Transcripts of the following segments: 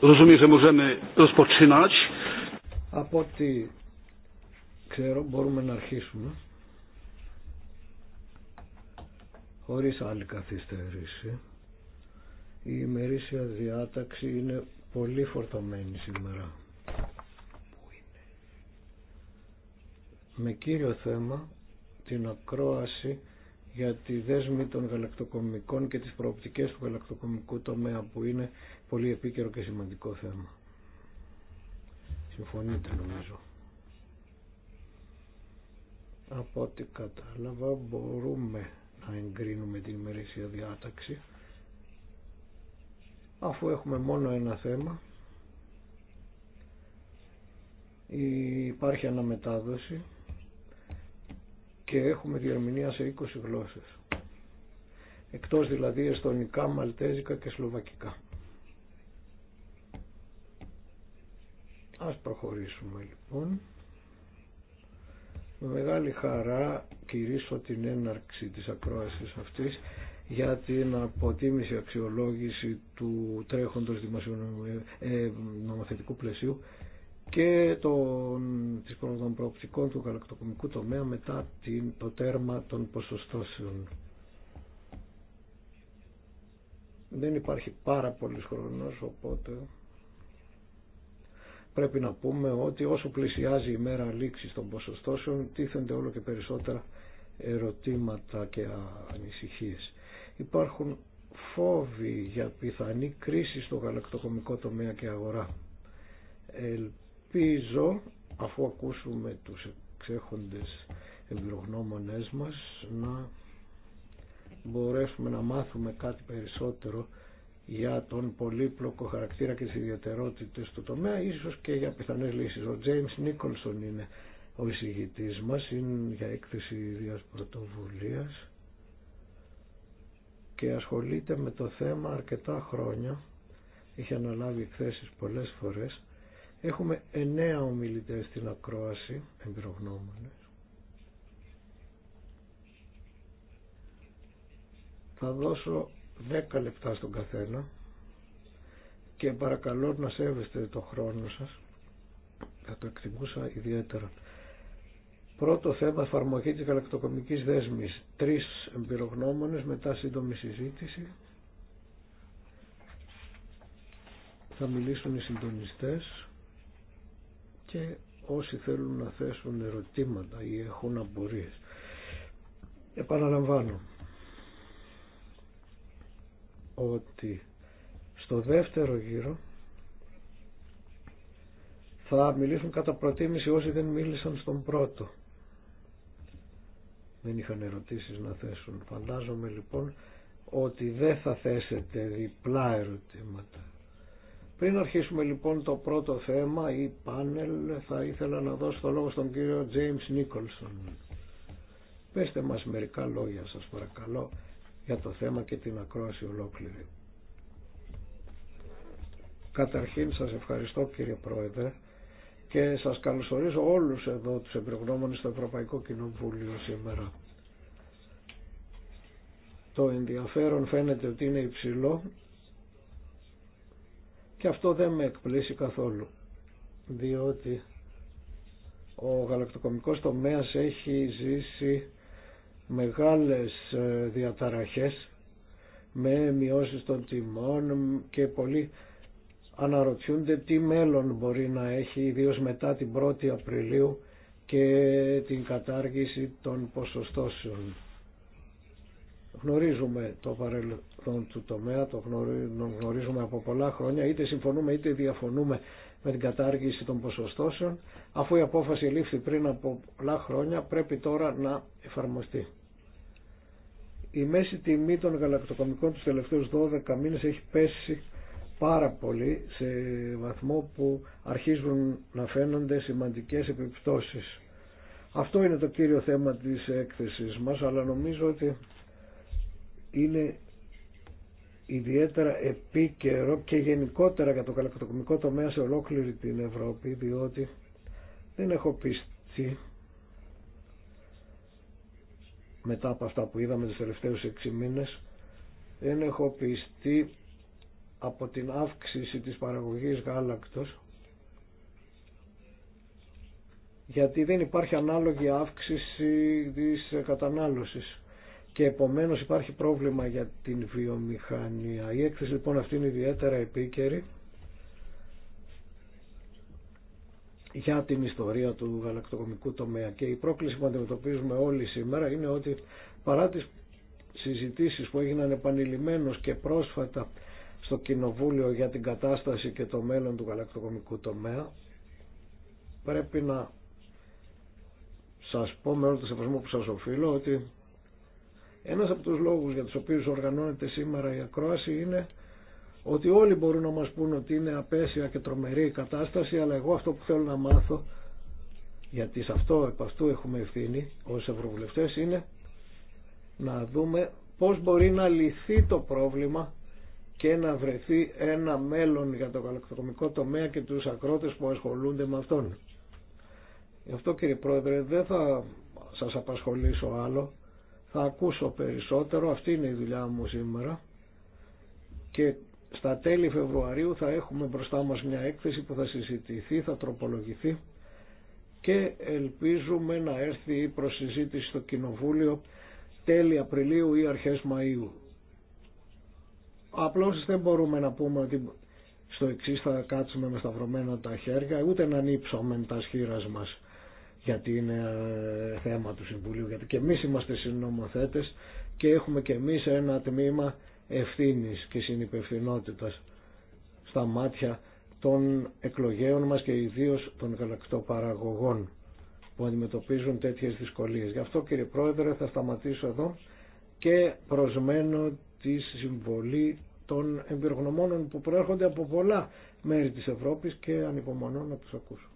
Rozumiem, Από ό,τι ξέρω μπορούμε να αρχίσουμε χωρίς άλλη καθυστέρηση. Η ημερήσια διάταξη είναι πολύ φορτωμένη σήμερα. Με κύριο θέμα την ακρόαση για τη δέσμη των γαλακτοκομικών και τις προοπτικές του γαλακτοκομικού τομέα που είναι πολύ επίκαιρο και σημαντικό θέμα. Συμφωνείτε νομίζω. Από ό,τι κατάλαβα μπορούμε να εγκρίνουμε την ημερήσια διάταξη αφού έχουμε μόνο ένα θέμα υπάρχει αναμετάδοση και έχουμε διερμηνία σε 20 γλώσσες. Εκτός δηλαδή εστονικά, μαλτέζικα και σλοβακικά. Ας προχωρήσουμε λοιπόν. Με μεγάλη χαρά κηρύσω την έναρξη της ακρόασης αυτής για την αποτίμηση αξιολόγηση του τρέχοντος δημοσιονομικού ε, νομοθετικού πλαισίου και των, προοπτικών του γαλακτοκομικού τομέα μετά την, το τέρμα των ποσοστώσεων. Δεν υπάρχει πάρα πολύ χρόνος, οπότε πρέπει να πούμε ότι όσο πλησιάζει η μέρα λήξης των ποσοστώσεων τίθενται όλο και περισσότερα ερωτήματα και ανησυχίες. Υπάρχουν φόβοι για πιθανή κρίση στο γαλακτοκομικό τομέα και αγορά ελπίζω αφού ακούσουμε τους εξέχοντες εμπειρογνώμονές μας να μπορέσουμε να μάθουμε κάτι περισσότερο για τον πολύπλοκο χαρακτήρα και τις ιδιαιτερότητες του τομέα ίσως και για πιθανές λύσεις. Ο James Nicholson είναι ο εισηγητής μας, είναι για έκθεση ιδίας πρωτοβουλίας και ασχολείται με το θέμα αρκετά χρόνια. Είχε αναλάβει εκθέσεις πολλές φορές Έχουμε εννέα ομιλητές στην ακρόαση, εμπειρογνώμονες. Θα δώσω δέκα λεπτά στον καθένα και παρακαλώ να σέβεστε το χρόνο σας. Θα το εκτιμούσα ιδιαίτερα. Πρώτο θέμα εφαρμογή της γαλακτοκομικής δέσμης. Τρεις εμπειρογνώμονες μετά σύντομη συζήτηση. Θα μιλήσουν οι συντονιστές και όσοι θέλουν να θέσουν ερωτήματα ή έχουν απορίες. Επαναλαμβάνω ότι στο δεύτερο γύρο θα μιλήσουν κατά προτίμηση όσοι δεν μίλησαν στον πρώτο. Δεν είχαν ερωτήσεις να θέσουν. Φαντάζομαι λοιπόν ότι δεν θα θέσετε διπλά ερωτήματα. Πριν αρχίσουμε λοιπόν το πρώτο θέμα ή πάνελ θα ήθελα να δώσω το λόγο στον κύριο James Nicholson. Πεστε μας μερικά λόγια σας παρακαλώ για το θέμα και την ακρόαση ολόκληρη. Καταρχήν σας ευχαριστώ κύριε Πρόεδρε και σας καλωσορίζω όλους εδώ τους εμπειρογνώμονες στο Ευρωπαϊκό Κοινοβούλιο σήμερα. Το ενδιαφέρον φαίνεται ότι είναι υψηλό και αυτό δεν με εκπλήσει καθόλου, διότι ο γαλακτοκομικός τομέας έχει ζήσει μεγάλες ε, διαταραχές με μειώσεις των τιμών και πολλοί αναρωτιούνται τι μέλλον μπορεί να έχει ιδίω μετά την 1η Απριλίου και την κατάργηση των ποσοστώσεων. Γνωρίζουμε το παρελθόν του τομέα, το γνωρίζουμε από πολλά χρόνια, είτε συμφωνούμε είτε διαφωνούμε με την κατάργηση των ποσοστώσεων. Αφού η απόφαση λήφθη πριν από πολλά χρόνια, πρέπει τώρα να εφαρμοστεί. Η μέση τιμή των γαλακτοκομικών τους τελευταίους 12 μήνες έχει πέσει πάρα πολύ σε βαθμό που αρχίζουν να φαίνονται σημαντικές επιπτώσεις. Αυτό είναι το κύριο θέμα της έκθεσης μας, αλλά νομίζω ότι είναι ιδιαίτερα επίκαιρο και γενικότερα για το καλακτοκομικό τομέα σε ολόκληρη την Ευρώπη διότι δεν έχω πιστεί μετά από αυτά που είδαμε τους τελευταίους 6 μήνες δεν έχω πιστεί από την αύξηση της παραγωγής γάλακτος γιατί δεν υπάρχει ανάλογη αύξηση της κατανάλωσης και επομένως υπάρχει πρόβλημα για την βιομηχανία. Η έκθεση λοιπόν αυτή είναι ιδιαίτερα επίκαιρη για την ιστορία του γαλακτοκομικού τομέα και η πρόκληση που αντιμετωπίζουμε όλοι σήμερα είναι ότι παρά τις συζητήσεις που έγιναν επανειλημμένως και πρόσφατα στο Κοινοβούλιο για την κατάσταση και το μέλλον του γαλακτοκομικού τομέα πρέπει να σας πω με όλο το σεβασμό που σας οφείλω ότι ένας από τους λόγους για τους οποίους οργανώνεται σήμερα η ακρόαση είναι ότι όλοι μπορούν να μας πούν ότι είναι απέσια και τρομερή η κατάσταση, αλλά εγώ αυτό που θέλω να μάθω, γιατί σε αυτό, επ' αυτού έχουμε ευθύνη ως ευρωβουλευτές, είναι να δούμε πώς μπορεί να λυθεί το πρόβλημα και να βρεθεί ένα μέλλον για το γαλακτοκομικό τομέα και τους ακρότες που ασχολούνται με αυτόν. Γι' αυτό κύριε Πρόεδρε δεν θα σας απασχολήσω άλλο θα ακούσω περισσότερο, αυτή είναι η δουλειά μου σήμερα και στα τέλη Φεβρουαρίου θα έχουμε μπροστά μας μια έκθεση που θα συζητηθεί, θα τροπολογηθεί και ελπίζουμε να έρθει η προσυζήτηση στο Κοινοβούλιο τέλη Απριλίου ή αρχές Μαΐου. Απλώς δεν μπορούμε να πούμε ότι στο εξή θα κάτσουμε με σταυρωμένα τα χέρια, ούτε να με τα σχήρας μας γιατί είναι ε, θέμα του Συμβουλίου, γιατί και εμείς είμαστε συνομοθέτες και έχουμε και εμείς ένα τμήμα ευθύνης και συνυπευθυνότητας στα μάτια των εκλογέων μας και ιδίως των γαλακτοπαραγωγών που αντιμετωπίζουν τέτοιες δυσκολίες. Γι' αυτό κύριε Πρόεδρε θα σταματήσω εδώ και προσμένω τη συμβολή των εμπειρογνωμόνων που προέρχονται από πολλά μέρη της Ευρώπης και ανυπομονώ να τους ακούσω.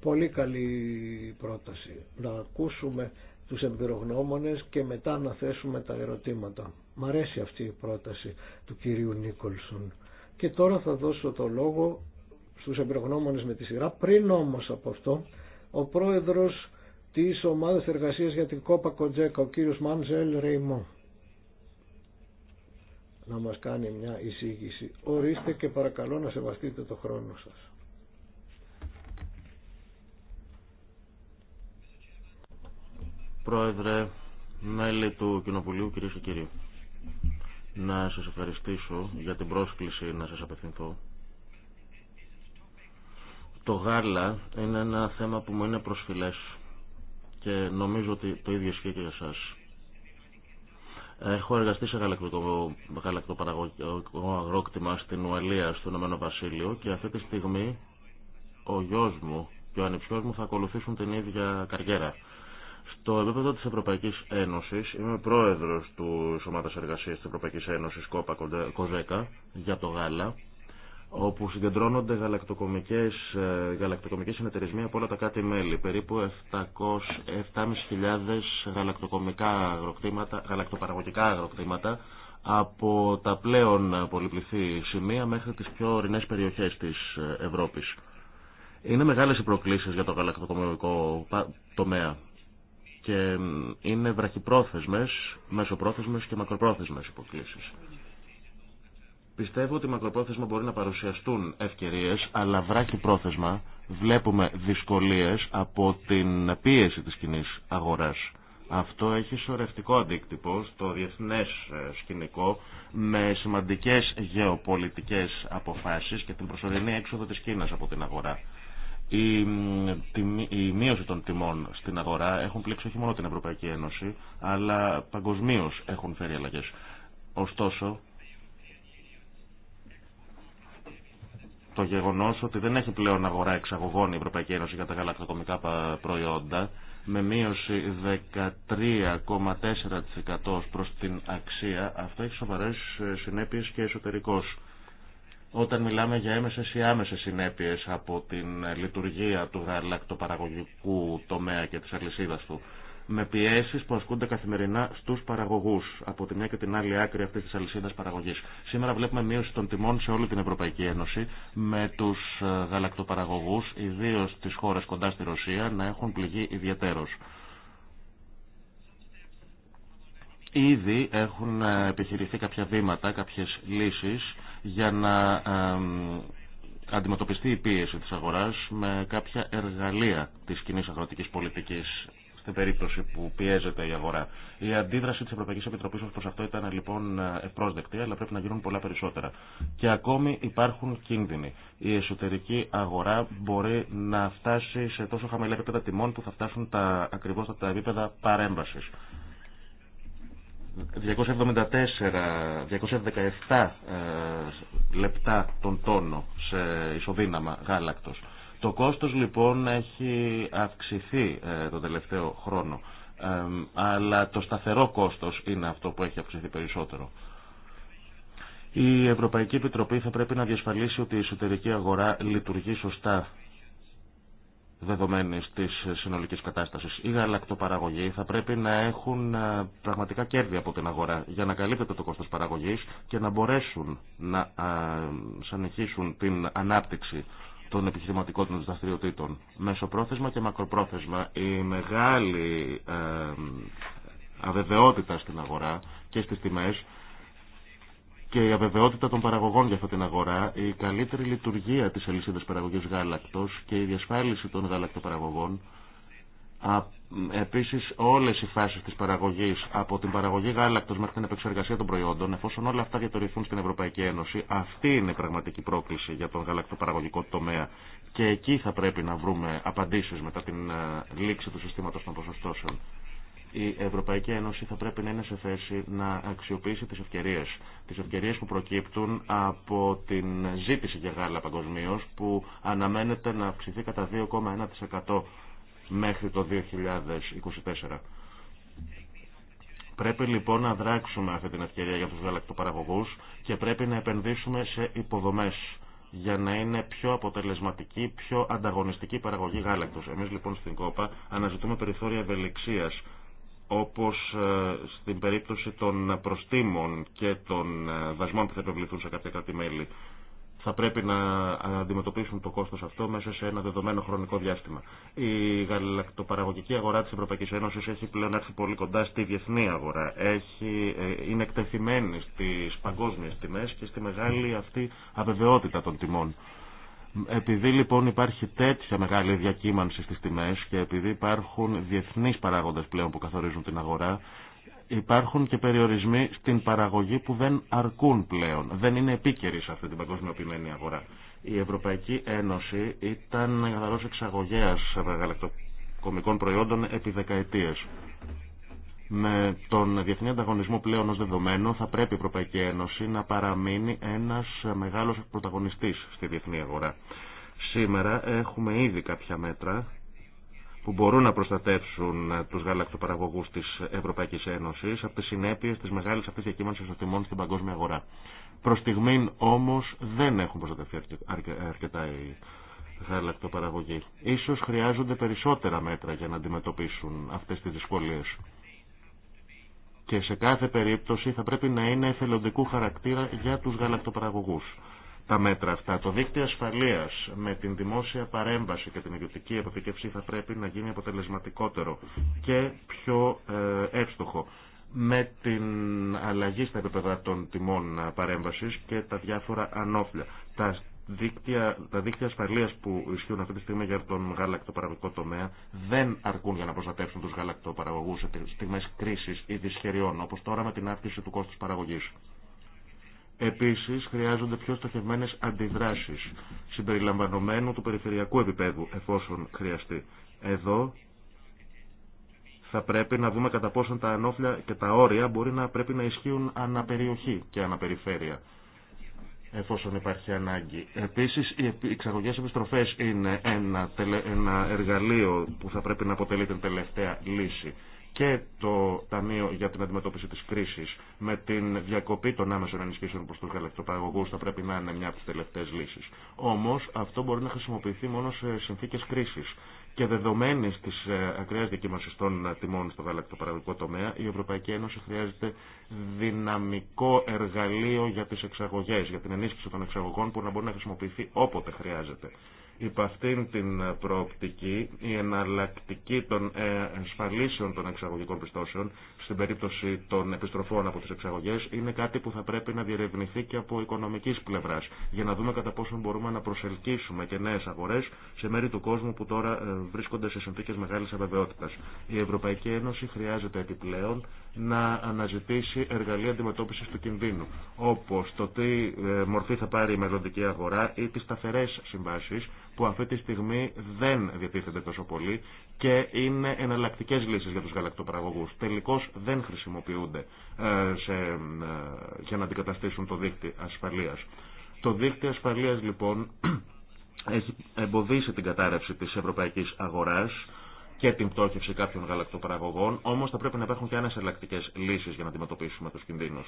πολύ καλή πρόταση. Να ακούσουμε τους εμπειρογνώμονες και μετά να θέσουμε τα ερωτήματα. Μ' αρέσει αυτή η πρόταση του κυρίου Νίκολσον. Και τώρα θα δώσω το λόγο στους εμπειρογνώμονες με τη σειρά. Πριν όμως από αυτό, ο πρόεδρος της ομάδας εργασίας για την Κόπα Κοντζέκα, ο κύριος Μάνζελ Ρεϊμό, να μας κάνει μια εισήγηση. Ορίστε και παρακαλώ να σεβαστείτε το χρόνο σας. Πρόεδρε, μέλη του Κοινοβουλίου, κυρίε και κύριοι. Να σας ευχαριστήσω για την πρόσκληση να σας απευθυνθώ. Το γάλα είναι ένα θέμα που μου είναι προσφυλές και νομίζω ότι το ίδιο ισχύει και για σας. Έχω εργαστεί σε γαλακτοπαραγωγικό αγρόκτημα στην Ουαλία, στο Ηνωμένο Βασίλειο και αυτή τη στιγμή ο γιος μου και ο ανιψιός μου θα ακολουθήσουν την ίδια καριέρα. Στο επίπεδο της Ευρωπαϊκής Ένωσης είμαι πρόεδρος του Ομάδα Εργασίας της Ευρωπαϊκής Ένωσης ΚΟΠΑ ΚΟΖΕΚΑ για το γάλα όπου συγκεντρώνονται γαλακτοκομικές, ε, γαλακτοκομικές συνεταιρισμοί από όλα τα κάτι μέλη. Περίπου 7.500 γαλακτοκομικά αγροκτήματα, γαλακτοπαραγωγικά αγροκτήματα από τα πλέον πολυπληθή σημεία μέχρι τις πιο ορεινές περιοχές της ε, Ευρώπης. Είναι μεγάλες οι προκλήσεις για το γαλακτοκομικό τομέα και είναι βραχυπρόθεσμες, μεσοπρόθεσμες και μακροπρόθεσμες υποκλήσεις. Πιστεύω ότι μακροπρόθεσμα μπορεί να παρουσιαστούν ευκαιρίες, αλλά βράχυπρόθεσμα βλέπουμε δυσκολίες από την πίεση της κοινή αγοράς. Αυτό έχει σωρευτικό αντίκτυπο στο διεθνές ε, σκηνικό με σημαντικές γεωπολιτικές αποφάσεις και την προσωρινή έξοδο της Κίνας από την αγορά. Η, η μείωση των τιμών στην αγορά έχουν πλήξει όχι μόνο την Ευρωπαϊκή Ένωση, αλλά παγκοσμίω έχουν φέρει αλλαγέ. Ωστόσο, το γεγονό ότι δεν έχει πλέον αγορά εξαγωγών η Ευρωπαϊκή Ένωση για τα γαλακτοκομικά προϊόντα, με μείωση 13,4% προ την αξία, αυτό έχει σοβαρές ε, συνέπειες και εσωτερικώ όταν μιλάμε για έμεσες ή άμεσες συνέπειες από την λειτουργία του γαλακτοπαραγωγικού τομέα και της αλυσίδας του με πιέσεις που ασκούνται καθημερινά στους παραγωγούς από τη μια και την άλλη άκρη αυτής της αλυσίδας παραγωγής. Σήμερα βλέπουμε μείωση των τιμών σε όλη την Ευρωπαϊκή Ένωση με τους ε, γαλακτοπαραγωγούς, ιδίως στις χώρες κοντά στη Ρωσία, να έχουν πληγεί ιδιαίτερος. Ήδη έχουν ε, επιχειρηθεί κάποια βήματα, κάποιες λύσεις για να αντιμετωπιστεί η πίεση της αγοράς με κάποια εργαλεία της κοινή αγροτικής πολιτικής στην περίπτωση που πιέζεται η αγορά. Η αντίδραση της Ευρωπαϊκής Επιτροπής ως προς αυτό ήταν λοιπόν ευπρόσδεκτη, αλλά πρέπει να γίνουν πολλά περισσότερα. Και ακόμη υπάρχουν κίνδυνοι. Η εσωτερική αγορά μπορεί να φτάσει σε τόσο χαμηλά επίπεδα τιμών που θα φτάσουν τα, ακριβώς τα επίπεδα παρέμβασης. 274, 217 ε, λεπτά τον τόνο σε ισοδύναμα γάλακτος. Το κόστος λοιπόν έχει αυξηθεί ε, τον τελευταίο χρόνο, ε, αλλά το σταθερό κόστος είναι αυτό που έχει αυξηθεί περισσότερο. Η Ευρωπαϊκή Επιτροπή θα πρέπει να διασφαλίσει ότι η εσωτερική αγορά λειτουργεί σωστά δεδομένη τη συνολική κατάσταση. Οι γαλακτοπαραγωγοί θα πρέπει να έχουν ε, πραγματικά κέρδη από την αγορά για να καλύπτεται το κόστο παραγωγή και να μπορέσουν να ε, συνεχίσουν την ανάπτυξη των επιχειρηματικών των δραστηριοτήτων. Μεσοπρόθεσμα και μακροπρόθεσμα η μεγάλη ε, αβεβαιότητα στην αγορά και στις τιμές και η αβεβαιότητα των παραγωγών για αυτή την αγορά, η καλύτερη λειτουργία της αλυσίδας παραγωγής γάλακτος και η διασφάλιση των γαλακτοπαραγωγών, επίσης όλες οι φάσεις της παραγωγής από την παραγωγή γάλακτος μέχρι την επεξεργασία των προϊόντων, εφόσον όλα αυτά διατηρηθούν στην Ευρωπαϊκή Ένωση, αυτή είναι η πραγματική πρόκληση για τον γαλακτοπαραγωγικό τομέα και εκεί θα πρέπει να βρούμε απαντήσεις μετά την ε, λήξη του συστήματος των ποσοστώσεων η Ευρωπαϊκή Ένωση θα πρέπει να είναι σε θέση να αξιοποιήσει τις ευκαιρίες. Τις ευκαιρίες που προκύπτουν από την ζήτηση για γάλα παγκοσμίω που αναμένεται να αυξηθεί κατά 2,1% μέχρι το 2024. Πρέπει λοιπόν να δράξουμε αυτή την ευκαιρία για τους γαλακτοπαραγωγούς και πρέπει να επενδύσουμε σε υποδομές για να είναι πιο αποτελεσματική, πιο ανταγωνιστική παραγωγή γάλακτος. Εμείς λοιπόν στην ΚΟΠΑ αναζητούμε περιθώρια ευελιξίας όπως ε, στην περίπτωση των προστήμων και των ε, δασμών που θα επιβληθούν σε κάποια κράτη-μέλη θα πρέπει να ε, αντιμετωπίσουν το κόστος αυτό μέσα σε ένα δεδομένο χρονικό διάστημα. Η γαλακτοπαραγωγική αγορά της Ευρωπαϊκής Ένωσης έχει πλέον έρθει πολύ κοντά στη διεθνή αγορά. Έχει, είναι εκτεθειμένη στις παγκόσμιες τιμές και στη μεγάλη αυτή αβεβαιότητα των τιμών. Επειδή λοιπόν υπάρχει τέτοια μεγάλη διακύμανση στις τιμές και επειδή υπάρχουν διεθνείς παράγοντες πλέον που καθορίζουν την αγορά, υπάρχουν και περιορισμοί στην παραγωγή που δεν αρκούν πλέον. Δεν είναι επίκαιροι σε αυτή την παγκοσμιοποιημένη αγορά. Η Ευρωπαϊκή Ένωση ήταν καθαρός εξαγωγέας γαλακτοκομικών προϊόντων επί δεκαετίες. Με τον διεθνή ανταγωνισμό πλέον ως δεδομένο θα πρέπει η Ευρωπαϊκή Ένωση να παραμείνει ένας μεγάλος πρωταγωνιστής στη διεθνή αγορά. Σήμερα έχουμε ήδη κάποια μέτρα που μπορούν να προστατεύσουν τους γαλακτοπαραγωγούς της Ευρωπαϊκής Ένωσης από τις συνέπειες της μεγάλης αυτής διακύμανσης των τιμών στην παγκόσμια αγορά. Προς στιγμήν όμως δεν έχουν προστατευτεί αρκετά οι γαλακτοπαραγωγοί. Ίσως χρειάζονται περισσότερα μέτρα για να αντιμετωπίσουν αυτές τις δυσκολίες και σε κάθε περίπτωση θα πρέπει να είναι εθελοντικού χαρακτήρα για τους γαλακτοπαραγωγούς. Τα μέτρα αυτά, το δίκτυο ασφαλείας με την δημόσια παρέμβαση και την ιδιωτική αποθηκεύση θα πρέπει να γίνει αποτελεσματικότερο και πιο ε, εύστοχο με την αλλαγή στα επίπεδα των τιμών παρέμβασης και τα διάφορα ανώφλια δίκτυα, τα δίκτυα ασφαλείας που ισχύουν αυτή τη στιγμή για τον παραγωγικό τομέα δεν αρκούν για να προστατεύσουν τους γαλακτοπαραγωγούς σε στιγμές κρίσης ή δυσχεριών, όπως τώρα με την αύξηση του κόστους παραγωγής. Επίσης, χρειάζονται πιο στοχευμένες αντιδράσεις, συμπεριλαμβανομένου του περιφερειακού επίπεδου, εφόσον χρειαστεί. Εδώ θα πρέπει να δούμε κατά πόσον τα ανώφλια και τα όρια μπορεί να πρέπει να ισχύουν αναπεριοχή και αναπεριφέρεια εφόσον υπάρχει ανάγκη. Επίσης, οι εξαγωγές επιστροφές είναι ένα, ένα εργαλείο που θα πρέπει να αποτελεί την τελευταία λύση και το Ταμείο για την Αντιμετώπιση της Κρίσης με την διακοπή των άμεσων ενισχύσεων προς τους γαλακτοπαραγωγούς θα πρέπει να είναι μια από τις τελευταίες λύσεις. Όμως αυτό μπορεί να χρησιμοποιηθεί μόνο σε συνθήκες κρίσης και δεδομένη τη ε, ακραία διακύμαση των τιμών στο γαλακτοπαραγωγικό τομέα, η Ευρωπαϊκή Ένωση χρειάζεται δυναμικό εργαλείο για τι εξαγωγέ, για την ενίσχυση των εξαγωγών που να μπορεί να χρησιμοποιηθεί όποτε χρειάζεται. Υπ' αυτήν την προοπτική, η εναλλακτική των ε, ασφαλίσεων των εξαγωγικών πιστώσεων στην περίπτωση των επιστροφών από τις εξαγωγές είναι κάτι που θα πρέπει να διερευνηθεί και από οικονομικής πλευράς για να δούμε κατά πόσο μπορούμε να προσελκύσουμε και νέες αγορές σε μέρη του κόσμου που τώρα ε, βρίσκονται σε συνθήκες μεγάλης αβεβαιότητας. Η Ευρωπαϊκή Ένωση χρειάζεται επιπλέον να αναζητήσει εργαλεία αντιμετώπιση του κινδύνου, όπω το τι ε, μορφή θα πάρει η μελλοντική αγορά ή τι σταθερέ συμβάσει που αυτή τη στιγμή δεν διατίθεται τόσο πολύ και είναι εναλλακτικέ λύσει για του γαλακτοπαραγωγού. Τελικώ δεν χρησιμοποιούνται ε, σε, ε, για να αντικαταστήσουν το δίκτυο ασφαλεία. Το δίκτυο ασφαλεία λοιπόν έχει εμποδίσει την κατάρρευση τη Ευρωπαϊκή Αγορά και την πτώχευση κάποιων γαλακτοπαραγωγών, όμω θα πρέπει να υπάρχουν και άλλε ελλακτικέ λύσει για να αντιμετωπίσουμε του κινδύνου.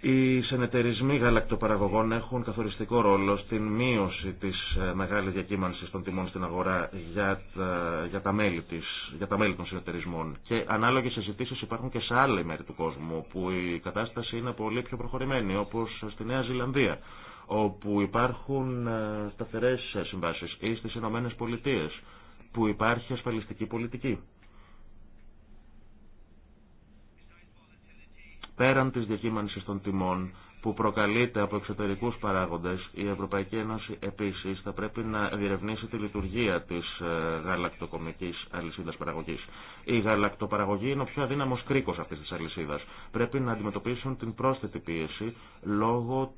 Οι συνεταιρισμοί γαλακτοπαραγωγών έχουν καθοριστικό ρόλο στην μείωση τη ε, μεγάλη διακύμανση των τιμών στην αγορά για τα, για τα, μέλη, για τα μέλη των συνεταιρισμών. Και ανάλογε συζητήσει υπάρχουν και σε άλλη μέρη του κόσμου, όπου η κατάσταση είναι πολύ πιο προχωρημένη, όπω στη Νέα Ζηλανδία, όπου υπάρχουν ε, σταθερές συμβάσει, ή στι Ηνωμένε Πολιτείε, που υπάρχει ασφαλιστική πολιτική. Πέραν της διακύμανσης των τιμών που προκαλείται από εξωτερικούς παράγοντες, η Ευρωπαϊκή Ένωση επίσης θα πρέπει να διερευνήσει τη λειτουργία της ε, γαλακτοκομικής αλυσίδας παραγωγής. Η γαλακτοπαραγωγή είναι ο πιο αδύναμος κρίκος αυτής της αλυσίδας. Πρέπει να αντιμετωπίσουν την πρόσθετη πίεση λόγω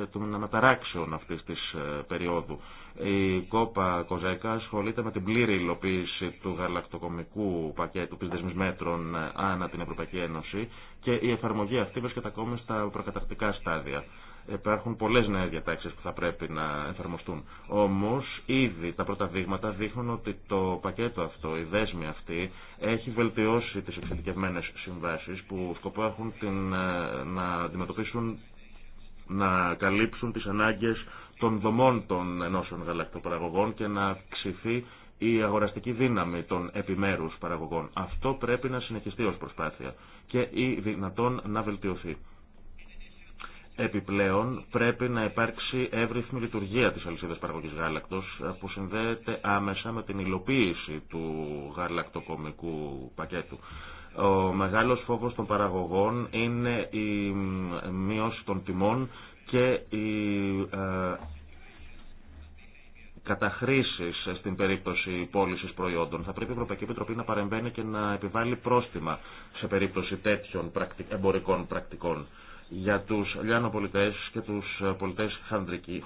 ε, των αναταράξεων αυτής της ε, περίοδου. Η κόπα Κοζέκα ασχολείται με την πλήρη υλοποίηση του γαλακτοκομικού πακέτου της μέτρων ανά την Ευρωπαϊκή Ένωση και η εφαρμογή αυτή βρίσκεται ακόμη στα προκαταρκτικά στάδια. Υπάρχουν πολλέ νέε διατάξει που θα πρέπει να εφαρμοστούν. Όμω, ήδη τα πρώτα δείγματα δείχνουν ότι το πακέτο αυτό, η δέσμη αυτή, έχει βελτιώσει τι εξειδικευμένε συμβάσει που σκοπό έχουν την, ε, να αντιμετωπίσουν, να καλύψουν τι ανάγκε των δομών των ενώσεων γαλακτοπαραγωγών και να αυξηθεί η αγοραστική δύναμη των επιμέρους παραγωγών. Αυτό πρέπει να συνεχιστεί ως προσπάθεια και ή δυνατόν να βελτιωθεί. Επιπλέον πρέπει να υπάρξει εύρυθμη λειτουργία της αλυσίδας παραγωγής γάλακτος που συνδέεται άμεσα με την υλοποίηση του γαλακτοκομικού πακέτου. Ο μεγάλος φόβος των παραγωγών είναι η μείωση των τιμών και οι ε, καταχρήσει στην περίπτωση πώληση προϊόντων. Θα πρέπει η Ευρωπαϊκή Επιτροπή να παρεμβαίνει και να επιβάλλει πρόστιμα σε περίπτωση τέτοιων εμπορικών πρακτικών. Για τους λιανοπολιτές και τους ε, πολιτές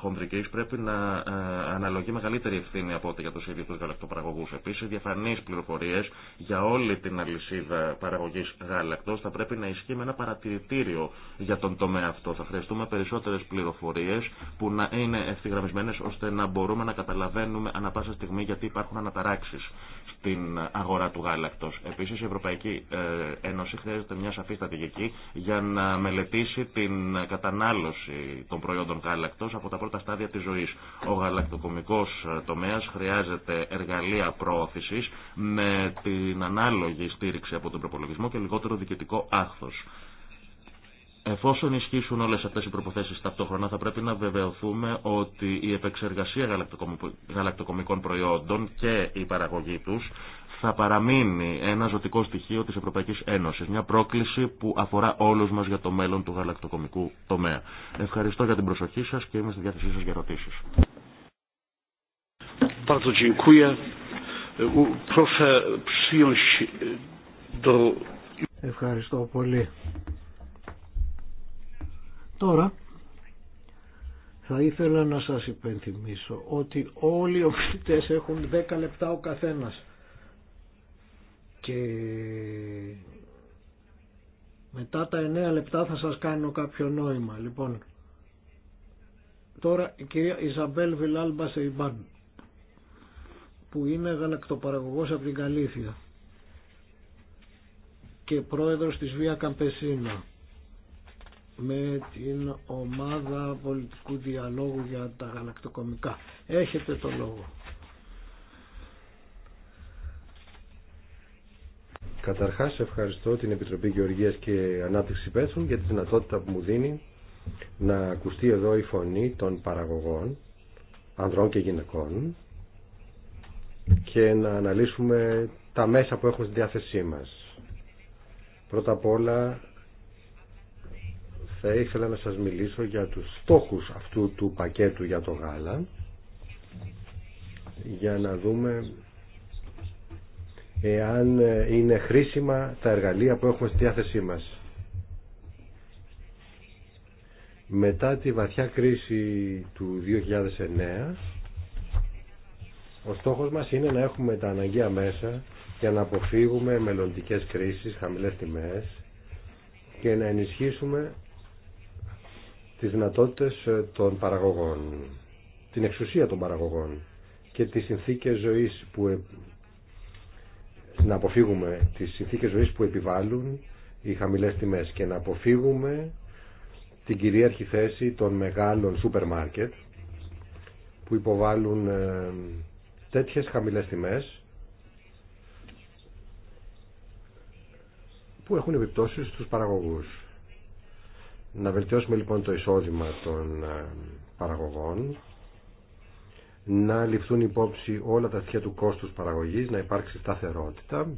χονδρικής πρέπει να ε, αναλογεί μεγαλύτερη ευθύνη από ό,τι για τους ίδιους τους γαλακτοπαραγωγούς. Επίσης, διαφανείς πληροφορίες για όλη την αλυσίδα παραγωγής γάλακτος θα πρέπει να ισχύει με ένα παρατηρητήριο για τον τομέα αυτό. Θα χρειαστούμε περισσότερες πληροφορίες που να είναι ευθυγραμμισμένες ώστε να μπορούμε να καταλαβαίνουμε ανα πάσα στιγμή γιατί υπάρχουν αναταράξεις την αγορά του γάλακτος. Επίσης η Ευρωπαϊκή ε, Ένωση χρειάζεται μια σαφή στρατηγική για να μελετήσει την κατανάλωση των προϊόντων γάλακτος από τα πρώτα στάδια της ζωής. Ο γαλακτοκομικός ε, τομέας χρειάζεται εργαλεία προώθησης με την ανάλογη στήριξη από τον προπολογισμό και λιγότερο διοικητικό άχθος. Εφόσον ισχύσουν όλε αυτέ οι προποθέσει ταυτόχρονα, θα πρέπει να βεβαιωθούμε ότι η επεξεργασία γαλακτοκομικών προϊόντων και η παραγωγή του θα παραμείνει ένα ζωτικό στοιχείο της Ευρωπαϊκής Ένωσης. Μια πρόκληση που αφορά όλους μας για το μέλλον του γαλακτοκομικού τομέα. Ευχαριστώ για την προσοχή σα και είμαι στη διάθεσή σα για ερωτήσει. Ευχαριστώ πολύ. Τώρα θα ήθελα να σας υπενθυμίσω ότι όλοι οι ομιλητές έχουν 10 λεπτά ο καθένας και μετά τα 9 λεπτά θα σας κάνω κάποιο νόημα. Λοιπόν, τώρα η κυρία Ιζαμπέλ Βιλάλμπα Σεϊμπάν που είναι γαλακτοπαραγωγός από την Καλήθεια και πρόεδρος της Βία Καμπεσίνα με την ομάδα πολιτικού διαλόγου για τα γαλακτοκομικά. Έχετε το λόγο. Καταρχάς ευχαριστώ την Επιτροπή Γεωργίας και Ανάπτυξη Πέτσων για τη δυνατότητα που μου δίνει να ακουστεί εδώ η φωνή των παραγωγών, ανδρών και γυναικών και να αναλύσουμε τα μέσα που έχουμε στη διάθεσή μας. Πρώτα απ' όλα θα ήθελα να σας μιλήσω για τους στόχους αυτού του πακέτου για το γάλα για να δούμε εάν είναι χρήσιμα τα εργαλεία που έχουμε στη διάθεσή μας. Μετά τη βαθιά κρίση του 2009 ο στόχος μας είναι να έχουμε τα αναγκαία μέσα για να αποφύγουμε μελλοντικές κρίσεις, χαμηλές τιμές και να ενισχύσουμε τις δυνατότητες ε, των παραγωγών, την εξουσία των παραγωγών και τις συνθήκες ζωής που ε, να αποφύγουμε τις συνθήκες ζωής που επιβάλλουν οι χαμηλές τιμές και να αποφύγουμε την κυρίαρχη θέση των μεγάλων σούπερ μάρκετ που υποβάλλουν ε, τέτοιες χαμηλές τιμές που έχουν επιπτώσεις στους παραγωγούς. Να βελτιώσουμε λοιπόν το εισόδημα των ε, παραγωγών, να ληφθούν υπόψη όλα τα στοιχεία του κόστους παραγωγής, να υπάρξει σταθερότητα,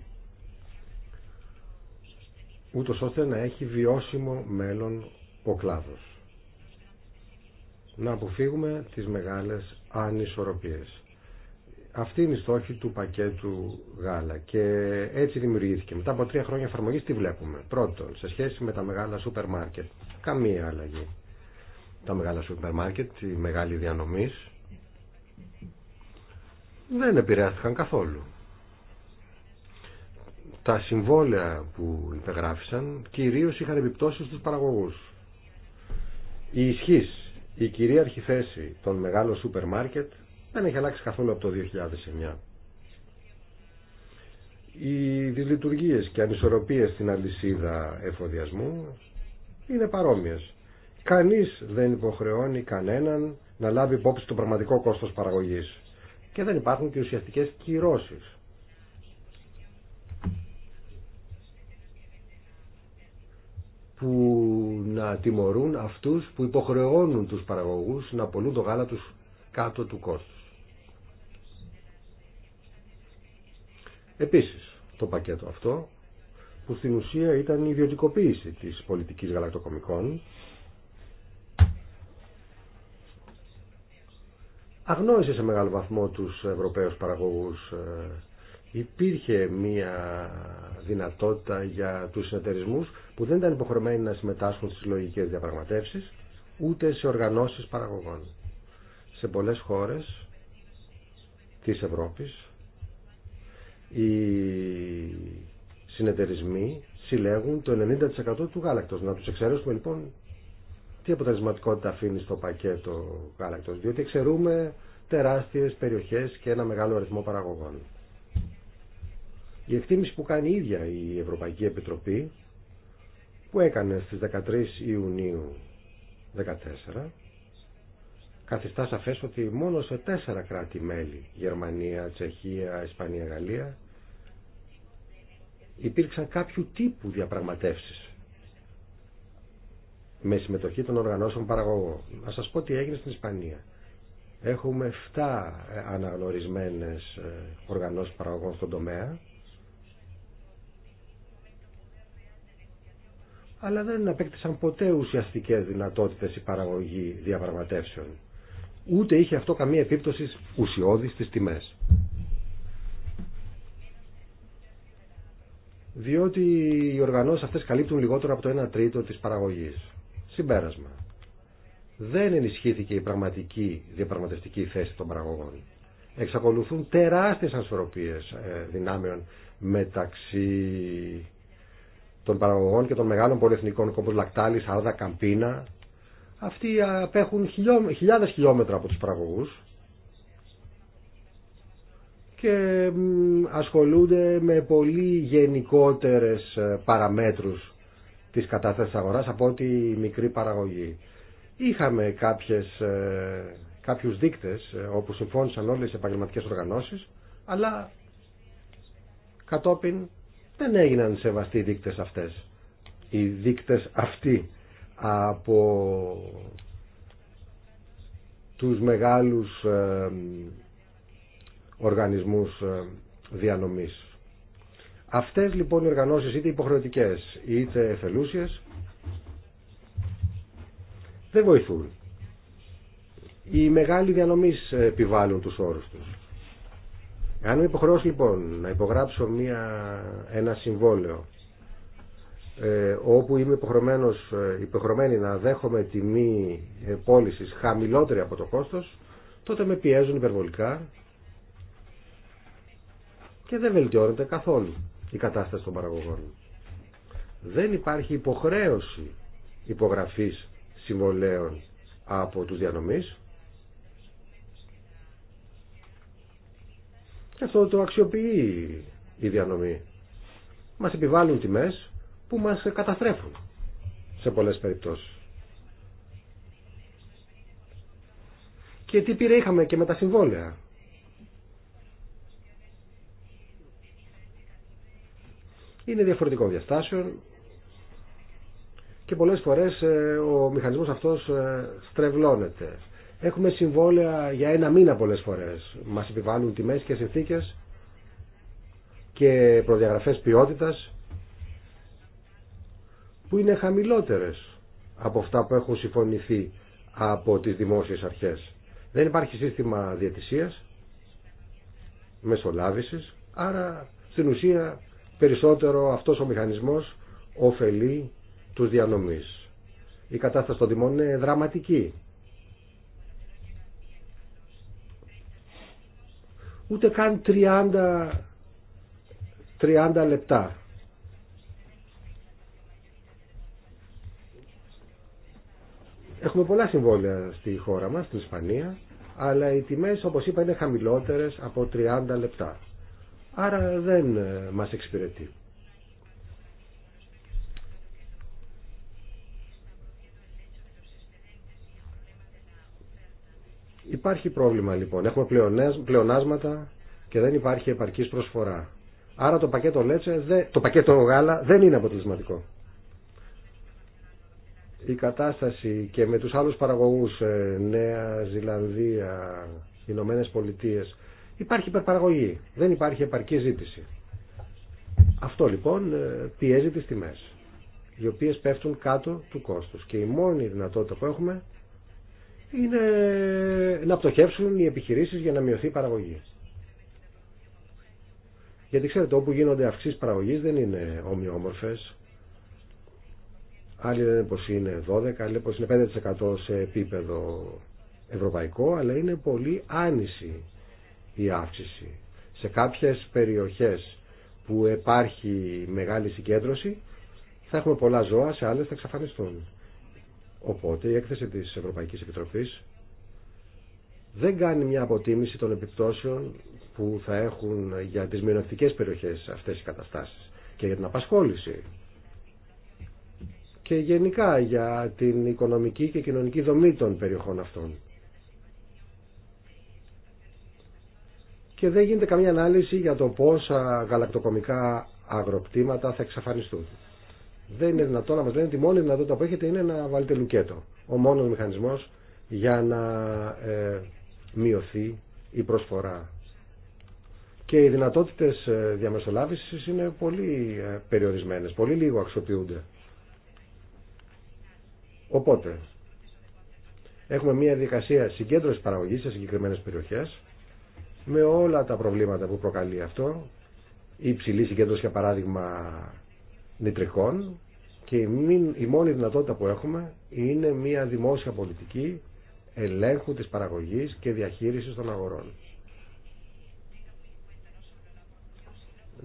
ούτως ώστε να έχει βιώσιμο μέλλον ο κλάδος. Να αποφύγουμε τις μεγάλες ανισορροπίες. Αυτή είναι η στόχη του πακέτου γάλα και έτσι δημιουργήθηκε. Μετά από τρία χρόνια εφαρμογή τι βλέπουμε. Πρώτον, σε σχέση με τα μεγάλα σούπερ μάρκετ, καμία αλλαγή. Τα μεγάλα σούπερ μάρκετ, οι μεγάλοι διανομή, δεν επηρεάστηκαν καθόλου. Τα συμβόλαια που υπεγράφησαν κυρίως είχαν επιπτώσει στους παραγωγού Η ισχύ, η κυρίαρχη θέση των μεγάλων σούπερ μάρκετ δεν έχει αλλάξει καθόλου από το 2009. Οι δυσλειτουργίες και ανισορροπίες στην αλυσίδα εφοδιασμού είναι παρόμοιες. Κανείς δεν υποχρεώνει κανέναν να λάβει υπόψη το πραγματικό κόστος παραγωγής και δεν υπάρχουν και ουσιαστικές κυρώσεις. που να τιμωρούν αυτούς που υποχρεώνουν τους παραγωγούς να πολλούν το γάλα τους κάτω του κόστου. Επίσης, το πακέτο αυτό που στην ουσία ήταν η ιδιωτικοποίηση της πολιτικής γαλακτοκομικών αγνόησε σε μεγάλο βαθμό τους Ευρωπαίους παραγωγούς. Ε, υπήρχε μία δυνατότητα για τους συνεταιρισμούς που δεν ήταν υποχρεωμένοι να συμμετάσχουν στις λογικές διαπραγματεύσεις ούτε σε οργανώσεις παραγωγών. Σε πολλές χώρες της Ευρώπης οι συνεταιρισμοί συλλέγουν το 90% του γάλακτος. Να τους εξαιρέσουμε λοιπόν τι αποτελεσματικότητα αφήνει στο πακέτο γάλακτος, διότι εξαιρούμε τεράστιες περιοχές και ένα μεγάλο αριθμό παραγωγών. Η εκτίμηση που κάνει η ίδια η Ευρωπαϊκή Επιτροπή, που έκανε στις 13 Ιουνίου 2014, καθιστά σαφές ότι μόνο σε τέσσερα κράτη-μέλη, Γερμανία, Τσεχία, Ισπανία, Γαλλία, υπήρξαν κάποιου τύπου διαπραγματεύσεις με συμμετοχή των οργανώσεων παραγωγών. Να σας πω τι έγινε στην Ισπανία. Έχουμε 7 ε, αναγνωρισμένες ε, οργανώσεις παραγωγών στον τομέα αλλά δεν απέκτησαν ποτέ ουσιαστικές δυνατότητες η παραγωγή διαπραγματεύσεων. Ούτε είχε αυτό καμία επίπτωση ουσιώδη στις τιμές. διότι οι οργανώσει αυτές καλύπτουν λιγότερο από το 1 τρίτο τη παραγωγή Συμπέρασμα. Δεν ενισχύθηκε η πραγματική διαπραγματευτική θέση των παραγωγών. Εξακολουθούν τεράστιες ανισορροπίε ε, δυνάμεων μεταξύ των παραγωγών και των μεγάλων πολυεθνικών όπως Λακτάλη, Άρδα, Καμπίνα. Αυτοί απέχουν χιλιάδε χιλιόμετρα από του παραγωγού και ασχολούνται με πολύ γενικότερες ε, παραμέτρους της κατάστασης αγοράς από ό,τι μικρή παραγωγή. Είχαμε κάποιες, ε, κάποιους δείκτες ε, όπου συμφώνησαν όλες οι επαγγελματικές οργανώσεις, αλλά κατόπιν δεν έγιναν σεβαστοί οι δείκτες αυτές. Οι δείκτες αυτοί από τους μεγάλους οργανισμούς ε, διανομής. Αυτές λοιπόν οι οργανώσεις είτε υποχρεωτικές είτε εθελούσιες δεν βοηθούν. Οι μεγάλοι διανομής επιβάλλουν τους όρους τους. Αν είμαι υποχρεώσει λοιπόν να υπογράψω μια, ένα συμβόλαιο ε, όπου είμαι υποχρεωμένος, ε, υποχρεωμένη να δέχομαι τιμή ε, πώληση χαμηλότερη από το κόστος τότε με πιέζουν υπερβολικά και δεν βελτιώνεται καθόλου η κατάσταση των παραγωγών. Δεν υπάρχει υποχρέωση υπογραφής συμβολέων από τους διανομής και αυτό το αξιοποιεί η διανομή. Μας επιβάλλουν τιμές που μας καταστρέφουν σε πολλές περιπτώσεις. Και τι πήρε είχαμε και με τα συμβόλαια. είναι διαφορετικών διαστάσεων και πολλές φορές ε, ο μηχανισμός αυτός ε, στρεβλώνεται. Έχουμε συμβόλαια για ένα μήνα πολλές φορές. Μας επιβάλλουν τιμές και συνθήκες και προδιαγραφές ποιότητας που είναι χαμηλότερες από αυτά που έχουν συμφωνηθεί από τις δημόσιες αρχές. Δεν υπάρχει σύστημα διατησίας μεσολάβησης, άρα στην ουσία περισσότερο αυτός ο μηχανισμός ωφελεί τους διανομής. Η κατάσταση των τιμών είναι δραματική. Ούτε καν 30, 30 λεπτά. Έχουμε πολλά συμβόλαια στη χώρα μας, στην Ισπανία, αλλά οι τιμές, όπως είπα, είναι χαμηλότερες από 30 λεπτά. Άρα δεν ε, μας εξυπηρετεί. Υπάρχει πρόβλημα λοιπόν. Έχουμε πλεονάσματα και δεν υπάρχει επαρκής προσφορά. Άρα το πακέτο, λέτσε, το πακέτο γάλα δεν είναι αποτελεσματικό. Η κατάσταση και με τους άλλους παραγωγούς ε, Νέα Ζηλανδία, Ηνωμένε Πολιτείες Υπάρχει υπερπαραγωγή. Δεν υπάρχει επαρκή ζήτηση. Αυτό λοιπόν ε, πιέζει τις τιμές, οι οποίες πέφτουν κάτω του κόστους. Και η μόνη δυνατότητα που έχουμε είναι να πτωχεύσουν οι επιχειρήσεις για να μειωθεί η παραγωγή. Γιατί ξέρετε, όπου γίνονται αυξήσεις παραγωγής δεν είναι ομοιόμορφες. Άλλοι λένε πως είναι 12, άλλοι λένε πως είναι 5% σε επίπεδο ευρωπαϊκό, αλλά είναι πολύ άνηση η αύξηση. Σε κάποιες περιοχές που υπάρχει μεγάλη συγκέντρωση θα έχουμε πολλά ζώα, σε άλλες θα εξαφανιστούν. Οπότε η έκθεση της Ευρωπαϊκής Επιτροπής δεν κάνει μια αποτίμηση των επιπτώσεων που θα έχουν για τις μειονευτικές περιοχές αυτές οι καταστάσεις και για την απασχόληση και γενικά για την οικονομική και κοινωνική δομή των περιοχών αυτών. και δεν γίνεται καμία ανάλυση για το πόσα γαλακτοκομικά αγροκτήματα θα εξαφανιστούν. Δεν είναι δυνατόν να μα λένε ότι η μόνη δυνατότητα που έχετε είναι να βάλετε λουκέτο. Ο μόνο μηχανισμό για να ε, μειωθεί η προσφορά. Και οι δυνατότητε διαμεσολάβηση είναι πολύ ε, περιορισμένε, πολύ λίγο αξιοποιούνται. Οπότε, έχουμε μια διαδικασία συγκέντρωση παραγωγή σε συγκεκριμένε περιοχέ με όλα τα προβλήματα που προκαλεί αυτό η υψηλή συγκέντρωση για παράδειγμα νητρικών και η μόνη δυνατότητα που έχουμε είναι μια δημόσια πολιτική ελέγχου της παραγωγής και διαχείρισης των αγορών.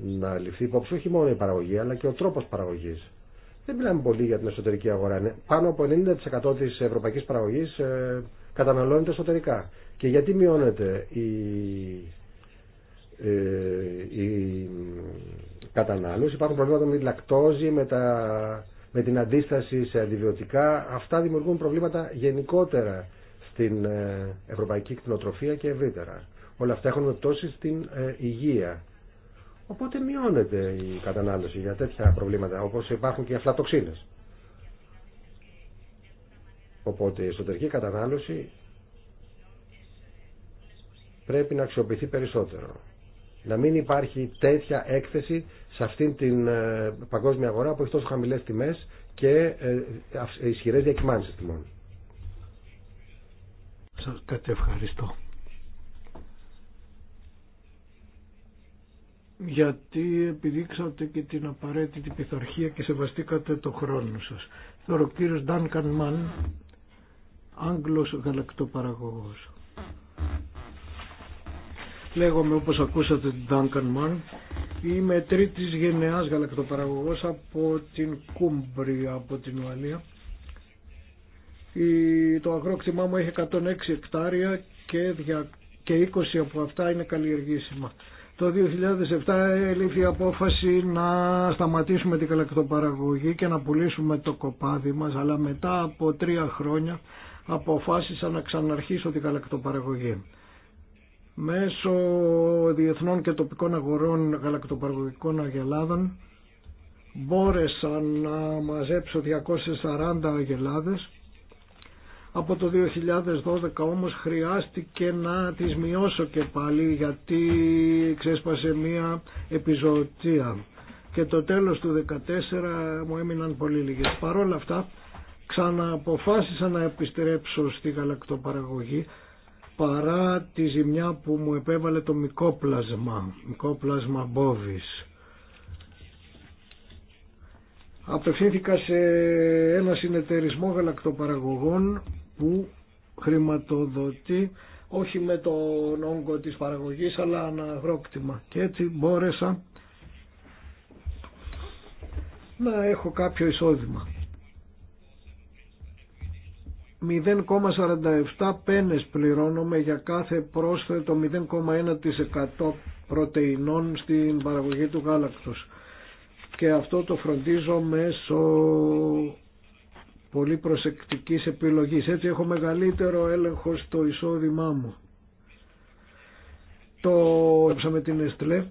Να ληφθεί υπόψη όχι μόνο η παραγωγή αλλά και ο τρόπος παραγωγής. Δεν μιλάμε πολύ για την εσωτερική αγορά. Πάνω από 90% της ευρωπαϊκής παραγωγής ε, καταναλώνεται εσωτερικά. Και γιατί μειώνεται ε, η, κατανάλωση, υπάρχουν προβλήματα με τη λακτόζη, με, τα, με την αντίσταση σε αντιβιωτικά. Αυτά δημιουργούν προβλήματα γενικότερα στην ε, ευρωπαϊκή κτηνοτροφία και ευρύτερα. Όλα αυτά έχουν επιπτώσει στην ε, υγεία. Οπότε μειώνεται η κατανάλωση για τέτοια προβλήματα, όπως υπάρχουν και οι αφλατοξίνες. Οπότε η εσωτερική κατανάλωση πρέπει να αξιοποιηθεί περισσότερο. Να μην υπάρχει τέτοια έκθεση σε αυτήν την ε, παγκόσμια αγορά που έχει τόσο χαμηλές τιμές και ε, ισχυρές διακυμάνσεις τιμών. Σας ευχαριστώ. γιατί επιδείξατε και την απαραίτητη πειθαρχία και σεβαστήκατε το χρόνο σας. Θεωρώ ο κύριος Ντάνκαν Μαν Άγγλος γαλακτοπαραγωγός. Λέγομαι όπως ακούσατε Duncan Mann. Είμαι τρίτης γενεάς γαλακτοπαραγωγός από την Κούμπρια, από την Ουαλία. Το αγρόκτημά μου έχει 106 εκτάρια και 20 από αυτά είναι καλλιεργήσιμα. Το 2007 έλειφε η απόφαση να σταματήσουμε την καλακτοπαραγωγή και να πουλήσουμε το κοπάδι μας, αλλά μετά από τρία χρόνια αποφάσισα να ξαναρχίσω την γαλακτοπαραγωγή. Μέσω διεθνών και τοπικών αγορών γαλακτοπαραγωγικών αγελάδων μπόρεσα να μαζέψω 240 αγελάδες από το 2012 όμως χρειάστηκε να τις μειώσω και πάλι γιατί ξέσπασε μία επιζωτία και το τέλος του 2014 μου έμειναν πολύ λίγες. Παρ' όλα αυτά ξανααποφάσισα να επιστρέψω στη γαλακτοπαραγωγή παρά τη ζημιά που μου επέβαλε το μικόπλασμα, μικόπλασμα Μπόβης. Απευθύνθηκα σε ένα συνεταιρισμό γαλακτοπαραγωγών που χρηματοδοτεί όχι με τον όγκο της παραγωγής αλλά αναγρόκτημα και έτσι μπόρεσα να έχω κάποιο εισόδημα. 0,47 πένες πληρώνομαι για κάθε πρόσθετο 0,1% πρωτεϊνών στην παραγωγή του γάλακτος. Και αυτό το φροντίζω μέσω πολύ προσεκτικής επιλογής. Έτσι έχω μεγαλύτερο έλεγχο στο εισόδημά μου. Το έψαμε την Εστλέ.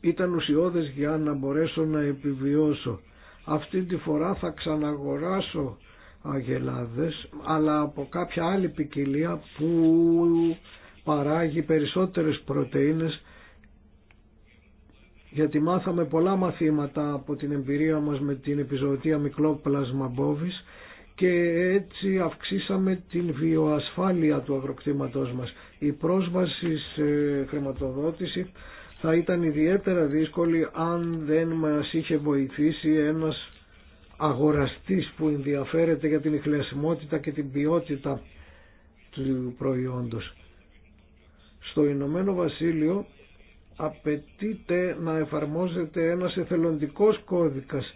Ήταν ουσιώδες για να μπορέσω να επιβιώσω. Αυτή τη φορά θα ξαναγοράσω αγελάδες αλλά από κάποια άλλη ποικιλία που παράγει περισσότερες πρωτεΐνες γιατί μάθαμε πολλά μαθήματα από την εμπειρία μας με την επιζωτία μικρόπλασμα μπόβης και έτσι αυξήσαμε την βιοασφάλεια του αγροκτήματός μας. Η πρόσβαση σε χρηματοδότηση θα ήταν ιδιαίτερα δύσκολη αν δεν μας είχε βοηθήσει ένας αγοραστής που ενδιαφέρεται για την εχλαισιμότητα και την ποιότητα του προϊόντος. Στο Ηνωμένο Βασίλειο απαιτείται να εφαρμόζεται ένας εθελοντικός κώδικας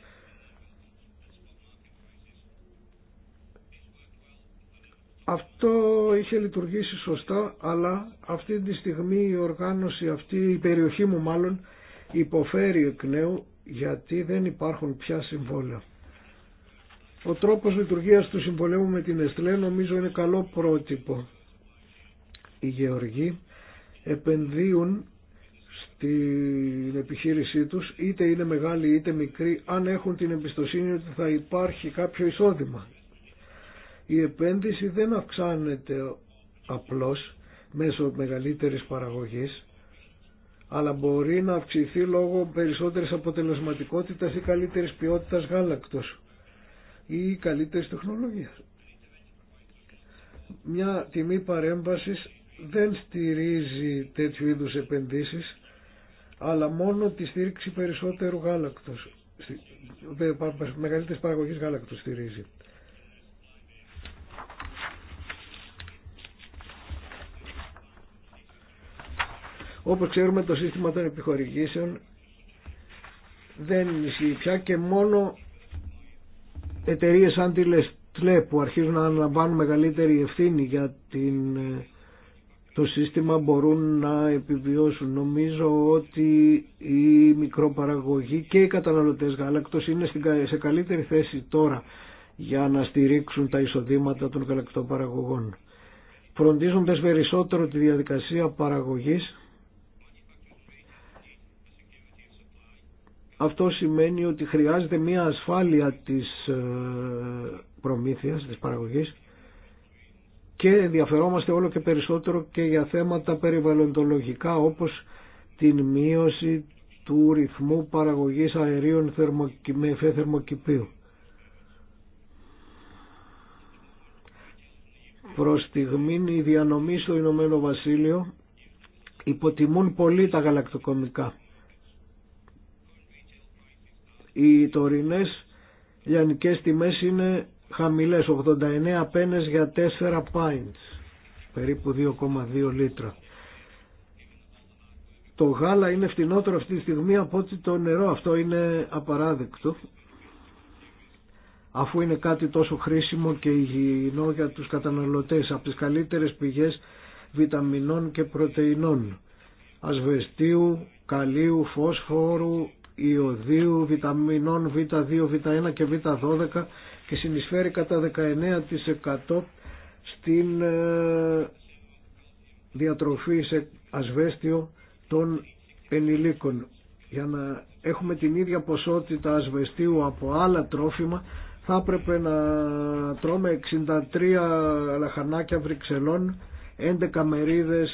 Αυτό είχε λειτουργήσει σωστά, αλλά αυτή τη στιγμή η οργάνωση αυτή, η περιοχή μου μάλλον, υποφέρει εκ νέου γιατί δεν υπάρχουν πια συμβόλαια. Ο τρόπος λειτουργίας του συμβολέμου με την Εστλέ νομίζω είναι καλό πρότυπο. Οι γεωργοί επενδύουν στην επιχείρησή τους, είτε είναι μεγάλη είτε μικρή, αν έχουν την εμπιστοσύνη ότι θα υπάρχει κάποιο εισόδημα. Η επένδυση δεν αυξάνεται απλώς μέσω μεγαλύτερης παραγωγής, αλλά μπορεί να αυξηθεί λόγω περισσότερης αποτελεσματικότητας ή καλύτερης ποιότητας γάλακτος ή καλύτερης τεχνολογίας. Μια τιμή παρέμβασης δεν στηρίζει τέτοιου είδους επενδύσεις, αλλά μόνο τη στήριξη περισσότερου γάλακτος, μεγαλύτερης παραγωγής γάλακτος στηρίζει. Όπως ξέρουμε το σύστημα των επιχορηγήσεων δεν ισχύει πια και μόνο εταιρείε σαν τη Λεστλέ που αρχίζουν να αναλαμβάνουν μεγαλύτερη ευθύνη για την, ε, το σύστημα μπορούν να επιβιώσουν. Νομίζω ότι η μικροπαραγωγή και οι καταναλωτές γάλακτος είναι σε καλύτερη θέση τώρα για να στηρίξουν τα εισοδήματα των γαλακτοπαραγωγών. Φροντίζοντα περισσότερο τη διαδικασία παραγωγής Αυτό σημαίνει ότι χρειάζεται μια ασφάλεια της ε, προμήθειας, της παραγωγής και ενδιαφερόμαστε όλο και περισσότερο και για θέματα περιβαλλοντολογικά όπως την μείωση του ρυθμού παραγωγής αερίων με εφέ θερμοκηπίου. Προ η διανομή στο Ηνωμένο Βασίλειο υποτιμούν πολύ τα γαλακτοκομικά οι τωρινές λιανικές τιμές είναι χαμηλές, 89 πένες για 4 pints, περίπου 2,2 λίτρα. Το γάλα είναι φτηνότερο αυτή τη στιγμή από ότι το νερό. Αυτό είναι απαράδεκτο αφού είναι κάτι τόσο χρήσιμο και υγιεινό για τους καταναλωτές από τις καλύτερες πηγές βιταμινών και πρωτεϊνών ασβεστίου, καλίου, φωσφόρου, ιωδίου, βιταμινών Β2, Β1 και Β12 και συνεισφέρει κατά 19% στην ε, διατροφή σε ασβέστιο των ενηλίκων. Για να έχουμε την ίδια ποσότητα ασβεστίου από άλλα τρόφιμα θα έπρεπε να τρώμε 63 λαχανάκια βρυξελών, 11 μερίδες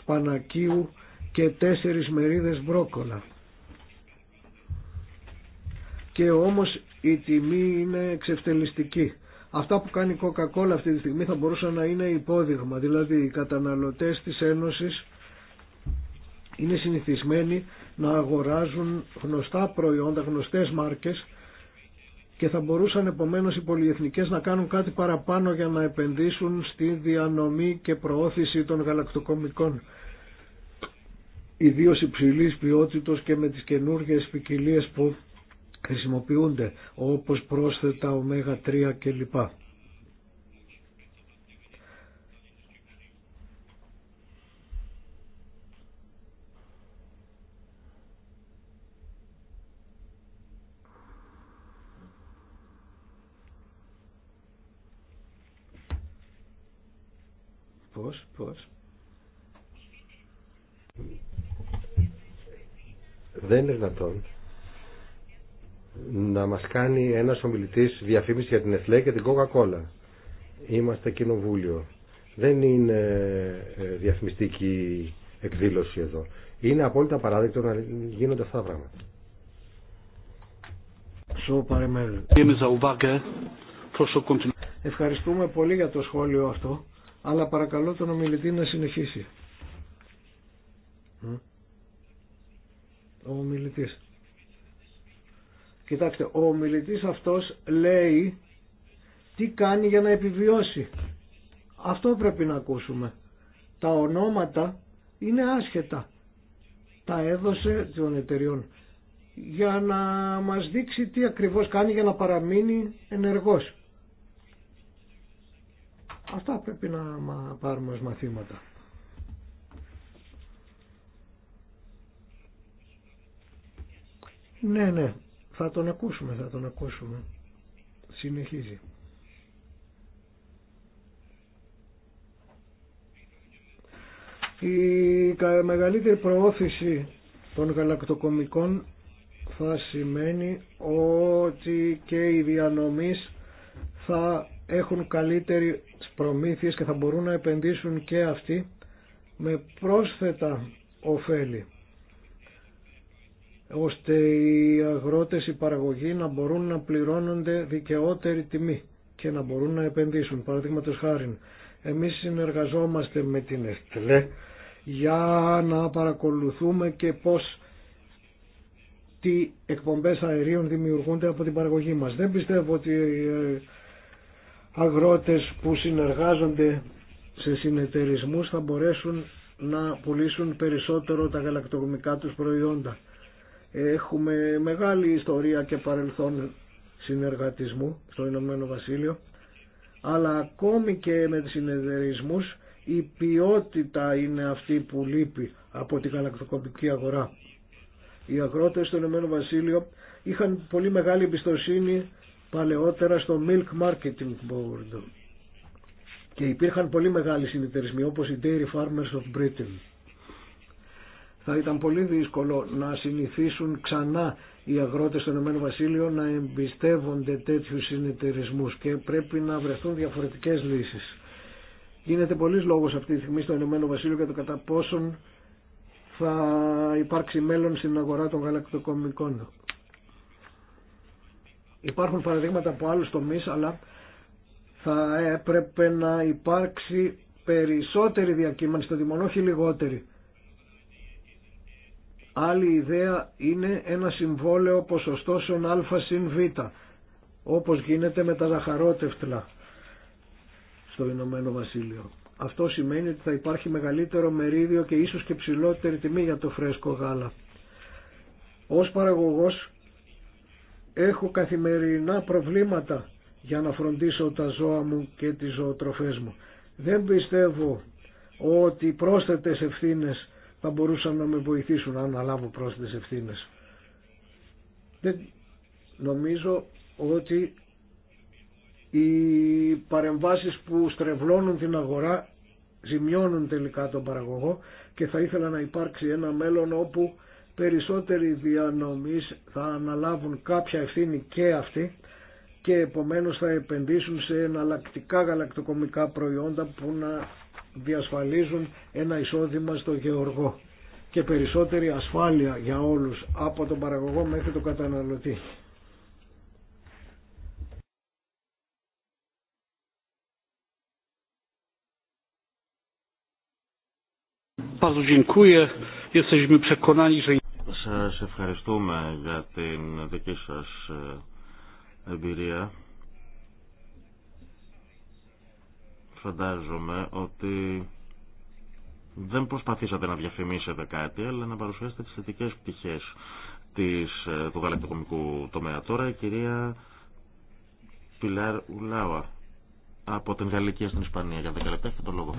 σπανακίου και τέσσερις μερίδες μπρόκολα. Και όμως η τιμή είναι εξευτελιστική. Αυτά που κάνει η Coca-Cola αυτή τη στιγμή θα μπορούσαν να είναι υπόδειγμα. Δηλαδή οι καταναλωτές της Ένωσης είναι συνηθισμένοι να αγοράζουν γνωστά προϊόντα, γνωστές μάρκες και θα μπορούσαν επομένως οι πολυεθνικές να κάνουν κάτι παραπάνω για να επενδύσουν στη διανομή και προώθηση των γαλακτοκομικών ιδίω υψηλή ποιότητα και με τις καινούργιες ποικιλίε που χρησιμοποιούνται όπως πρόσθετα ωμέγα 3 κλπ. Πώς, πώς. Δεν είναι δυνατόν να μας κάνει ένας ομιλητής διαφήμιση για την Εθλέ και την Coca-Cola. Είμαστε κοινοβούλιο. Δεν είναι ε, διαφημιστική εκδήλωση εδώ. Είναι απόλυτα παράδειγμα να γίνονται αυτά τα πράγματα. Ευχαριστούμε πολύ για το σχόλιο αυτό, αλλά παρακαλώ τον ομιλητή να συνεχίσει ο ομιλητής Κοιτάξτε, ο μιλητής αυτός λέει τι κάνει για να επιβιώσει. Αυτό πρέπει να ακούσουμε. Τα ονόματα είναι άσχετα. Τα έδωσε των εταιριών για να μας δείξει τι ακριβώς κάνει για να παραμείνει ενεργός. Αυτά πρέπει να πάρουμε ως μαθήματα. Ναι, ναι, θα τον ακούσουμε, θα τον ακούσουμε. Συνεχίζει. Η μεγαλύτερη προώθηση των γαλακτοκομικών θα σημαίνει ότι και οι διανομής θα έχουν καλύτερη προμήθειες και θα μπορούν να επενδύσουν και αυτοί με πρόσθετα ωφέλη ώστε οι αγρότες, οι παραγωγοί να μπορούν να πληρώνονται δικαιότερη τιμή και να μπορούν να επενδύσουν. Παραδείγματος χάρη, εμείς συνεργαζόμαστε με την ΕΣΤΛΕ για να παρακολουθούμε και πώς τι εκπομπές αερίων δημιουργούνται από την παραγωγή μας. Δεν πιστεύω ότι οι ε, αγρότες που συνεργάζονται σε συνεταιρισμούς θα μπορέσουν να πουλήσουν περισσότερο τα γαλακτογμικά τους προϊόντα. Έχουμε μεγάλη ιστορία και παρελθόν συνεργατισμού στο Ηνωμένο Βασίλειο, αλλά ακόμη και με τις συνεδερισμούς η ποιότητα είναι αυτή που λείπει από την γαλακτοκοπική αγορά. Οι αγρότες στο Ηνωμένο Βασίλειο είχαν πολύ μεγάλη εμπιστοσύνη παλαιότερα στο Milk Marketing Board και υπήρχαν πολύ μεγάλοι συνεταιρισμοί όπως οι Dairy Farmers of Britain θα ήταν πολύ δύσκολο να συνηθίσουν ξανά οι αγρότες του Ενωμένο Βασίλειο να εμπιστεύονται τέτοιους συνεταιρισμούς και πρέπει να βρεθούν διαφορετικές λύσεις. Γίνεται πολλής λόγος αυτή τη στιγμή στο Ηνωμένο Βασίλειο για το κατά πόσον θα υπάρξει μέλλον στην αγορά των γαλακτοκομικών. Υπάρχουν παραδείγματα από άλλους τομείς, αλλά θα έπρεπε να υπάρξει περισσότερη διακύμανση στο Δημονό, λιγότερη. Άλλη ιδέα είναι ένα συμβόλαιο ποσοστώσεων α συν β, όπως γίνεται με τα ζαχαρότευτλα στο Ηνωμένο Βασίλειο. Αυτό σημαίνει ότι θα υπάρχει μεγαλύτερο μερίδιο και ίσως και ψηλότερη τιμή για το φρέσκο γάλα. Ως παραγωγός έχω καθημερινά προβλήματα για να φροντίσω τα ζώα μου και τις ζωοτροφές μου. Δεν πιστεύω ότι πρόσθετες ευθύνες θα μπορούσαν να με βοηθήσουν αν αναλάβω πρόσθετες ευθύνες. Δεν νομίζω ότι οι παρεμβάσεις που στρεβλώνουν την αγορά ζημιώνουν τελικά τον παραγωγό και θα ήθελα να υπάρξει ένα μέλλον όπου περισσότεροι διανομής θα αναλάβουν κάποια ευθύνη και αυτή και επομένως θα επενδύσουν σε εναλλακτικά γαλακτοκομικά προϊόντα που να διασφαλίζουν ένα εισόδημα στο γεωργό και περισσότερη ασφάλεια για όλους από τον παραγωγό μέχρι τον καταναλωτή. Σας ευχαριστούμε για την δική σας ε, εμπειρία. Φαντάζομαι ότι δεν προσπαθήσατε να διαφημίσετε κάτι, αλλά να παρουσιάσετε τις θετικές πτυχές της, ε, του γαλακτοκομικού τομέα. Τώρα η κυρία Πιλάρ Ουλάουα από την Γαλλική στην Ισπανία για 10 λεπτά έχετε το λόγο.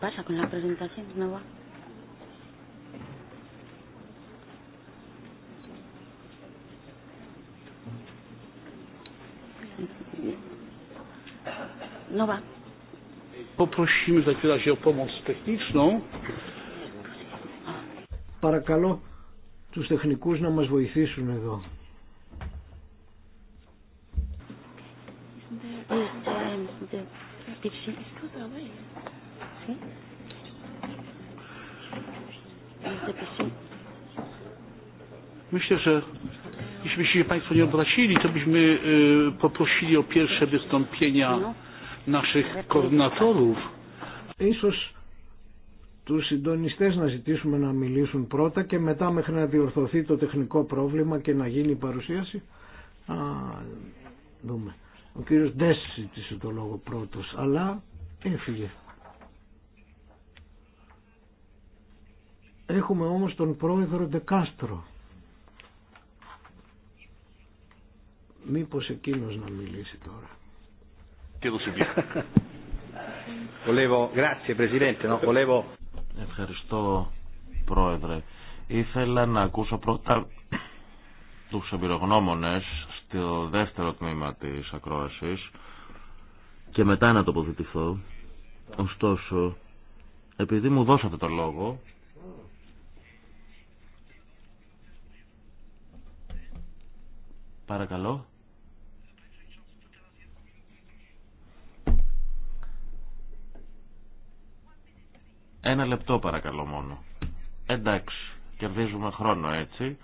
pasa con la presentación? No va. No va. Poprosimy w takim razie o pomoc techniczną. Παρακαλώ τους τεχνικούς να μας βοηθήσουν εδώ. gdybyśmy się Państwo nie obrazili, to byśmy poprosili o pierwsze wystąpienia naszych koordynatorów. Ίσως τους συντονιστές να ζητήσουμε να μιλήσουν πρώτα και μετά μέχρι να διορθωθεί το τεχνικό πρόβλημα και να γίνει η παρουσίαση. Α, δούμε. Ο κύριος δεν ζήτησε το λόγο πρώτος, αλλά έφυγε. Έχουμε όμως τον πρόεδρο Ντεκάστρο. Μήπως εκείνος να μιλήσει τώρα. Ευχαριστώ πρόεδρε. Ήθελα να ακούσω πρώτα τους εμπειρογνώμονες στο δεύτερο τμήμα της ακρόασης και μετά να τοποθετηθώ. Ωστόσο, επειδή μου δώσατε το λόγο, παρακαλώ. Ένα λεπτό παρακαλώ μόνο. Εντάξει, κερδίζουμε χρόνο έτσι.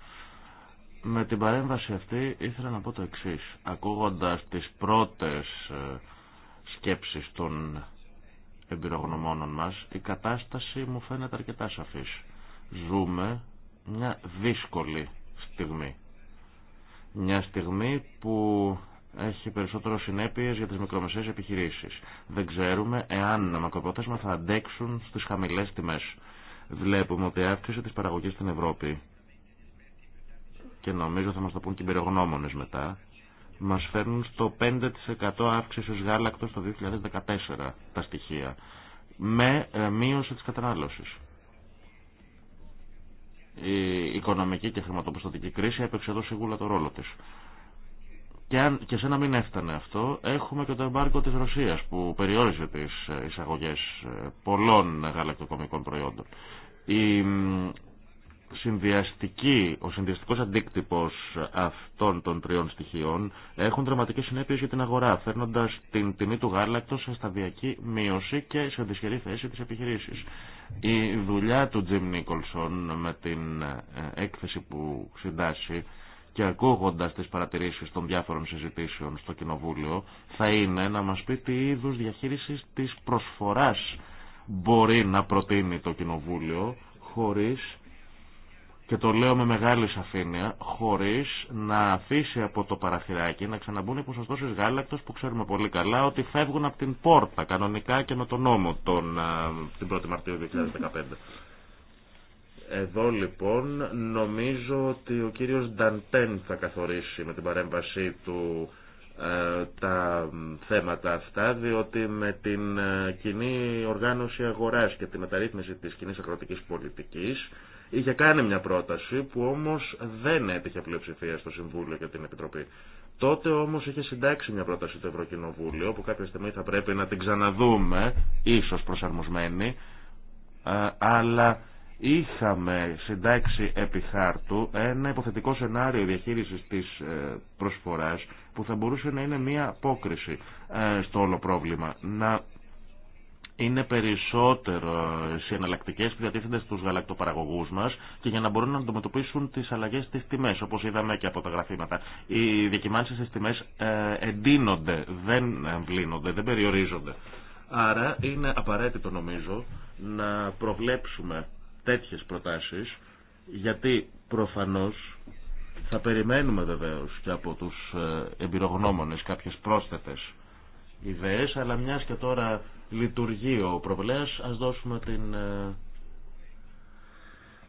Με την παρέμβαση αυτή ήθελα να πω το εξή. Ακούγοντας τις πρώτες ε, σκέψεις των εμπειρογνωμόνων μας, η κατάσταση μου φαίνεται αρκετά σαφής. Ζούμε μια δύσκολη στιγμή. Μια στιγμή που έχει περισσότερο συνέπειε για τι μικρομεσαίε επιχειρήσει. Δεν ξέρουμε εάν μακροπρόθεσμα θα αντέξουν στι χαμηλέ τιμέ. Βλέπουμε ότι η αύξηση τη παραγωγή στην Ευρώπη και νομίζω θα μα το πούν και οι μετά, μα φέρνουν στο 5% αύξηση γάλακτο το 2014 τα στοιχεία, με ε, μείωση τη κατανάλωση. Η οικονομική και χρηματοπιστωτική κρίση έπαιξε εδώ σίγουρα το ρόλο της. Και, αν, και σε να μην έφτανε αυτό, έχουμε και το εμπάρκο της Ρωσίας που περιόριζε τις ε, εισαγωγές ε, πολλών γαλακτοκομικών προϊόντων. Η συνδυαστική, ο συνδυαστικός αντίκτυπος αυτών των τριών στοιχείων έχουν δραματικές συνέπειες για την αγορά, φέρνοντας την τιμή του γάλακτος σε σταδιακή μείωση και σε δυσχερή θέση της επιχειρήσης. Η δουλειά του Τζιμ Νίκολσον με την ε, έκθεση που συντάσσει και ακούγοντας τις παρατηρήσεις των διάφορων συζητήσεων στο Κοινοβούλιο θα είναι να μας πει τι είδους διαχείρισης της προσφοράς μπορεί να προτείνει το Κοινοβούλιο χωρίς και το λέω με μεγάλη σαφήνεια, χωρίς να αφήσει από το παραθυράκι να ξαναμπούν οι ποσοστώσεις γάλακτος που ξέρουμε πολύ καλά ότι φεύγουν από την πόρτα κανονικά και με τον νόμο τον, την 1η Μαρτίου 2015. Εδώ λοιπόν νομίζω ότι ο κύριος Νταντέν θα καθορίσει με την παρέμβασή του ε, τα θέματα αυτά, διότι με την ε, κοινή οργάνωση αγοράς και τη μεταρρύθμιση της κοινή αγροτικής πολιτικής είχε κάνει μια πρόταση που όμως δεν έτυχε πλειοψηφία στο Συμβούλιο και την Επιτροπή. Τότε όμως είχε συντάξει μια πρόταση το Ευρωκοινοβούλιο που κάποια στιγμή θα πρέπει να την ξαναδούμε, ίσως προσαρμοσμένη, ε, αλλά είχαμε συντάξει επί χάρτου ένα υποθετικό σενάριο διαχείρισης της ε, προσφοράς που θα μπορούσε να είναι μια απόκριση ε, στο όλο πρόβλημα. Να είναι περισσότερο σε εναλλακτικέ που διατίθενται στου γαλακτοπαραγωγού μα και για να μπορούν να αντιμετωπίσουν τι αλλαγέ στι τιμέ, όπω είδαμε και από τα γραφήματα. Οι διακυμάνσει στι τιμέ ε, εντείνονται, δεν εμβλύνονται, δεν περιορίζονται. Άρα είναι απαραίτητο νομίζω να προβλέψουμε τέτοιες προτάσεις γιατί προφανώς θα περιμένουμε βεβαίως και από τους ε, εμπειρογνώμονες κάποιες πρόσθετες ιδέες αλλά μιας και τώρα λειτουργεί ο προβλέας ας δώσουμε την... Ε,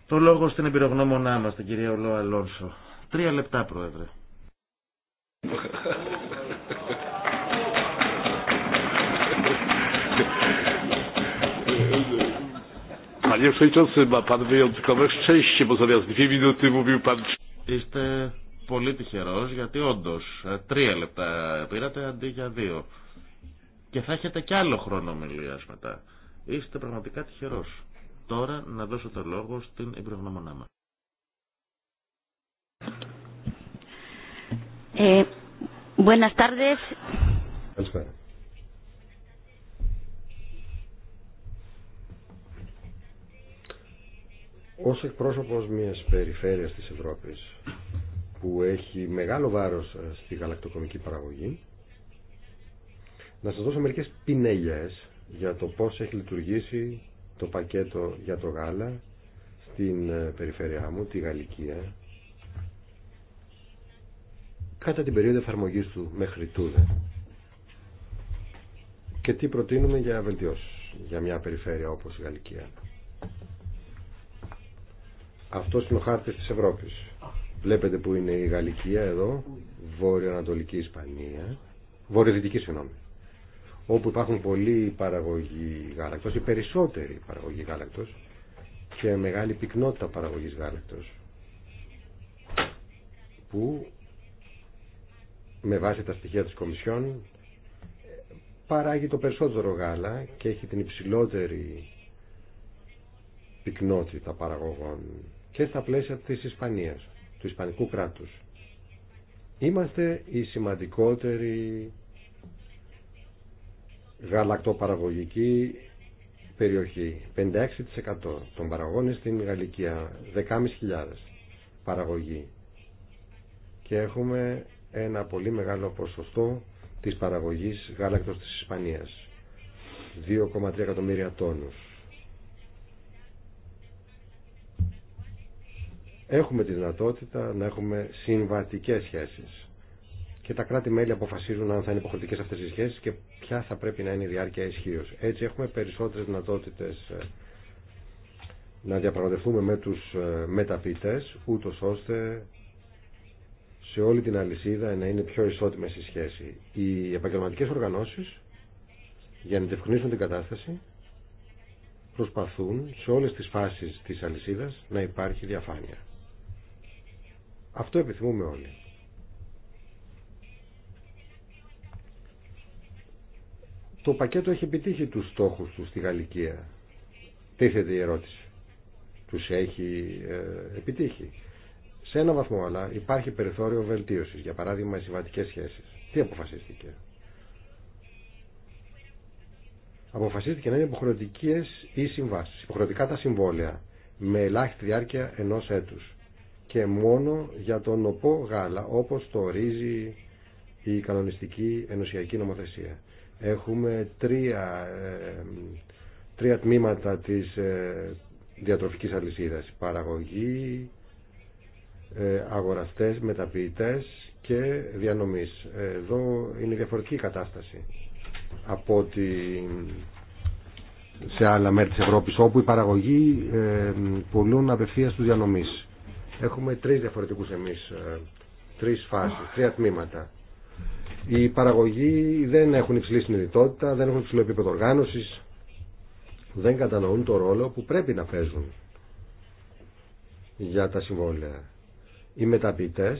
το λόγο στην εμπειρογνώμονά μας την κυρία Ολό Αλόνσο. Τρία λεπτά πρόεδρε. Panie Przewodniczący, ma Pan wyjątkowe szczęście, bo zamiast dwie minuty mówił Pan... Είστε πολύ τυχερός, γιατί όντως ε, τρία λεπτά πήρατε αντί για δύο. Και θα έχετε κι άλλο χρόνο μιλίας μετά. Είστε πραγματικά τυχερός. Τώρα να δώσω το λόγο στην εμπειρογνωμονά μας. Ε, buenas tardes. Καλησπέρα. Ως εκπρόσωπος μιας περιφέρειας της Ευρώπης που έχει μεγάλο βάρος ε, στη γαλακτοκομική παραγωγή να σας δώσω μερικές πινελιές για το πώς έχει λειτουργήσει το πακέτο για το γάλα στην ε, περιφέρειά μου, τη Γαλλικία κατά την περίοδο εφαρμογής του μέχρι τούδε και τι προτείνουμε για βελτιώσεις για μια περιφέρεια όπως η Γαλλικία. Αυτό είναι ο χάρτης της Ευρώπης. Βλέπετε που είναι η Γαλλικία εδώ, βόρειο-ανατολική Ισπανία, βορειοδυτική συγγνώμη, όπου υπάρχουν πολλοί παραγωγοί γάλακτος, ή περισσότεροι παραγωγοί γάλακτος και μεγάλη πυκνότητα παραγωγής γάλακτος, που με βάση τα στοιχεία της Κομισιόν παράγει το περισσότερο γάλα και έχει την υψηλότερη πυκνότητα παραγωγών και στα πλαίσια της Ισπανίας, του Ισπανικού κράτους. Είμαστε η σημαντικότερη γαλακτοπαραγωγική περιοχή. 56% των παραγών στην Γαλλικία, 10.500 παραγωγή. Και έχουμε ένα πολύ μεγάλο ποσοστό της παραγωγής γάλακτος της Ισπανίας. 2,3 εκατομμύρια τόνους. έχουμε τη δυνατότητα να έχουμε συμβατικέ σχέσει Και τα κράτη-μέλη αποφασίζουν αν θα είναι υποχρεωτικέ αυτέ οι σχέσει και ποια θα πρέπει να είναι η διάρκεια ισχύω. Έτσι έχουμε περισσότερε δυνατότητε ε, να διαπραγματευτούμε με του ε, μεταποιητέ, ούτω ώστε σε όλη την αλυσίδα να είναι πιο ισότιμε οι σχέση. Οι επαγγελματικέ οργανώσει, για να διευκρινίσουν την κατάσταση, προσπαθούν σε όλες τις φάσεις της αλυσίδας να υπάρχει διαφάνεια. Αυτό επιθυμούμε όλοι. Το πακέτο έχει επιτύχει τους στόχους του στη Γαλλικία. Τίθεται η ερώτηση. Τους έχει ε, επιτύχει. Σε ένα βαθμό αλλά υπάρχει περιθώριο βελτίωσης. Για παράδειγμα οι συμβατικές σχέσεις. Τι αποφασίστηκε. Αποφασίστηκε να είναι υποχρεωτικές ή συμβάσεις. Υποχρεωτικά τα συμβόλαια με ελάχιστη διάρκεια ενός έτους και μόνο για τον νοπό γάλα όπως το ορίζει η κανονιστική ενωσιακή νομοθεσία. Έχουμε τρία, τρία τμήματα της ε, διατροφικής αλυσίδας. Παραγωγή, ε, αγοραστές, μεταποιητές και διανομής. Εδώ είναι διαφορετική η κατάσταση από ότι σε άλλα μέρη της Ευρώπης όπου οι παραγωγοί πουλούν απευθείας του διανομής. Έχουμε τρεις διαφορετικούς εμείς, ε, τρεις φάσεις, τρία τμήματα. Οι παραγωγοί δεν έχουν υψηλή συνειδητότητα, δεν έχουν υψηλό επίπεδο οργάνωσης, δεν κατανοούν το ρόλο που πρέπει να παίζουν για τα συμβόλαια. Οι μεταπιτέ,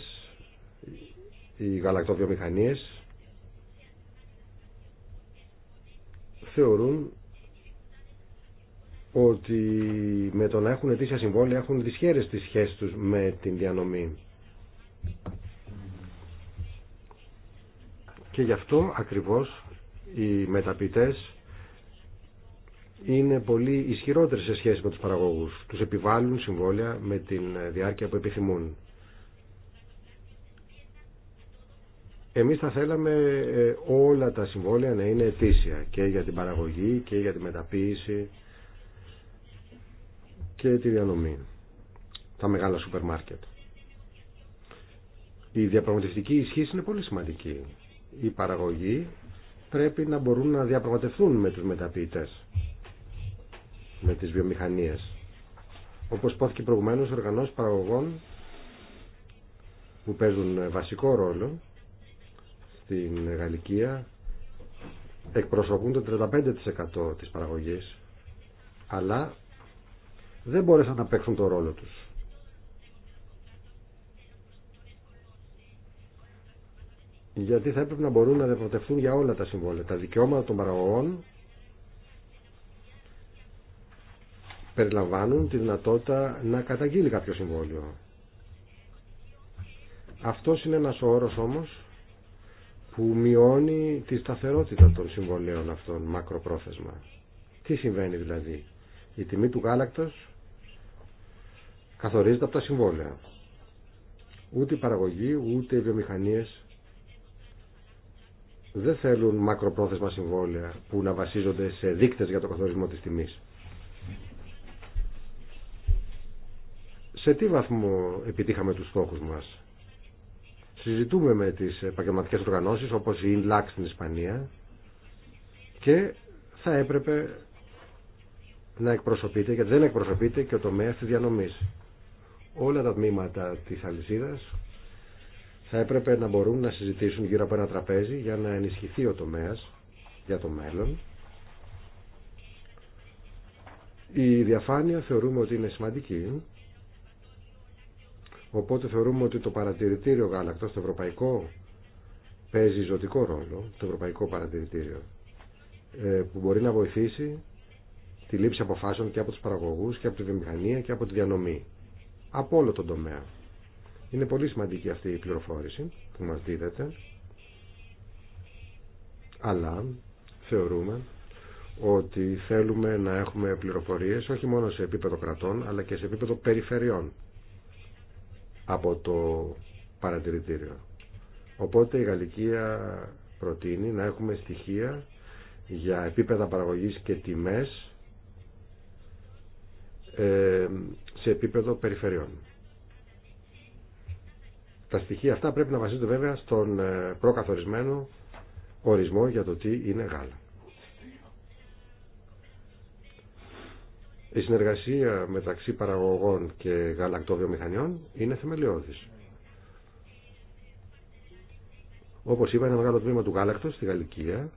οι γαλακτοβιομηχανίες θεωρούν ότι με το να έχουν αιτήσια συμβόλαια έχουν δυσχέρες τις σχέσεις τους με την διανομή. Και γι' αυτό ακριβώς οι μεταπητές είναι πολύ ισχυρότερες σε σχέση με τους παραγωγούς. Τους επιβάλλουν συμβόλαια με την διάρκεια που επιθυμούν. Εμείς θα θέλαμε ε, όλα τα συμβόλαια να είναι αιτήσια και για την παραγωγή και για τη μεταποίηση και τη διανομή. Τα μεγάλα σούπερ μάρκετ. Η διαπραγματευτική ισχύ είναι πολύ σημαντική. Οι παραγωγοί πρέπει να μπορούν να διαπραγματευτούν με τους μεταποιητές, με τις βιομηχανίες. Όπως πόθηκε προηγουμένως, οργανώσεις παραγωγών που παίζουν βασικό ρόλο στην Γαλλικία εκπροσωπούν το 35% της παραγωγής αλλά δεν μπόρεσαν να παίξουν το ρόλο τους. Γιατί θα έπρεπε να μπορούν να διαπροτευτούν για όλα τα συμβόλαια. Τα δικαιώματα των παραγωγών περιλαμβάνουν τη δυνατότητα να καταγγείλει κάποιο συμβόλαιο. Αυτός είναι ένας όρος όμως που μειώνει τη σταθερότητα των συμβολέων αυτών μακροπρόθεσμα. Τι συμβαίνει δηλαδή. Η τιμή του γάλακτος καθορίζεται από τα συμβόλαια. Ούτε η παραγωγή, ούτε οι βιομηχανίες δεν θέλουν μακροπρόθεσμα συμβόλαια που να βασίζονται σε δείκτες για το καθορισμό της τιμής. Σε τι βαθμό επιτύχαμε τους στόχους μας. Συζητούμε με τις επαγγελματικέ οργανώσεις όπως η INLAX στην Ισπανία και θα έπρεπε να εκπροσωπείται, γιατί δεν εκπροσωπείται και ο τομέας της διανομής. Όλα τα τμήματα της αλυσίδας θα έπρεπε να μπορούν να συζητήσουν γύρω από ένα τραπέζι για να ενισχυθεί ο τομέας για το μέλλον. Η διαφάνεια θεωρούμε ότι είναι σημαντική, οπότε θεωρούμε ότι το παρατηρητήριο γάλακτό, το ευρωπαϊκό, παίζει ζωτικό ρόλο, το ευρωπαϊκό παρατηρητήριο, ε, που μπορεί να βοηθήσει τη λήψη αποφάσεων και από τους παραγωγούς και από τη βιομηχανία και από τη διανομή. Από όλο τον τομέα. Είναι πολύ σημαντική αυτή η πληροφόρηση που μας δίδεται. Αλλά θεωρούμε ότι θέλουμε να έχουμε πληροφορίες όχι μόνο σε επίπεδο κρατών αλλά και σε επίπεδο περιφερειών από το παρατηρητήριο. Οπότε η Γαλλικία προτείνει να έχουμε στοιχεία για επίπεδα παραγωγής και τιμές σε επίπεδο περιφερειών. Τα στοιχεία αυτά πρέπει να βασίζονται βέβαια στον ε, προκαθορισμένο ορισμό για το τι είναι γάλα. Η συνεργασία μεταξύ παραγωγών και γαλακτοβιομηχανιών είναι θεμελιώδης. Όπως είπα, ένα μεγάλο τμήμα του γάλακτος στη Γαλλικία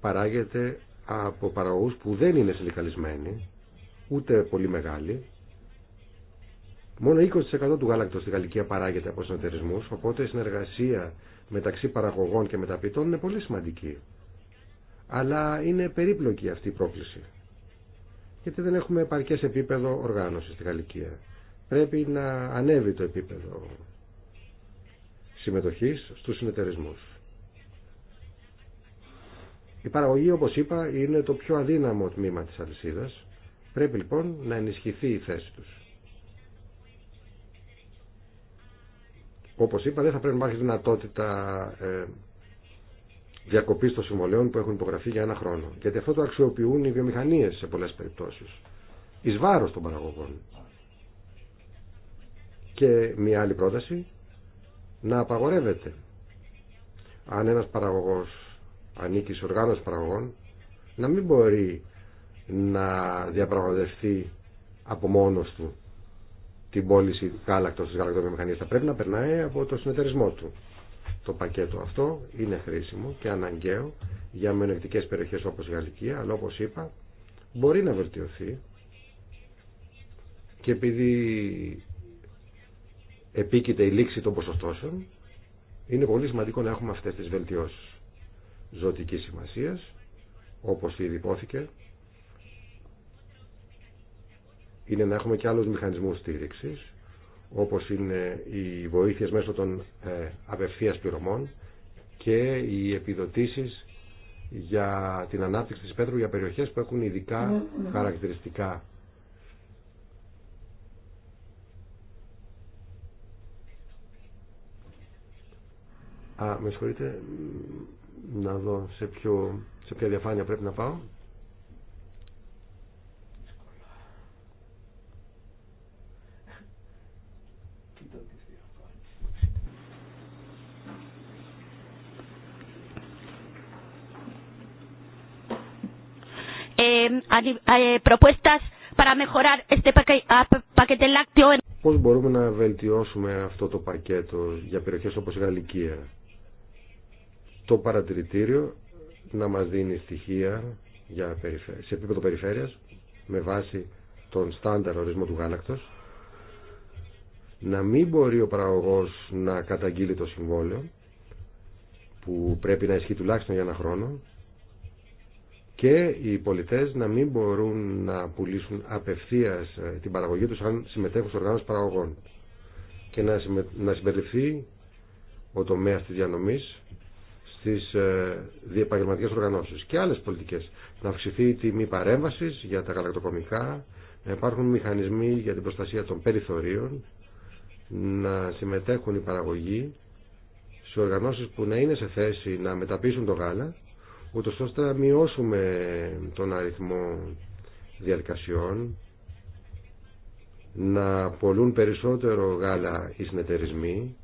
παράγεται από παραγωγούς που δεν είναι συνδικαλισμένοι, ούτε πολύ μεγάλοι. Μόνο 20% του γάλακτος στη Γαλλικία παράγεται από συνεταιρισμούς, οπότε η συνεργασία μεταξύ παραγωγών και μεταπητών είναι πολύ σημαντική. Αλλά είναι περίπλοκη αυτή η πρόκληση. Γιατί δεν έχουμε επαρκές επίπεδο οργάνωσης στη Γαλλικία. Πρέπει να ανέβει το επίπεδο συμμετοχής στους συνεταιρισμούς. Η παραγωγή, όπως είπα, είναι το πιο αδύναμο τμήμα της αλυσίδα. Πρέπει λοιπόν να ενισχυθεί η θέση τους. Όπως είπα, δεν θα πρέπει να υπάρχει δυνατότητα ε, διακοπής των συμβολέων που έχουν υπογραφεί για ένα χρόνο. Γιατί αυτό το αξιοποιούν οι βιομηχανίες σε πολλές περιπτώσεις. Ει βάρο των παραγωγών. Και μια άλλη πρόταση, να απαγορεύεται. Αν ένας παραγωγός ανήκει σε οργάνωση παραγωγών να μην μπορεί να διαπραγματευτεί από μόνο του την πώληση γάλακτος τη γαλακτοβιομηχανία. Θα πρέπει να περνάει από το συνεταιρισμό του. Το πακέτο αυτό είναι χρήσιμο και αναγκαίο για μειονεκτικέ περιοχέ όπω η Γαλλικία, αλλά όπω είπα μπορεί να βελτιωθεί και επειδή επίκειται η λήξη των ποσοστώσεων είναι πολύ σημαντικό να έχουμε αυτές τις βελτιώσεις ζωτικής σημασίας, όπως ήδη υπόθηκε, είναι να έχουμε και άλλους μηχανισμούς στήριξης, όπως είναι οι βοήθειες μέσω των ε, απευθείας πληρωμών και οι επιδοτήσεις για την ανάπτυξη της πέτρου για περιοχές που έχουν ειδικά ναι, ναι, ναι. χαρακτηριστικά. Α, με συγχωρείτε, να δω σε, σε ποια διαφάνεια πρέπει να πάω. Ε, ε, Πώ ah, Πώς μπορούμε να βελτιώσουμε αυτό το πακέτο για περιοχές όπως η Γαλλικία το παρατηρητήριο να μας δίνει στοιχεία για σε επίπεδο περιφέρειας με βάση τον στάνταρ ορισμό του γάλακτος να μην μπορεί ο παραγωγός να καταγγείλει το συμβόλαιο που πρέπει να ισχύει τουλάχιστον για ένα χρόνο και οι πολιτές να μην μπορούν να πουλήσουν απευθείας ε, την παραγωγή τους αν συμμετέχουν στο οργάνωση παραγωγών και να συμπεριληφθεί ο τομέας της διανομής στις ε, διεπαγγελματικέ οργανώσεις και άλλες πολιτικές. Να αυξηθεί η τιμή παρέμβαση για τα γαλακτοκομικά, να υπάρχουν μηχανισμοί για την προστασία των περιθωρίων, να συμμετέχουν οι παραγωγοί σε οργανώσεις που να είναι σε θέση να μεταπίσουν το γάλα, ούτω ώστε να μειώσουμε τον αριθμό διαδικασιών, να πολλούν περισσότερο γάλα οι συνεταιρισμοί,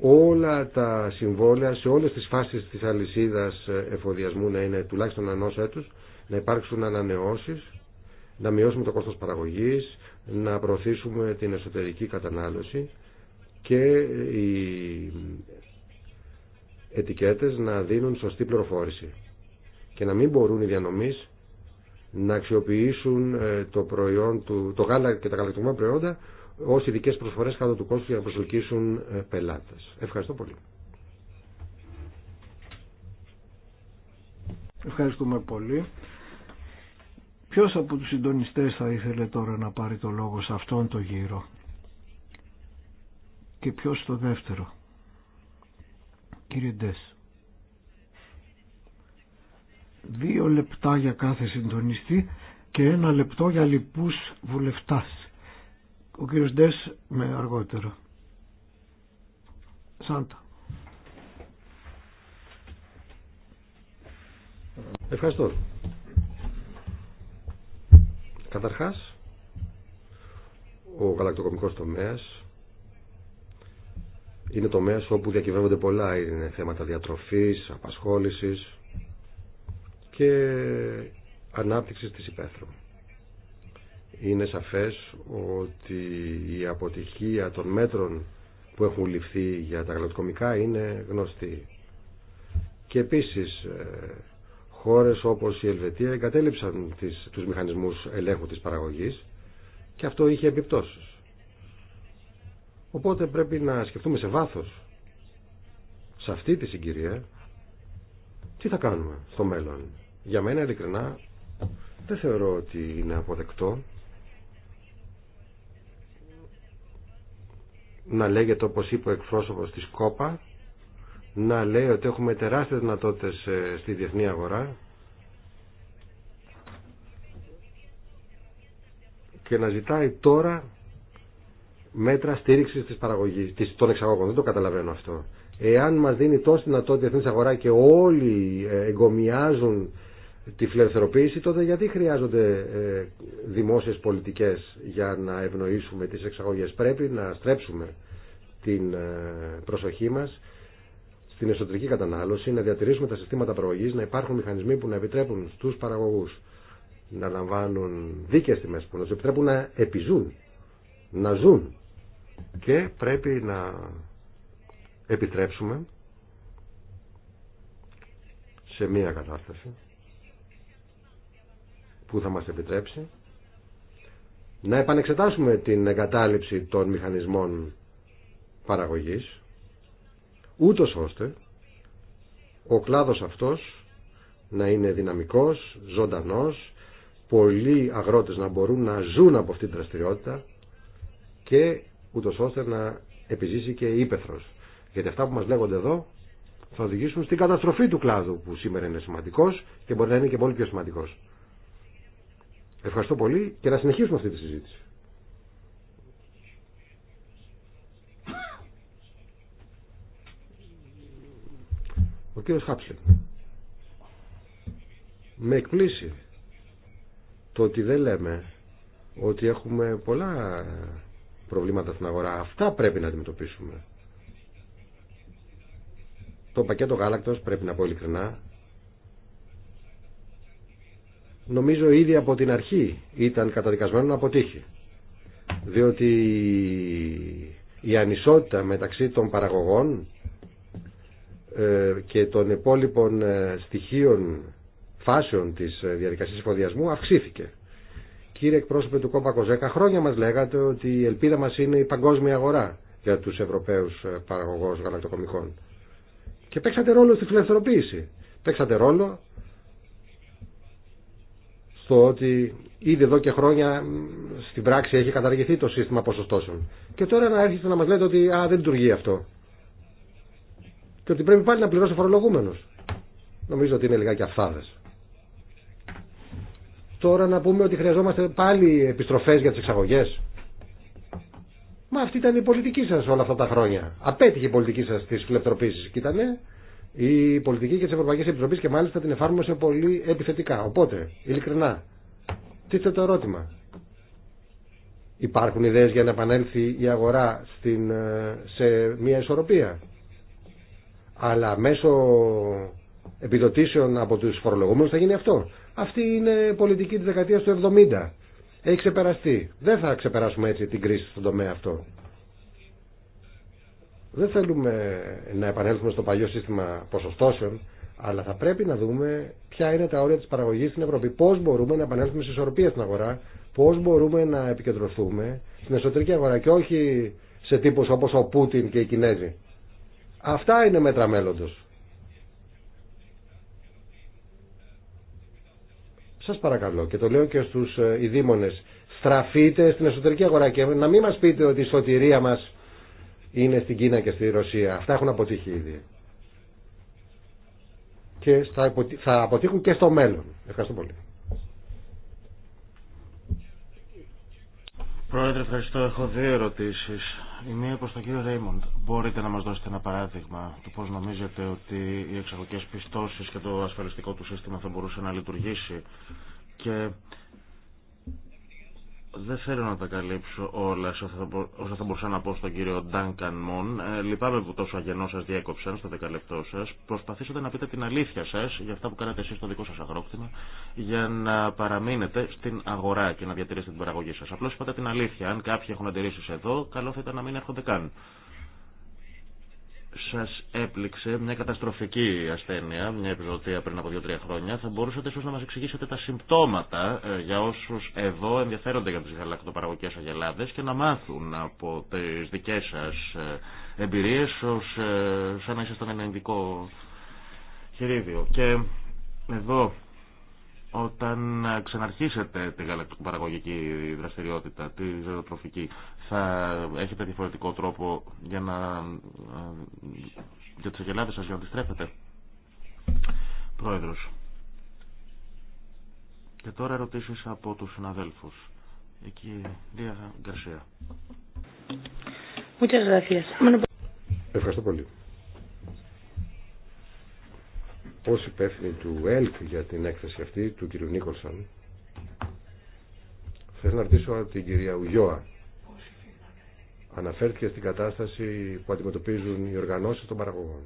όλα τα συμβόλαια σε όλες τις φάσεις της αλυσίδας εφοδιασμού να είναι τουλάχιστον ενός έτους, να υπάρξουν ανανεώσεις, να μειώσουμε το κόστος παραγωγής, να προωθήσουμε την εσωτερική κατανάλωση και οι ετικέτες να δίνουν σωστή πληροφόρηση και να μην μπορούν οι διανομείς να αξιοποιήσουν ε, το, προϊόν του, το γάλα και τα προϊόντα ω ειδικέ προσφορές κάτω του κόστου για να προσελκύσουν ε, πελάτες. Ευχαριστώ πολύ. Ευχαριστούμε πολύ. Ποιο από τους συντονιστές θα ήθελε τώρα να πάρει το λόγο σε αυτόν τον γύρο και ποιο στο δεύτερο. Κύριε Ντες. Δύο λεπτά για κάθε συντονιστή και ένα λεπτό για λοιπούς βουλευτάς. Ο κύριος Ντες με αργότερα. Σάντα. Ευχαριστώ. Καταρχάς, ο γαλακτοκομικός τομέας είναι τομέας όπου διακυβεύονται πολλά. Είναι θέματα διατροφής, απασχόλησης και ανάπτυξης της υπαίθρου. Είναι σαφές ότι η αποτυχία των μέτρων που έχουν ληφθεί για τα γαλακτοκομικά είναι γνωστή. Και επίσης ε, χώρες όπως η Ελβετία εγκατέλειψαν τις, τους μηχανισμούς ελέγχου της παραγωγής και αυτό είχε επιπτώσεις. Οπότε πρέπει να σκεφτούμε σε βάθος σε αυτή τη συγκυρία τι θα κάνουμε στο μέλλον. Για μένα ειλικρινά δεν θεωρώ ότι είναι αποδεκτό να λέγεται όπως είπε ο εκπρόσωπος της ΚΟΠΑ να λέει ότι έχουμε τεράστιες δυνατότητε ε, στη διεθνή αγορά και να ζητάει τώρα μέτρα στήριξης της παραγωγής, των εξαγωγών. Δεν το καταλαβαίνω αυτό. Εάν μας δίνει τόση δυνατότητα η διεθνής αγορά και όλοι ε, εγκομιάζουν τη φιλελευθεροποίηση, τότε γιατί χρειάζονται ε, δημόσιες πολιτικές για να ευνοήσουμε τις εξαγωγές. Πρέπει να στρέψουμε την ε, προσοχή μας στην εσωτερική κατανάλωση, να διατηρήσουμε τα συστήματα προογής, να υπάρχουν μηχανισμοί που να επιτρέπουν στους παραγωγούς να λαμβάνουν δίκαιες τιμές, που να επιτρέπουν να επιζούν, να ζουν. Και πρέπει να επιτρέψουμε σε μία κατάσταση που θα μας επιτρέψει να επανεξετάσουμε την εγκατάλειψη των μηχανισμών παραγωγής ούτως ώστε ο κλάδος αυτός να είναι δυναμικός, ζωντανός, πολλοί αγρότες να μπορούν να ζουν από αυτή τη δραστηριότητα και ούτως ώστε να επιζήσει και η ύπεθρος. Γιατί αυτά που μας λέγονται εδώ θα οδηγήσουν στην καταστροφή του κλάδου που σήμερα είναι σημαντικός και μπορεί να είναι και πολύ πιο σημαντικός. Ευχαριστώ πολύ και να συνεχίσουμε αυτή τη συζήτηση. Ο κύριος Χάψελ. Με εκπλήσει το ότι δεν λέμε ότι έχουμε πολλά προβλήματα στην αγορά. Αυτά πρέπει να αντιμετωπίσουμε. Το πακέτο γάλακτος, πρέπει να πω ειλικρινά, νομίζω ήδη από την αρχή ήταν καταδικασμένο να αποτύχει. Διότι η ανισότητα μεταξύ των παραγωγών ε, και των υπόλοιπων ε, στοιχείων φάσεων της ε, διαδικασίας εφοδιασμού αυξήθηκε. Κύριε εκπρόσωπε του Κόμπα Κοζέκα, χρόνια μας λέγατε ότι η ελπίδα μας είναι η παγκόσμια αγορά για τους Ευρωπαίους παραγωγούς γαλακτοκομικών. Και παίξατε ρόλο στη φιλελευθερωποίηση. Παίξατε ρόλο στο ότι ήδη εδώ και χρόνια στην πράξη έχει καταργηθεί το σύστημα ποσοστώσεων. Και τώρα να έρχεστε να μα λέτε ότι α, δεν λειτουργεί αυτό. Και ότι πρέπει πάλι να πληρώσει ο φορολογούμενος. Νομίζω ότι είναι λιγάκι αφθάδε. Τώρα να πούμε ότι χρειαζόμαστε πάλι επιστροφέ για τι εξαγωγέ. Μα αυτή ήταν η πολιτική σα όλα αυτά τα χρόνια. Απέτυχε η πολιτική σα τι φιλεπτροπής. Και ήταν η πολιτική και τη Ευρωπαϊκή Επιτροπή και μάλιστα την εφάρμοσε πολύ επιθετικά. Οπότε, ειλικρινά, τίθεται το ερώτημα. Υπάρχουν ιδέες για να επανέλθει η αγορά στην, ε, σε μια ισορροπία. Αλλά μέσω επιδοτήσεων από τους φορολογούμενους θα γίνει αυτό. Αυτή είναι η πολιτική της δεκαετίας του 70. Έχει ξεπεραστεί. Δεν θα ξεπεράσουμε έτσι την κρίση στον τομέα αυτό. Δεν θέλουμε να επανέλθουμε στο παλιό σύστημα ποσοστώσεων, αλλά θα πρέπει να δούμε ποια είναι τα όρια τη παραγωγή στην Ευρώπη. Πώ μπορούμε να επανέλθουμε σε ισορροπία στην αγορά, πώ μπορούμε να επικεντρωθούμε στην εσωτερική αγορά και όχι σε τύπους όπω ο Πούτιν και οι Κινέζοι. Αυτά είναι μέτρα μέλλοντο. Σα παρακαλώ και το λέω και στου ειδήμονε, Στραφείτε στην εσωτερική αγορά και να μην μα πείτε ότι η σωτηρία μα είναι στην Κίνα και στη Ρωσία. Αυτά έχουν αποτύχει ήδη. Και θα αποτύχουν και στο μέλλον. Ευχαριστώ πολύ. Πρόεδρε, ευχαριστώ. Έχω δύο ερωτήσει. Η μία προ τον κύριο Ρέιμοντ. Μπορείτε να μα δώσετε ένα παράδειγμα του πώ νομίζετε ότι οι εξαγωγικέ πιστώσει και το ασφαλιστικό του σύστημα θα μπορούσε να λειτουργήσει και δεν θέλω να τα καλύψω όλα όσα θα μπορούσα να πω στον κύριο Ντάνκαν Μον. Ε, λυπάμαι που τόσο αγενό σα διέκοψαν στο δεκαλεπτό σα. Προσπαθήσατε να πείτε την αλήθεια σα για αυτά που κάνατε εσεί στο δικό σα αγρόκτημα για να παραμείνετε στην αγορά και να διατηρήσετε την παραγωγή σα. Απλώ είπατε την αλήθεια. Αν κάποιοι έχουν αντιρρήσει εδώ, καλό θα ήταν να μην έρχονται καν σας έπληξε μια καταστροφική ασθένεια, μια επιζωτία πριν από 2-3 χρόνια, θα μπορούσατε ίσως να μας εξηγήσετε τα συμπτώματα ε, για όσους εδώ ενδιαφέρονται για τις γαλακτοπαραγωγικές αγελάδες και να μάθουν από τις δικές σας ε, εμπειρίες ως, ε, σαν να ήσασταν ένα ειδικό χειρίδιο. Και εδώ όταν ξαναρχίσετε τη παραγωγική δραστηριότητα, τη ζωοτροφική, θα έχετε διαφορετικό τρόπο για, να, για τις αγελάδες σας, για να τις τρέφετε. Πρόεδρος. Και τώρα ερωτήσεις από τους συναδέλφους. εκεί Δία Γκαρσία. Ευχαριστώ πολύ ως υπεύθυνη του ΕΛΚ για την έκθεση αυτή του κ. Νίκολσον θέλω να ρωτήσω την κυρία Ουγιώα αναφέρθηκε στην κατάσταση που αντιμετωπίζουν οι οργανώσεις των παραγωγών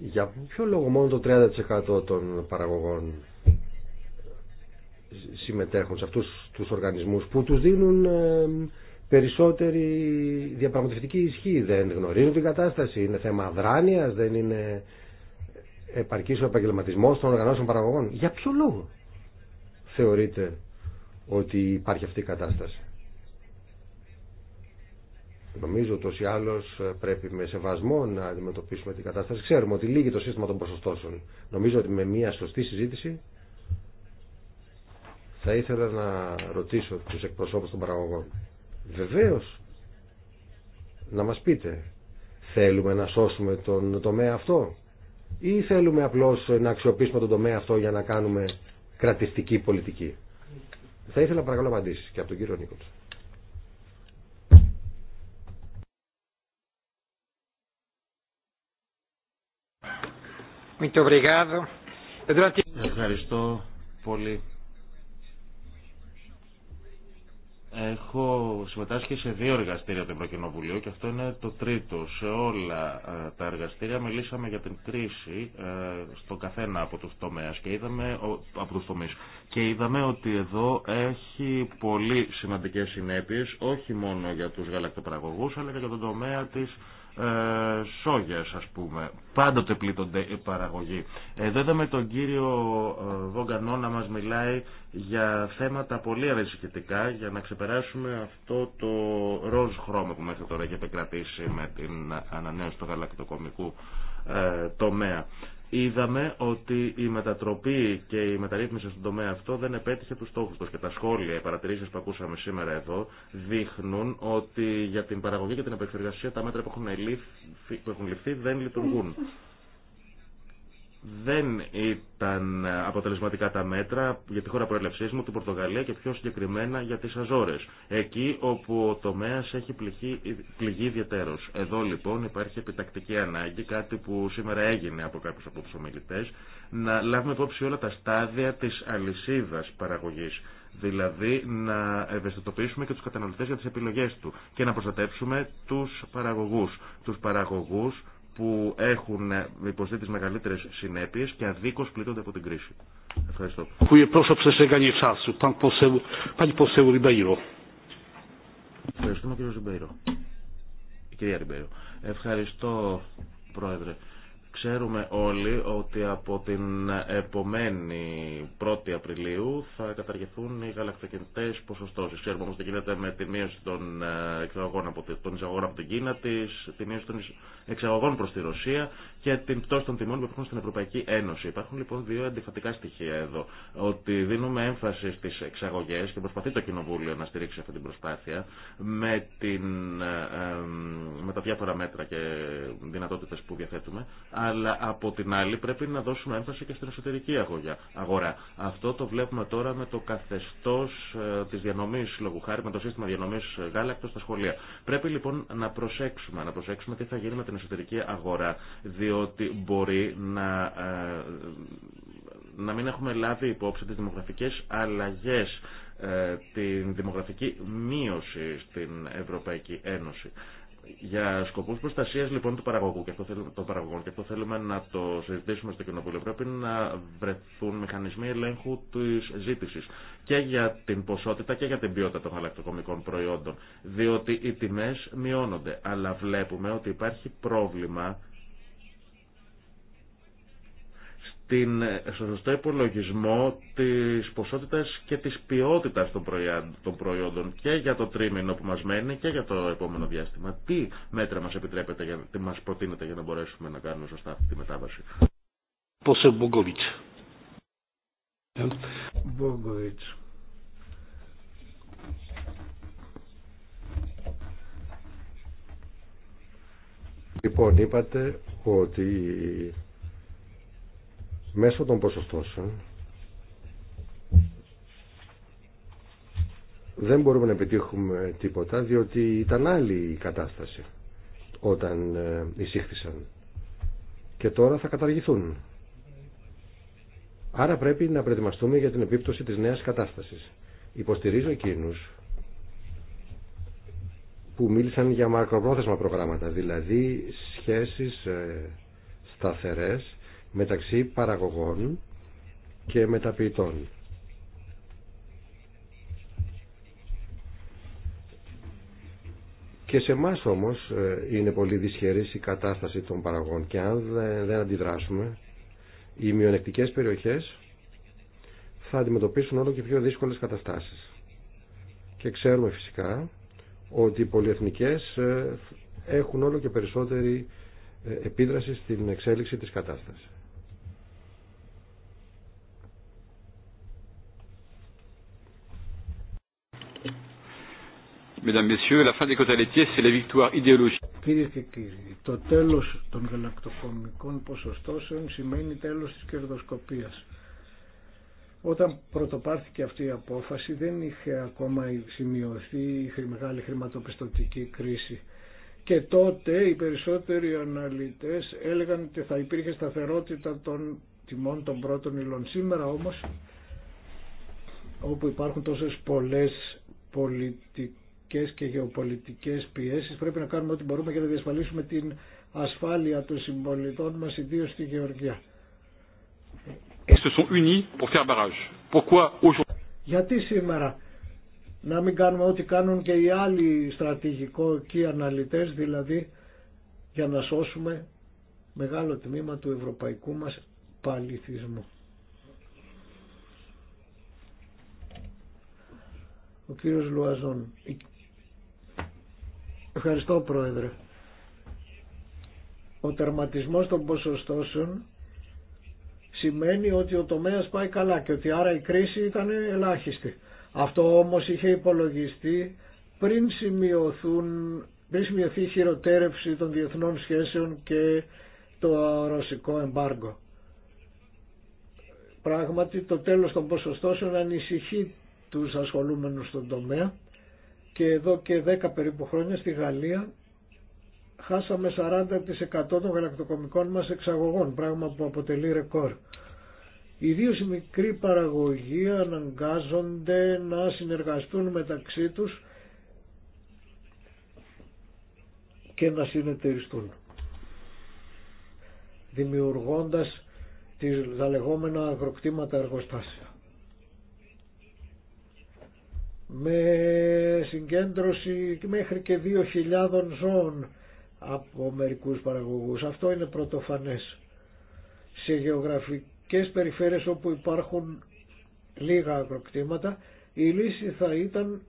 για ποιο λόγο μόνο το 30% των παραγωγών συμμετέχουν σε αυτούς τους οργανισμούς που τους δίνουν ε, περισσότερη διαπραγματευτική ισχύ. Δεν γνωρίζουν την κατάσταση. Είναι θέμα αδράνεια, δεν είναι επαρκή ο επαγγελματισμό των οργανώσεων παραγωγών. Για ποιο λόγο θεωρείτε ότι υπάρχει αυτή η κατάσταση. Νομίζω ότι ή άλλω πρέπει με σεβασμό να αντιμετωπίσουμε την κατάσταση. Ξέρουμε ότι λύγει το σύστημα των ποσοστώσεων. Νομίζω ότι με μια σωστή συζήτηση θα ήθελα να ρωτήσω τους εκπροσώπους των παραγωγών. Βεβαίω, να μας πείτε, θέλουμε να σώσουμε τον τομέα αυτό ή θέλουμε απλώς να αξιοποιήσουμε τον τομέα αυτό για να κάνουμε κρατιστική πολιτική. Θα ήθελα παρακαλώ απαντήσεις και από τον κύριο Νίκο. Ευχαριστώ πολύ. Έχω συμμετάσχει σε δύο εργαστήρια του Ευρωκοινοβουλίου και αυτό είναι το τρίτο. Σε όλα ε, τα εργαστήρια μιλήσαμε για την κρίση ε, στον καθένα από τους τομέα και είδαμε, από τους τομείς. Και είδαμε ότι εδώ έχει πολύ σημαντικές συνέπειες όχι μόνο για τους γαλακτοπραγωγούς αλλά και για τον τομέα της ε, σόγιας ας πούμε. Πάντοτε πλήττονται οι παραγωγοί. Εδώ είδαμε τον κύριο ε, Βογκανό να μας μιλάει για θέματα πολύ αρεσικητικά για να ξεπεράσουμε αυτό το ροζ χρώμα που μέχρι τώρα έχει επικρατήσει με την ανανέωση του γαλακτοκομικού ε, τομέα είδαμε ότι η μετατροπή και η μεταρρύθμιση στον τομέα αυτό δεν επέτυχε τους στόχους τους και τα σχόλια, οι παρατηρήσεις που ακούσαμε σήμερα εδώ δείχνουν ότι για την παραγωγή και την επεξεργασία τα μέτρα που έχουν ληφθεί, που έχουν ληφθεί δεν λειτουργούν δεν ήταν αποτελεσματικά τα μέτρα για τη χώρα προέλευσής μου, την Πορτογαλία και πιο συγκεκριμένα για τις Αζόρες. Εκεί όπου ο τομέας έχει πληγεί, πληγεί Εδώ λοιπόν υπάρχει επιτακτική ανάγκη, κάτι που σήμερα έγινε από κάποιους από τους ομιλητές, να λάβουμε υπόψη όλα τα στάδια της αλυσίδας παραγωγής. Δηλαδή να ευαισθητοποιήσουμε και τους καταναλωτές για τις επιλογές του και να προστατέψουμε τους παραγωγούς. Τους παραγωγούς που έχουν υποστεί τι μεγαλύτερε συνέπειε και αδίκω πλήττονται από την κρίση. Ευχαριστώ. Ευχαριστούμε κύριο Ριμπέιρο. Κυρία Ριμπέιρο. Ευχαριστώ πρόεδρε. Ξέρουμε όλοι ότι από την επομένη 1η Απριλίου θα καταργηθούν οι γαλακτοκεντές ποσοστώσεις. Ξέρουμε όμως τι γίνεται με τη μείωση των, ε, εξαγωγών από, την Κίνα, τη μείωση των εξαγωγών προς τη Ρωσία και την πτώση των τιμών που υπάρχουν στην Ευρωπαϊκή Ένωση. Υπάρχουν λοιπόν δύο αντιφατικά στοιχεία εδώ. Ότι δίνουμε έμφαση στι εξαγωγέ και προσπαθεί το Κοινοβούλιο να στηρίξει αυτή την προσπάθεια με, την, ε, με τα διάφορα μέτρα και δυνατότητε που διαθέτουμε. Αλλά από την άλλη πρέπει να δώσουμε έμφαση και στην εσωτερική αγορά. Αυτό το βλέπουμε τώρα με το καθεστώ ε, τη διανομή λόγου χάρη, με το σύστημα διανομή γάλακτο στα σχολεία. Πρέπει λοιπόν να προσέξουμε, να προσέξουμε τι θα γίνει με την εσωτερική αγορά ότι μπορεί να ε, να μην έχουμε λάβει υπόψη τις δημογραφικές αλλαγές, ε, την δημογραφική μείωση στην Ευρωπαϊκή Ένωση. Για σκοπούς προστασίας λοιπόν του παραγωγού και αυτό θέλουμε, των παραγωγών και αυτό θέλουμε να το συζητήσουμε στο Κοινοβούλιο πρέπει να βρεθούν μηχανισμοί ελέγχου της ζήτησης και για την ποσότητα και για την ποιότητα των γαλακτοκομικών προϊόντων διότι οι τιμές μειώνονται αλλά βλέπουμε ότι υπάρχει πρόβλημα την, σωστό υπολογισμό της ποσότητας και της ποιότητας των, προϊόντων και για το τρίμηνο που μας μένει και για το επόμενο διάστημα. Τι μέτρα μας επιτρέπετε, τι μας προτείνετε για να μπορέσουμε να κάνουμε σωστά αυτή τη μετάβαση. Λοιπόν, είπατε ότι μέσω των ποσοστώσεων δεν μπορούμε να επιτύχουμε τίποτα διότι ήταν άλλη η κατάσταση όταν ε, εισήχθησαν και τώρα θα καταργηθούν. Άρα πρέπει να προετοιμαστούμε για την επίπτωση της νέας κατάστασης. Υποστηρίζω εκείνους που μίλησαν για μακροπρόθεσμα προγράμματα, δηλαδή σχέσεις ε, σταθερές μεταξύ παραγωγών και μεταποιητών. Και σε εμά όμως ε, είναι πολύ δυσχερής η κατάσταση των παραγών και αν δεν αντιδράσουμε οι μειονεκτικές περιοχές θα αντιμετωπίσουν όλο και πιο δύσκολες καταστάσεις. Και ξέρουμε φυσικά ότι οι πολυεθνικές ε, έχουν όλο και περισσότερη ε, επίδραση στην εξέλιξη της κατάστασης. mesdames, messieurs, la fin des quotas laitiers, c'est la victoire idéologique. Κυρίε και κύριοι, το τέλο των γαλακτοκομικών ποσοστώσεων σημαίνει τέλο τη κερδοσκοπία. Όταν πρωτοπάρθηκε αυτή η απόφαση δεν είχε ακόμα σημειωθεί η μεγάλη χρηματοπιστωτική κρίση. Και τότε οι περισσότεροι αναλυτές έλεγαν ότι θα υπήρχε σταθερότητα των τιμών των πρώτων υλών. Σήμερα όμως όπου υπάρχουν τόσες πολλές πολιτικές πολιτικές και γεωπολιτικές πιέσεις πρέπει να κάνουμε ό,τι μπορούμε για να διασφαλίσουμε την ασφάλεια των συμπολιτών μας ιδίως στη Γεωργία. Γιατί σήμερα να μην κάνουμε ό,τι κάνουν και οι άλλοι στρατηγικοί αναλυτές, δηλαδή για να σώσουμε μεγάλο τμήμα του ευρωπαϊκού μας παληθισμού. Ο κύριος Λουαζόν, Ευχαριστώ Πρόεδρε. Ο τερματισμός των ποσοστώσεων σημαίνει ότι ο τομέας πάει καλά και ότι άρα η κρίση ήταν ελάχιστη. Αυτό όμως είχε υπολογιστεί πριν, σημειωθούν, πριν σημειωθεί η χειροτέρευση των διεθνών σχέσεων και το ρωσικό εμπάργκο. Πράγματι το τέλος των ποσοστώσεων ανησυχεί τους ασχολούμενους στον τομέα και εδώ και 10 περίπου χρόνια στη Γαλλία χάσαμε 40% των γαλακτοκομικών μας εξαγωγών, πράγμα που αποτελεί ρεκόρ. Ιδίω οι μικροί παραγωγοί αναγκάζονται να συνεργαστούν μεταξύ τους και να συνεταιριστούν δημιουργώντας τις λεγόμενα αγροκτήματα εργοστάσια με συγκέντρωση μέχρι και 2.000 ζώων από μερικούς παραγωγούς. Αυτό είναι πρωτοφανές. Σε γεωγραφικές περιφέρειες όπου υπάρχουν λίγα αγροκτήματα, η λύση θα ήταν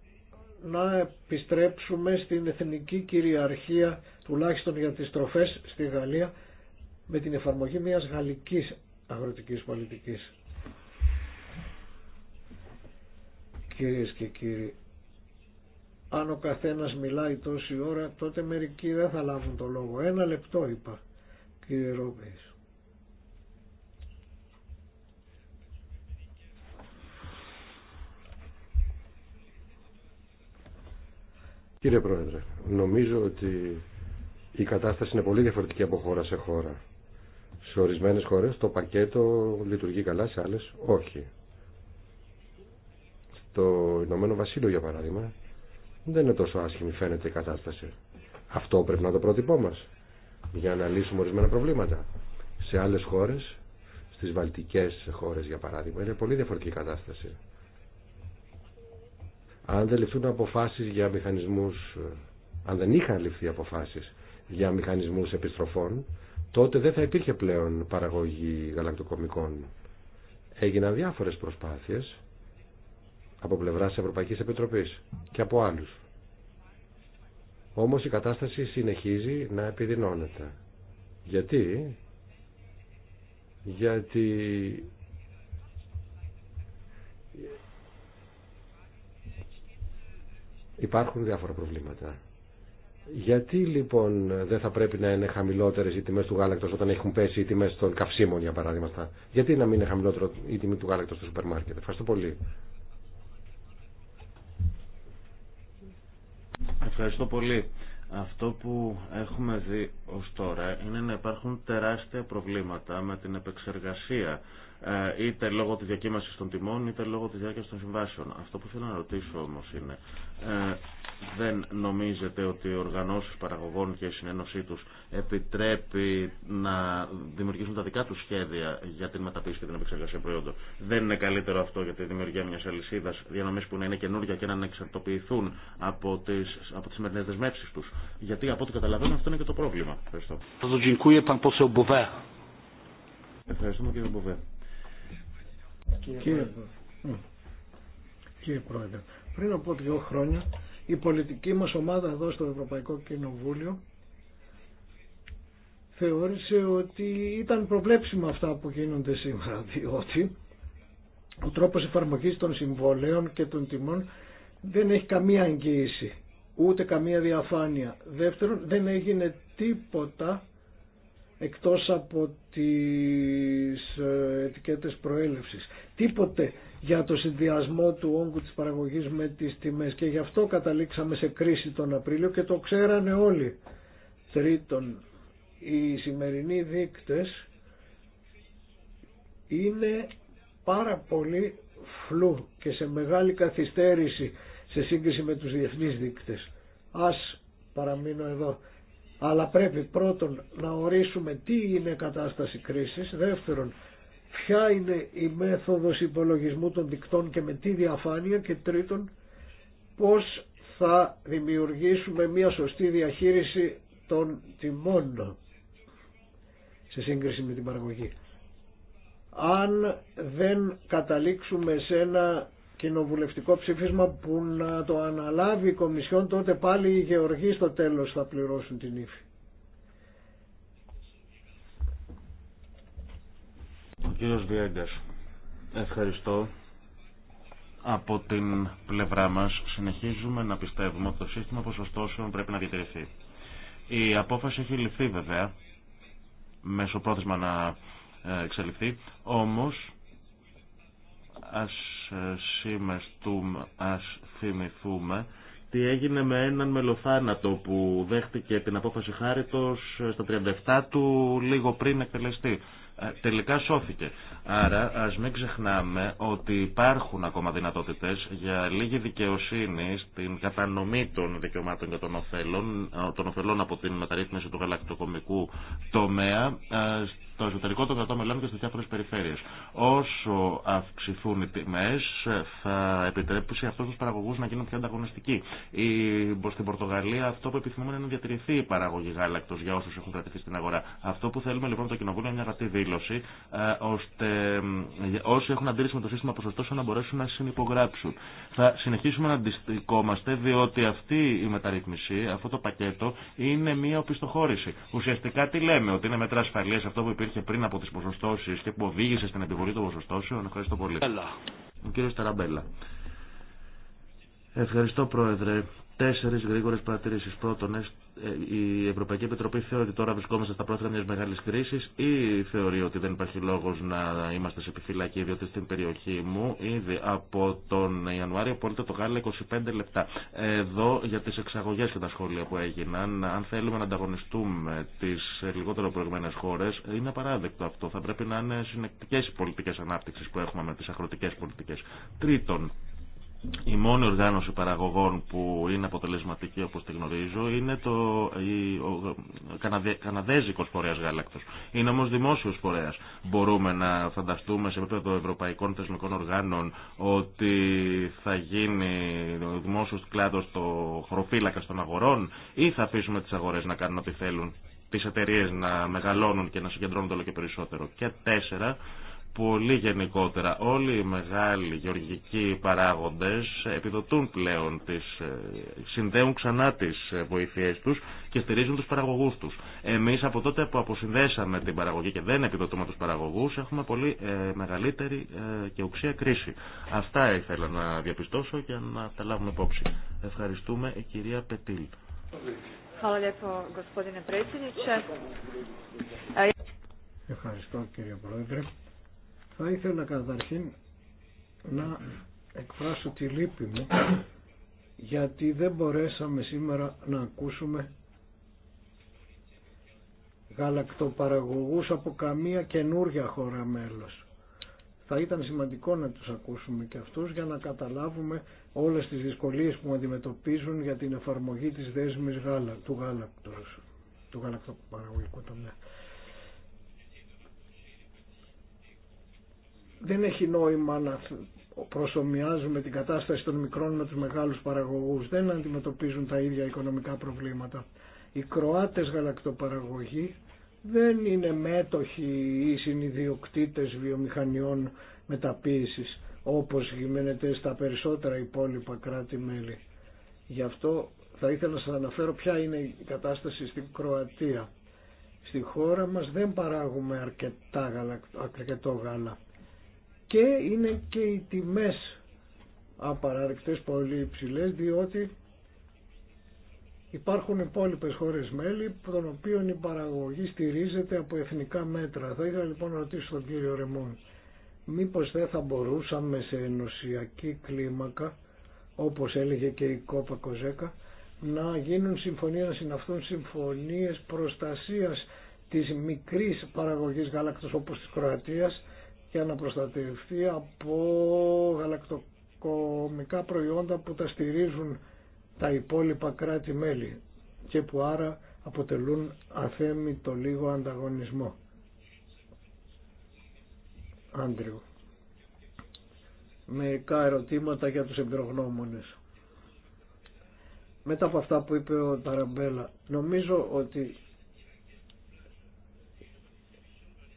να επιστρέψουμε στην εθνική κυριαρχία, τουλάχιστον για τις τροφές στη Γαλλία, με την εφαρμογή μιας γαλλικής αγροτικής πολιτικής. κυρίες και κύριοι. Αν ο καθένας μιλάει τόση ώρα, τότε μερικοί δεν θα λάβουν το λόγο. Ένα λεπτό είπα, κύριε Ρόμπης. Κύριε Πρόεδρε, νομίζω ότι η κατάσταση είναι πολύ διαφορετική από χώρα σε χώρα. Σε ορισμένες χώρες το πακέτο λειτουργεί καλά, σε άλλες όχι. Το Ηνωμένο Βασίλειο για παράδειγμα δεν είναι τόσο άσχημη φαίνεται η κατάσταση. Αυτό πρέπει να το πρότυπό μα. για να λύσουμε ορισμένα προβλήματα. Σε άλλες χώρες, στις βαλτικές χώρες για παράδειγμα, είναι πολύ διαφορετική κατάσταση. Αν δεν ληφθούν αποφάσεις για μηχανισμούς, ε, αν δεν είχαν ληφθεί αποφάσει για μηχανισμού επιστροφών, τότε δεν θα υπήρχε πλέον παραγωγή γαλακτοκομικών. Έγιναν διάφορε προσπάθειε από πλευράς Ευρωπαϊκής Επιτροπής και από άλλους. Όμως η κατάσταση συνεχίζει να επιδεινώνεται. Γιατί? Γιατί υπάρχουν διάφορα προβλήματα. Γιατί λοιπόν δεν θα πρέπει να είναι χαμηλότερες οι τιμές του γάλακτος όταν έχουν πέσει οι τιμές των καυσίμων, για παράδειγμα. Γιατί να μην είναι χαμηλότερο η τιμή του γάλακτος στο σούπερ μάρκετ. Ευχαριστώ πολύ. Ευχαριστώ πολύ. Αυτό που έχουμε δει ως τώρα είναι να υπάρχουν τεράστια προβλήματα με την επεξεργασία ε, είτε λόγω της διακύμαση των τιμών είτε λόγω της διάρκεια των συμβάσεων. Αυτό που θέλω να ρωτήσω όμως είναι ε, δεν νομίζετε ότι οι οργανώσεις παραγωγών και η συνένωσή τους επιτρέπει να δημιουργήσουν τα δικά τους σχέδια για την μεταποίηση και την επεξεργασία προϊόντων. Δεν είναι καλύτερο αυτό για τη δημιουργία μιας αλυσίδας διανομής που να είναι καινούργια και να ανεξαρτοποιηθούν από τις, από τις σημερινές δεσμεύσεις Γιατί από ό,τι καταλαβαίνω αυτό είναι και το πρόβλημα. Ευχαριστώ. Ευχαριστούμε κύριε Μποβέ. Κύριε Πρόεδρε. πριν από δύο χρόνια η πολιτική μας ομάδα εδώ στο Ευρωπαϊκό Κοινοβούλιο θεώρησε ότι ήταν προβλέψιμα αυτά που γίνονται σήμερα, διότι ο τρόπος εφαρμογής των συμβολέων και των τιμών δεν έχει καμία εγγύηση, ούτε καμία διαφάνεια. Δεύτερον, δεν έγινε τίποτα εκτός από τις ε, ετικέτες προέλευσης. Τίποτε για το συνδυασμό του όγκου της παραγωγής με τις τιμές και γι' αυτό καταλήξαμε σε κρίση τον Απρίλιο και το ξέρανε όλοι. Τρίτον, οι σημερινοί δείκτες είναι πάρα πολύ φλού και σε μεγάλη καθυστέρηση σε σύγκριση με τους διεθνείς δείκτες. Ας παραμείνω εδώ. Αλλά πρέπει πρώτον να ορίσουμε τι είναι κατάσταση κρίσης, δεύτερον ποια είναι η μέθοδος υπολογισμού των δικτών και με τι διαφάνεια και τρίτον πώς θα δημιουργήσουμε μια σωστή διαχείριση των τιμών σε σύγκριση με την παραγωγή. Αν δεν καταλήξουμε σε ένα κοινοβουλευτικό ψήφισμα που να το αναλάβει η Κομισιόν τότε πάλι οι γεωργοί στο τέλος θα πληρώσουν την ύφη. Ο κύριος Βιέγκας, ευχαριστώ. Από την πλευρά μας συνεχίζουμε να πιστεύουμε ότι το σύστημα ποσοστώσεων πρέπει να διατηρηθεί. Η απόφαση έχει ληφθεί βέβαια, μέσω πρόθεσμα να ε, εξελιχθεί, όμως ας ε, σήμες του ας θυμηθούμε τι έγινε με έναν μελοθάνατο που δέχτηκε την απόφαση χάριτος ε, στα 37 του λίγο πριν εκτελεστεί. Ε, τελικά σώθηκε. Άρα ας μην ξεχνάμε ότι υπάρχουν ακόμα δυνατότητες για λίγη δικαιοσύνη στην κατανομή των δικαιωμάτων και των ωφέλων, των ωφελών από την μεταρρύθμιση του γαλακτοκομικού τομέα το εσωτερικό των κρατών μελών και στι διάφορε περιφέρειε. Όσο αυξηθούν οι τιμέ, θα επιτρέψει αυτού του παραγωγού να γίνουν πιο ανταγωνιστικοί. Η, στην Πορτογαλία αυτό που επιθυμούμε είναι να διατηρηθεί η παραγωγή γάλακτο για όσου έχουν κρατηθεί στην αγορά. Αυτό που θέλουμε λοιπόν το Κοινοβούλιο είναι μια γραπτή δήλωση, ε, ώστε ε, όσοι έχουν αντίρρηση με το σύστημα ποσοστώσεων να μπορέσουν να συνυπογράψουν. Θα συνεχίσουμε να αντιστοιχόμαστε, διότι αυτή η μεταρρύθμιση, αυτό το πακέτο, είναι μια οπισθοχώρηση. Ουσιαστικά τι λέμε, ότι είναι μέτρα ασφαλεία αυτό που υπήρχε πριν από τις ποσοστώσεις και που οδήγησε στην επιβολή των ποσοστώσεων. Ευχαριστώ πολύ. Ο κύριος Ταραμπέλα. Ευχαριστώ Πρόεδρε. Τέσσερι γρήγορε παρατηρήσει. Πρώτον, ε, η Ευρωπαϊκή Επιτροπή θεωρεί ότι τώρα βρισκόμαστε στα πρόθυρα μια μεγάλη κρίση ή θεωρεί ότι δεν υπάρχει λόγο να είμαστε σε επιφυλακή, διότι στην περιοχή μου ήδη από τον Ιανουάριο πωλείται το γάλα 25 λεπτά. Εδώ για τι εξαγωγέ και τα σχόλια που έγιναν, αν θέλουμε να ανταγωνιστούμε τι λιγότερο προηγμένε χώρε, είναι απαράδεκτο αυτό. Θα πρέπει να είναι συνεκτικέ οι πολιτικέ ανάπτυξη που έχουμε με τι αγροτικέ πολιτικέ. Τρίτον, η μόνη οργάνωση παραγωγών που είναι αποτελεσματική όπως τη γνωρίζω είναι το, η, ο Καναδε, Καναδέζικος φορέας γάλακτος. Είναι όμως δημόσιος φορέας. Μπορούμε να φανταστούμε σε επίπεδο ευρωπαϊκών θεσμικών οργάνων ότι θα γίνει ο δημόσιος κλάδος το χροφύλακα των αγορών ή θα αφήσουμε τις αγορές να κάνουν ό,τι θέλουν τις εταιρείε να μεγαλώνουν και να συγκεντρώνονται όλο και περισσότερο. Και τέσσερα, πολύ γενικότερα. Όλοι οι μεγάλοι γεωργικοί παράγοντες επιδοτούν πλέον, τις, ε, συνδέουν ξανά τις ε, βοηθειές τους και στηρίζουν τους παραγωγούς τους. Εμείς από τότε που αποσυνδέσαμε την παραγωγή και δεν επιδοτούμε τους παραγωγούς έχουμε πολύ ε, μεγαλύτερη και οξία κρίση. Αυτά ήθελα να διαπιστώσω και να τα λάβουμε υπόψη. Ευχαριστούμε η κυρία Πετήλ. Ευχαριστώ κύριε Πρόεδρε. Θα ήθελα καταρχήν να εκφράσω τη λύπη μου γιατί δεν μπορέσαμε σήμερα να ακούσουμε γαλακτοπαραγωγούς από καμία καινούργια χώρα μέλος. Θα ήταν σημαντικό να τους ακούσουμε και αυτούς για να καταλάβουμε όλες τις δυσκολίες που αντιμετωπίζουν για την εφαρμογή της δέσμης γάλα, του γάλακτος, του γαλακτοπαραγωγικού τομέα. δεν έχει νόημα να προσωμιάζουμε την κατάσταση των μικρών με τους μεγάλους παραγωγούς. Δεν αντιμετωπίζουν τα ίδια οικονομικά προβλήματα. Οι Κροάτες γαλακτοπαραγωγοί δεν είναι μέτοχοι ή συνειδιοκτήτες βιομηχανιών μεταποίησης όπως γίνεται στα περισσότερα υπόλοιπα κράτη-μέλη. Γι' αυτό θα ήθελα να σας αναφέρω ποια είναι η κατάσταση στην Κροατία. Στη χώρα μας δεν παράγουμε αρκετά, αρκετό γάλα και είναι και οι τιμές απαράδεκτες πολύ υψηλέ, διότι υπάρχουν υπόλοιπες χώρες μέλη των οποίων η παραγωγή στηρίζεται από εθνικά μέτρα. Θα ήθελα λοιπόν να ρωτήσω τον κύριο Ρεμόν μήπως δεν θα μπορούσαμε σε ενωσιακή κλίμακα όπως έλεγε και η Κόπα Κοζέκα να γίνουν συμφωνίες, να συναυθούν συμφωνίες προστασίας της μικρής παραγωγής γάλακτος όπως της Κροατίας για να προστατευτεί από γαλακτοκομικά προϊόντα που τα στηρίζουν τα υπόλοιπα κράτη-μέλη και που άρα αποτελούν αθέμητο λίγο ανταγωνισμό. Άντριου. Μερικά ερωτήματα για τους εμπειρογνώμονες. Μετά από αυτά που είπε ο Ταραμπέλα, νομίζω ότι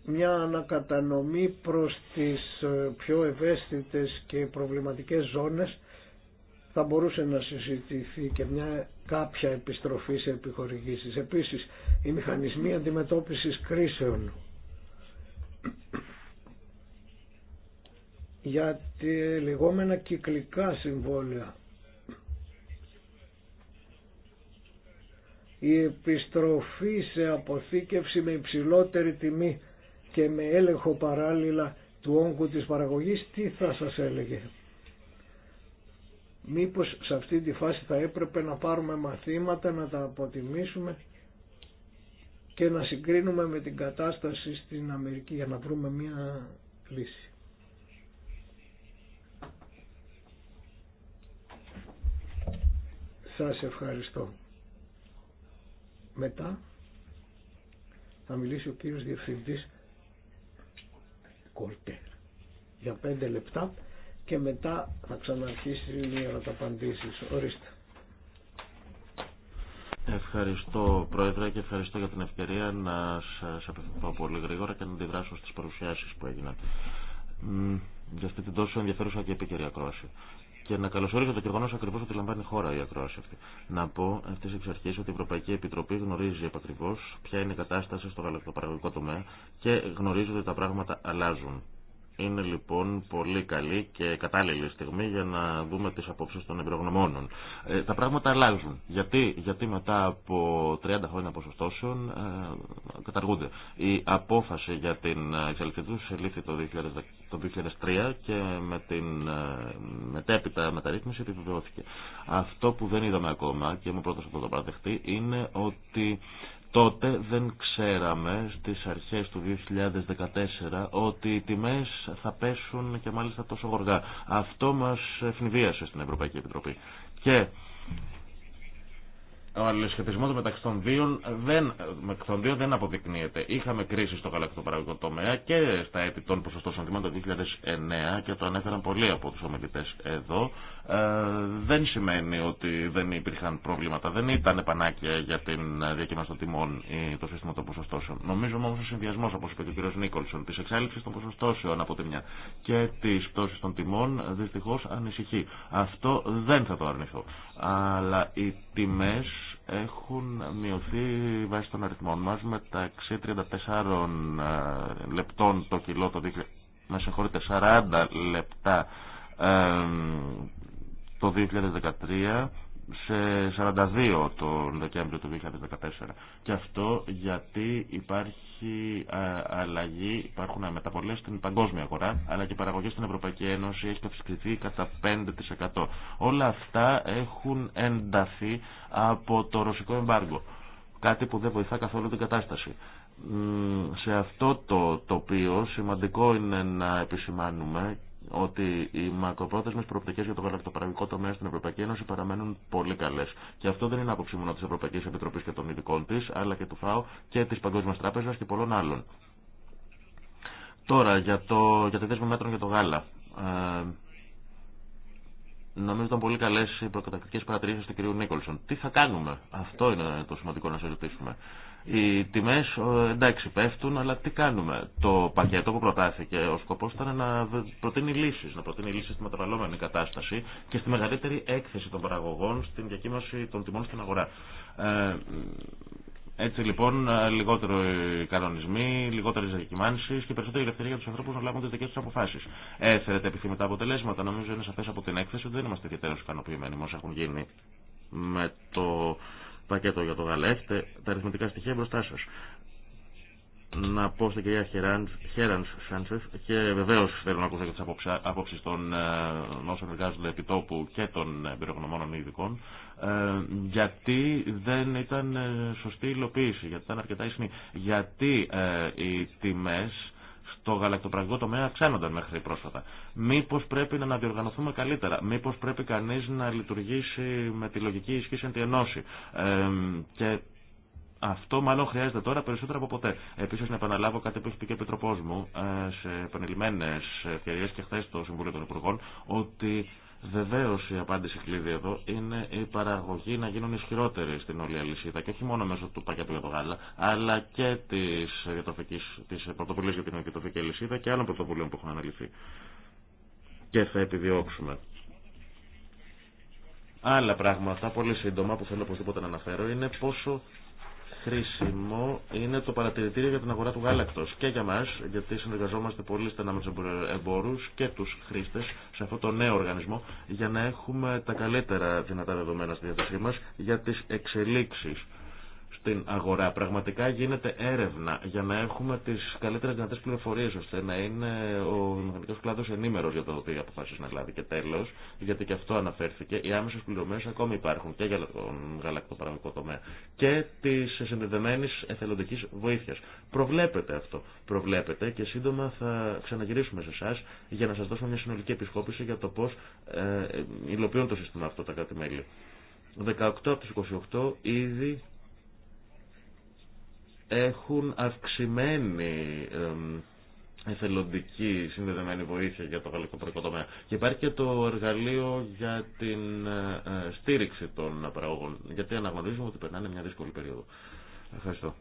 μια ανακατανομή προς τις ε, πιο ευαίσθητες και προβληματικές ζώνες θα μπορούσε να συζητηθεί και μια κάποια επιστροφή σε επιχορηγήσεις. Επίσης, οι μηχανισμοί αντιμετώπισης κρίσεων για τη λεγόμενα κυκλικά συμβόλαια. Η επιστροφή σε αποθήκευση με υψηλότερη τιμή και με έλεγχο παράλληλα του όγκου της παραγωγής, τι θα σας έλεγε. Μήπως σε αυτή τη φάση θα έπρεπε να πάρουμε μαθήματα, να τα αποτιμήσουμε και να συγκρίνουμε με την κατάσταση στην Αμερική για να βρούμε μια λύση. Σας ευχαριστώ. Μετά θα μιλήσει ο κύριος Διευθυντής για πέντε λεπτά και μετά θα ξαναρχίσει η απαντήσεις Ορίστε. Ευχαριστώ Πρόεδρε και ευχαριστώ για την ευκαιρία να σας απευθυνθώ πολύ γρήγορα και να αντιδράσω στις παρουσιάσεις που έγιναν για αυτή την τόσο ενδιαφέρουσα και επικαιριά ακρόαση και να καλωσορίσω το γεγονό ακριβώ ότι λαμβάνει χώρα η ακρόαση αυτή. Να πω αυτή εξ αρχή ότι η Ευρωπαϊκή Επιτροπή γνωρίζει επακριβώ ποια είναι η κατάσταση στο γαλακτοπαραγωγικό τομέα και γνωρίζει ότι τα πράγματα αλλάζουν είναι λοιπόν πολύ καλή και κατάλληλη στιγμή για να δούμε τις απόψεις των εμπειρογνωμόνων. Ε, τα πράγματα αλλάζουν. Γιατί, γιατί μετά από 30 χρόνια ποσοστώσεων ε, καταργούνται. Η απόφαση για την ε, εξαλειφθή του συλλήφθη το, 2003 και με την μετέπειτα μεταρρύθμιση επιβεβαιώθηκε. Αυτό που δεν είδαμε ακόμα και μου πρώτος αυτό το παραδεχτή είναι ότι Τότε δεν ξέραμε στις αρχές του 2014 ότι οι τιμές θα πέσουν και μάλιστα τόσο γοργά. Αυτό μας ευνηδίασε στην Ευρωπαϊκή Επιτροπή. Και ο αλληλεσχετισμό μεταξύ των δύο δεν, των δύο δεν αποδεικνύεται. Είχαμε κρίση στο γαλακτοπαραγωγικό τομέα και στα έτη των ποσοστών τιμών το 2009 και το ανέφεραν πολλοί από του ομιλητέ εδώ. Ε, δεν σημαίνει ότι δεν υπήρχαν προβλήματα. Δεν ήταν επανάκια για την διακύμαση των τιμών ή το σύστημα των ποσοστώσεων. Νομίζω όμω ο συνδυασμό, όπω είπε και ο κ. Νίκολσον, τη εξάλληψη των ποσοστώσεων από τη μια και τη πτώση των τιμών δυστυχώ ανησυχεί. Αυτό δεν θα το αρνηθώ αλλά οι τιμές έχουν μειωθεί βάσει των αριθμών μας μεταξύ 34 ε, λεπτών το κιλό το 2000, με συγχωρείτε 40 λεπτά ε, το 2013 σε 42 τον Δεκέμβριο του 2014. Και αυτό γιατί υπάρχει ε, αλλαγή, υπάρχουν μεταβολές στην παγκόσμια αγορά, αλλά και η παραγωγή στην Ευρωπαϊκή Ένωση έχει αυξηθεί κατά 5%. Όλα αυτά έχουν ενταθεί από το ρωσικό εμπάργκο. Κάτι που δεν βοηθά καθόλου την κατάσταση. Σε αυτό το τοπίο σημαντικό είναι να επισημάνουμε ότι οι μακροπρόθεσμε προοπτικέ για το γαλακτοπαραγωγικό τομέα στην Ευρωπαϊκή Ένωση παραμένουν πολύ καλέ. Και αυτό δεν είναι άποψη μόνο τη Ευρωπαϊκή Επιτροπή και των ειδικών τη, αλλά και του ΦΑΟ και τη Παγκόσμια Τράπεζα και πολλών άλλων. Τώρα, για, το, για τη δέσμη μέτρων για το γάλα. Ε, νομίζω ήταν πολύ καλέ οι προκατακτικέ παρατηρήσει του κ. Νίκολσον. Τι θα κάνουμε, αυτό είναι το σημαντικό να ρωτήσουμε. Οι τιμέ εντάξει πέφτουν, αλλά τι κάνουμε. Το πακέτο που προτάθηκε, ο σκοπό ήταν να προτείνει λύσει, να προτείνει λύσει στη μεταβαλλόμενη κατάσταση και στη μεγαλύτερη έκθεση των παραγωγών στην διακύμαση των τιμών στην αγορά. Ε, έτσι λοιπόν, ε, λιγότερο οι κανονισμοί, λιγότερε διακυμάνσει και περισσότερη ελευθερία για του ανθρώπου να λάβουν τι δικέ του αποφάσει. Έφερε τα επιθυμητά αποτελέσματα. Νομίζω είναι σαφέ από την έκθεση ότι δεν είμαστε ιδιαίτερω ικανοποιημένοι έχουν γίνει με το πακέτο για το γάλα. τα αριθμητικά στοιχεία μπροστά σα. Να πω στην κυρία Χέραν Σάντσεφ και βεβαίω θέλω να ακούσω και τι απόψει των ε, όσων εργάζονται επί τόπου και των ε, εμπειρογνωμόνων ειδικών ε, γιατί δεν ήταν σωστή η υλοποίηση, γιατί ήταν αρκετά ισχυρή. Γιατί οι τιμέ το γαλακτοπραγικό τομέα αυξάνονταν μέχρι πρόσφατα. Μήπω πρέπει να αναδιοργανωθούμε καλύτερα. Μήπω πρέπει κανεί να λειτουργήσει με τη λογική ισχύ εν τη ενώση. Ε, και αυτό μάλλον χρειάζεται τώρα περισσότερο από ποτέ. Επίση, να επαναλάβω κάτι που έχει πει και ο Επιτροπό μου ε, σε επανειλημμένε ευκαιρίε και χθε στο Συμβούλιο των Υπουργών, ότι Βεβαίω η απάντηση κλειδί εδώ είναι η παραγωγή να γίνουν ισχυρότερη στην όλη αλυσίδα και όχι μόνο μέσω του πακέτου για το γάλα, αλλά και τη πρωτοβουλία για την διατροφική αλυσίδα και άλλων πρωτοβουλίων που έχουν αναλυθεί. Και θα επιδιώξουμε. Άλλα πράγματα, πολύ σύντομα, που θέλω οπωσδήποτε να αναφέρω, είναι πόσο χρήσιμο είναι το παρατηρητήριο για την αγορά του γάλακτος και για μας, γιατί συνεργαζόμαστε πολύ στενά με τους εμπόρους και τους χρήστες σε αυτό το νέο οργανισμό για να έχουμε τα καλύτερα δυνατά δεδομένα στη διάθεσή μας για τις εξελίξεις στην αγορά. Πραγματικά γίνεται έρευνα για να έχουμε τι καλύτερε δυνατέ πληροφορίε, ώστε να είναι ο μηχανικό κλάδο ενήμερο για το τι αποφάσει να λάβει. Και τέλο, γιατί και αυτό αναφέρθηκε, οι άμεσε πληρωμέ ακόμη υπάρχουν και για τον γαλακτοπαραγωγικό τομέα και τη συνδεδεμένη εθελοντική βοήθεια. Προβλέπετε αυτό. Προβλέπετε και σύντομα θα ξαναγυρίσουμε σε εσά για να σα δώσουμε μια συνολική επισκόπηση για το πώ ε, υλοποιούν το σύστημα αυτό τα κράτη-μέλη. 18 από τους 28 ήδη έχουν αυξημένη εθελοντική συνδεδεμένη βοήθεια για το γαλλικό τομέα. Και υπάρχει και το εργαλείο για την ε, ε, στήριξη των παραγωγών, γιατί αναγνωρίζουμε ότι περνάνε μια δύσκολη περίοδο. Ευχαριστώ.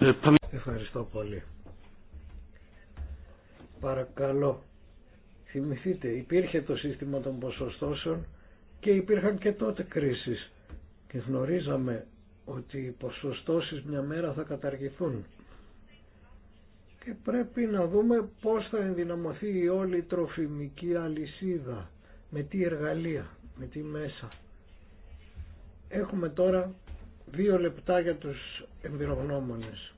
Ε, Ευχαριστώ πολύ. Παρακαλώ. Θυμηθείτε, υπήρχε το σύστημα των ποσοστώσεων και υπήρχαν και τότε κρίσεις και γνωρίζαμε ότι οι ποσοστώσεις μια μέρα θα καταργηθούν και πρέπει να δούμε πώς θα ενδυναμωθεί η όλη τροφιμική αλυσίδα με τι εργαλεία, με τι μέσα έχουμε τώρα δύο λεπτά για τους εμπειρογνώμονες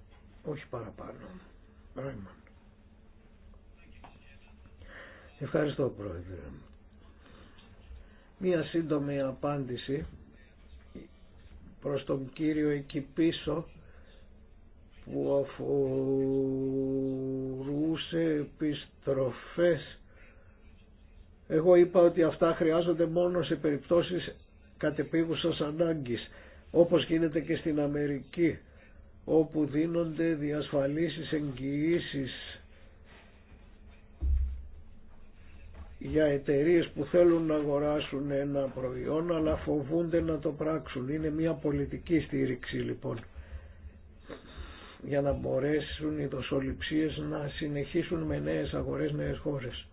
όχι παραπάνω Ευχαριστώ πρόεδρε Μία σύντομη απάντηση προς τον κύριο εκεί πίσω που αφορούσε επιστροφές. Εγώ είπα ότι αυτά χρειάζονται μόνο σε περιπτώσεις κατεπίγουσας ανάγκης, όπως γίνεται και στην Αμερική, όπου δίνονται διασφαλίσεις εγγυήσεις για εταιρείες που θέλουν να αγοράσουν ένα προϊόν αλλά φοβούνται να το πράξουν. Είναι μια πολιτική στήριξη λοιπόν για να μπορέσουν οι δοσοληψίες να συνεχίσουν με νέες αγορές, νέες χώρες.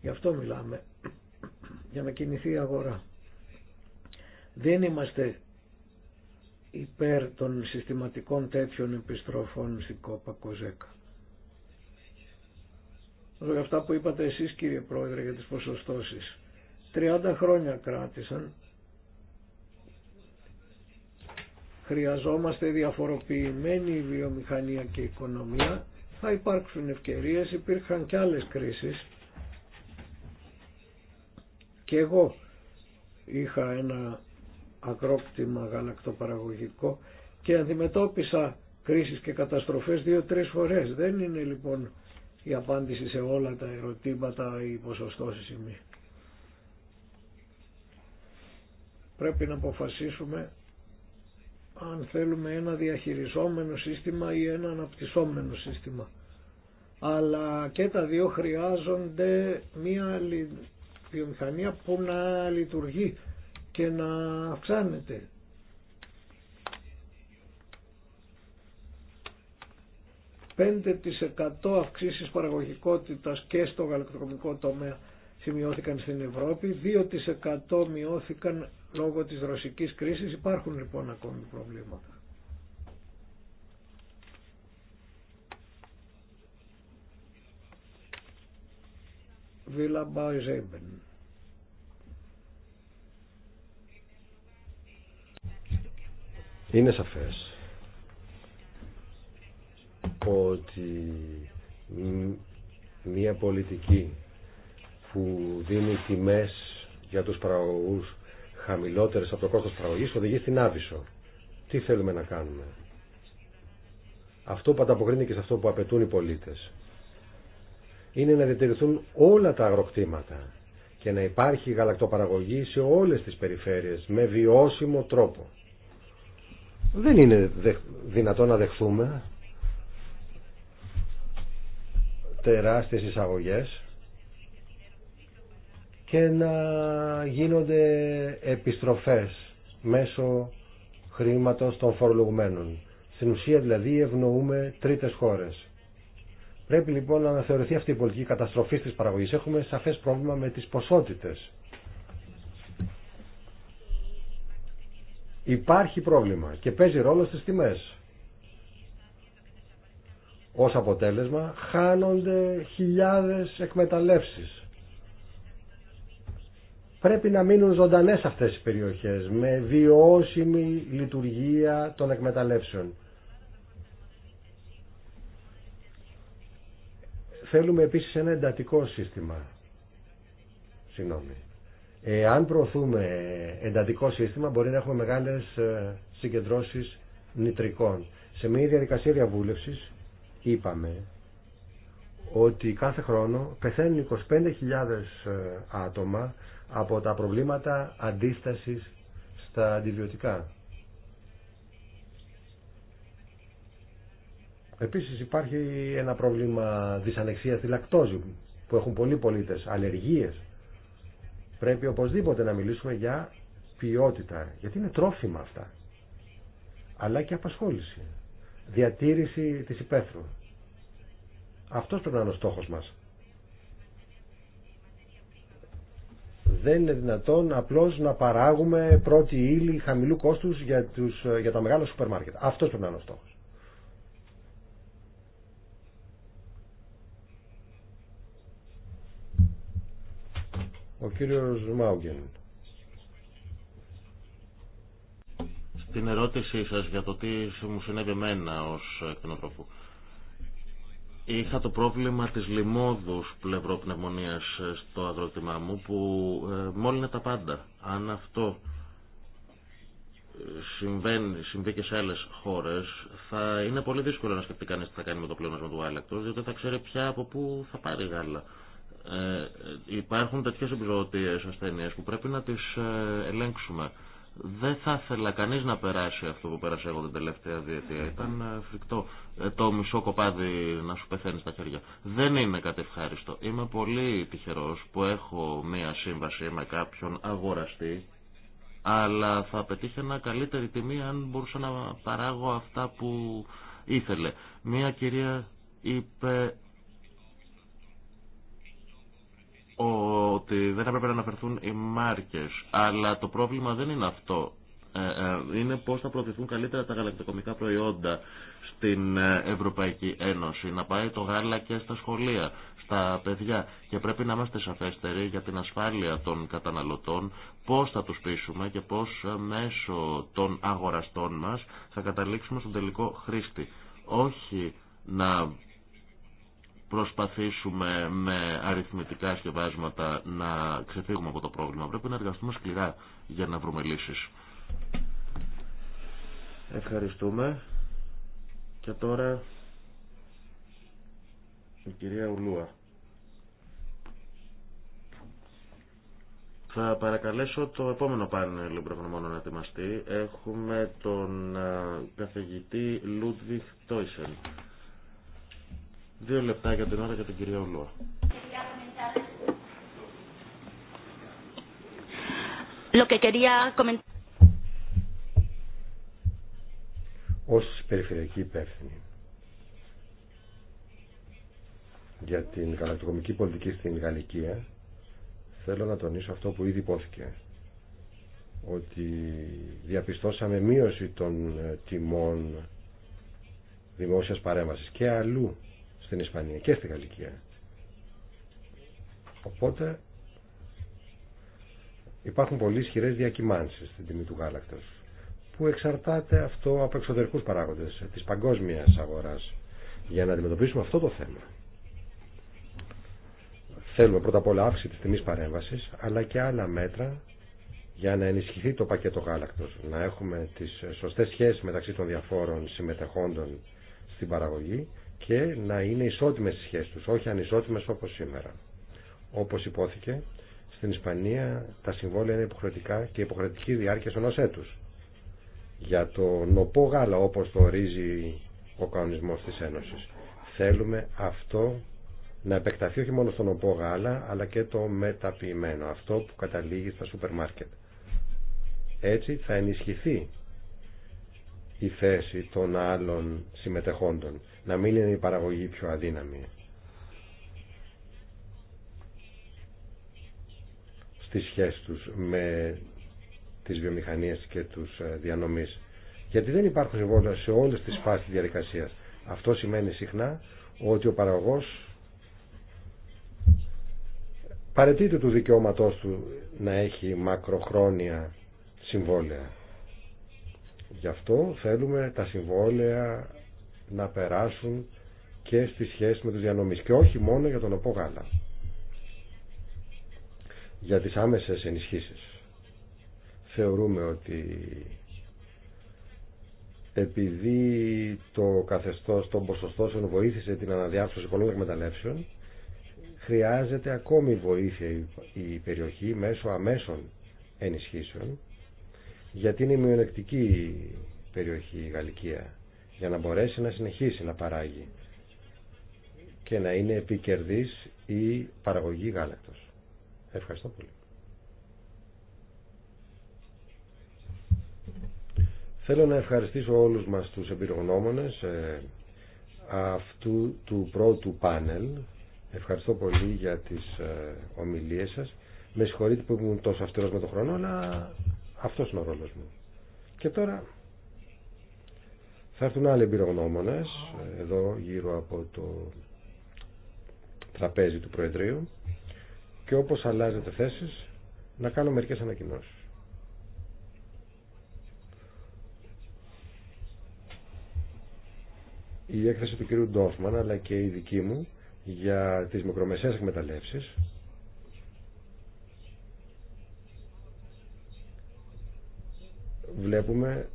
Γι' αυτό μιλάμε, για να κινηθεί η αγορά. Δεν είμαστε υπέρ των συστηματικών τέτοιων επιστροφών στην κόπα Κοζέκα για αυτά που είπατε εσείς κύριε Πρόεδρε για τις ποσοστώσεις. 30 χρόνια κράτησαν. Χρειαζόμαστε διαφοροποιημένη βιομηχανία και οικονομία. Θα υπάρξουν ευκαιρίες, υπήρχαν και άλλες κρίσεις. Και εγώ είχα ένα ακρόκτημα γαλακτοπαραγωγικό και αντιμετώπισα κρίσεις και καταστροφές δύο-τρεις φορές. Δεν είναι λοιπόν η απάντηση σε όλα τα ερωτήματα ή ποσοστώσεις Πρέπει να αποφασίσουμε αν θέλουμε ένα διαχειριζόμενο σύστημα ή ένα αναπτυσσόμενο σύστημα. Αλλά και τα δύο χρειάζονται μια βιομηχανία που να λειτουργεί και να αυξάνεται. 5% αυξήσεις παραγωγικότητας και στο γαλακτοκομικό τομέα σημειώθηκαν στην Ευρώπη, 2% μειώθηκαν λόγω της ρωσικής κρίσης, υπάρχουν λοιπόν ακόμη προβλήματα. Βίλα Είναι σαφές ότι μια πολιτική που δίνει τιμές για τους παραγωγούς χαμηλότερες από το κόστος παραγωγής οδηγεί στην άβυσο. Τι θέλουμε να κάνουμε. Αυτό που ανταποκρίνει και σε αυτό που απαιτούν οι πολίτες είναι να διατηρηθούν όλα τα αγροκτήματα και να υπάρχει γαλακτοπαραγωγή σε όλες τις περιφέρειες με βιώσιμο τρόπο. Δεν είναι δυνατό να δεχθούμε τεράστιες εισαγωγές και να γίνονται επιστροφές μέσω χρήματος των φορολογουμένων. Στην ουσία δηλαδή ευνοούμε τρίτες χώρες. Πρέπει λοιπόν να αναθεωρηθεί αυτή η πολιτική καταστροφή της παραγωγής. Έχουμε σαφές πρόβλημα με τις ποσότητες. Υπάρχει πρόβλημα και παίζει ρόλο στις τιμές. Ως αποτέλεσμα χάνονται χιλιάδες εκμεταλλεύσεις. Πρέπει να μείνουν ζωντανές αυτές οι περιοχές με βιώσιμη λειτουργία των εκμεταλλεύσεων. Θέλουμε επίσης ένα εντατικό σύστημα. Συγγνώμη. Αν προωθούμε εντατικό σύστημα μπορεί να έχουμε μεγάλες ε, συγκεντρώσεις νητρικών. Σε μια διαδικασία διαβούλευσης είπαμε ότι κάθε χρόνο πεθαίνουν 25.000 ε, άτομα από τα προβλήματα αντίστασης στα αντιβιωτικά. Επίσης υπάρχει ένα πρόβλημα δυσανεξίας στη λακτόζη που έχουν πολλοί πολίτες, αλλεργίες. Πρέπει οπωσδήποτε να μιλήσουμε για ποιότητα, γιατί είναι τρόφιμα αυτά, αλλά και απασχόληση διατήρηση της υπαίθρου. Αυτός πρέπει να είναι ο στόχος μας. Δεν είναι δυνατόν απλώς να παράγουμε πρώτη ύλη χαμηλού κόστους για, τους, για τα μεγάλα σούπερ μάρκετ. Αυτός πρέπει να είναι ο στόχος. Ο κύριος Μάουγκεν. την ερώτησή σας για το τι μου συνέβη εμένα ως κτηνοτρόφου. Είχα το πρόβλημα της λιμόδους πλευροπνευμονίας στο αγρότημά μου που ε, μόλυνε τα πάντα. Αν αυτό ε, συμβαίνει, συμβεί και σε άλλες χώρες θα είναι πολύ δύσκολο να σκεφτεί κανείς τι θα κάνει με το πλεόνασμα του άλεκτο, διότι θα ξέρει πια από πού θα πάρει γάλα. Ε, ε, υπάρχουν τέτοιες επιζωοτίες ασθένειες που θα παρει γαλα ε υπαρχουν τετοιε επιζωοτιες ασθενειες που πρεπει να τις ελέγξουμε. Δεν θα ήθελα κανείς να περάσει αυτό που πέρασε εγώ την τελευταία διετία. Ήταν ε, φρικτό. Ε, το μισό κοπάδι να σου πεθαίνει στα χέρια. Δεν είναι κάτι ευχάριστο. Είμαι πολύ τυχερός που έχω μία σύμβαση με κάποιον αγοραστή αλλά θα ένα καλύτερη τιμή αν μπορούσα να παράγω αυτά που ήθελε. Μία κυρία είπε ότι δεν έπρεπε να αναφερθούν οι μάρκες, αλλά το πρόβλημα δεν είναι αυτό. Ε, ε, είναι πώς θα προωθηθούν καλύτερα τα γαλακτοκομικά προϊόντα στην ε, Ευρωπαϊκή Ένωση. Να πάει το γάλα και στα σχολεία, στα παιδιά. Και πρέπει να είμαστε σαφέστεροι για την ασφάλεια των καταναλωτών, πώς θα τους πείσουμε και πώς μέσω των αγοραστών μας θα καταλήξουμε στον τελικό χρήστη. Όχι να προσπαθήσουμε με αριθμητικά σκευάσματα να ξεφύγουμε από το πρόβλημα. Πρέπει να εργαστούμε σκληρά για να βρούμε λύσεις. Ευχαριστούμε. Και τώρα η κυρία Ουλούα. Θα παρακαλέσω το επόμενο πάνελ πρέπει να ετοιμαστεί. Έχουμε τον ε, καθηγητή Λούντβιχ Τόισεν Δύο λεπτά για την ώρα για τον κύριο Ολούα. Ως περιφερειακή υπεύθυνη για την γαλακτοκομική πολιτική στην Γαλλικία θέλω να τονίσω αυτό που ήδη υπόθηκε ότι διαπιστώσαμε μείωση των ε, τιμών δημόσιας παρέμβασης και αλλού στην Ισπανία και στη Γαλλικία. Οπότε υπάρχουν πολύ ισχυρέ διακυμάνσει στην τιμή του γάλακτος που εξαρτάται αυτό από εξωτερικούς παράγοντες της παγκόσμιας αγοράς. Για να αντιμετωπίσουμε αυτό το θέμα θέλουμε πρώτα απ' όλα αύξηση τη τιμή παρέμβαση, αλλά και άλλα μέτρα για να ενισχυθεί το πακέτο γάλακτος, να έχουμε τις σωστές σχέσεις μεταξύ των διαφόρων συμμετεχόντων στην παραγωγή και να είναι ισότιμες οι σχέσεις τους, όχι ανισότιμες όπως σήμερα. Όπως υπόθηκε, στην Ισπανία τα συμβόλαια είναι υποχρεωτικά και υποχρεωτική διάρκεια στον Για το νοπό γάλα όπως το ορίζει ο κανονισμός της Ένωσης. Θέλουμε αυτό να επεκταθεί όχι μόνο στο νοπό γάλα αλλά και το μεταποιημένο, αυτό που καταλήγει στα σούπερ μάρκετ. Έτσι θα ενισχυθεί η θέση των άλλων συμμετεχόντων να μην είναι η παραγωγή πιο αδύναμη. Στις σχέσεις τους με τις βιομηχανίες και τους ε, διανομής. Γιατί δεν υπάρχουν συμβόλαια σε όλες τις φάσεις διαδικασίας. Αυτό σημαίνει συχνά ότι ο παραγωγός παρετείται του δικαιώματός του να έχει μακροχρόνια συμβόλαια. Γι' αυτό θέλουμε τα συμβόλαια να περάσουν και στη σχέση με τους διανομής και όχι μόνο για τον οπό για τις άμεσες ενισχύσεις θεωρούμε ότι επειδή το καθεστώς των ποσοστώσεων βοήθησε την αναδιάρθρωση πολλών εκμεταλλεύσεων χρειάζεται ακόμη βοήθεια η περιοχή μέσω αμέσων ενισχύσεων γιατί είναι η μειονεκτική περιοχή η Γαλλικία για να μπορέσει να συνεχίσει να παράγει και να είναι επικερδής η παραγωγή γάλακτος. Ευχαριστώ πολύ. Θέλω να ευχαριστήσω όλους μας τους εμπειρογνώμονες ε, αυτού του πρώτου πάνελ. Ευχαριστώ πολύ για τις ε, ομιλίες σας. Με συγχωρείτε που ήμουν τόσο αυτερός με τον χρόνο, αλλά αυτός είναι ο ρόλος μου. Και τώρα θα έρθουν άλλοι εμπειρογνώμονε εδώ γύρω από το τραπέζι του Προεδρείου και όπως αλλάζετε θέσεις να κάνω μερικές ανακοινώσεις. Η έκθεση του κυρίου Ντόφμαν αλλά και η δική μου για τις μικρομεσαίες εκμεταλλεύσεις βλέπουμε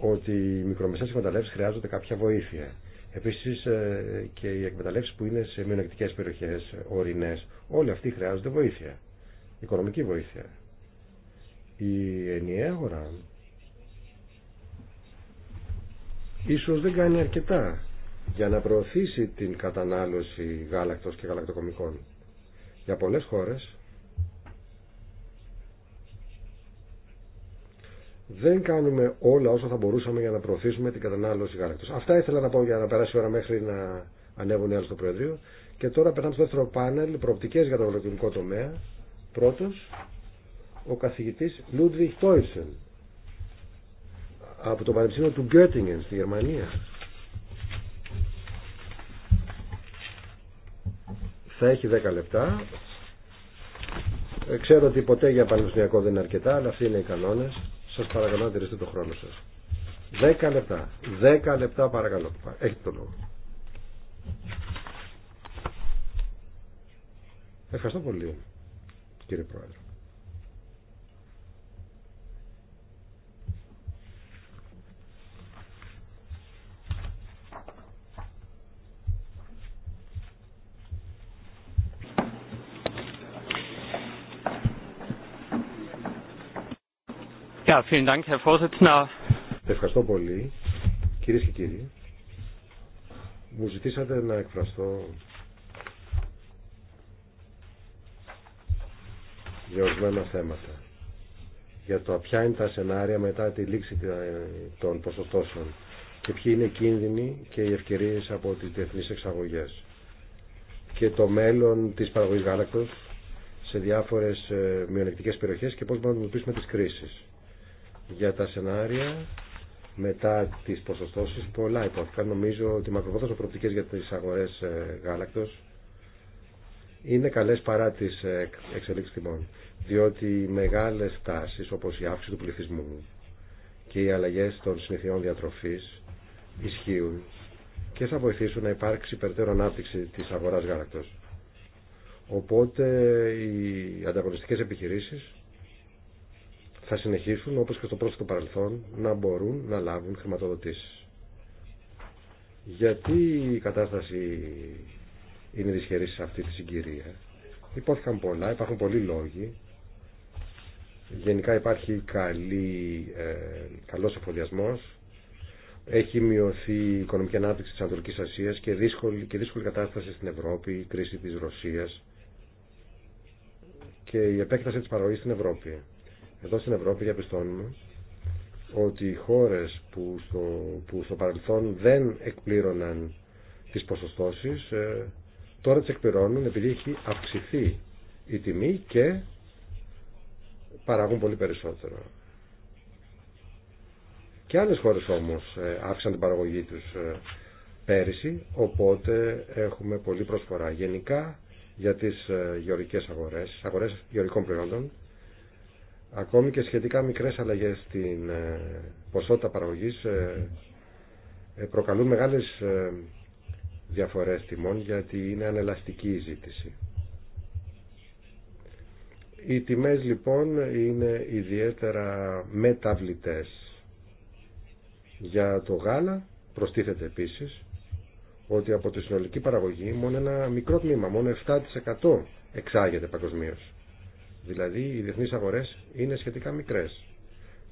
ότι οι μικρομεσαίες εκμεταλλεύσεις χρειάζονται κάποια βοήθεια. Επίσης ε, και οι εκμεταλλεύσεις που είναι σε μειονεκτικές περιοχές, ορεινές, όλοι αυτοί χρειάζονται βοήθεια, οικονομική βοήθεια. Η ενιαία αγορά ίσως δεν κάνει αρκετά για να προωθήσει την κατανάλωση γάλακτος και γαλακτοκομικών. Για πολλές χώρες δεν κάνουμε όλα όσα θα μπορούσαμε για να προωθήσουμε την κατανάλωση γάλακτο. Αυτά ήθελα να πω για να περάσει η ώρα μέχρι να ανέβουν οι άλλοι στο Προεδρείο. Και τώρα περνάμε στο δεύτερο πάνελ, προοπτικέ για το αγροτικό τομέα. Πρώτος, ο καθηγητή Λούντβιχ Τόισεν από το Πανεπιστήμιο του Γκέρτιγεν στη Γερμανία. Θα έχει 10 λεπτά. Ε, ξέρω ότι ποτέ για πανεπιστημιακό δεν είναι αρκετά, αλλά αυτοί είναι οι κανόνες. Σας παρακαλώ να τηρήσετε το χρόνο σας. Δέκα λεπτά. Δέκα λεπτά παρακαλώ. Έχετε το λόγο. Ευχαριστώ πολύ κύριε Πρόεδρε. Herr Vorsitzender. Ευχαριστώ πολύ. Κυρίες και κύριοι, μου ζητήσατε να εκφραστώ για ορισμένα θέματα. Για το ποια είναι τα σενάρια μετά τη λήξη ε, των ποσοστώσεων και ποιοι είναι οι κίνδυνοι και οι ευκαιρίες από τις διεθνείς εξαγωγές και το μέλλον της παραγωγής γάλακτος σε διάφορες ε, μειονεκτικές περιοχές και πώς μπορούμε να αντιμετωπίσουμε τις κρίσεις για τα σενάρια μετά τις ποσοστώσεις πολλά υπόθηκαν. Νομίζω ότι οι μακροπρόθεσμες προοπτικές για τις αγορές ε, γάλακτος είναι καλές παρά τις ε, εξελίξεις τιμών. Διότι μεγάλες τάσεις όπως η αύξηση του πληθυσμού και οι αλλαγές των συνηθιών διατροφής ισχύουν και θα βοηθήσουν να υπάρξει περαιτέρω ανάπτυξη της αγοράς γάλακτος. Οπότε οι ανταγωνιστικές επιχειρήσεις θα συνεχίσουν όπως και στο πρόσφατο παρελθόν να μπορούν να λάβουν χρηματοδοτήσεις. Γιατί η κατάσταση είναι δυσχερή σε αυτή τη συγκυρία. Υπόθηκαν πολλά, υπάρχουν πολλοί λόγοι. Γενικά υπάρχει καλή, ε, καλός εφοδιασμός. Έχει μειωθεί η οικονομική ανάπτυξη της Ανατολικής Ασίας και δύσκολη, και δύσκολη κατάσταση στην Ευρώπη, η κρίση της Ρωσίας και η επέκταση της παραγωγής στην Ευρώπη. Εδώ στην Ευρώπη διαπιστώνουμε ότι οι χώρες που στο, που στο παρελθόν δεν εκπλήρωναν τις ποσοστώσεις ε, τώρα τις εκπληρώνουν επειδή έχει αυξηθεί η τιμή και παράγουν πολύ περισσότερο. Και άλλες χώρες όμως αύξησαν ε, την παραγωγή τους ε, πέρυσι, οπότε έχουμε πολλή προσφορά. Γενικά για τις γεωρικές αγορές, αγορές γεωρικών προϊόντων, Ακόμη και σχετικά μικρές αλλαγές στην ε, ποσότητα παραγωγής ε, ε, προκαλούν μεγάλες διαφορές τιμών γιατί είναι ανελαστική η ζήτηση. Οι τιμές λοιπόν είναι ιδιαίτερα μεταβλητές. Για το γάλα προστίθεται επίσης ότι από τη συνολική παραγωγή μόνο ένα μικρό τμήμα, μόνο 7% εξάγεται παγκοσμίως. Δηλαδή οι διεθνεί αγορές είναι σχετικά μικρές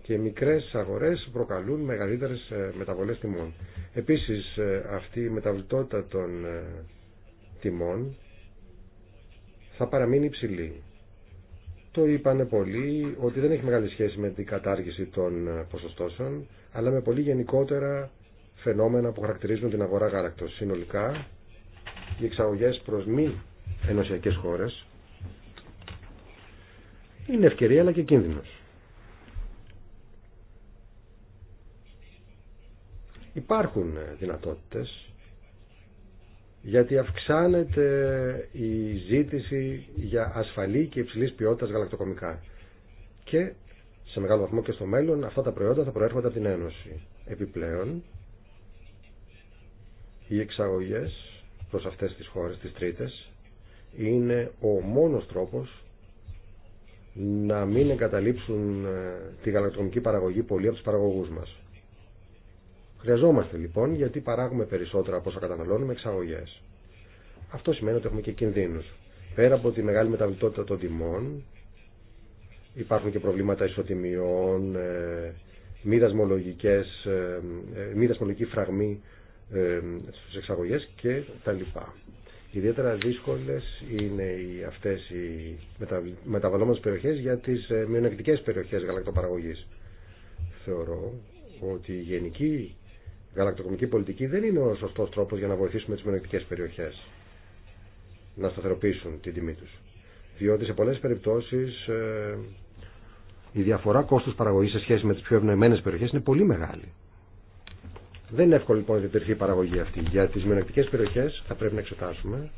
και μικρές αγορές προκαλούν μεγαλύτερε ε, μεταβολές τιμών. Επίσης ε, αυτή η μεταβλητότητα των ε, τιμών θα παραμείνει υψηλή. Το είπανε πολλοί ότι δεν έχει μεγάλη σχέση με την κατάργηση των ποσοστώσεων, αλλά με πολύ γενικότερα φαινόμενα που χαρακτηρίζουν την αγορά γάλακτο. Συνολικά, οι εξαγωγέ προ μη ενωσιακέ χώρες είναι ευκαιρία αλλά και κίνδυνος. Υπάρχουν ε, δυνατότητες γιατί αυξάνεται η ζήτηση για ασφαλή και υψηλής ποιότητας γαλακτοκομικά και σε μεγάλο βαθμό και στο μέλλον αυτά τα προϊόντα θα προέρχονται από την Ένωση. Επιπλέον, οι εξαγωγές προς αυτές τις χώρες, τις τρίτες, είναι ο μόνος τρόπος να μην εγκαταλείψουν ε, τη γαλακτοκομική παραγωγή πολλοί από του παραγωγούς μας. Χρειαζόμαστε λοιπόν γιατί παράγουμε περισσότερα από όσα καταναλώνουμε εξαγωγές. Αυτό σημαίνει ότι έχουμε και κινδύνου. Πέρα από τη μεγάλη μεταβλητότητα των τιμών υπάρχουν και προβλήματα ισοτιμιών, ε, μη δασμολογική ε, φραγμή στου εξαγωγέ κτλ. Ιδιαίτερα δύσκολε είναι οι, αυτές οι μεταβαλλόμενες περιοχές για τις ε, μειονεκτικές περιοχές γαλακτοπαραγωγής. Θεωρώ ότι η γενική γαλακτοκομική πολιτική δεν είναι ο σωστός τρόπος για να βοηθήσουμε τις μειονεκτικές περιοχές να σταθεροποιήσουν την τιμή τους. Διότι σε πολλές περιπτώσεις ε, η διαφορά κόστους παραγωγής σε σχέση με τις πιο ευνοημένες περιοχές είναι πολύ μεγάλη. Δεν είναι εύκολο λοιπόν να διατηρηθεί η παραγωγή αυτή. Για τις μειονεκτικές περιοχές θα πρέπει να εξετάσουμε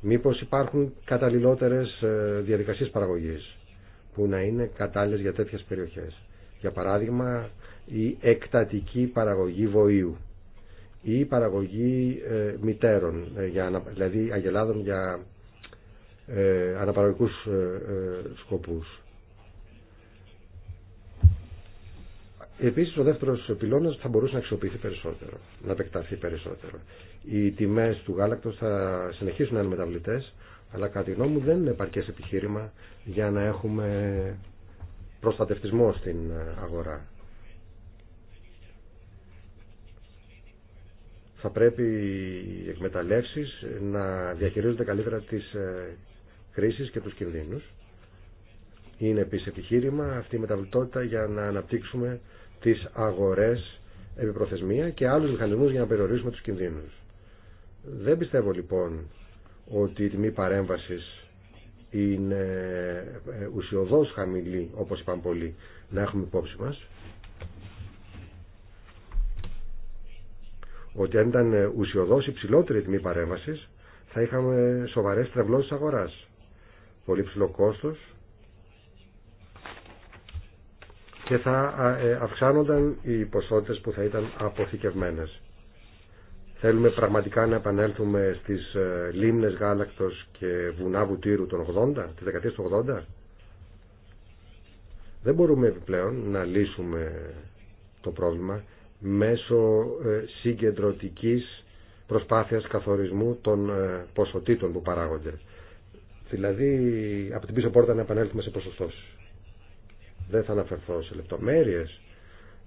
μήπως υπάρχουν καταλληλότερε ε, διαδικασίες παραγωγής που να είναι κατάλληλες για τέτοιες περιοχές. Για παράδειγμα η εκτατική παραγωγή βοήου ή η παραγωγή ε, μητέρων, ε, δηλαδή αγελάδων για αναπαραγωγικούς σκοπούς. Επίσης ο δεύτερος πυλώνας θα μπορούσε να αξιοποιηθεί περισσότερο, να επεκταθεί περισσότερο. Οι τιμές του γάλακτος θα συνεχίσουν να είναι μεταβλητές, αλλά κατά τη γνώμη μου δεν είναι επαρκές επιχείρημα για να έχουμε προστατευτισμό στην αγορά. Θα πρέπει οι εκμεταλλεύσεις να διαχειρίζονται καλύτερα τις ε, κρίσεις και τους κινδύνους. Είναι επίσης επιχείρημα αυτή η μεταβλητότητα για να αναπτύξουμε τις αγορές επιπροθεσμία και άλλους μηχανισμούς για να περιορίσουμε τους κινδύνους. Δεν πιστεύω λοιπόν ότι η τιμή παρέμβασης είναι ε, ουσιοδός χαμηλή, όπως είπαν πολλοί, να έχουμε υπόψη μας. Ότι αν ήταν ε, ουσιοδός υψηλότερη η τιμή παρέμβασης, θα είχαμε σοβαρές τρευλώσεις αγοράς. Πολύ ψηλό κόστος και θα ε, αυξάνονταν οι ποσότητες που θα ήταν αποθηκευμένες. Θέλουμε πραγματικά να επανέλθουμε στις ε, λίμνες γάλακτος και βουνά βουτύρου των 80, τη δεκαετία του 80. Δεν μπορούμε επιπλέον να λύσουμε το πρόβλημα μέσω ε, συγκεντρωτικής προσπάθειας καθορισμού των ποσοτήτων που παράγονται. Δηλαδή από την πίσω πόρτα να επανέλθουμε σε ποσοστώσεις. Δεν θα αναφερθώ σε λεπτομέρειες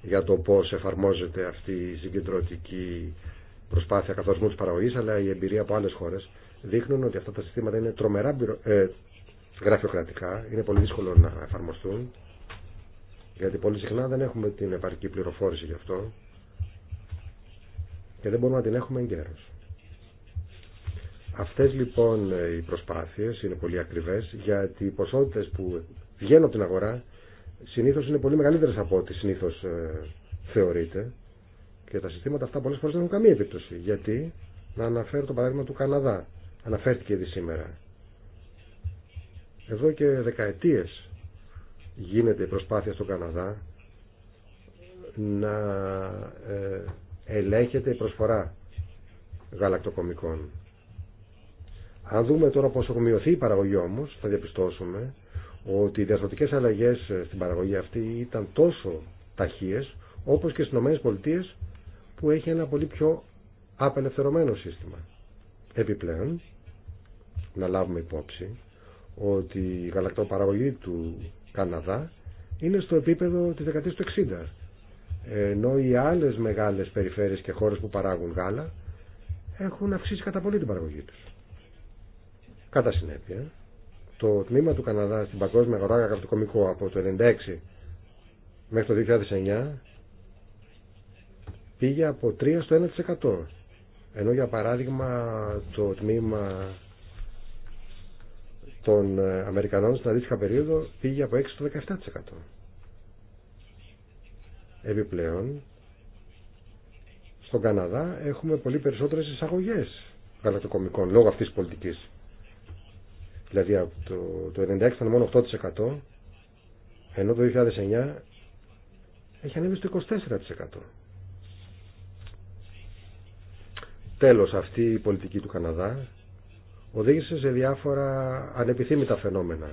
για το πώς εφαρμόζεται αυτή η συγκεντρωτική προσπάθεια καθορισμού της παραγωγής, αλλά η εμπειρία από άλλες χώρες δείχνουν ότι αυτά τα συστήματα είναι τρομερά ε, γραφειοκρατικά, είναι πολύ δύσκολο να εφαρμοστούν, γιατί πολύ συχνά δεν έχουμε την επαρκή πληροφόρηση γι' αυτό και δεν μπορούμε να την έχουμε εγκαίρως. Αυτές λοιπόν οι προσπάθειες είναι πολύ ακριβές γιατί οι ποσότητες που βγαίνουν από την αγορά συνήθως είναι πολύ μεγαλύτερε από ό,τι συνήθως ε, θεωρείται και τα συστήματα αυτά πολλές φορές δεν έχουν καμία επίπτωση. Γιατί να αναφέρω το παράδειγμα του Καναδά. Αναφέρθηκε ήδη σήμερα. Εδώ και δεκαετίες γίνεται η προσπάθεια στον Καναδά να ε, ελέγχεται η προσφορά γαλακτοκομικών. Αν δούμε τώρα πώς έχουν μειωθεί η παραγωγή όμως, θα διαπιστώσουμε ότι οι διαστροτικές αλλαγές στην παραγωγή αυτή ήταν τόσο ταχείες όπως και στις ΗΠΑ που έχει ένα πολύ πιο απελευθερωμένο σύστημα. Επιπλέον, να λάβουμε υπόψη ότι η γαλακτοπαραγωγή του Καναδά είναι στο επίπεδο της δεκαετίας του 60 ενώ οι άλλες μεγάλες περιφέρειες και χώρες που παράγουν γάλα έχουν αυξήσει κατά πολύ την παραγωγή τους. Κατά συνέπεια, το τμήμα του Καναδά στην παγκόσμια αγορά αγροτικομικού από το 1996 μέχρι το 2009 πήγε από 3% στο 1%. Ενώ για παράδειγμα το τμήμα των ε, Αμερικανών στην αντίστοιχα περίοδο πήγε από 6% στο 17%. Επιπλέον, στον Καναδά έχουμε πολύ περισσότερες εισαγωγές γαλακτοκομικών λόγω αυτής της πολιτικής. Δηλαδή το 1996 ήταν μόνο 8% ενώ το 2009 έχει ανέβει στο 24%. Τέλος, αυτή η πολιτική του Καναδά οδήγησε σε διάφορα ανεπιθύμητα φαινόμενα.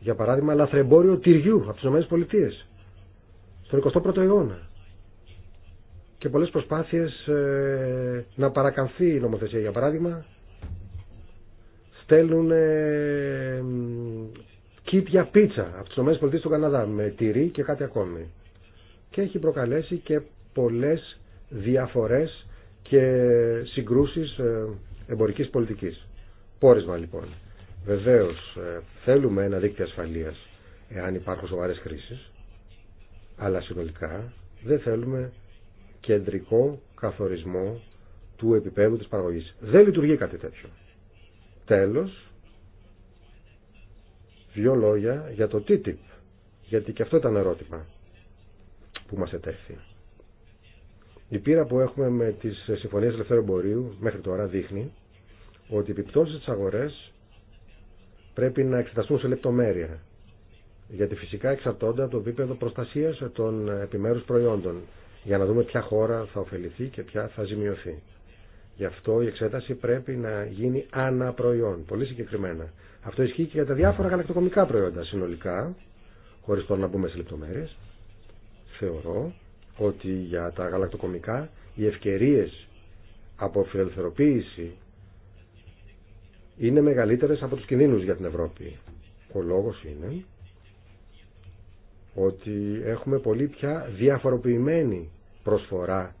Για παράδειγμα, λαθρεμπόριο τυριού από τις ΗΠΑ στον 21ο αιώνα και πολλές προσπάθειες ε, να παρακαμφθεί η νομοθεσία. Για παράδειγμα, στέλνουν κίτια πίτσα από τις ΗΠΑ του Καναδά με τυρί και κάτι ακόμη. Και έχει προκαλέσει και πολλές διαφορές και συγκρούσεις ε, εμπορικής πολιτικής. Πόρισμα λοιπόν. Βεβαίως ε, θέλουμε ένα δίκτυο ασφαλείας εάν υπάρχουν σοβαρές κρίσεις, αλλά συνολικά δεν θέλουμε κεντρικό καθορισμό του επίπεδου της παραγωγής. Δεν λειτουργεί κάτι τέτοιο. Τέλος, δύο λόγια για το TTIP, γιατί και αυτό ήταν ερώτημα που μας ετέθη. Η πείρα που έχουμε με τις συμφωνίες ελευθέρου εμπορίου μέχρι τώρα δείχνει ότι οι επιπτώσεις της αγορές πρέπει να εξεταστούν σε λεπτομέρεια, γιατί φυσικά εξαρτώνται από το επίπεδο προστασίας των επιμέρους προϊόντων, για να δούμε ποια χώρα θα ωφεληθεί και ποια θα ζημιωθεί. Γι' αυτό η εξέταση πρέπει να γίνει αναπροϊόν, πολύ συγκεκριμένα. Αυτό ισχύει και για τα διάφορα γαλακτοκομικά προϊόντα συνολικά, χωρί τώρα να μπούμε σε λεπτομέρειε. Θεωρώ ότι για τα γαλακτοκομικά οι ευκαιρίε από φιλελευθερωποίηση είναι μεγαλύτερες από τους κινδύνου για την Ευρώπη. Ο λόγος είναι ότι έχουμε πολύ πια διαφοροποιημένη προσφορά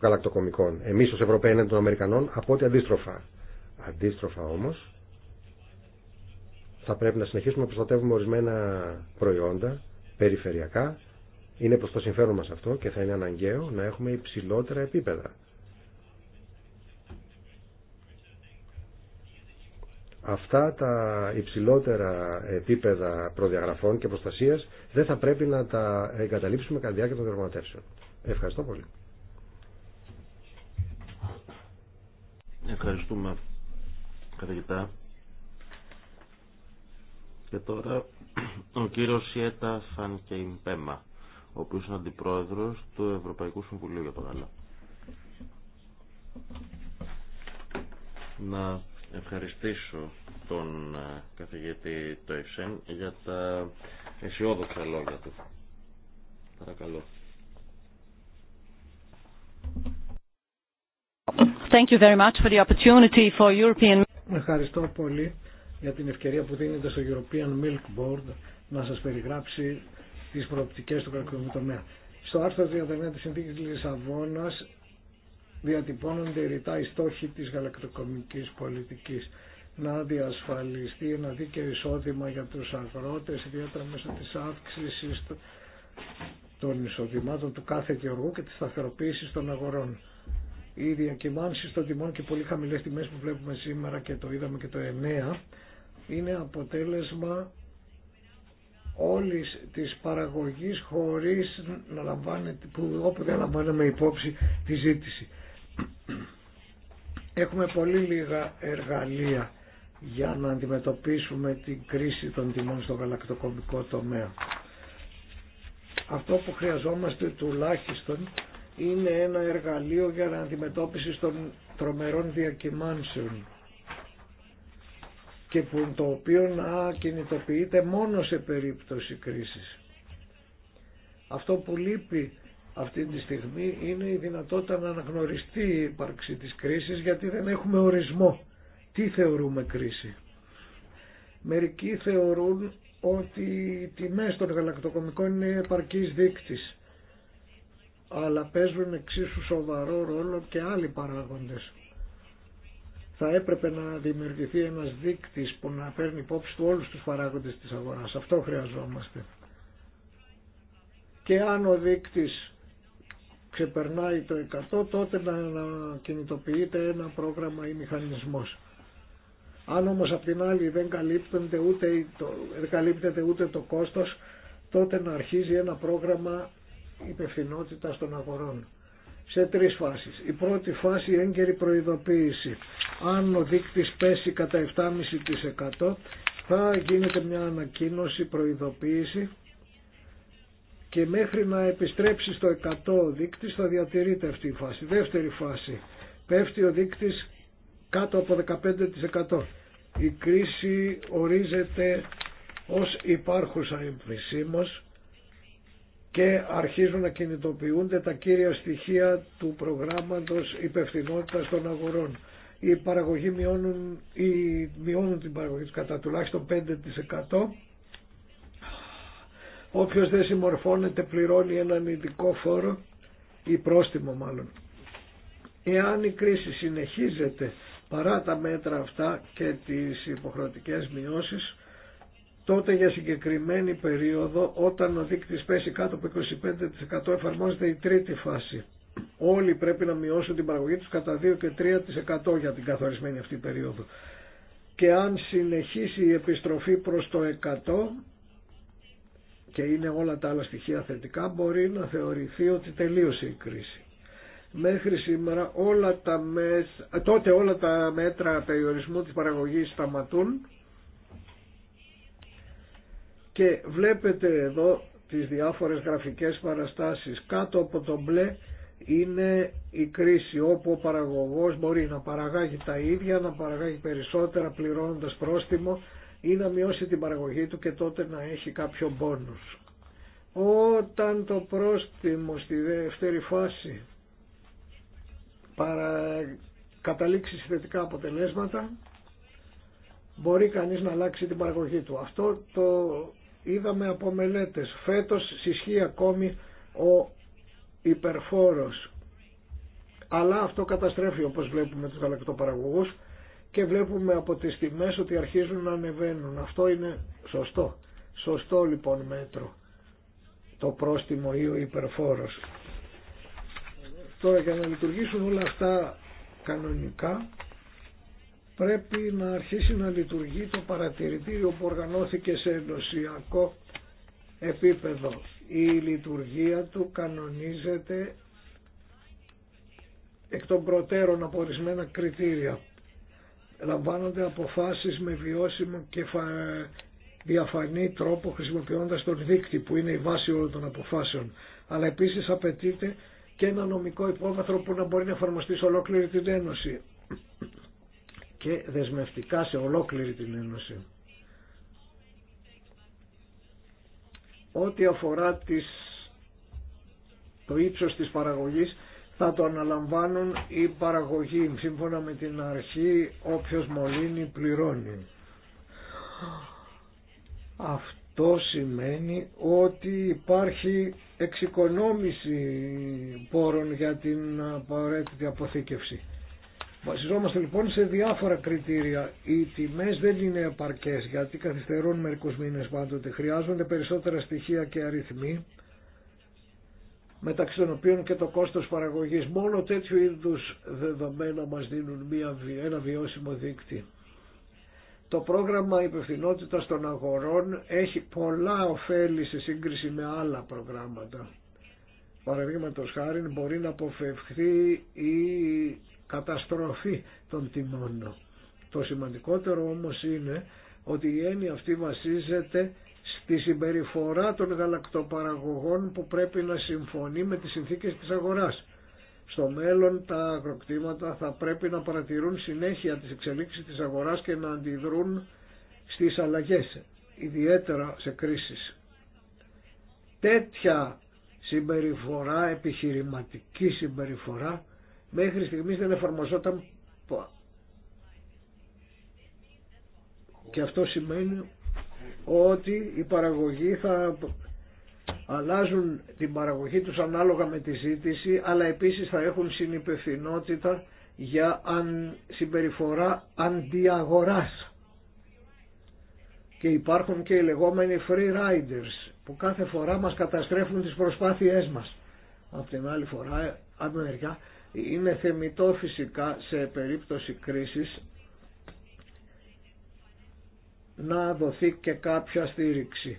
γαλακτοκομικών. Εμείς ως Ευρωπαίοι εναντίον των Αμερικανών από ό,τι αντίστροφα. Αντίστροφα όμως θα πρέπει να συνεχίσουμε να προστατεύουμε ορισμένα προϊόντα περιφερειακά. Είναι προ το συμφέρον μας αυτό και θα είναι αναγκαίο να έχουμε υψηλότερα επίπεδα. αυτά τα υψηλότερα επίπεδα προδιαγραφών και προστασίας δεν θα πρέπει να τα εγκαταλείψουμε κατά διάρκεια των διαπραγματεύσεων. Ευχαριστώ πολύ. Ευχαριστούμε καθηγητά. Και τώρα ο κύριος Σιέτα Φανκέιν Πέμα, ο οποίος είναι αντιπρόεδρος του Ευρωπαϊκού Συμβουλίου για το Γαλλό. Να ευχαριστήσω τον ε, καθηγητή Ευσέν για τα αισιόδοξα λόγια του. Παρακαλώ. Thank you very much for the opportunity for European... Ευχαριστώ πολύ για την ευκαιρία που δίνετε στο European Milk Board να σας περιγράψει τις προοπτικές του κρατικού τομέα. Στο άρθρο 39 της Συνθήκης Λισαβόνας διατυπώνονται ρητά οι στόχοι της γαλακτοκομικής πολιτικής να διασφαλιστεί ένα δίκαιο εισόδημα για τους αγρότες, ιδιαίτερα μέσω της αύξησης των εισοδημάτων του κάθε γεωργού και της σταθεροποίησης των αγορών. Οι διακυμάνσει των τιμών και πολύ χαμηλέ τιμέ που βλέπουμε σήμερα και το είδαμε και το 9 είναι αποτέλεσμα όλης της παραγωγής χωρίς να λαμβάνεται, που, όπου δεν λαμβάνουμε υπόψη τη ζήτηση. Έχουμε πολύ λίγα εργαλεία για να αντιμετωπίσουμε την κρίση των τιμών στο γαλακτοκομικό τομέα. Αυτό που χρειαζόμαστε τουλάχιστον είναι ένα εργαλείο για να αντιμετώπιση των τρομερών διακυμάνσεων και που το οποίο να κινητοποιείται μόνο σε περίπτωση κρίσης. Αυτό που λείπει αυτή τη στιγμή είναι η δυνατότητα να αναγνωριστεί η ύπαρξη της κρίσης γιατί δεν έχουμε ορισμό. Τι θεωρούμε κρίση. Μερικοί θεωρούν ότι οι τιμές των γαλακτοκομικών είναι επαρκής δείκτης αλλά παίζουν εξίσου σοβαρό ρόλο και άλλοι παράγοντες. Θα έπρεπε να δημιουργηθεί ένας δείκτης που να παίρνει υπόψη του όλους τους παράγοντες της αγοράς. Αυτό χρειαζόμαστε. Και αν ο δείκτης ξεπερνάει το 100 τότε να, κινητοποιείται ένα πρόγραμμα ή μηχανισμός. Αν όμως απ' την άλλη δεν καλύπτεται ούτε το, δεν καλύπτεται ούτε το κόστος τότε να αρχίζει ένα πρόγραμμα υπευθυνότητα των αγορών σε τρεις φάσεις. Η πρώτη φάση έγκαιρη προειδοποίηση. Αν ο δείκτης πέσει κατά 7,5% θα γίνεται μια ανακοίνωση προειδοποίηση και μέχρι να επιστρέψει στο 100 ο δείκτης θα διατηρείται αυτή η φάση. Δεύτερη φάση. Πέφτει ο δείκτης κάτω από 15%. Η κρίση ορίζεται ως υπάρχουσα επισήμως και αρχίζουν να κινητοποιούνται τα κύρια στοιχεία του προγράμματος υπευθυνότητας των αγορών. Οι παραγωγοί μειώνουν, την παραγωγή τους κατά τουλάχιστον 5%. Όποιος δεν συμμορφώνεται πληρώνει έναν ειδικό φόρο ή πρόστιμο μάλλον. Εάν η κρίση συνεχίζεται παρά τα μέτρα αυτά και τις υποχρεωτικές μειώσεις, τότε για συγκεκριμένη περίοδο όταν ο δείκτης πέσει κάτω από 25% εφαρμόζεται η τρίτη φάση. Όλοι πρέπει να μειώσουν την παραγωγή τους κατά 2 και 3% για την καθορισμένη αυτή περίοδο. Και αν συνεχίσει η επιστροφή προς το 100% και είναι όλα τα άλλα στοιχεία θετικά μπορεί να θεωρηθεί ότι τελείωσε η κρίση. Μέχρι σήμερα όλα τα τότε όλα τα μέτρα περιορισμού της παραγωγής σταματούν και βλέπετε εδώ τις διάφορες γραφικές παραστάσεις. Κάτω από το μπλε είναι η κρίση όπου ο παραγωγός μπορεί να παραγάγει τα ίδια, να παραγάγει περισσότερα πληρώνοντας πρόστιμο ή να μειώσει την παραγωγή του και τότε να έχει κάποιο μπόνους. Όταν το πρόστιμο στη δεύτερη φάση παρα... καταλήξει συνθετικά αποτελέσματα, μπορεί κανείς να αλλάξει την παραγωγή του. Αυτό το είδαμε από μελέτες. Φέτος συσχύει ακόμη ο υπερφόρος. Αλλά αυτό καταστρέφει όπως βλέπουμε τους γαλακτοπαραγωγούς και βλέπουμε από τις τιμές ότι αρχίζουν να ανεβαίνουν. Αυτό είναι σωστό. Σωστό λοιπόν μέτρο το πρόστιμο ή ο υπερφόρος. Τώρα για να λειτουργήσουν όλα αυτά κανονικά πρέπει να αρχίσει να λειτουργεί το παρατηρητήριο που οργανώθηκε σε ενωσιακό επίπεδο. Η λειτουργία του κανονίζεται εκ των προτέρων από ορισμένα κριτήρια. Λαμβάνονται αποφάσεις με βιώσιμο και διαφανή τρόπο χρησιμοποιώντας τον δίκτυ που είναι η βάση όλων των αποφάσεων. Αλλά επίσης απαιτείται και ένα νομικό υπόβαθρο που να μπορεί να εφαρμοστεί σε ολόκληρη την Ένωση και δεσμευτικά σε ολόκληρη την Ένωση. Ό,τι αφορά τις, το ύψος της παραγωγής θα το αναλαμβάνουν οι παραγωγοί. Σύμφωνα με την αρχή όποιος μολύνει πληρώνει. Αυτό σημαίνει ότι υπάρχει εξοικονόμηση πόρων για την απαραίτητη αποθήκευση. Βασιζόμαστε λοιπόν σε διάφορα κριτήρια. Οι τιμέ δεν είναι επαρκέ γιατί καθυστερούν μερικού μήνε πάντοτε. Χρειάζονται περισσότερα στοιχεία και αριθμοί μεταξύ των οποίων και το κόστος παραγωγής. Μόνο τέτοιου είδους δεδομένα μας δίνουν μια, ένα βιώσιμο δίκτυ. Το πρόγραμμα υπευθυνότητα των αγορών έχει πολλά ωφέλη σε σύγκριση με άλλα προγράμματα. Παραδείγματο χάρη μπορεί να αποφευχθεί η καταστροφή των τιμών. Το σημαντικότερο όμως είναι ότι η έννοια αυτή βασίζεται στη συμπεριφορά των γαλακτοπαραγωγών που πρέπει να συμφωνεί με τις συνθήκες της αγοράς. Στο μέλλον τα αγροκτήματα θα πρέπει να παρατηρούν συνέχεια τις εξελίξεις της αγοράς και να αντιδρούν στις αλλαγές, ιδιαίτερα σε κρίσεις. Τέτοια συμπεριφορά, επιχειρηματική συμπεριφορά, μέχρι στιγμής δεν εφαρμοζόταν και αυτό σημαίνει ότι οι παραγωγοί θα αλλάζουν την παραγωγή τους ανάλογα με τη ζήτηση αλλά επίσης θα έχουν συνυπευθυνότητα για αν συμπεριφορά αντιαγοράς και υπάρχουν και οι λεγόμενοι free riders που κάθε φορά μας καταστρέφουν τις προσπάθειές μας από την άλλη φορά, αν είναι θεμητό φυσικά σε περίπτωση κρίσης να δοθεί και κάποια στήριξη.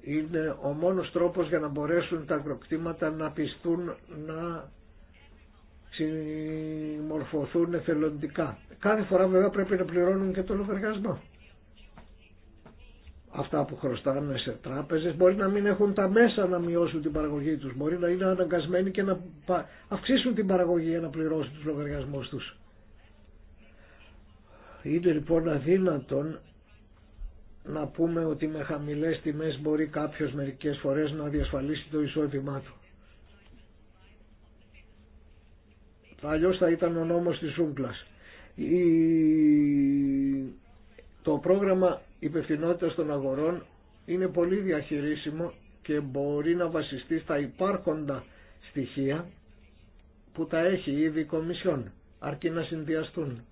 Είναι ο μόνος τρόπος για να μπορέσουν τα αγροκτήματα να πιστούν να συμμορφωθούν εθελοντικά. Κάθε φορά βέβαια πρέπει να πληρώνουν και το λογαριασμό αυτά που χρωστάνε σε τράπεζες μπορεί να μην έχουν τα μέσα να μειώσουν την παραγωγή τους μπορεί να είναι αναγκασμένοι και να αυξήσουν την παραγωγή για να πληρώσουν τους λογαριασμούς τους είναι λοιπόν αδύνατον να πούμε ότι με χαμηλές τιμές μπορεί κάποιος μερικές φορές να διασφαλίσει το εισόδημά του Αλλιώ θα ήταν ο νόμος της Ζούγκλας το πρόγραμμα η υπευθυνότητα των αγορών είναι πολύ διαχειρίσιμο και μπορεί να βασιστεί στα υπάρχοντα στοιχεία που τα έχει ήδη η Κομισιόν, αρκεί να συνδυαστούν.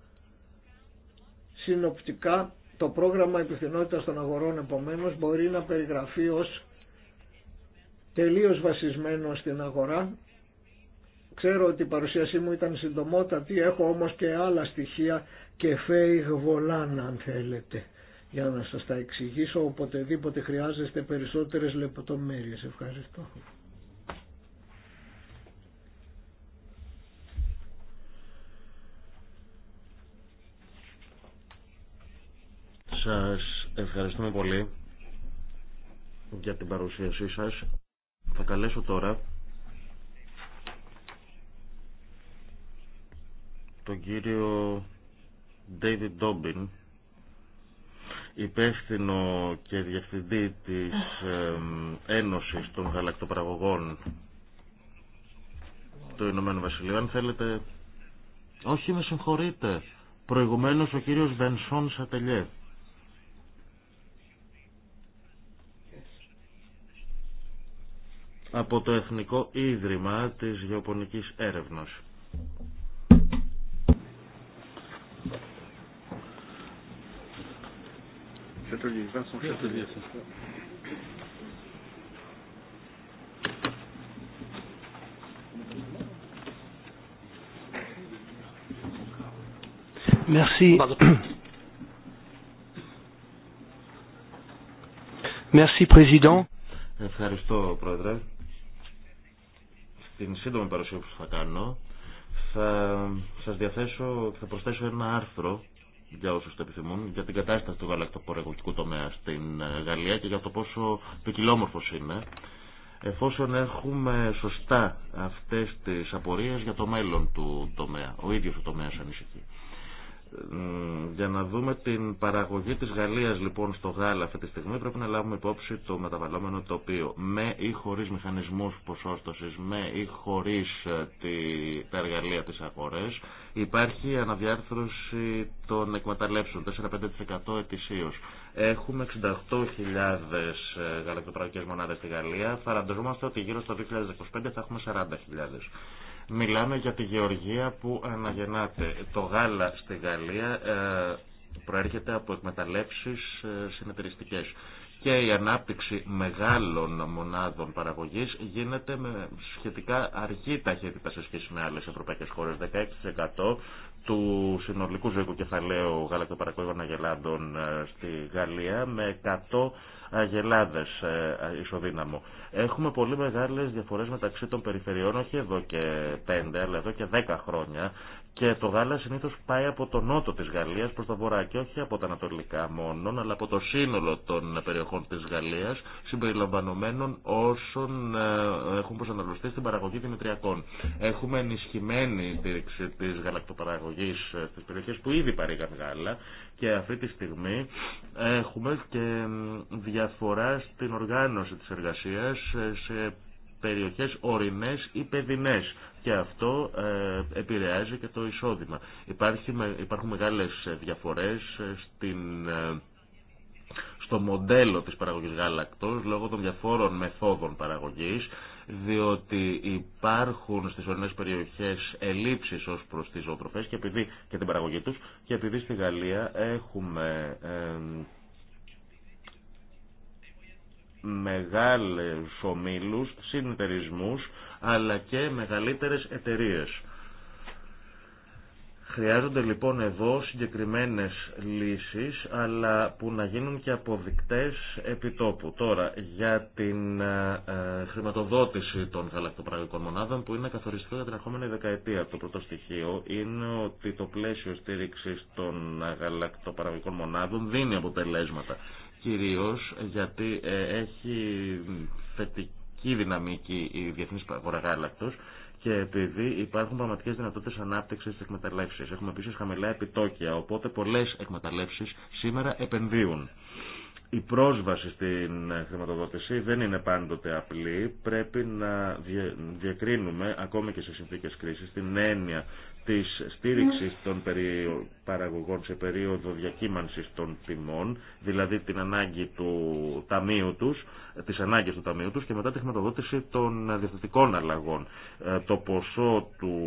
Συνοπτικά, το πρόγραμμα υπευθυνότητα των αγορών επομένως μπορεί να περιγραφεί ως τελείως βασισμένο στην αγορά. Ξέρω ότι η παρουσίασή μου ήταν συντομότατη, έχω όμως και άλλα στοιχεία και φέιγ βολάν αν θέλετε για να σας τα εξηγήσω οποτεδήποτε χρειάζεστε περισσότερες λεπτομέρειες. Ευχαριστώ. Σας ευχαριστούμε πολύ για την παρουσίασή σας. Θα καλέσω τώρα τον κύριο David Dobbin υπεύθυνο και διευθυντή της Ένωσης των Γαλακτοπραγωγών του Ηνωμένου Βασιλείου. Αν θέλετε... Όχι, με συγχωρείτε. Προηγουμένως ο κύριος Βενσόν Σατελιέ. από το Εθνικό Ίδρυμα της Γεωπονικής Έρευνας. Châtelier, Vincent Châtelier. Merci. Merci, Président. Ευχαριστώ, Πρόεδρε. Στην σύντομη παρουσίαση που θα κάνω, θα σας διαθέσω, θα προσθέσω ένα άρθρο για όσου το επιθυμούν, για την κατάσταση του γαλακτοπορεγωτικού τομέα στην ε, Γαλλία και για το πόσο ποικιλόμορφο είναι, εφόσον έχουμε σωστά αυτές τις απορίες για το μέλλον του τομέα. Ο ίδιος ο τομέα ανησυχεί. Για να δούμε την παραγωγή της Γαλλίας λοιπόν στο γάλα αυτή τη στιγμή πρέπει να λάβουμε υπόψη το μεταβαλλόμενο τοπίο με ή χωρίς μηχανισμούς ποσόστοσης, με ή χωρίς ε, τη, τα εργαλεία της αγορές υπάρχει αναδιάρθρωση των εκμεταλλεύσεων 4-5% ετησίως. Έχουμε 68.000 ε, γαλακτοπραγωγικές μονάδες στη Γαλλία. ραντεζόμαστε ότι γύρω στο 2025 θα έχουμε 40.000. Μιλάμε για τη γεωργία που αναγεννάται. Το γάλα στη Γαλλία ε, προέρχεται από εκμεταλλεύσεις ε, συνεταιριστικές και η ανάπτυξη μεγάλων μονάδων παραγωγής γίνεται με σχετικά αργή ταχύτητα σε σχέση με άλλες ευρωπαϊκές χώρες. 16% του συνολικού ζωικού κεφαλαίου γαλακτοπαραγωγών αγελάντων ε, στη Γαλλία με 100 Αγελάδε ε, ισοδύναμο. Έχουμε πολύ μεγάλε διαφορέ μεταξύ των περιφερειών, όχι εδώ και πέντε, αλλά εδώ και δέκα χρόνια και το γάλα συνήθω πάει από τον νότο τη Γαλλία προ τα βορρά και όχι από τα ανατολικά μόνο, αλλά από το σύνολο των περιοχών τη Γαλλία, συμπεριλαμβανομένων όσων ε, έχουν προσανατολιστεί στην παραγωγή δημητριακών. Έχουμε ενισχυμένη στήριξη τη γαλακτοπαραγωγή ε, στι περιοχέ που ήδη παρήγαν γάλα και αυτή τη στιγμή έχουμε και διαφορά στην οργάνωση τη εργασία ε, σε περιοχές ορεινές ή παιδινές και αυτό ε, επηρεάζει και το εισόδημα. Υπάρχει, υπάρχουν μεγάλες διαφορές ε, στην, ε, στο μοντέλο της παραγωγής γάλακτος λόγω των διαφόρων μεθόδων παραγωγής διότι υπάρχουν στις ορεινές περιοχές ελλείψεις ως προς τις ζωοτροφές και, επειδή, και την παραγωγή τους και επειδή στη Γαλλία έχουμε μεγάλες ομίλους, συνεταιρισμούς, αλλά και μεγαλύτερες εταιρείες. Χρειάζονται λοιπόν εδώ συγκεκριμένες λύσεις, αλλά που να γίνουν και αποδεικτές επιτόπου. Τώρα, για την ε, ε, χρηματοδότηση των γαλακτοπραγικών μονάδων, που είναι καθοριστικό για την ερχόμενη δεκαετία. Το πρώτο στοιχείο είναι ότι το πλαίσιο στήριξης των γαλακτοπραγωγικών μονάδων δίνει αποτελέσματα κυρίως γιατί ε, έχει θετική δυναμική η διεθνής αγορά και επειδή υπάρχουν πραγματικέ δυνατότητε ανάπτυξη τη εκμεταλλεύση. Έχουμε επίση χαμηλά επιτόκια, οπότε πολλέ εκμεταλλεύσει σήμερα επενδύουν. Η πρόσβαση στην χρηματοδότηση δεν είναι πάντοτε απλή. Πρέπει να διακρίνουμε, ακόμη και σε συνθήκε κρίση, την έννοια τη στήριξη ναι. των περιοχών παραγωγών σε περίοδο διακύμανσης των τιμών, δηλαδή την ανάγκη του ταμείου τους, τις ανάγκες του ταμείου τους και μετά τη χρηματοδότηση των διευθυντικών αλλαγών. Ε, το ποσό του,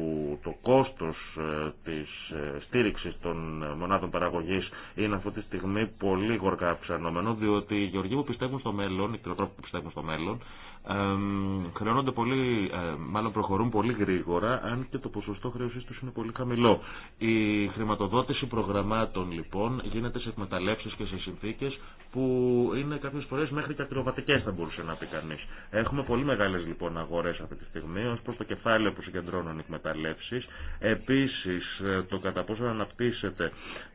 το κόστος ε, της ε, στήριξης των μονάδων παραγωγής είναι αυτή τη στιγμή πολύ γοργά αυξανόμενο, διότι οι γεωργοί που πιστεύουν στο μέλλον, οι κτηνοτρόφοι που πιστεύουν στο μέλλον, χρεώνονται πολύ, μάλλον προχωρούν πολύ γρήγορα, αν και το ποσοστό χρέωσής τους είναι πολύ χαμηλό. Η χρηματοδότηση Κατάρτιση προγραμμάτων λοιπόν γίνεται σε εκμεταλλεύσει και σε συνθήκε που είναι κάποιε φορέ μέχρι και ακροβατικέ θα μπορούσε να πει κανεί. Έχουμε πολύ μεγάλε λοιπόν αγορέ αυτή τη στιγμή ω προ το κεφάλαιο που συγκεντρώνουν οι εκμεταλλεύσει. Επίση ε, το κατά πόσο αναπτύσσεται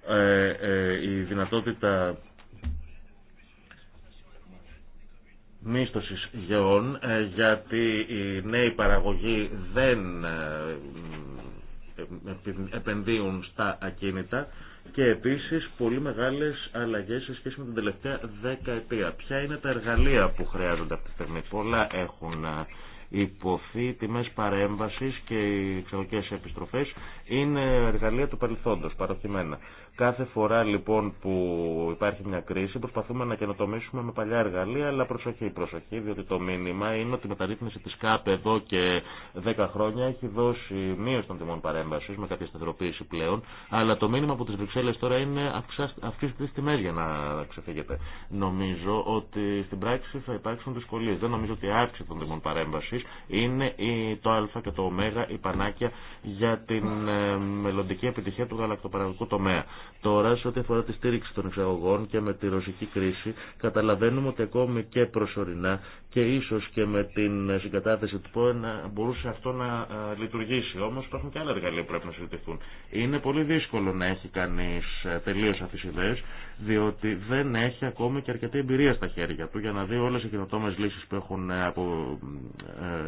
ε, ε, η δυνατότητα μίσθωσης γεών ε, γιατί η νέη παραγωγή δεν ε, επενδύουν στα ακίνητα και επίσης πολύ μεγάλες αλλαγές σε σχέση με την τελευταία δεκαετία. Ποια είναι τα εργαλεία που χρειάζονται αυτή τη στιγμή. Πολλά έχουν ε, υποθεί, τιμές παρέμβασης και οι εξαγωγικές επιστροφές είναι εργαλεία του παρελθόντος, παροχημένα. Κάθε φορά λοιπόν που υπάρχει μια κρίση προσπαθούμε να καινοτομήσουμε με παλιά εργαλεία, αλλά προσοχή, προσοχή, διότι το μήνυμα είναι ότι η μεταρρύθμιση τη ΚΑΠ εδώ και 10 χρόνια έχει δώσει μείωση των τιμών παρέμβαση με κάποια σταθεροποίηση πλέον, αλλά το μήνυμα από τι Βρυξέλλε τώρα είναι αυξήστε τι τιμέ για να ξεφύγετε. Νομίζω ότι στην πράξη θα υπάρξουν δυσκολίε. Δεν νομίζω ότι η αύξηση των τιμών παρέμβαση είναι το Α και το Ω, η πανάκια για την ε, μελλοντική επιτυχία του γαλακτοπαραγωγικού τομέα. Τώρα, σε ό,τι αφορά τη στήριξη των εξαγωγών και με τη ρωσική κρίση, καταλαβαίνουμε ότι ακόμη και προσωρινά και ίσω και με την συγκατάθεση του ΠΟΕΝ μπορούσε αυτό να ε, λειτουργήσει. Όμω υπάρχουν και άλλα εργαλεία που πρέπει να συζητηθούν. Είναι πολύ δύσκολο να έχει κανεί ε, τελείω αυτέ τι ιδέε, διότι δεν έχει ακόμη και αρκετή εμπειρία στα χέρια του για να δει όλε οι καινοτόμε λύσει που έχουν ε,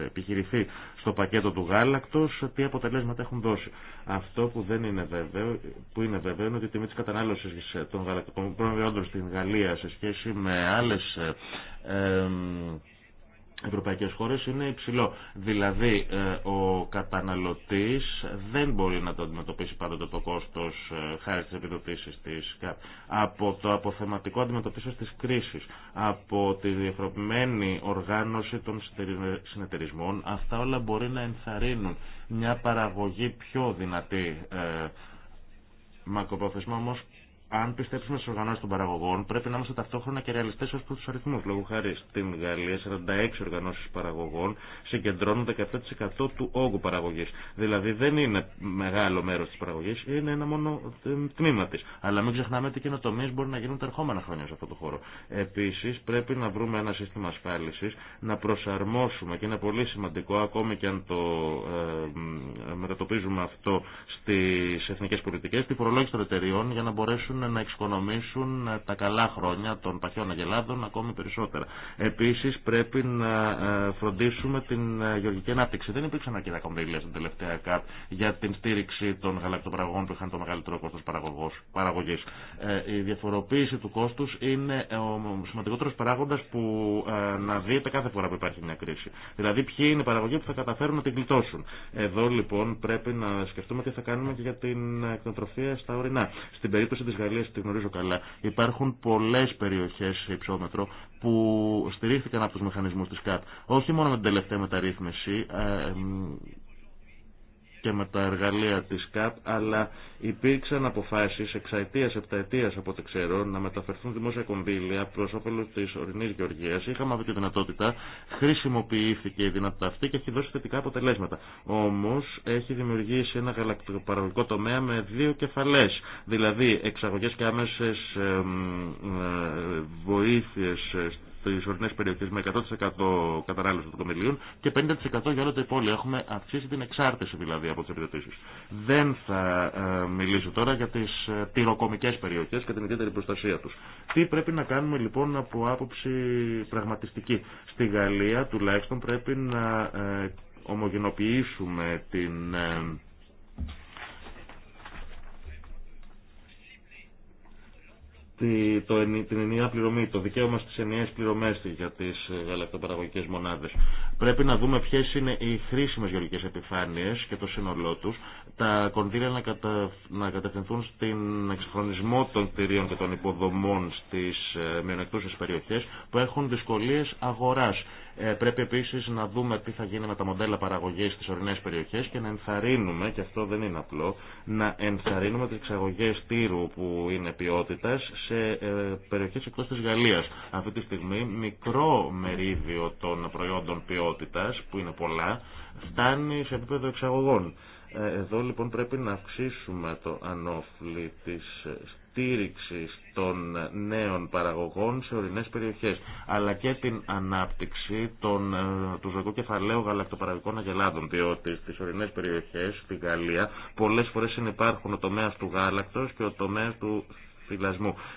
επιχειρηθεί στο πακέτο του γάλακτο, τι αποτελέσματα έχουν δώσει. Αυτό που, δεν είναι βέβαιο, που είναι βέβαιο είναι ότι τιμή της κατανάλωσης των γαλακτικών προϊόντων στην Γαλλία σε σχέση με άλλες ε, ευρωπαϊκές χώρες είναι υψηλό. Δηλαδή ε, ο καταναλωτής δεν μπορεί να το αντιμετωπίσει πάντοτε το κόστος ε, χάρη στις επιδοτήσεις της ΚΑΠ. Από το αποθεματικό αντιμετωπίσεως της κρίσης, από τη διαφοροποιημένη οργάνωση των συνεταιρισμών, αυτά όλα μπορεί να ενθαρρύνουν μια παραγωγή πιο δυνατή Μακροπρόθεσμα όμως αν πιστέψουμε στι οργανώσει των παραγωγών, πρέπει να είμαστε ταυτόχρονα και ρεαλιστέ ω προ του αριθμού. Λόγω χάρη στην Γαλλία, 46 οργανώσει παραγωγών συγκεντρώνουν 17% του όγκου παραγωγή. Δηλαδή δεν είναι μεγάλο μέρο τη παραγωγή, είναι ένα μόνο τμήμα τη. Αλλά μην ξεχνάμε ότι οι καινοτομίε μπορεί να γίνουν τα ερχόμενα χρόνια σε αυτό το χώρο. Επίση, πρέπει να βρούμε ένα σύστημα ασφάλιση, να προσαρμόσουμε και είναι πολύ σημαντικό, ακόμη και αν το ε, μετατοπίζουμε αυτό στι εθνικέ πολιτικέ, τη φορολόγηση των εταιριών για να μπορέσουν να εξοικονομήσουν τα καλά χρόνια των παχιών αγελάδων ακόμη περισσότερα. Επίσης πρέπει να ε, φροντίσουμε την ε, γεωργική ανάπτυξη. Δεν υπήρξαν αρκετά κονδύλια στην τελευταία ΚΑΠ για την στήριξη των γαλακτοπαραγωγών που είχαν το μεγαλύτερο κόστος παραγωγής. Ε, η διαφοροποίηση του κόστους είναι ο σημαντικότερος παράγοντας που να δείτε κάθε φορά που υπάρχει μια κρίση. Δηλαδή ποιοι είναι οι παραγωγοί που θα καταφέρουν να την γλιτώσουν. Εδώ λοιπόν πρέπει να σκεφτούμε τι θα κάνουμε και για την εκτροφία στα ορεινά. Στην περίπτωση τη γνωρίζω καλά, υπάρχουν πολλές περιοχές σε υψόμετρο που στηρίχθηκαν από τους μηχανισμούς της ΚΑΤ. Όχι μόνο με την τελευταία μεταρρύθμιση, ε, και με τα εργαλεία της ΚΑΠ, αλλά υπήρξαν αποφάσεις εξαετίας, επταετίας από ό,τι ξέρω, να μεταφερθούν δημόσια κονδύλια προς όφελος της ορεινής γεωργίας. Είχαμε αυτή τη δυνατότητα, χρησιμοποιήθηκε η δυνατότητα αυτή και έχει δώσει θετικά αποτελέσματα. Όμως έχει δημιουργήσει ένα γαλακτοπαραγωγικό τομέα με δύο κεφαλές, δηλαδή εξαγωγές και άμεσες ε, βοήθειες ε, στι ορεινέ περιοχέ με 100% κατανάλωση των κομιλίων και 50% για όλα τα υπόλοιπα. Έχουμε αυξήσει την εξάρτηση δηλαδή από τι επιδοτήσει. Δεν θα ε, μιλήσω τώρα για τι ε, τυροκομικέ περιοχέ και την ιδιαίτερη προστασία του. Τι πρέπει να κάνουμε λοιπόν από άποψη πραγματιστική. Στη Γαλλία τουλάχιστον πρέπει να ε, ομογενοποιήσουμε την ε, το, την ενιαία πληρωμή, το δικαίωμα στις ενιαίες πληρωμές για τις ε, γαλακτοπαραγωγικές μονάδες. Πρέπει να δούμε ποιες είναι οι χρήσιμες γεωργικές επιφάνειες και το σύνολό τους, τα κονδύλια να, κατα, να κατευθυνθούν στην εξυγχρονισμό των κτηρίων και των υποδομών στις ε, μειονεκτούσες περιοχές που έχουν δυσκολίες αγοράς ε, πρέπει επίση να δούμε τι θα γίνει με τα μοντέλα παραγωγή στι ορεινέ περιοχέ και να ενθαρρύνουμε, και αυτό δεν είναι απλό, να ενθαρρύνουμε τι εξαγωγέ τύρου που είναι ποιότητα σε ε, περιοχέ εκτό τη Γαλλία. Αυτή τη στιγμή μικρό μερίδιο των προϊόντων ποιότητα, που είναι πολλά, φτάνει σε επίπεδο εξαγωγών. Ε, εδώ λοιπόν πρέπει να αυξήσουμε το ανώφλι της στήριξης των νέων παραγωγών σε ορεινές περιοχές, αλλά και την ανάπτυξη των, ε, του ζωικού κεφαλαίου γαλακτοπαραγωγικών αγελάδων, διότι στις ορεινές περιοχές, στη Γαλλία, πολλές φορές συνεπάρχουν ο τομέας του γάλακτος και ο τομέας του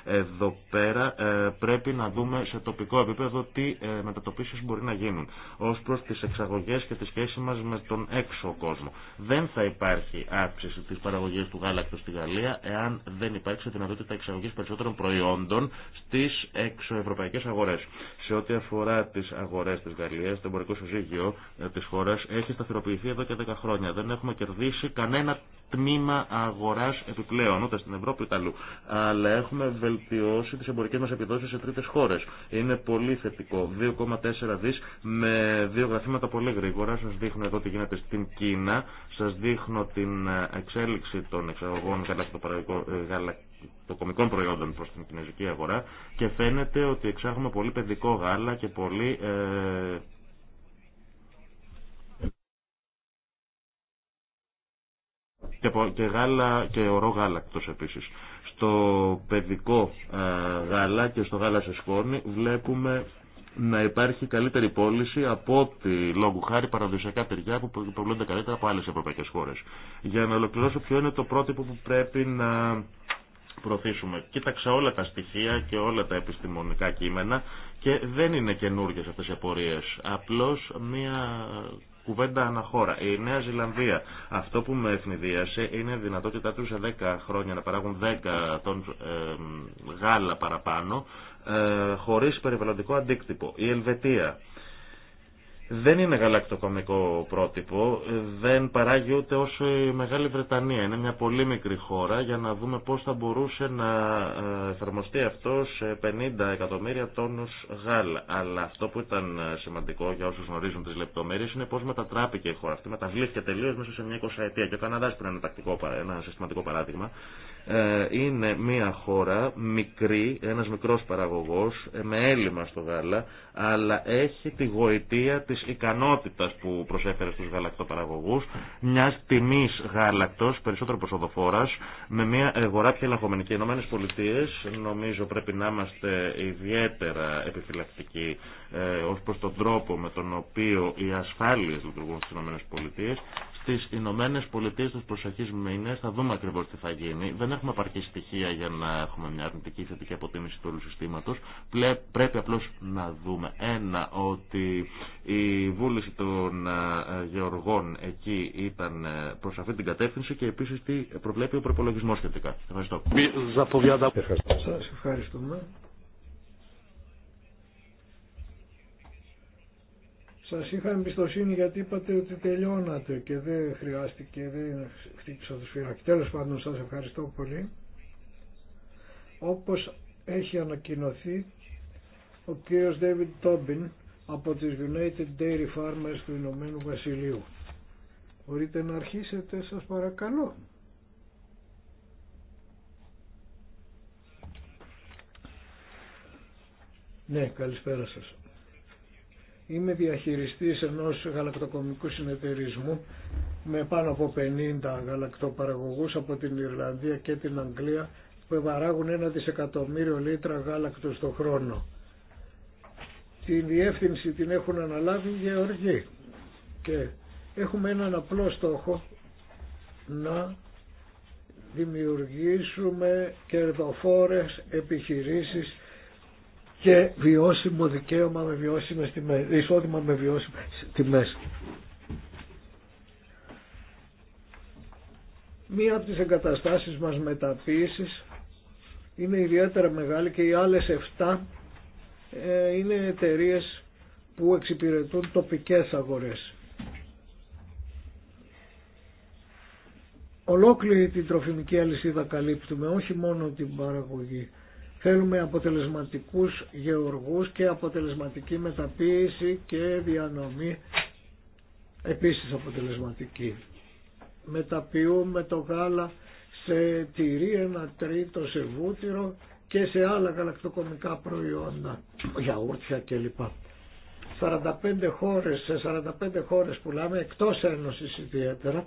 εδώ πέρα ε, πρέπει να δούμε σε τοπικό επίπεδο τι ε, μετατοπίσεις μπορεί να γίνουν ως προς τις εξαγωγές και τη σχέση μας με τον έξω κόσμο. Δεν θα υπάρχει αύξηση της παραγωγής του γάλακτος στη Γαλλία εάν δεν υπάρξει δυνατότητα εξαγωγής περισσότερων προϊόντων στις εξωευρωπαϊκές αγορές. Σε ό,τι αφορά τις αγορές της Γαλλίας, το εμπορικό συζύγιο ε, της χώρας έχει σταθεροποιηθεί εδώ και 10 χρόνια. Δεν έχουμε κερδίσει κανένα τμήμα αγορά επιπλέον, ούτε στην Ευρώπη ούτε αλλού. Αλλά έχουμε βελτιώσει τι εμπορικέ μα επιδόσει σε τρίτε χώρε. Είναι πολύ θετικό. 2,4 δι με δύο γραφήματα πολύ γρήγορα. Σα δείχνω εδώ τι γίνεται στην Κίνα. Σα δείχνω την εξέλιξη των εξαγωγών ε, γαλακτοκομικών προϊόντων προ την κινέζικη αγορά. Και φαίνεται ότι εξάγουμε πολύ παιδικό γάλα και πολύ. Ε, και, και, γάλα, και ορό γάλακτος επίσης. Στο παιδικό ε, γάλα και στο γάλα σε σκόνη βλέπουμε να υπάρχει καλύτερη πώληση από ότι λόγου χάρη παραδοσιακά τυριά που προβλέπονται καλύτερα από άλλες ευρωπαϊκές χώρες. Για να ολοκληρώσω ποιο είναι το πρότυπο που πρέπει να προωθήσουμε. Κοίταξα όλα τα στοιχεία και όλα τα επιστημονικά κείμενα και δεν είναι καινούργιες αυτές οι απορίες. Απλώς μια κουβέντα αναχώρα. Η Νέα Ζηλανδία, αυτό που με ευνηδίασε είναι η δυνατότητά του σε 10 χρόνια να παράγουν 10 τόν γάλα παραπάνω ε, χωρίς περιβαλλοντικό αντίκτυπο. Η Ελβετία, δεν είναι γαλακτοκομικό πρότυπο, δεν παράγει ούτε όσο η Μεγάλη Βρετανία. Είναι μια πολύ μικρή χώρα για να δούμε πώς θα μπορούσε να ε, εφαρμοστεί αυτό σε 50 εκατομμύρια τόνους γάλα. Αλλά αυτό που ήταν ε, σημαντικό για όσους γνωρίζουν τις λεπτομέρειες είναι πώς μετατράπηκε η χώρα αυτή. Μεταβλήθηκε τελείως μέσα σε μια 20 ετία και ο Καναδάς που είναι ένα συστηματικό παράδειγμα ε, είναι μια χώρα μικρή, ένας μικρός παραγωγός, ε, με έλλειμμα στο γάλα, αλλά έχει τη γοητεία της ικανότητας που προσέφερε στους γαλακτοπαραγωγούς, μιας τιμής γάλακτος, περισσότερο προσωδοφόρας με μια αγορά πιο ελεγχόμενη. Και οι Ηνωμένες Πολιτείες νομίζω πρέπει να είμαστε ιδιαίτερα επιφυλακτικοί ε, ως προς τον τρόπο με τον οποίο οι ασφάλειες λειτουργούν στις Ηνωμένες Πολιτείες στι Ηνωμένε Πολιτείε του προσεχεί μήνε, θα δούμε ακριβώ τι θα γίνει. Δεν έχουμε επαρκή στοιχεία για να έχουμε μια αρνητική θετική αποτίμηση του όλου συστήματος. Πρέπει απλώς να δούμε. Ένα, ότι η βούληση των ε, γεωργών εκεί ήταν ε, προς αυτή την κατεύθυνση και επίση τι προβλέπει ο προπολογισμό σχετικά. Ευχαριστώ. Σας ευχαριστούμε. Σας είχα εμπιστοσύνη γιατί είπατε ότι τελειώνατε και δεν χρειάστηκε, δεν χτύπησα το σφυράκι. Τέλος πάντων σας ευχαριστώ πολύ. Όπως έχει ανακοινωθεί ο κύριος David Tobin από τις United Dairy Farmers του Ηνωμένου Βασιλείου. Μπορείτε να αρχίσετε σας παρακαλώ. Ναι, καλησπέρα σας. Είμαι διαχειριστής ενός γαλακτοκομικού συνεταιρισμού με πάνω από 50 γαλακτοπαραγωγούς από την Ιρλανδία και την Αγγλία που παράγουν ένα δισεκατομμύριο λίτρα γάλακτος το χρόνο. Την διεύθυνση την έχουν αναλάβει οι γεωργοί και έχουμε έναν απλό στόχο να δημιουργήσουμε κερδοφόρες επιχειρήσεις και βιώσιμο δικαίωμα με βιώσιμες τιμές, εισόδημα με βιώσιμες τιμές. Μία από τις εγκαταστάσεις μας μεταποίησης είναι ιδιαίτερα μεγάλη και οι άλλες 7 ε, είναι εταιρείε που εξυπηρετούν τοπικές αγορές. Ολόκληρη την τροφιμική αλυσίδα καλύπτουμε, όχι μόνο την παραγωγή. Θέλουμε αποτελεσματικούς γεωργούς και αποτελεσματική μεταποίηση και διανομή επίσης αποτελεσματική. Μεταποιούμε το γάλα σε τυρί, ένα τρίτο σε βούτυρο και σε άλλα γαλακτοκομικά προϊόντα, γιαούρτια κλπ. 45 χώρες, σε 45 χώρες πουλάμε, εκτός Ένωσης ιδιαίτερα,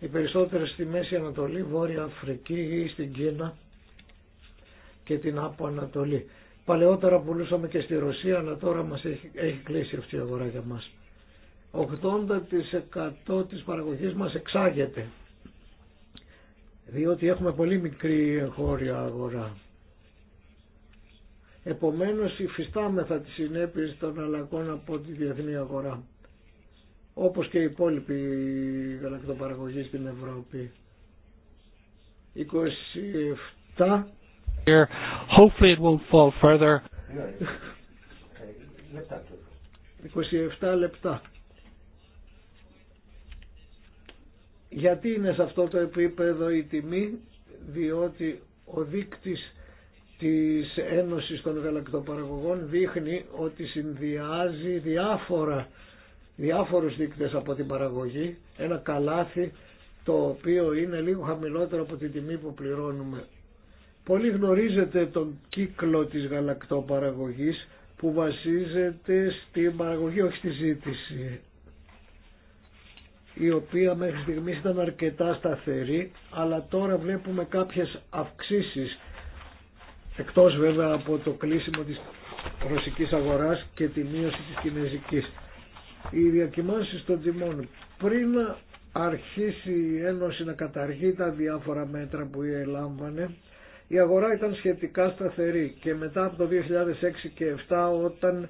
οι περισσότερες στη Μέση Ανατολή, Βόρεια Αφρική ή στην Κίνα, και την Άπο Ανατολή. Παλαιότερα πουλούσαμε και στη Ρωσία, αλλά τώρα μας έχει, έχει κλείσει αυτή η αγορά για μας. 80% της παραγωγής μας εξάγεται, διότι έχουμε πολύ μικρή χώρια αγορά. Επομένως υφιστάμεθα τις συνέπειες των αλλαγών από τη διεθνή αγορά, όπως και οι υπόλοιποι γαλακτοπαραγωγοί στην Ευρώπη. 27 here. Hopefully it won't fall further. 27 λεπτά. Γιατί είναι σε αυτό το επίπεδο η τιμή, διότι ο δείκτης της Ένωσης των Γαλακτοπαραγωγών δείχνει ότι συνδυάζει διάφορα, διάφορους δείκτες από την παραγωγή, ένα καλάθι το οποίο είναι λίγο χαμηλότερο από την τιμή που πληρώνουμε Πολλοί γνωρίζετε τον κύκλο της γαλακτοπαραγωγής που βασίζεται στην παραγωγή, όχι στη ζήτηση η οποία μέχρι στιγμής ήταν αρκετά σταθερή, αλλά τώρα βλέπουμε κάποιες αυξήσεις, εκτός βέβαια από το κλείσιμο της ρωσικής αγοράς και τη μείωση της κινέζικης. Οι διακοιμάνσεις των τιμών πριν αρχίσει η Ένωση να καταργεί τα διάφορα μέτρα που έλαμβανε, η αγορά ήταν σχετικά σταθερή και μετά από το 2006 και 2007 όταν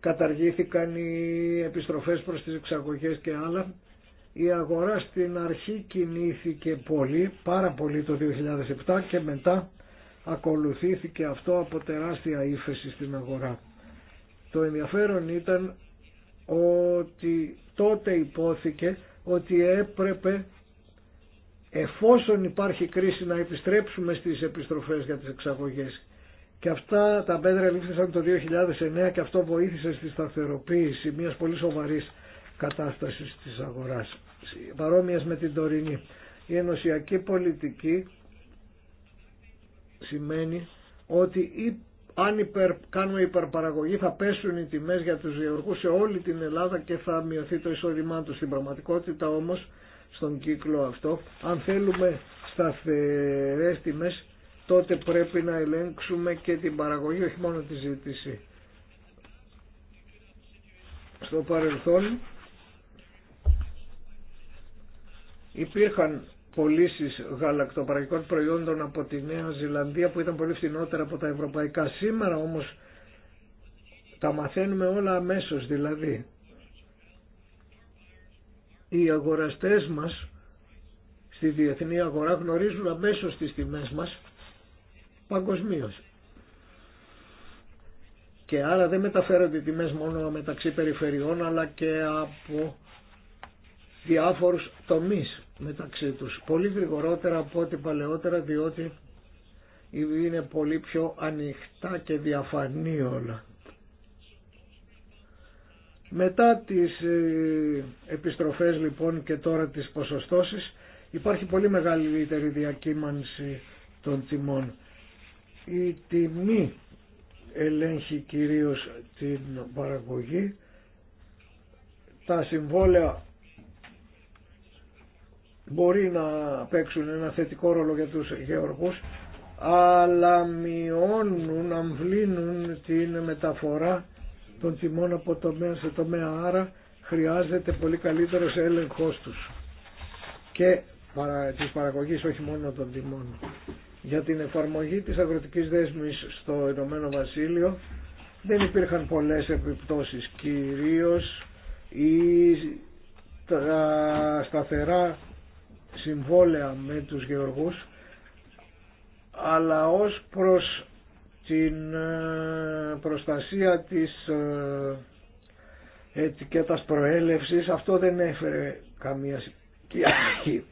καταργήθηκαν οι επιστροφές προς τις εξαγωγές και άλλα η αγορά στην αρχή κινήθηκε πολύ, πάρα πολύ το 2007 και μετά ακολουθήθηκε αυτό από τεράστια ύφεση στην αγορά. Το ενδιαφέρον ήταν ότι τότε υπόθηκε ότι έπρεπε εφόσον υπάρχει κρίση να επιστρέψουμε στις επιστροφές για τις εξαγωγές. Και αυτά τα μέτρα λήφθησαν το 2009 και αυτό βοήθησε στη σταθεροποίηση μιας πολύ σοβαρής κατάστασης της αγοράς, παρόμοιας με την τωρινή. Η ενωσιακή πολιτική σημαίνει ότι αν κάνουμε υπερπαραγωγή θα πέσουν οι τιμές για τους γεωργούς σε όλη την Ελλάδα και θα μειωθεί το εισόδημά τους. Στην πραγματικότητα όμως στον κύκλο αυτό. Αν θέλουμε σταθερές τιμές τότε πρέπει να ελέγξουμε και την παραγωγή, όχι μόνο τη ζήτηση. Στο παρελθόν υπήρχαν πωλήσει γαλακτοπαραγικών προϊόντων από τη Νέα Ζηλανδία που ήταν πολύ φθηνότερα από τα ευρωπαϊκά. Σήμερα όμως τα μαθαίνουμε όλα αμέσως δηλαδή οι αγοραστές μας στη διεθνή αγορά γνωρίζουν αμέσως τις τιμές μας παγκοσμίω. Και άρα δεν μεταφέρονται οι τιμές μόνο μεταξύ περιφερειών αλλά και από διάφορους τομείς μεταξύ τους. Πολύ γρηγορότερα από ό,τι παλαιότερα διότι είναι πολύ πιο ανοιχτά και διαφανή όλα. Μετά τις ε, επιστροφές λοιπόν και τώρα τις ποσοστώσεις υπάρχει πολύ μεγαλύτερη διακύμανση των τιμών. Η τιμή ελέγχει κυρίως την παραγωγή. Τα συμβόλαια μπορεί να παίξουν ένα θετικό ρόλο για τους γεωργούς αλλά μειώνουν, αμβλύνουν την μεταφορά των τιμών από τομέα σε τομέα. Άρα χρειάζεται πολύ καλύτερο έλεγχος τους και της παραγωγής όχι μόνο των τιμών. Για την εφαρμογή της αγροτικής δέσμης στο Ηνωμένο Βασίλειο δεν υπήρχαν πολλές επιπτώσεις, κυρίως ή τα σταθερά συμβόλαια με τους γεωργούς αλλά ως προς την ε, προστασία της ε, ετικέτας προέλευσης αυτό δεν έφερε καμία αρχή.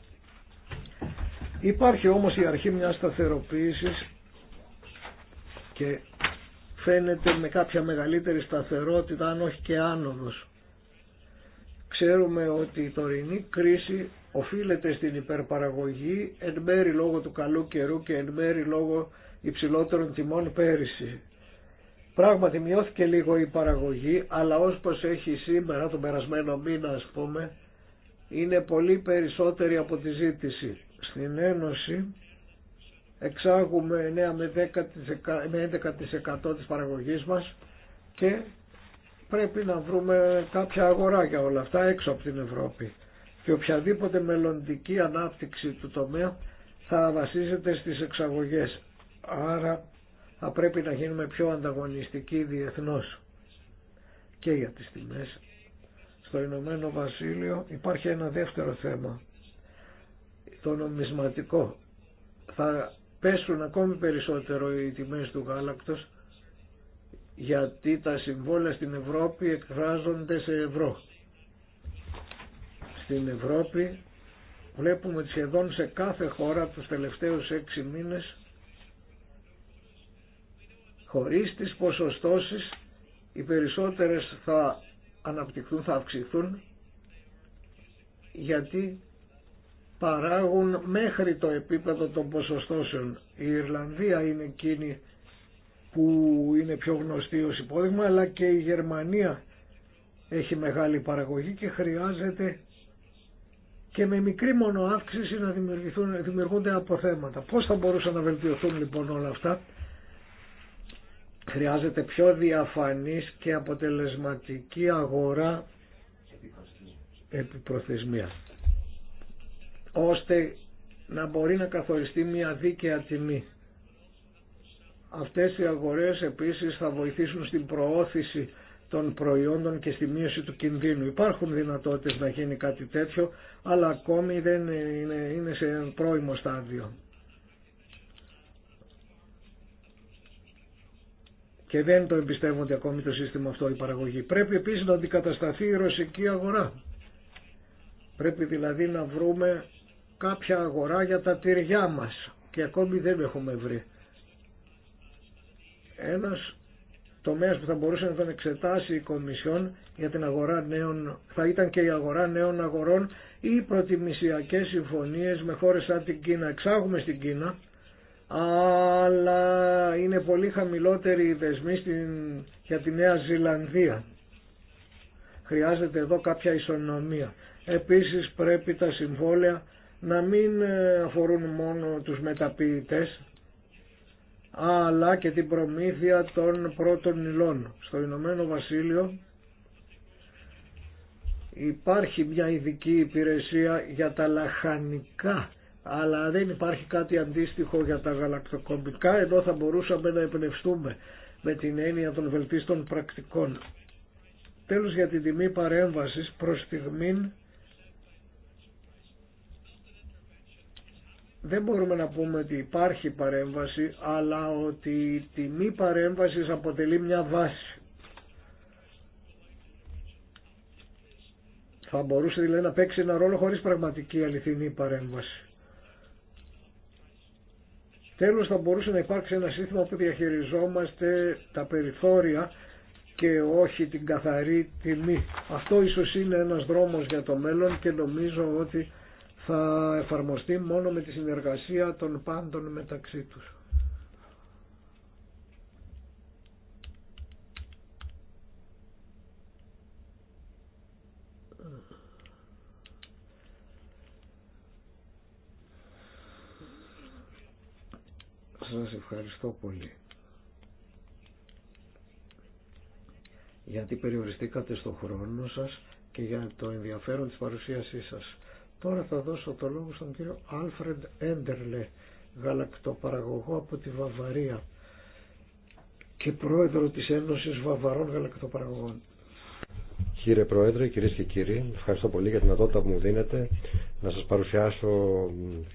Υπάρχει όμως η αρχή μιας σταθεροποίησης και φαίνεται με κάποια μεγαλύτερη σταθερότητα αν όχι και άνοδος. Ξέρουμε ότι η τωρινή κρίση οφείλεται στην υπερπαραγωγή εν μέρει λόγω του καλού καιρού και εν μέρει λόγω υψηλότερων τιμών πέρυσι. Πράγματι μειώθηκε λίγο η παραγωγή, αλλά όσπως έχει σήμερα, τον περασμένο μήνα ας πούμε, είναι πολύ περισσότερη από τη ζήτηση. Στην Ένωση εξάγουμε 9 με, 10, με 11% της παραγωγής μας και πρέπει να βρούμε κάποια αγορά για όλα αυτά έξω από την Ευρώπη. Και οποιαδήποτε μελλοντική ανάπτυξη του τομέα θα βασίζεται στις εξαγωγές. Άρα θα πρέπει να γίνουμε πιο ανταγωνιστικοί διεθνώς και για τις τιμές. Στο Ηνωμένο Βασίλειο υπάρχει ένα δεύτερο θέμα, το νομισματικό. Θα πέσουν ακόμη περισσότερο οι τιμές του γάλακτος γιατί τα συμβόλαια στην Ευρώπη εκφράζονται σε ευρώ. Στην Ευρώπη βλέπουμε σχεδόν σε κάθε χώρα τους τελευταίους έξι μήνες Χωρίς τις ποσοστώσεις οι περισσότερες θα αναπτυχθούν, θα αυξηθούν γιατί παράγουν μέχρι το επίπεδο των ποσοστώσεων. Η Ιρλανδία είναι εκείνη που είναι πιο γνωστή ως υπόδειγμα αλλά και η Γερμανία έχει μεγάλη παραγωγή και χρειάζεται και με μικρή μόνο αύξηση να δημιουργηθούν, δημιουργούνται αποθέματα. Πώς θα μπορούσαν να βελτιωθούν λοιπόν όλα αυτά Χρειάζεται πιο διαφανής και αποτελεσματική αγορά επιπροθεσμία ώστε να μπορεί να καθοριστεί μια δίκαια τιμή. Αυτές οι αγορές επίσης θα βοηθήσουν στην προώθηση των προϊόντων και στη μείωση του κινδύνου. Υπάρχουν δυνατότητες να γίνει κάτι τέτοιο, αλλά ακόμη δεν είναι, είναι σε πρώιμο στάδιο. και δεν το εμπιστεύονται ακόμη το σύστημα αυτό η παραγωγή. Πρέπει επίσης να αντικατασταθεί η ρωσική αγορά. Πρέπει δηλαδή να βρούμε κάποια αγορά για τα τυριά μας και ακόμη δεν έχουμε βρει. Ένας τομέας που θα μπορούσε να τον εξετάσει η Κομισιόν για την αγορά νέων, θα ήταν και η αγορά νέων αγορών ή προτιμησιακές συμφωνίες με χώρες σαν την Κίνα. Εξάγουμε στην Κίνα αλλά είναι πολύ χαμηλότεροι οι δεσμοί στην, για τη Νέα Ζηλανδία. Χρειάζεται εδώ κάποια ισονομία. Επίσης πρέπει τα συμβόλαια να μην ε, αφορούν μόνο τους μεταποιητές, αλλά και την προμήθεια των πρώτων υλών. Στο Ηνωμένο Βασίλειο υπάρχει μια ειδική υπηρεσία για τα λαχανικά αλλά δεν υπάρχει κάτι αντίστοιχο για τα γαλακτοκομικά εδώ θα μπορούσαμε να εμπνευστούμε με την έννοια των βελτίστων πρακτικών. Τέλος για την τιμή παρέμβασης προς στιγμήν δεν μπορούμε να πούμε ότι υπάρχει παρέμβαση αλλά ότι η τιμή παρέμβασης αποτελεί μια βάση. Θα μπορούσε δηλαδή να παίξει ένα ρόλο χωρίς πραγματική αληθινή παρέμβαση. Τέλος θα μπορούσε να υπάρξει ένα σύστημα που διαχειριζόμαστε τα περιθώρια και όχι την καθαρή τιμή. Αυτό ίσως είναι ένας δρόμος για το μέλλον και νομίζω ότι θα εφαρμοστεί μόνο με τη συνεργασία των πάντων μεταξύ τους. Σας ευχαριστώ πολύ. Γιατί περιοριστήκατε στο χρόνο σας και για το ενδιαφέρον της παρουσίασής σας. Τώρα θα δώσω το λόγο στον κύριο Άλφρεντ Έντερλε, γαλακτοπαραγωγό από τη Βαβαρία και πρόεδρο της Ένωσης Βαβαρών Γαλακτοπαραγωγών. Κύριε Πρόεδρε, κυρίε και κύριοι, ευχαριστώ πολύ για την ατότητα που μου δίνετε να σας παρουσιάσω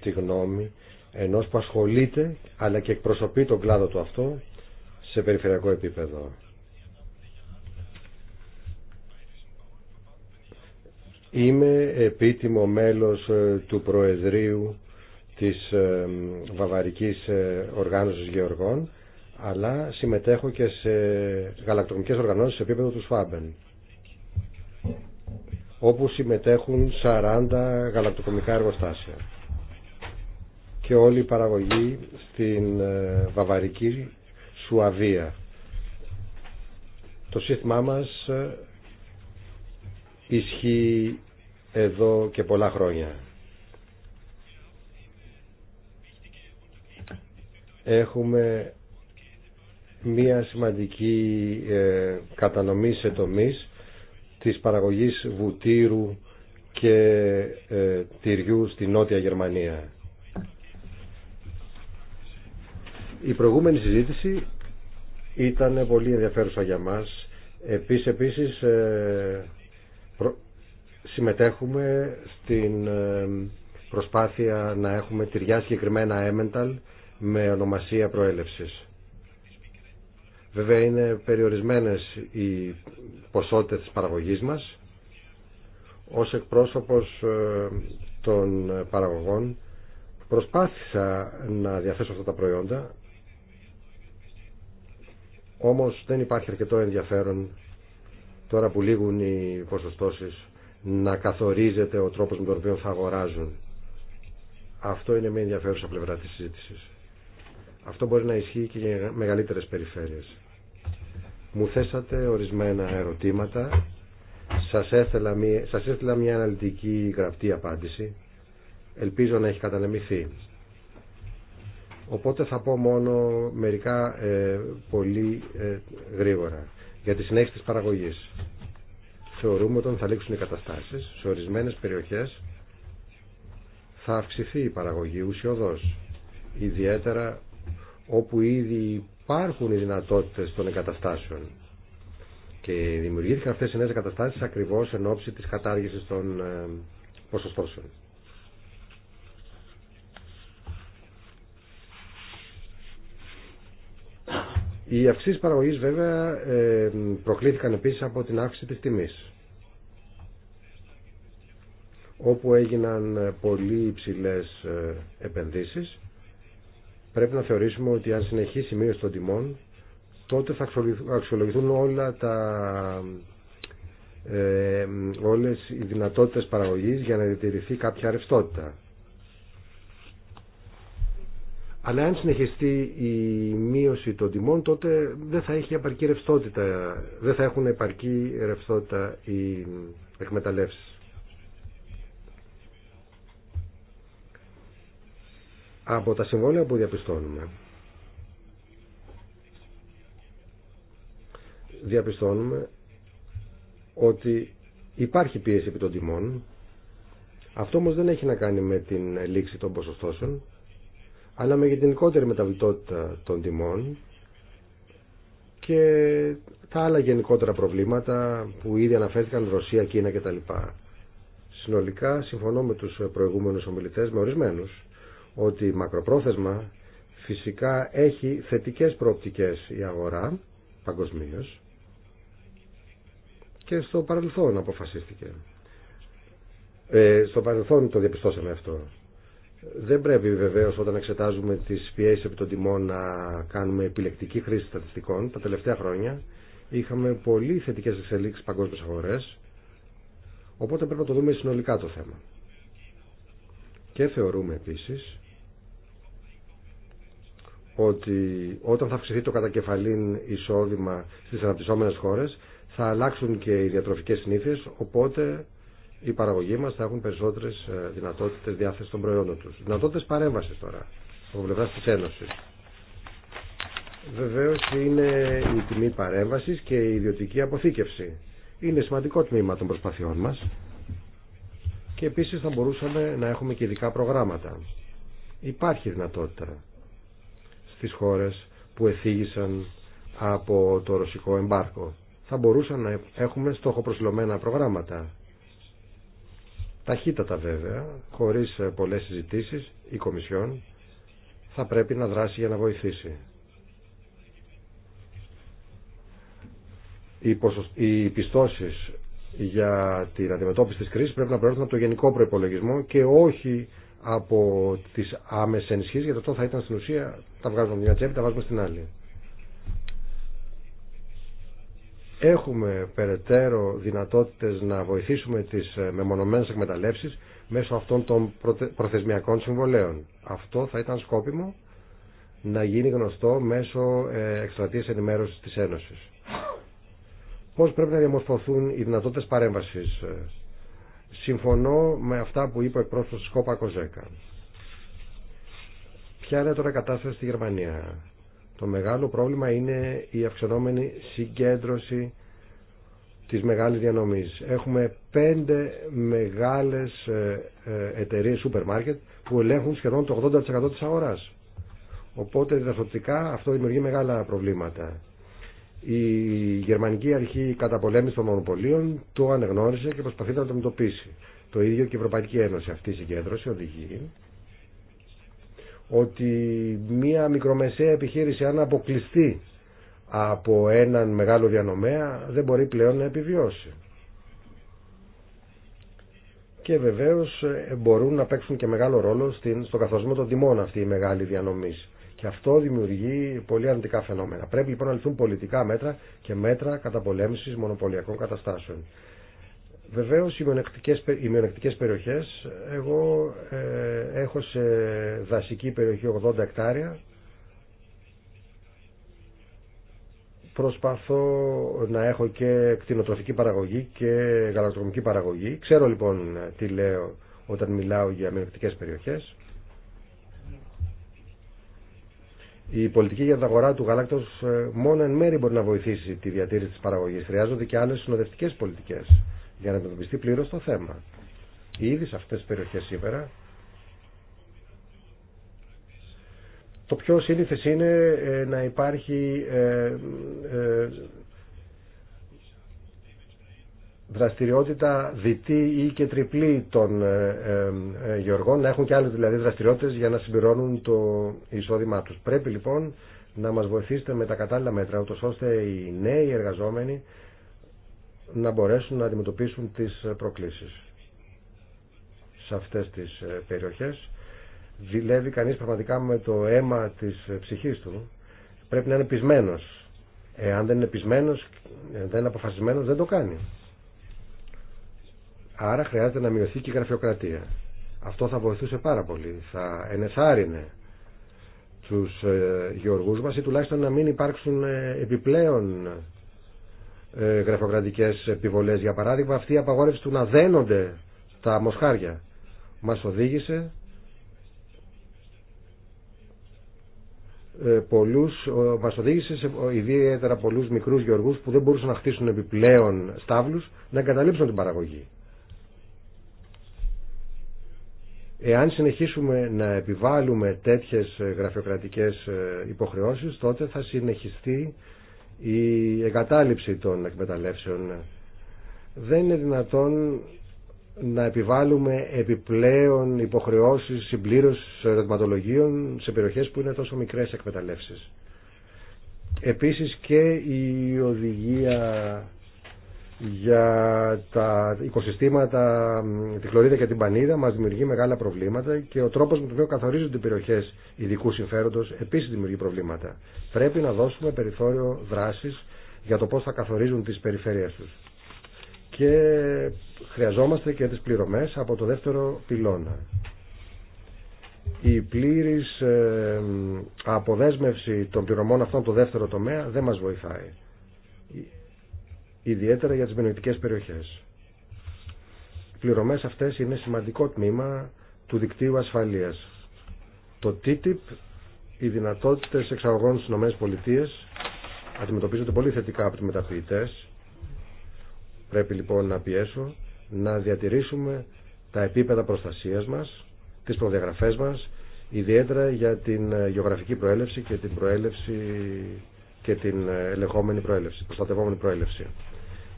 τη γνώμη ενός που ασχολείται αλλά και εκπροσωπεί τον κλάδο του αυτό σε περιφερειακό επίπεδο. Είμαι επίτιμο μέλος ε, του Προεδρίου της ε, Βαβαρικής ε, Οργάνωσης Γεωργών αλλά συμμετέχω και σε γαλακτοκομικές οργανώσεις σε επίπεδο του ΣΦΑΜΠΕΝ όπου συμμετέχουν 40 γαλακτοκομικά εργοστάσια και όλη η παραγωγή στην ε, βαβαρική Σουαβία. Το σύστημά μας ε, ισχύει εδώ και πολλά χρόνια. Έχουμε μία σημαντική ε, κατανομή σε τομείς της παραγωγής βουτύρου και τυριού στη Νότια Γερμανία. Η προηγούμενη συζήτηση ήταν πολύ ενδιαφέρουσα για μας. Επίσης, ε, συμμετέχουμε στην ε, προσπάθεια να έχουμε τυριά συγκεκριμένα έμενταλ με ονομασία προέλευσης. Βέβαια είναι περιορισμένες οι ποσότητες της παραγωγής μας. Ως εκπρόσωπος ε, των παραγωγών προσπάθησα να διαθέσω αυτά τα προϊόντα όμως δεν υπάρχει αρκετό ενδιαφέρον τώρα που λήγουν οι ποσοστώσεις να καθορίζεται ο τρόπος με τον οποίο θα αγοράζουν. Αυτό είναι μια ενδιαφέρουσα πλευρά της συζήτηση. Αυτό μπορεί να ισχύει και για μεγαλύτερες περιφέρειες. Μου θέσατε ορισμένα ερωτήματα. Σας έθελα μια, σας μια αναλυτική γραπτή απάντηση. Ελπίζω να έχει κατανεμηθεί. Οπότε θα πω μόνο μερικά ε, πολύ ε, γρήγορα για τη συνέχιση της παραγωγής. Θεωρούμε ότι θα λήξουν οι καταστάσεις σε ορισμένες περιοχές θα αυξηθεί η παραγωγή ουσιοδός ιδιαίτερα όπου ήδη υπάρχουν οι δυνατότητες των εγκαταστάσεων και δημιουργήθηκαν αυτές οι νέες εγκαταστάσεις ακριβώς εν ώψη της κατάργησης των ε, ποσοστώσεων. Οι αυξήσει παραγωγή βέβαια ε, προκλήθηκαν επίσης από την αύξηση τη τιμή, όπου έγιναν πολύ υψηλές ε, επενδύσεις πρέπει να θεωρήσουμε ότι αν συνεχίσει η μείωση των τιμών τότε θα αξιολογηθούν όλα τα, ε, όλες οι δυνατότητες παραγωγής για να διατηρηθεί κάποια ρευστότητα. Αλλά αν συνεχιστεί η μείωση των τιμών τότε δεν θα, έχει επαρκή ρευστότητα, δεν θα έχουν επαρκή ρευστότητα οι εκμεταλλεύσεις. Από τα συμβόλαια που διαπιστώνουμε διαπιστώνουμε ότι υπάρχει πίεση επί των τιμών αυτό όμως δεν έχει να κάνει με την λήξη των ποσοστώσεων αλλά με γενικότερη μεταβλητότητα των τιμών και τα άλλα γενικότερα προβλήματα που ήδη αναφέρθηκαν Ρωσία, Κίνα κτλ. Συνολικά συμφωνώ με τους προηγούμενους ομιλητές, με ορισμένους, ότι μακροπρόθεσμα φυσικά έχει θετικές προοπτικές η αγορά παγκοσμίω και στο παρελθόν αποφασίστηκε. Ε, στο παρελθόν το διαπιστώσαμε αυτό. Δεν πρέπει βεβαίω όταν εξετάζουμε τις πιέσει επί των τιμών να κάνουμε επιλεκτική χρήση στατιστικών. Τα τελευταία χρόνια είχαμε πολύ θετικέ εξελίξεις παγκόσμιε αγορές, οπότε πρέπει να το δούμε συνολικά το θέμα. Και θεωρούμε επίσης ότι όταν θα αυξηθεί το κατακεφαλήν εισόδημα στις αναπτυσσόμενες χώρες θα αλλάξουν και οι διατροφικές συνήθειες, οπότε οι παραγωγοί μα θα έχουν περισσότερε δυνατότητε διάθεση των προϊόντων του. Δυνατότητε παρέμβαση τώρα, από πλευρά τη Ένωση. Βεβαίω είναι η τιμή παρέμβαση και η ιδιωτική αποθήκευση. Είναι σημαντικό τμήμα των προσπαθειών μας και επίση θα μπορούσαμε να έχουμε και ειδικά προγράμματα. Υπάρχει δυνατότητα στι χώρες που εθίγησαν από το ρωσικό εμπάρκο. Θα μπορούσαν να έχουμε στόχο προσιλωμένα προγράμματα Ταχύτατα βέβαια, χωρίς ε, πολλές συζητήσεις, η Κομισιόν θα πρέπει να δράσει για να βοηθήσει. Οι πιστώσεις για την αντιμετώπιση της κρίσης πρέπει να προέρχονται από το γενικό προϋπολογισμό και όχι από τις άμεσες ενισχύσεις, γιατί αυτό θα ήταν στην ουσία, τα βγάζουμε από μια τσέπη, τα βάζουμε στην άλλη. Έχουμε περαιτέρω δυνατότητες να βοηθήσουμε τις ε, μεμονωμένες εκμεταλλεύσεις μέσω αυτών των προθεσμιακών συμβολέων. Αυτό θα ήταν σκόπιμο να γίνει γνωστό μέσω ε, εκστρατείας ενημέρωσης της Ένωσης. Πώς πρέπει να διαμορφωθούν οι δυνατότητες παρέμβασης. Ε, συμφωνώ με αυτά που είπε ο Σκόπα της Κόπα Κοζέκα. Ποια είναι τώρα η κατάσταση στη Γερμανία. Το μεγάλο πρόβλημα είναι η αυξανόμενη συγκέντρωση της μεγάλης διανομής. Έχουμε πέντε μεγάλες ε, ε, εταιρείες σούπερ μάρκετ που ελέγχουν σχεδόν το 80% της αγοράς. Οπότε διαφορετικά αυτό δημιουργεί μεγάλα προβλήματα. Η Γερμανική Αρχή Καταπολέμηση των Μονοπωλίων το ανεγνώρισε και προσπαθεί να το αντιμετωπίσει. Το ίδιο και η Ευρωπαϊκή Ένωση. Αυτή η συγκέντρωση οδηγεί ότι μία μικρομεσαία επιχείρηση αν αποκλειστεί από έναν μεγάλο διανομέα δεν μπορεί πλέον να επιβιώσει. Και βεβαίως ε, μπορούν να παίξουν και μεγάλο ρόλο στην, στο καθορισμό των τιμών αυτή η μεγάλη διανομή. Και αυτό δημιουργεί πολύ αρνητικά φαινόμενα. Πρέπει λοιπόν να λυθούν πολιτικά μέτρα και μέτρα καταπολέμησης μονοπωλιακών καταστάσεων. Βεβαίως οι μειονεκτικές, οι μειονεκτικές περιοχές, εγώ ε, έχω σε δασική περιοχή 80 εκτάρια, προσπαθώ να έχω και κτηνοτροφική παραγωγή και γαλακτοκομική παραγωγή. Ξέρω λοιπόν τι λέω όταν μιλάω για μειονεκτικές περιοχές. Η πολιτική για την αγορά του γαλάκτος ε, μόνο εν μέρη μπορεί να βοηθήσει τη διατήρηση της παραγωγής. Χρειάζονται και άλλες συνοδευτικές πολιτικές για να αντιμετωπιστεί πλήρω το θέμα. Ήδη σε αυτέ τι περιοχέ σήμερα το πιο σύνηθε είναι ε, να υπάρχει ε, ε, δραστηριότητα διτή ή και τριπλή των γεωργών, να έχουν και άλλες δηλαδή δραστηριότητες για να συμπληρώνουν το εισόδημά τους. Πρέπει λοιπόν να μας βοηθήσετε με τα κατάλληλα μέτρα, ούτως ώστε οι νέοι εργαζόμενοι να μπορέσουν να αντιμετωπίσουν τις ε, προκλήσεις σε αυτές τις ε, περιοχές. Δουλεύει κανείς πραγματικά με το αίμα της ε, ψυχής του. Πρέπει να είναι πεισμένος. Εάν δεν είναι πεισμένος, δεν είναι αποφασισμένος, δεν το κάνει. Άρα χρειάζεται να μειωθεί και η γραφειοκρατία. Αυτό θα βοηθούσε πάρα πολύ. Θα ενεθάρρυνε τους γεωργούς μας ή τουλάχιστον να μην υπάρξουν επιπλέον ε, γραφειοκρατικές επιβολέ. για παράδειγμα αυτή η απαγόρευση του να δένονται τα μοσχάρια Μα οδήγησε ε, πολλούς, μας οδήγησε σε, ιδιαίτερα πολλούς μικρούς γεωργούς που δεν μπορούσαν να χτίσουν επιπλέον στάβλους να εγκαταλείψουν την παραγωγή. Εάν συνεχίσουμε να επιβάλλουμε τέτοιες γραφειοκρατικές ε, υποχρεώσεις τότε θα συνεχιστεί η εγκατάλειψη των εκμεταλλεύσεων. Δεν είναι δυνατόν να επιβάλλουμε επιπλέον υποχρεώσεις συμπλήρωσης ερωτηματολογίων σε περιοχές που είναι τόσο μικρές εκμεταλλεύσεις. Επίσης και η οδηγία για τα οικοσυστήματα, τη χλωρίδα και την πανίδα μας δημιουργεί μεγάλα προβλήματα και ο τρόπος με τον οποίο καθορίζονται οι περιοχές ειδικού συμφέροντος επίσης δημιουργεί προβλήματα. Πρέπει να δώσουμε περιθώριο δράσης για το πώς θα καθορίζουν τις περιφέρειες τους. Και χρειαζόμαστε και τις πληρωμές από το δεύτερο πυλώνα. Η πλήρης ε, αποδέσμευση των πληρωμών αυτών το δεύτερο τομέα δεν μας βοηθάει ιδιαίτερα για τις μενοητικές περιοχές. Οι πληρωμές αυτές είναι σημαντικό τμήμα του δικτύου ασφαλείας. Το TTIP, οι δυνατότητες εξαγωγών στις ΗΠΑ αντιμετωπίζονται πολύ θετικά από τους μεταποιητές. Πρέπει λοιπόν να πιέσω να διατηρήσουμε τα επίπεδα προστασίας μας, τις προδιαγραφές μας, ιδιαίτερα για την γεωγραφική προέλευση και την προέλευση και την ελεγχόμενη προέλευση, προστατευόμενη προέλευση.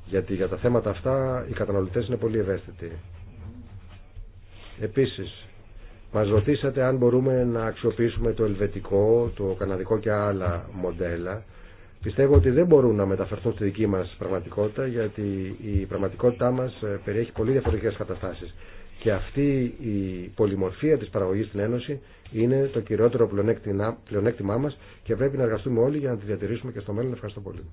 Γιατί για τα θέματα αυτά οι καταναλωτές είναι πολύ ευαίσθητοι. Επίσης, μας ρωτήσατε αν μπορούμε να αξιοποιήσουμε το ελβετικό, το καναδικό και άλλα μοντέλα. Πιστεύω ότι δεν μπορούν να μεταφερθούν στη δική μας πραγματικότητα, γιατί η πραγματικότητά μας ε, περιέχει πολύ διαφορετικές καταστάσεις. Και αυτή η πολυμορφία της παραγωγής στην Ένωση είναι το κυριότερο πλεονέκτημά μας και πρέπει να εργαστούμε όλοι για να τη διατηρήσουμε και στο μέλλον. Ευχαριστώ πολύ.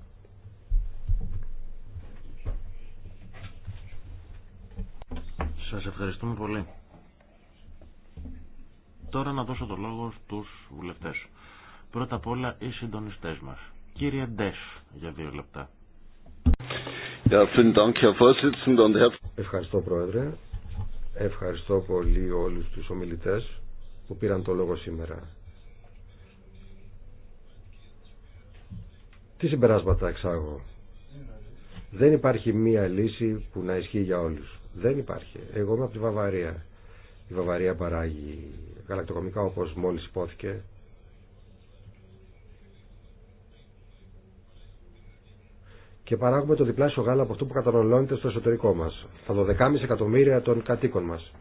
Σας ευχαριστούμε πολύ. Τώρα να δώσω το λόγο στους βουλευτές. Πρώτα απ' όλα οι συντονιστές μας. Κύριε Ντες, για δύο λεπτά. Ευχαριστώ Πρόεδρε Ευχαριστώ πολύ όλους τους ομιλητές που πήραν το λόγο σήμερα. Τι συμπεράσματα εξάγω. Δεν υπάρχει μία λύση που να ισχύει για όλους. Δεν υπάρχει. Εγώ είμαι από τη Βαβαρία. Η Βαβαρία παράγει γαλακτοκομικά όπως μόλις υπόθηκε και παράγουμε το διπλάσιο γάλα από αυτό που καταναλώνεται στο εσωτερικό μας. Τα 12,5 εκατομμύρια των κατοίκων μας.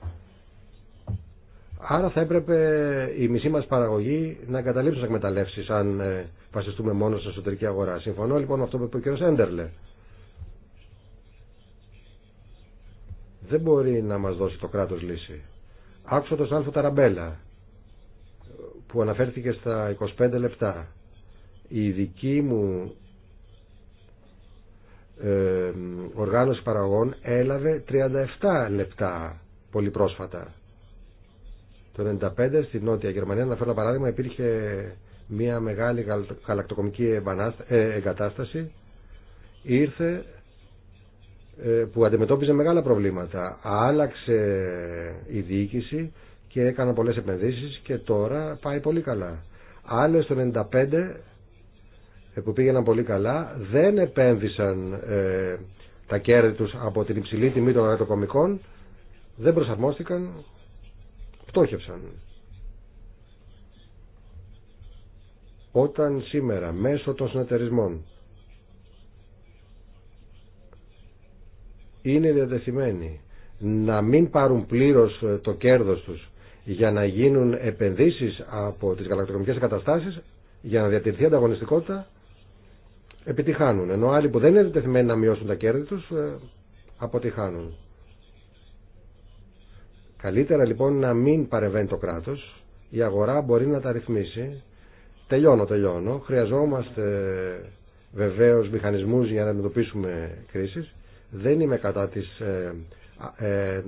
Άρα θα έπρεπε η μισή μας παραγωγή να εγκαταλείψει τις εκμεταλλεύσεις αν ε, βασιστούμε μόνο στην εσωτερική αγορά. Συμφωνώ λοιπόν με αυτό που είπε ο κ. Έντερλε. Δεν μπορεί να μας δώσει το κράτος λύση. Άκουσα τον Σάλφο Ταραμπέλα που αναφέρθηκε στα 25 λεπτά. Η δική μου ε, οργάνωση παραγών έλαβε 37 λεπτά πολύ πρόσφατα. Το 1995 στην Νότια Γερμανία, να φέρω ένα παράδειγμα, υπήρχε μια μεγάλη γαλακτοκομική ε, εγκατάσταση ήρθε ε, που αντιμετώπιζε μεγάλα προβλήματα. Άλλαξε η διοίκηση και έκανα πολλές επενδύσεις και τώρα πάει πολύ καλά. Άλλες το 95 που πήγαιναν πολύ καλά δεν επένδυσαν ε, τα κέρδη τους από την υψηλή τιμή των γαλακτοκομικών, δεν προσαρμόστηκαν πτώχευσαν όταν σήμερα μέσω των συνεταιρισμών είναι διατεθειμένοι να μην πάρουν πλήρως ε, το κέρδος τους για να γίνουν επενδύσεις από τις γαλακτοκομικές καταστάσεις για να διατηρηθεί ανταγωνιστικότητα επιτυχάνουν. Ενώ άλλοι που δεν είναι διτεθειμένοι να μειώσουν τα κέρδη τους ε, αποτυχάνουν. Καλύτερα λοιπόν να μην παρεμβαίνει το κράτος. Η αγορά μπορεί να τα ρυθμίσει. Τελειώνω, τελειώνω. Χρειαζόμαστε ε, βεβαίως μηχανισμούς για να αντιμετωπίσουμε κρίσεις. Δεν είμαι κατά της ε, ε,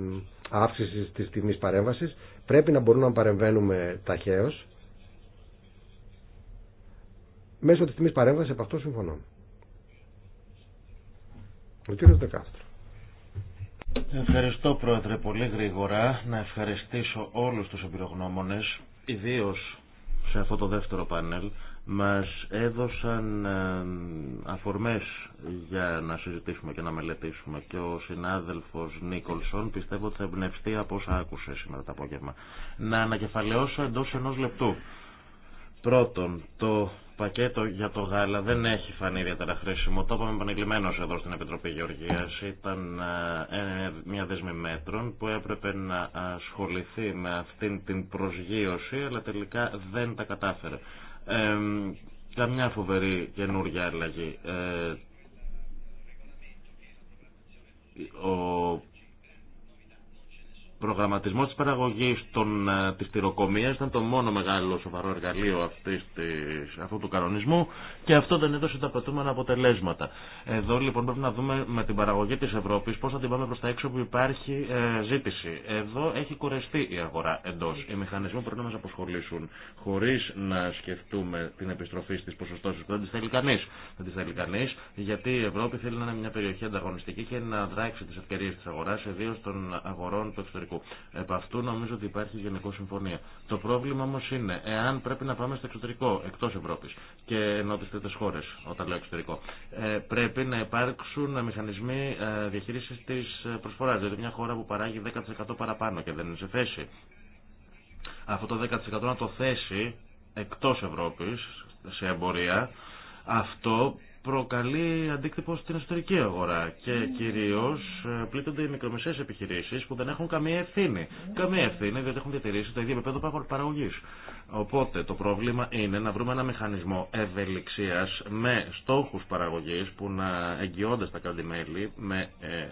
αύξησης της τιμής παρέμβασης. Πρέπει να μπορούμε να παρεμβαίνουμε ταχαίως. Μέσω της τιμής παρέμβασης από αυτό συμφωνώ. Ευχαριστώ Πρόεδρε πολύ γρήγορα να ευχαριστήσω όλους τους εμπειρογνώμονες, ιδίως σε αυτό το δεύτερο πάνελ, μας έδωσαν ε, αφορμές για να συζητήσουμε και να μελετήσουμε και ο συνάδελφος Νίκολσον πιστεύω ότι θα εμπνευστεί από όσα άκουσε σήμερα το απόγευμα. Να ανακεφαλαιώσω εντός ενός λεπτού. Πρώτον, το πακέτο για το γάλα δεν έχει φανεί ιδιαίτερα χρήσιμο. Το είπαμε επανειλημμένω εδώ στην Επιτροπή Γεωργία. Ήταν ε, ε, μια δεσμή μέτρων που έπρεπε να ασχοληθεί με αυτήν την προσγείωση, αλλά τελικά δεν τα κατάφερε. Ε, καμιά φοβερή καινούργια αλλαγή. Ε, προγραμματισμός της παραγωγής των, ε, της τυροκομείας ήταν το μόνο μεγάλο σοβαρό εργαλείο αυτής της, αυτού του κανονισμού και αυτό δεν έδωσε τα πετούμενα αποτελέσματα. Εδώ λοιπόν πρέπει να δούμε με την παραγωγή της Ευρώπης πώς θα την πάμε προς τα έξω που υπάρχει ε, ζήτηση. Εδώ έχει κουρεστεί η αγορά εντός. Οι μηχανισμοί πρέπει να μας αποσχολήσουν χωρίς να σκεφτούμε την επιστροφή στις ποσοστώσεις που δεν τις θέλει κανείς. Δεν τις θέλει κανείς γιατί η Ευρώπη θέλει να είναι μια περιοχή ανταγωνιστική και να δράξει τις ευκαιρίες της αγοράς ιδίως των αγορών του εξωτερικού εξωτερικού. Επ' αυτού νομίζω ότι υπάρχει γενικό συμφωνία. Το πρόβλημα όμω είναι εάν πρέπει να πάμε στο εξωτερικό, εκτό Ευρώπη και ενώ τι τρίτε χώρε, όταν λέω εξωτερικό. Ε, πρέπει να υπάρξουν μηχανισμοί ε, διαχείριση τη ε, προσφορά. Δηλαδή μια χώρα που παράγει 10% παραπάνω και δεν είναι σε θέση αυτό το 10% να το θέσει εκτό Ευρώπης σε εμπορία αυτό προκαλεί αντίκτυπο στην εσωτερική αγορά και ναι. κυρίω ε, πλήττονται οι μικρομεσαίες επιχειρήσει που δεν έχουν καμία ευθύνη. Ναι. Καμία ευθύνη διότι έχουν διατηρήσει το ίδιο επίπεδο παραγωγή. Οπότε το πρόβλημα είναι να βρούμε ένα μηχανισμό ευελιξίας με στόχου παραγωγή που να εγγυώνται στα κράτη-μέλη ε,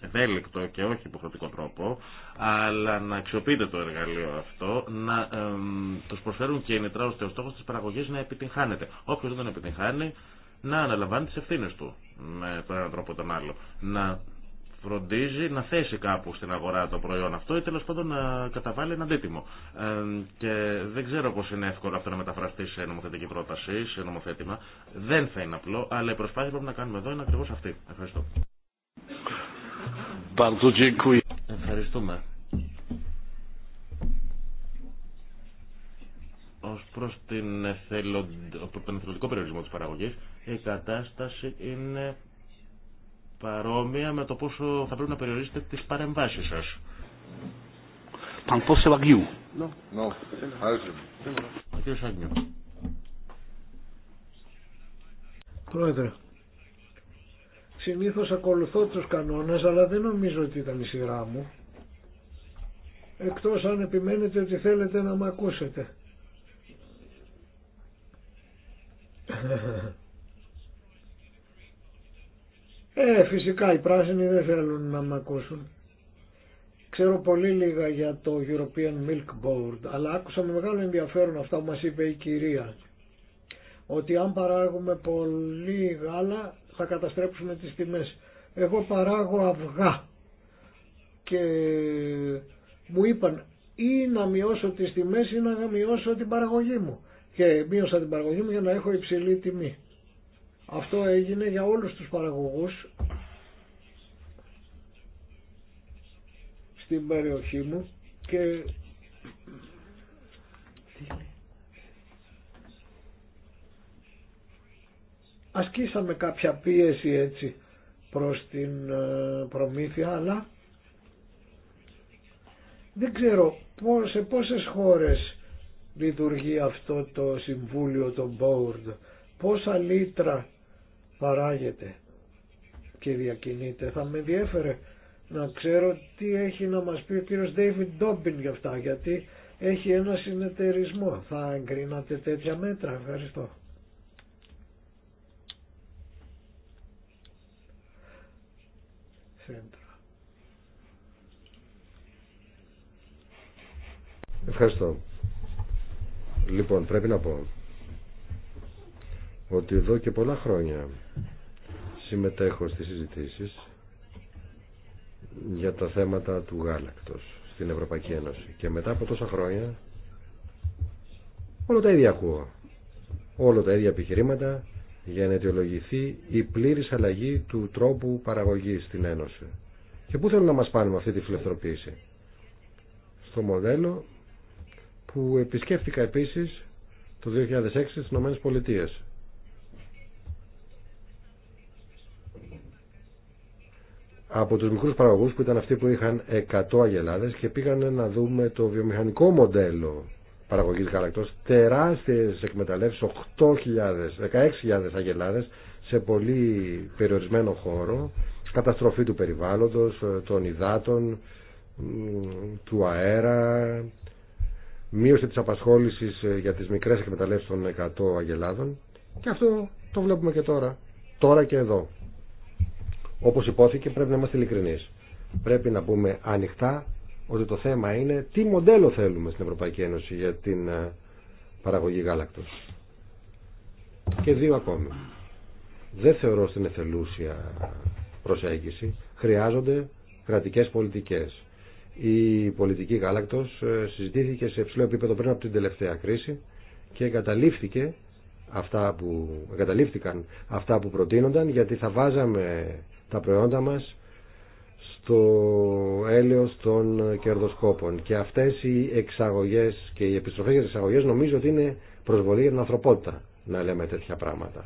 ευέλικτο και όχι υποχρεωτικό τρόπο, αλλά να αξιοποιείται το εργαλείο αυτό, να ε, τους προσφέρουν κίνητρα ώστε ο στόχος της παραγωγής να επιτυγχάνεται. Όποιος δεν τον επιτυγχάνει, να αναλαμβάνει τις ευθύνες του με τον έναν τρόπο τον άλλο. Να φροντίζει να θέσει κάπου στην αγορά το προϊόν αυτό ή τέλο πάντων να καταβάλει ένα αντίτιμο. Ε, και δεν ξέρω πώ είναι εύκολο αυτό να μεταφραστεί σε νομοθετική πρόταση, σε νομοθέτημα. Δεν θα είναι απλό, αλλά η προσπάθεια που πρέπει να κάνουμε εδώ είναι ακριβώ αυτή. Ευχαριστώ. Ευχαριστούμε. Ω προ την εθελοντικό περιορισμό τη παραγωγή, η κατάσταση είναι παρόμοια με το πόσο θα πρέπει να περιορίσετε τι παρεμβάσει σα. Ναι. Ναι. Πρόεδρε, Συνήθως ακολουθώ τους κανόνες, αλλά δεν νομίζω ότι ήταν η σειρά μου. Εκτός αν επιμένετε ότι θέλετε να με ακούσετε. Ε, φυσικά οι πράσινοι δεν θέλουν να με ακούσουν. Ξέρω πολύ λίγα για το European Milk Board, αλλά άκουσα με μεγάλο ενδιαφέρον αυτά που μας είπε η κυρία. Ότι αν παράγουμε πολύ γάλα θα καταστρέψουμε τις τιμές. Εγώ παράγω αυγά και μου είπαν ή να μειώσω τις τιμές ή να μειώσω την παραγωγή μου. Και μείωσα την παραγωγή μου για να έχω υψηλή τιμή. Αυτό έγινε για όλους τους παραγωγούς στην περιοχή μου και ασκήσαμε κάποια πίεση έτσι προς την ε, προμήθεια αλλά δεν ξέρω σε πόσες χώρες λειτουργεί αυτό το συμβούλιο, το board, πόσα λίτρα παράγεται και διακινείται. Θα με ενδιαφέρε να ξέρω τι έχει να μας πει ο κύριος David Dobbin για αυτά, γιατί έχει ένα συνεταιρισμό. Θα εγκρίνατε τέτοια μέτρα. Ευχαριστώ. Ευχαριστώ. Λοιπόν, πρέπει να πω ότι εδώ και πολλά χρόνια συμμετέχω στις συζητήσεις για τα θέματα του γάλακτος στην Ευρωπαϊκή Ένωση και μετά από τόσα χρόνια όλο τα ίδια ακούω όλο τα ίδια επιχειρήματα για να αιτιολογηθεί η πλήρης αλλαγή του τρόπου παραγωγής στην Ένωση. Και πού θέλουν να μας πάνε με αυτή τη φιλευθροποίηση. Στο μοντέλο που επισκέφτηκα επίσης το 2006 στις Ηνωμένες Πολιτείες. Από τους μικρούς παραγωγούς που ήταν αυτοί που είχαν 100 αγελάδες και πήγαν να δούμε το βιομηχανικό μοντέλο παραγωγή γαλακτό, τεράστιες εκμεταλλεύσει, 8.000, 16.000 αγελάδε σε πολύ περιορισμένο χώρο, καταστροφή του περιβάλλοντο, ε, των υδάτων, του αέρα, μείωση τη απασχόληση ε, για τι μικρέ εκμεταλλεύσει των 100 αγελάδων και αυτό το βλέπουμε και τώρα, τώρα και εδώ. Όπω υπόθηκε πρέπει να είμαστε ειλικρινεί. Πρέπει να πούμε ανοιχτά ότι το θέμα είναι τι μοντέλο θέλουμε στην Ευρωπαϊκή Ένωση για την ε, παραγωγή γάλακτος. Και δύο ακόμη. Δεν θεωρώ στην εθελούσια προσέγγιση. Χρειάζονται κρατικές πολιτικές. Η πολιτική γάλακτος ε, συζητήθηκε σε υψηλό επίπεδο πριν από την τελευταία κρίση και εγκαταλείφθηκε αυτά που, εγκαταλείφθηκαν αυτά που προτείνονταν γιατί θα βάζαμε τα προϊόντα μας στο έλεος των κερδοσκόπων. Και αυτές οι εξαγωγές και οι επιστροφές για τις εξαγωγές νομίζω ότι είναι προσβολή για την ανθρωπότητα να λέμε τέτοια πράγματα.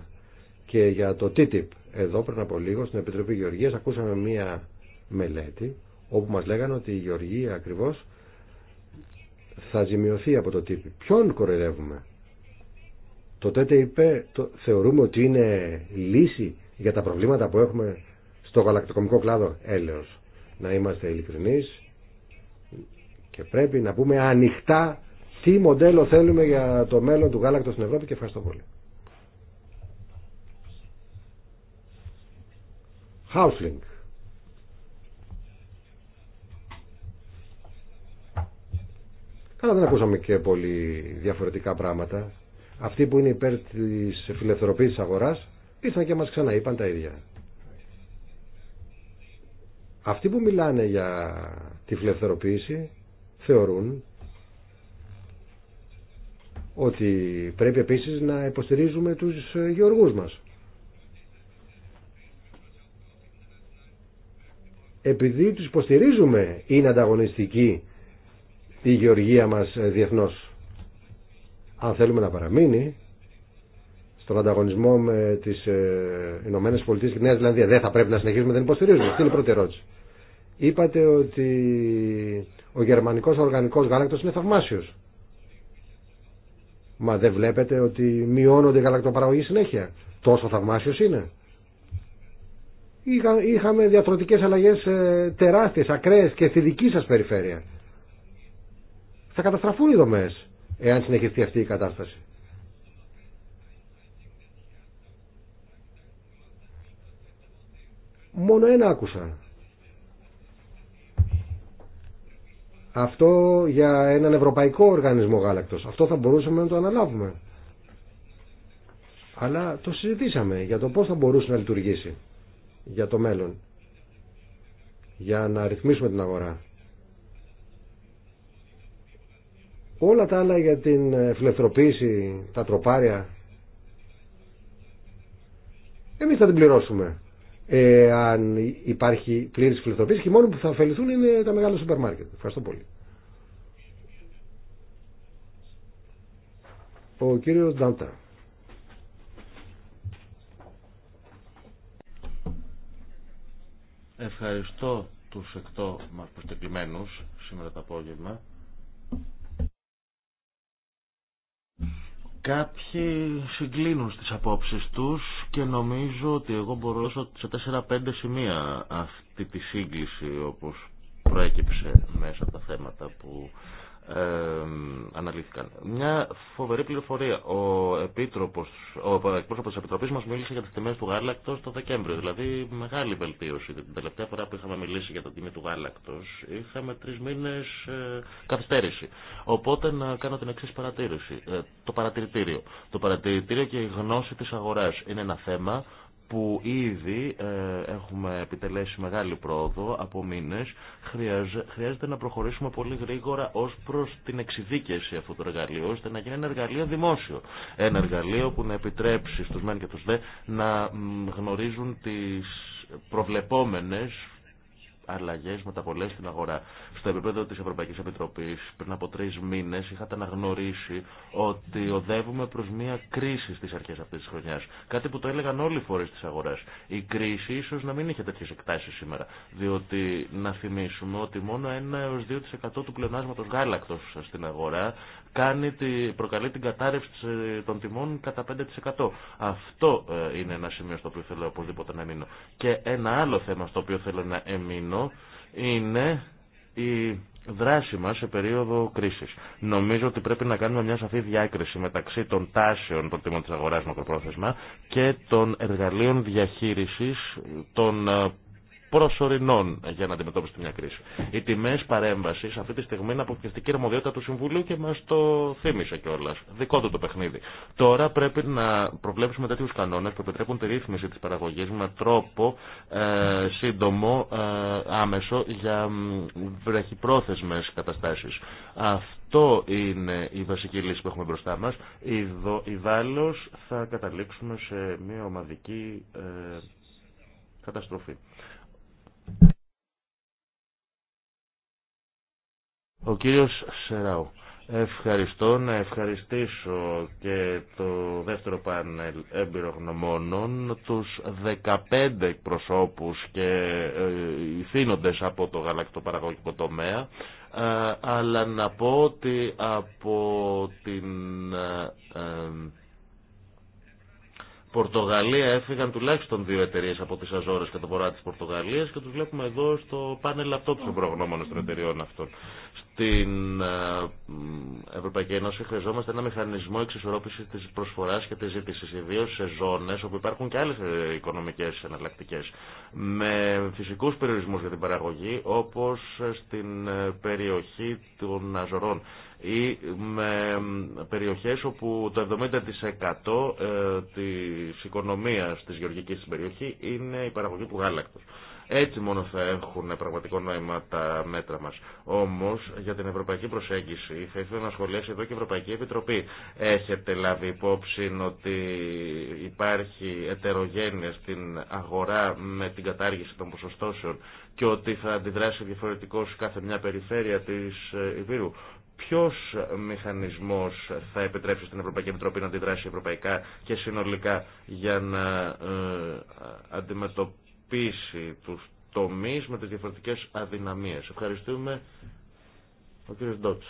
Και για το TTIP, εδώ πριν από λίγο στην Επιτροπή Γεωργίας ακούσαμε μία μελέτη όπου μας λέγανε ότι η Γεωργία ακριβώς θα ζημιωθεί από το TTIP. Ποιον κοροϊδεύουμε. Το TTIP το, θεωρούμε ότι είναι λύση για τα προβλήματα που έχουμε στο γαλακτοκομικό κλάδο έλεος να είμαστε ειλικρινείς και πρέπει να πούμε ανοιχτά τι μοντέλο θέλουμε για το μέλλον του γάλακτος στην Ευρώπη και ευχαριστώ πολύ. Housling. Καλά δεν ακούσαμε και πολύ διαφορετικά πράγματα. Αυτοί που είναι υπέρ της φιλευθερωπής της αγοράς ήρθαν και μας ξαναείπαν τα ίδια. Αυτοί που μιλάνε για τη φλευθεροποίηση θεωρούν ότι πρέπει επίσης να υποστηρίζουμε τους γεωργούς μας. Επειδή τους υποστηρίζουμε είναι ανταγωνιστική η γεωργία μας διεθνώς. Αν θέλουμε να παραμείνει στον ανταγωνισμό με τις ε, Ηνωμένες Πολιτείες και Νέα δεν θα πρέπει να συνεχίσουμε, την υποστηρίζουμε. Αυτή είναι η πρώτη ερώτηση. Είπατε ότι ο γερμανικός οργανικός γάλακτος είναι θαυμάσιος. Μα δεν βλέπετε ότι μειώνονται οι γαλακτοπαραγωγοί συνέχεια. Τόσο θαυμάσιος είναι. είχαμε διατροτικές αλλαγές ε, τεράστιες, ακραίες και στη δική σας περιφέρεια. Θα καταστραφούν οι δομές εάν συνεχιστεί αυτή η κατάσταση. Μόνο ένα άκουσα αυτό για έναν ευρωπαϊκό οργανισμό γάλακτος. Αυτό θα μπορούσαμε να το αναλάβουμε. Αλλά το συζητήσαμε για το πώς θα μπορούσε να λειτουργήσει για το μέλλον. Για να ρυθμίσουμε την αγορά. Όλα τα άλλα για την φιλευθροποίηση, τα τροπάρια. Εμείς θα την πληρώσουμε αν υπάρχει πλήρης φιλοθροπής και μόνο που θα ωφεληθούν είναι τα μεγάλα σούπερ μάρκετ. Ευχαριστώ πολύ. Ο κύριος Νταντά. Ευχαριστώ τους εκτό μας προσκεκλημένους σήμερα το απόγευμα. Κάποιοι συγκλίνουν στις απόψεις τους και νομίζω ότι εγώ μπορώ σε 4-5 σημεία αυτή τη σύγκληση όπως προέκυψε μέσα από τα θέματα που ε, αναλύθηκαν. Μια φοβερή πληροφορία. Ο, επίτροπος, ο εκπρόσωπο τη Επιτροπή μα μίλησε για τι τιμέ του γάλακτο το Δεκέμβριο. Δηλαδή, μεγάλη βελτίωση. Την τελευταία φορά που είχαμε μιλήσει για το τιμή του γάλακτο, είχαμε τρει μήνε ε, καθυστέρηση. Οπότε, να κάνω την εξή παρατήρηση. Ε, το παρατηρητήριο. Το παρατηρητήριο και η γνώση τη αγορά είναι ένα θέμα που ήδη ε, έχουμε επιτελέσει μεγάλη πρόοδο από μήνες, χρειάζεται να προχωρήσουμε πολύ γρήγορα ως προς την εξειδίκευση αυτού του εργαλείου, ώστε να γίνει ένα εργαλείο δημόσιο. Ένα εργαλείο που να επιτρέψει στους μεν και τους δε να γνωρίζουν τις προβλεπόμενες αλλαγέ μεταβολέ στην αγορά. Στο επίπεδο τη Ευρωπαϊκή Επιτροπή, πριν από τρει μήνε, είχατε αναγνωρίσει ότι οδεύουμε προ μια κρίση στι αρχέ αυτή τη χρονιά. Κάτι που το έλεγαν όλοι οι φορεί τη αγορά. Η κρίση ίσω να μην είχε τέτοιε εκτάσει σήμερα. Διότι να θυμίσουμε ότι μόνο 1 έω 2% του πλεονάσματο γάλακτο στην αγορά κάνει, προκαλεί την κατάρρευση των τιμών κατά 5%. Αυτό ε, είναι ένα σημείο στο οποίο θέλω οπωσδήποτε να μείνω. Και ένα άλλο θέμα στο οποίο θέλω να εμείνω είναι η δράση μας σε περίοδο κρίσης. Νομίζω ότι πρέπει να κάνουμε μια σαφή διάκριση μεταξύ των τάσεων των τιμών της αγοράς μακροπρόθεσμα και των εργαλείων διαχείρισης των ε, προσωρινών για να αντιμετώπιστε μια κρίση. Οι τιμέ παρέμβαση αυτή τη στιγμή είναι αποκλειστική αρμοδιότητα του Συμβουλίου και μα το θύμισε κιόλα. Δικό του το παιχνίδι. Τώρα πρέπει να προβλέψουμε τέτοιου κανόνε που επιτρέπουν τη ρύθμιση τη παραγωγή με τρόπο ε, σύντομο, ε, άμεσο για βραχυπρόθεσμε καταστάσει. Αυτό είναι η βασική λύση που έχουμε μπροστά μα. Ιδάλω θα καταλήξουμε σε μια ομαδική ε, καταστροφή. Ο κύριος Σεράου. Ευχαριστώ να ευχαριστήσω και το δεύτερο πάνελ εμπειρογνωμόνων τους 15 προσώπους και ε, ηθήνοντες από το γαλακτοπαραγωγικό τομέα ε, αλλά να πω ότι από την ε, Πορτογαλία έφυγαν τουλάχιστον δύο εταιρείε από τι Αζόρε και το βορρά τη Πορτογαλία και του βλέπουμε εδώ στο πάνελ αυτό των προγνώμων των εταιρεών αυτών στην ε, Ευρωπαϊκή Ένωση χρειαζόμαστε ένα μηχανισμό εξισορρόπηση τη προσφορά και τη ζήτηση, ιδίω σε ζώνε όπου υπάρχουν και άλλε οικονομικέ εναλλακτικέ. Με φυσικού περιορισμού για την παραγωγή, όπω στην ε, περιοχή των Αζωρών ή με ε, περιοχές όπου το 70% της οικονομίας της γεωργικής περιοχή είναι η παραγωγή του γάλακτος. Έτσι μόνο θα έχουν πραγματικό νόημα τα μέτρα μα. Όμω, για την ευρωπαϊκή προσέγγιση, θα ήθελα να σχολιάσει εδώ και η Ευρωπαϊκή Επιτροπή. Έχετε λάβει υπόψη ότι υπάρχει ετερογένεια στην αγορά με την κατάργηση των ποσοστώσεων και ότι θα αντιδράσει διαφορετικώ κάθε μια περιφέρεια τη Ιβύρου. Ε, Ποιο μηχανισμό θα επιτρέψει στην Ευρωπαϊκή Επιτροπή να αντιδράσει ευρωπαϊκά και συνολικά για να ε, αντιμετωπίσει εντοπίσει του τομεί με τι διαφορετικέ αδυναμίε. Ευχαριστούμε ο κύριο Ντότσο.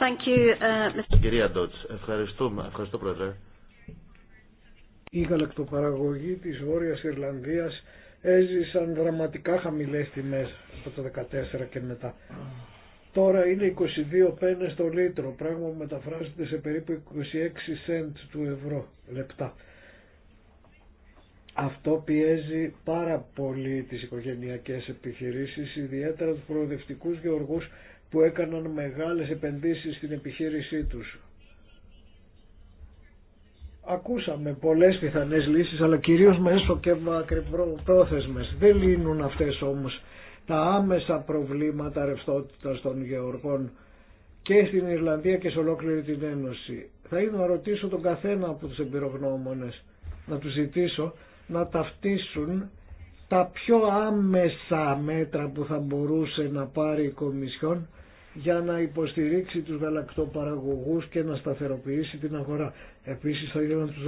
Thank you, uh, Κυρία Ντότς, ευχαριστούμε. Ευχαριστώ πρόεδρε. Η γαλακτοπαραγωγή της Βόρειας Ιρλανδίας έζησαν δραματικά χαμηλές τιμές από το 2014 και μετά. Τώρα είναι 22 πένες το λίτρο, πράγμα που μεταφράζεται σε περίπου 26 σέντ του ευρώ λεπτά. Αυτό πιέζει πάρα πολύ τις οικογενειακές επιχειρήσεις, ιδιαίτερα τους προοδευτικούς γεωργούς που έκαναν μεγάλες επενδύσεις στην επιχείρησή τους. Ακούσαμε πολλές πιθανές λύσεις, αλλά κυρίως μέσω και μακροπρόθεσμες. Δεν λύνουν αυτές όμως τα άμεσα προβλήματα ρευστότητας των γεωργών και στην Ιρλανδία και σε ολόκληρη την Ένωση. Θα ήθελα να ρωτήσω τον καθένα από τους εμπειρογνώμονες, να του ζητήσω να ταυτίσουν τα πιο άμεσα μέτρα που θα μπορούσε να πάρει η Κομισιόν για να υποστηρίξει τους γαλακτοπαραγωγούς και να σταθεροποιήσει την αγορά. Επίσης θα ήθελα να τους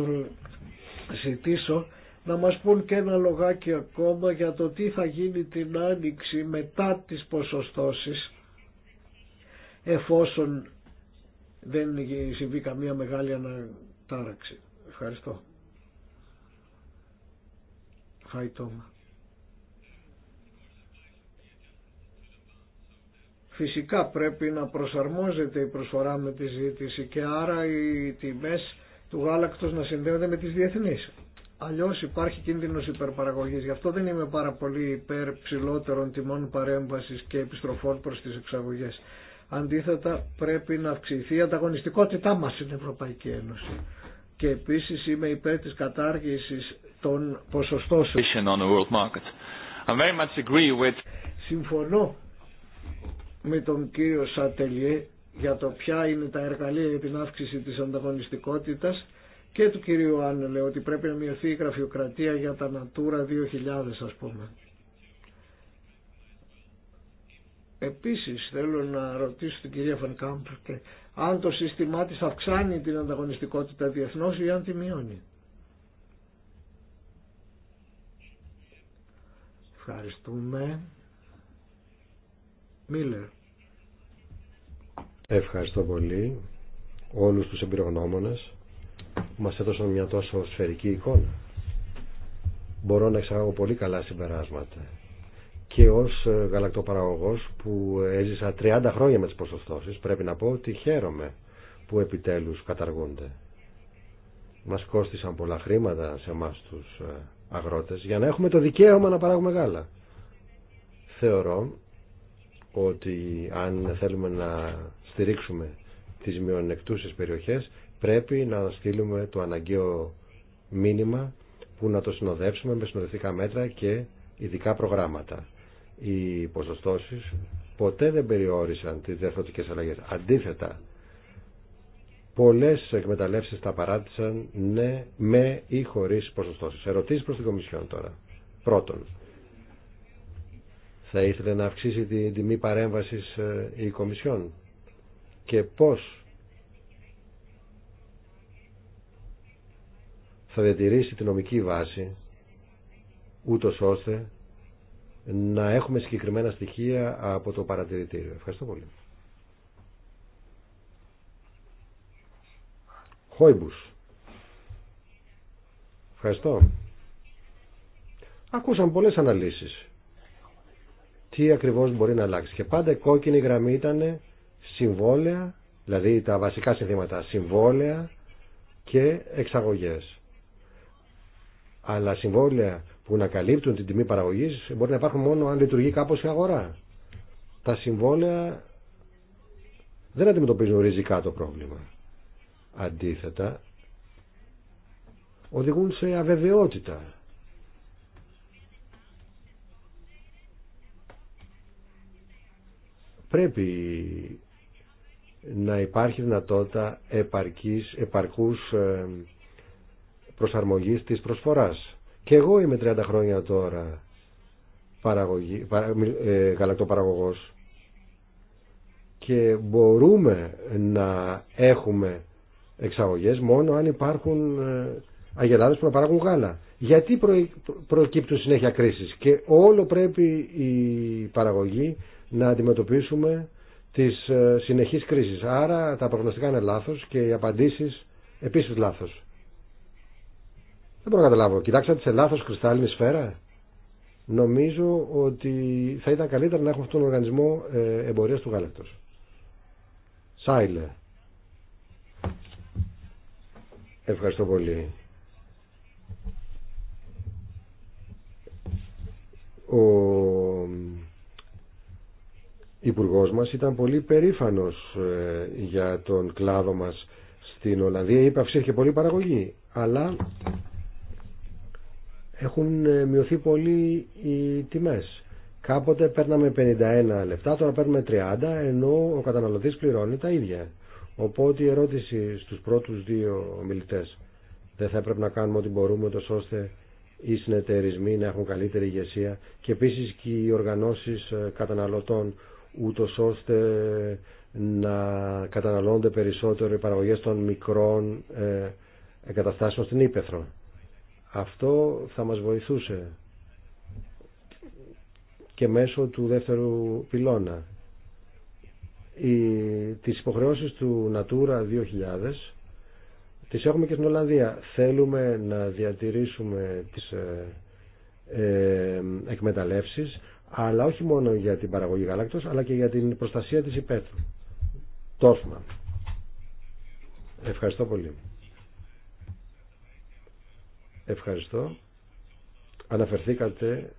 ζητήσω να μας πούν και ένα λογάκι ακόμα για το τι θα γίνει την άνοιξη μετά τις ποσοστώσεις εφόσον δεν συμβεί καμία μεγάλη ανατάραξη. Ευχαριστώ. Φυσικά πρέπει να προσαρμόζεται η προσφορά με τη ζήτηση και άρα οι τιμές του γάλακτος να συνδέονται με τις διεθνείς. Αλλιώς υπάρχει κίνδυνος υπερπαραγωγής. Γι' αυτό δεν είμαι πάρα πολύ υπέρ ψηλότερων τιμών παρέμβασης και επιστροφών προς τις εξαγωγές. Αντίθετα πρέπει να αυξηθεί η ανταγωνιστικότητά μας στην Ευρωπαϊκή Ένωση. Και επίσης είμαι υπέρ της κατάργησης των Συμφωνώ με τον κύριο Σατελιέ για το ποια είναι τα εργαλεία για την αύξηση της ανταγωνιστικότητας και του κυρίου Άννελε ότι πρέπει να μειωθεί η γραφειοκρατία για τα Natura 2000 ας πούμε. Επίσης θέλω να ρωτήσω την κυρία Φανκάμπ αν το σύστημά της αυξάνει την ανταγωνιστικότητα διεθνώς ή αν τη μειώνει. Ευχαριστούμε. Μίλλερ. Ευχαριστώ πολύ όλους τους εμπειρογνώμονες που μας έδωσαν μια τόσο σφαιρική εικόνα. Μπορώ να εξαγάγω πολύ καλά συμπεράσματα και ως ε, γαλακτοπαραγωγός που έζησα 30 χρόνια με τις ποσοστώσεις πρέπει να πω ότι χαίρομαι που επιτέλους καταργούνται. Μας κόστησαν πολλά χρήματα σε εμάς τους ε, αγρότες για να έχουμε το δικαίωμα να παράγουμε γάλα. Θεωρώ ότι αν θέλουμε να στηρίξουμε τις μειονεκτούσες περιοχές πρέπει να στείλουμε το αναγκαίο μήνυμα που να το συνοδεύσουμε με συνοδευτικά μέτρα και ειδικά προγράμματα. Οι ποσοστώσεις ποτέ δεν περιόρισαν τις διαρθρωτικές αλλαγές. Αντίθετα, Πολλές εκμεταλλεύσεις τα παράτησαν ναι, με ή χωρίς ποσοστώσεις. Ερωτήσεις προς την Κομισιόν τώρα. Πρώτον, θα ήθελε να αυξήσει την τιμή παρέμβασης ε, η Κομισιόν και πώς θα διατηρήσει την νομική βάση ούτω ώστε να έχουμε συγκεκριμένα στοιχεία από το παρατηρητήριο. Ευχαριστώ πολύ. Χόιμπους. Ευχαριστώ. Ακούσαμε πολλές αναλύσεις. Τι ακριβώς μπορεί να αλλάξει. Και πάντα η κόκκινη γραμμή ήταν συμβόλαια, δηλαδή τα βασικά συνθήματα, συμβόλαια και εξαγωγές. Αλλά συμβόλαια που να καλύπτουν την τιμή παραγωγής μπορεί να υπάρχουν μόνο αν λειτουργεί κάπως η αγορά. Τα συμβόλαια δεν αντιμετωπίζουν ριζικά το πρόβλημα αντίθετα οδηγούν σε αβεβαιότητα. Πρέπει να υπάρχει δυνατότητα επαρκής, επαρκούς ε, προσαρμογής της προσφοράς. Και εγώ είμαι 30 χρόνια τώρα παραγωγή, ε, γαλακτοπαραγωγός και μπορούμε να έχουμε εξαγωγές μόνο αν υπάρχουν ε, αγελάδε που να παράγουν γάλα. Γιατί προκύπτουν συνέχεια κρίσεις και όλο πρέπει η παραγωγή να αντιμετωπίσουμε τις ε, συνεχείς κρίσεις. Άρα τα προγνωστικά είναι λάθος και οι απαντήσεις επίσης λάθος. Δεν μπορώ να καταλάβω. Κοιτάξατε σε λάθο κρυστάλλινη σφαίρα. Νομίζω ότι θα ήταν καλύτερα να έχουμε αυτόν τον οργανισμό ε, εμπορία του γάλακτο. Σάιλε. Ευχαριστώ πολύ. Ο υπουργό μας ήταν πολύ περήφανος ε, για τον κλάδο μας στην Ολλανδία. Είπε έχει πολύ παραγωγή, αλλά έχουν ε, μειωθεί πολύ οι τιμές. Κάποτε παίρναμε 51 λεπτά, τώρα παίρνουμε 30, ενώ ο καταναλωτής πληρώνει τα ίδια. Οπότε η ερώτηση στους πρώτους δύο μιλητές δεν θα έπρεπε να κάνουμε ό,τι μπορούμε τόσο ώστε οι συνεταιρισμοί να έχουν καλύτερη ηγεσία και επίσης και οι οργανώσεις ε, καταναλωτών ούτω ώστε να καταναλώνονται περισσότερο οι παραγωγές των μικρών ε, εγκαταστάσεων στην Ήπεθρο. Αυτό θα μας βοηθούσε και μέσω του δεύτερου πυλώνα οι, τις υποχρεώσεις του Natura 2000 τις έχουμε και στην Ολλανδία. Θέλουμε να διατηρήσουμε τις ε, ε, εκμεταλλεύσεις, αλλά όχι μόνο για την παραγωγή γάλακτος, αλλά και για την προστασία της υπέτρου. Τόσμα. Ευχαριστώ πολύ. Ευχαριστώ. Αναφερθήκατε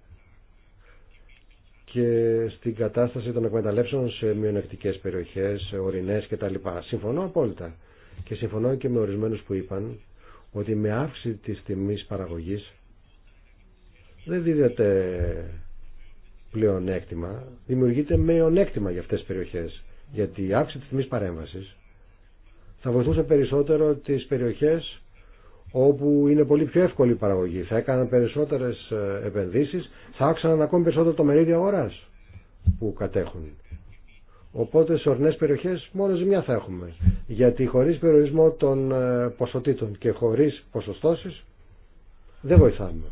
και στην κατάσταση των εκμεταλλεύσεων σε μειονεκτικέ περιοχές, ορεινέ κτλ. Συμφωνώ απόλυτα και συμφωνώ και με ορισμένους που είπαν ότι με αύξηση της τιμής παραγωγής δεν δίδεται πλεονέκτημα, δημιουργείται μειονέκτημα για αυτές τις περιοχές. Γιατί η αύξηση τη τιμής παρέμβασης θα βοηθούσε περισσότερο τι περιοχές όπου είναι πολύ πιο εύκολη η παραγωγή. Θα έκαναν περισσότερες ε, επενδύσεις, θα άξαναν ακόμη περισσότερο το μερίδιο αγορά που κατέχουν. Οπότε σε ορνέ περιοχές μόνο ζημιά θα έχουμε. Γιατί χωρί περιορισμό των ε, ποσοτήτων και χωρί ποσοστώσεις δεν βοηθάμε.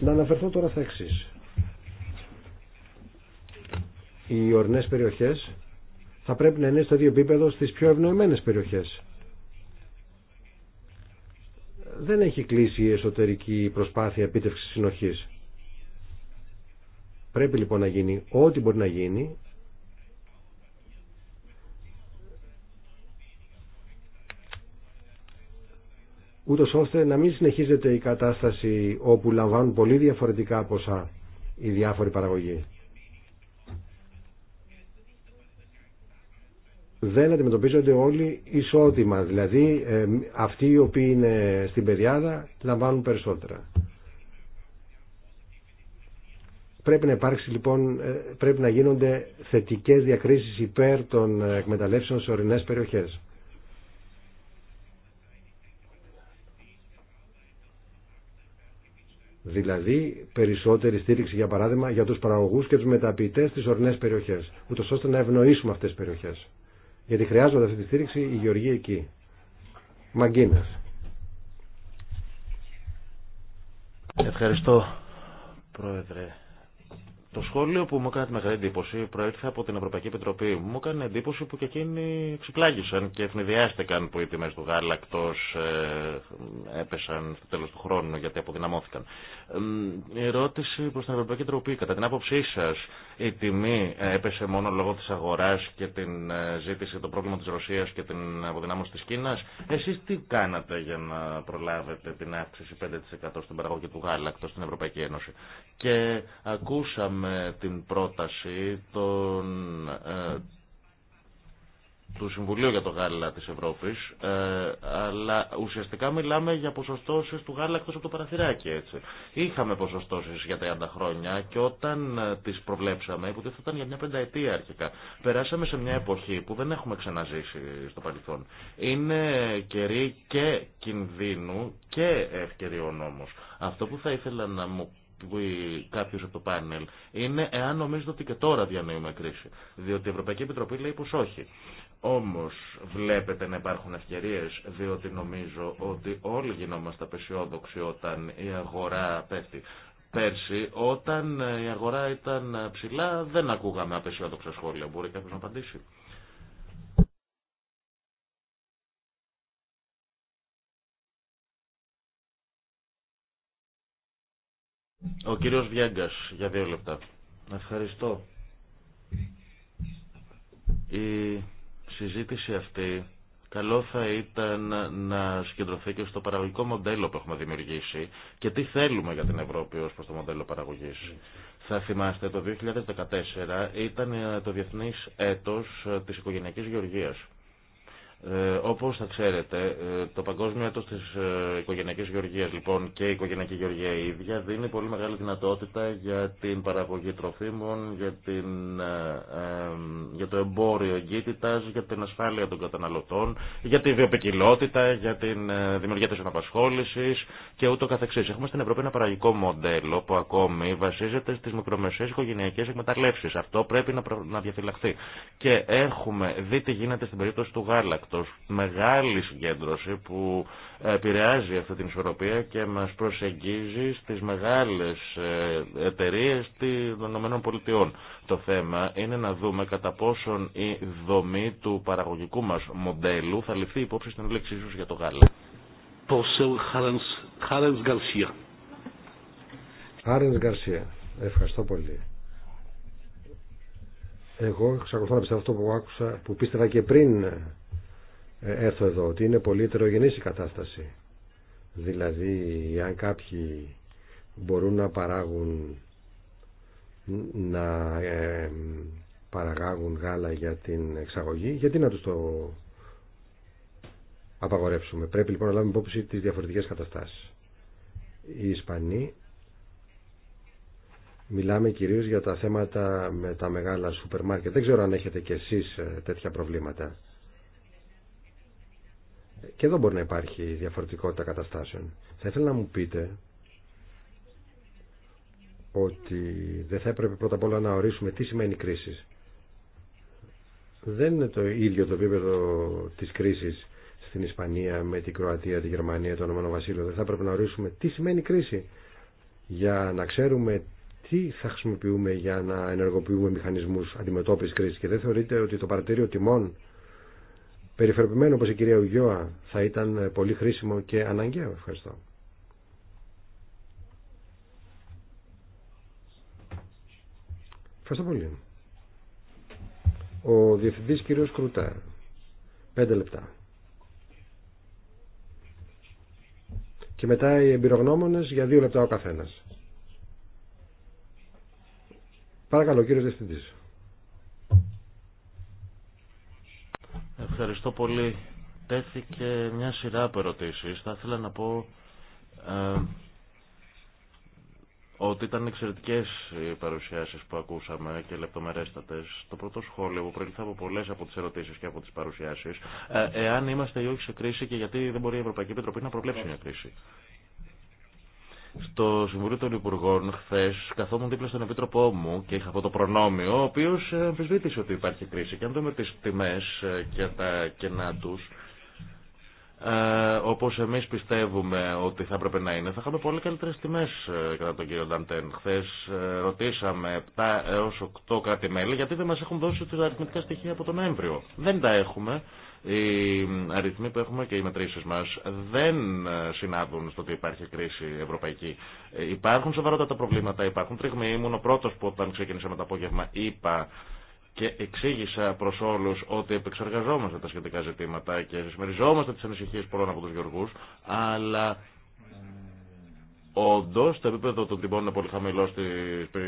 Να αναφερθώ τώρα στα εξή. Οι όρνε περιοχές θα πρέπει να είναι στο ίδιο επίπεδο στι πιο ευνοημένε περιοχέ δεν έχει κλείσει η εσωτερική προσπάθεια επίτευξης συνοχής. Πρέπει λοιπόν να γίνει ό,τι μπορεί να γίνει ούτως ώστε να μην συνεχίζεται η κατάσταση όπου λαμβάνουν πολύ διαφορετικά ποσά οι διάφοροι παραγωγοί. δεν αντιμετωπίζονται όλοι ισότιμα. Δηλαδή ε, αυτοί οι οποίοι είναι στην παιδιάδα λαμβάνουν περισσότερα. Πρέπει να υπάρξει λοιπόν, ε, πρέπει να γίνονται θετικές διακρίσεις υπέρ των ε, εκμεταλλεύσεων σε ορεινές περιοχές. Δηλαδή περισσότερη στήριξη για παράδειγμα για τους παραγωγούς και τους μεταποιητές στις ορεινές περιοχές, ούτως ώστε να ευνοήσουμε αυτές τις περιοχές γιατί χρειάζονται αυτή τη στήριξη η Γεωργία εκεί. Μαγκίνας. Ευχαριστώ, Πρόεδρε. Το σχόλιο που μου έκανε τη μεγάλη εντύπωση προέρχεται από την Ευρωπαϊκή Επιτροπή. Μου έκανε εντύπωση που και εκείνοι ξυπλάγησαν και ευνηδιάστηκαν που οι τιμέ του γάλακτο ε, έπεσαν στο τέλο του χρόνου γιατί αποδυναμώθηκαν. Η ερώτηση προ την Ευρωπαϊκή Τροπή. Κατά την άποψή σα, η τιμή ε, έπεσε μόνο λόγω τη αγορά και την ε, ζήτηση, το πρόβλημα τη Ρωσία και την αποδυνάμωση τη Κίνα. Εσεί τι κάνατε για να προλάβετε την αύξηση 5% στην παραγωγή του γάλακτο στην Ευρωπαϊκή Ένωση. Και ακούσαμε την πρόταση των ε, του Συμβουλίου για το Γάλα της Ευρώπης, ε, αλλά ουσιαστικά μιλάμε για ποσοστώσεις του γάλα εκτός από το παραθυράκι, έτσι. Είχαμε ποσοστώσεις για 30 χρόνια και όταν ε, τις προβλέψαμε, που ήταν για μια πενταετία αρχικά, περάσαμε σε μια εποχή που δεν έχουμε ξαναζήσει στο παρελθόν. Είναι καιρή και κινδύνου και ευκαιριών όμως. Αυτό που θα ήθελα να μου κάποιο από το πάνελ είναι εάν νομίζετε ότι και τώρα διανύουμε κρίση. Διότι η Ευρωπαϊκή Επιτροπή λέει πως όχι. Όμως βλέπετε να υπάρχουν ευκαιρίες, διότι νομίζω ότι όλοι γινόμαστε απεσιόδοξοι όταν η αγορά πέφτει. Πέρσι, όταν η αγορά ήταν ψηλά, δεν ακούγαμε απεσιόδοξα σχόλια. Μπορεί κάποιος να απαντήσει. Ο κύριος Βιάγκας, για δύο λεπτά. Ευχαριστώ. Η συζήτηση αυτή καλό θα ήταν να συγκεντρωθεί και στο παραγωγικό μοντέλο που έχουμε δημιουργήσει και τι θέλουμε για την Ευρώπη ως προς το μοντέλο παραγωγής. Θα θυμάστε, το 2014 ήταν το διεθνής έτος της οικογενειακής γεωργίας. Ε, Όπω θα ξέρετε, ε, το Παγκόσμιο Έτο τη ε, Οικογενειακή Γεωργία λοιπόν, και η Οικογενειακή Γεωργία η ίδια δίνει πολύ μεγάλη δυνατότητα για την παραγωγή τροφίμων, για, την, ε, για το εμπόριο εγκύτητα, για την ασφάλεια των καταναλωτών, για τη βιοπικιλότητα, για την ε, δημιουργία τη αναπασχόληση και ούτω καθεξή. Έχουμε στην Ευρώπη ένα παραγωγικό μοντέλο που ακόμη βασίζεται στι μικρομεσαίε οικογενειακέ εκμεταλλεύσει. Αυτό πρέπει να, να διαφυλαχθεί. Και έχουμε δει τι γίνεται στην περίπτωση του γάλακτο μεγάλη συγκέντρωση που επηρεάζει αυτή την ισορροπία και μας προσεγγίζει στις μεγάλες ε, εταιρείες των ΗΠΑ. Το θέμα είναι να δούμε κατά πόσον η δομή του παραγωγικού μας μοντέλου θα ληφθεί υπόψη στην λέξη ίσως για το γάλα. Χάρενς Γκαρσία, ευχαριστώ πολύ. Εγώ εξακολουθώ να πιστεύω αυτό που άκουσα, που πίστευα και πριν ε, έρθω εδώ, ότι είναι πολύ ετερογενής η κατάσταση. Δηλαδή, αν κάποιοι μπορούν να παράγουν να ε, παραγάγουν γάλα για την εξαγωγή, γιατί να τους το απαγορεύσουμε. Πρέπει λοιπόν να λάβουμε υπόψη τις διαφορετικές καταστάσεις. Οι Ισπανοί μιλάμε κυρίως για τα θέματα με τα μεγάλα σούπερ μάρκετ. Δεν ξέρω αν έχετε κι εσείς ε, τέτοια προβλήματα. Και εδώ μπορεί να υπάρχει διαφορετικότητα καταστάσεων. Θα ήθελα να μου πείτε ότι δεν θα έπρεπε πρώτα απ' όλα να ορίσουμε τι σημαίνει κρίση. Δεν είναι το ίδιο το επίπεδο της κρίσης στην Ισπανία με την Κροατία, τη Γερμανία, το Ηνωμένο Βασίλειο. Δεν θα έπρεπε να ορίσουμε τι σημαίνει κρίση για να ξέρουμε τι θα χρησιμοποιούμε για να ενεργοποιούμε μηχανισμούς αντιμετώπισης κρίσης. Και δεν θεωρείτε ότι το παρατήριο τιμών Περιφεροποιημένο, όπως η κυρία Ουγιώα θα ήταν ε, πολύ χρήσιμο και αναγκαίο. Ευχαριστώ. Ευχαριστώ πολύ. Ο Διευθυντής κύριος Κρουτά. Πέντε λεπτά. Και μετά οι εμπειρογνώμονες για δύο λεπτά ο καθένας. Παρακαλώ κύριος Διευθυντής. Ευχαριστώ πολύ. Τέθηκε μια σειρά από ερωτήσεις. Θα ήθελα να πω ε, ότι ήταν εξαιρετικέ οι παρουσιάσει που ακούσαμε και λεπτομερέστατε. Το πρώτο σχόλιο που προήλθε από πολλέ από τι ερωτήσει και από τι παρουσιάσει, ε, εάν είμαστε ή όχι σε κρίση και γιατί δεν μπορεί η Ευρωπαϊκή Επιτροπή να προβλέψει μια κρίση. Στο Συμβουλίο των Υπουργών χθε καθόμουν δίπλα στον Επίτροπό μου και είχα αυτό το προνόμιο, ο οποίο ε, αμφισβήτησε ότι υπάρχει κρίση. Και αν δούμε τι τιμέ ε, και τα κενά του, ε, όπω εμεί πιστεύουμε ότι θα έπρεπε να είναι, θα είχαμε πολύ καλύτερε τιμέ κατά τον κύριο Νταντέν. Χθε ρωτήσαμε 7 έω 8 κράτη-μέλη γιατί δεν μα έχουν δώσει τι αριθμητικά στοιχεία από τον Νοέμβριο. Δεν τα έχουμε οι αριθμοί που έχουμε και οι μετρήσει μα δεν συνάδουν στο ότι υπάρχει κρίση ευρωπαϊκή. Υπάρχουν σοβαρότατα προβλήματα, υπάρχουν τριγμοί. Ήμουν ο πρώτο που όταν ξεκίνησα με το απόγευμα είπα και εξήγησα προ όλου ότι επεξεργαζόμαστε τα σχετικά ζητήματα και συμμεριζόμαστε τι ανησυχίε πολλών από του γεωργού, αλλά Όντω, το επίπεδο των τιμών είναι πολύ χαμηλό στι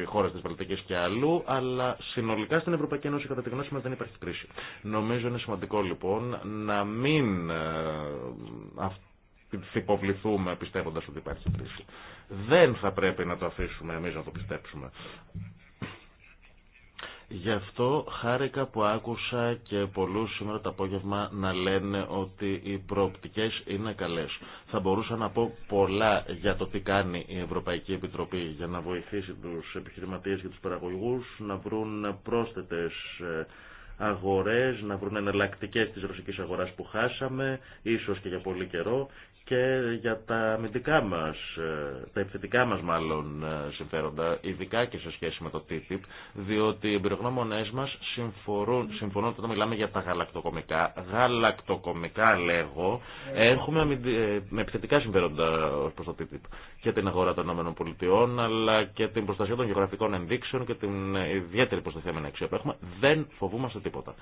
χώρε τη Βαλτική και αλλού, αλλά συνολικά στην Ευρωπαϊκή Ένωση, κατά τη γνώση μα, δεν υπάρχει κρίση. Νομίζω είναι σημαντικό λοιπόν να μην θυποβληθούμε ε, πιστεύοντα ότι υπάρχει κρίση. Δεν θα πρέπει να το αφήσουμε εμεί να το πιστέψουμε. Γι' αυτό χάρηκα που άκουσα και πολλούς σήμερα το απόγευμα να λένε ότι οι προοπτικές είναι καλές. Θα μπορούσα να πω πολλά για το τι κάνει η Ευρωπαϊκή Επιτροπή για να βοηθήσει τους επιχειρηματίες και τους παραγωγούς να βρουν πρόσθετες ε, αγορές, να βρουν εναλλακτικέ της ρωσικής αγοράς που χάσαμε, ίσως και για πολύ καιρό και για τα αμυντικά μας, ε, τα επιθετικά μας μάλλον ε, συμφέροντα, ειδικά και σε σχέση με το TTIP, διότι οι εμπειρογνώμονές μας συμφωνούν, συμφωνούν όταν μιλάμε για τα γαλακτοκομικά, γαλακτοκομικά λέγω, έχουμε ε, με επιθετικά συμφέροντα ως προς το TTIP και την αγορά των ΗΠΑ, αλλά και την προστασία των γεωγραφικών ενδείξεων και την ιδιαίτερη προστασία με αξία που έχουμε, δεν φοβούμαστε τίποτα.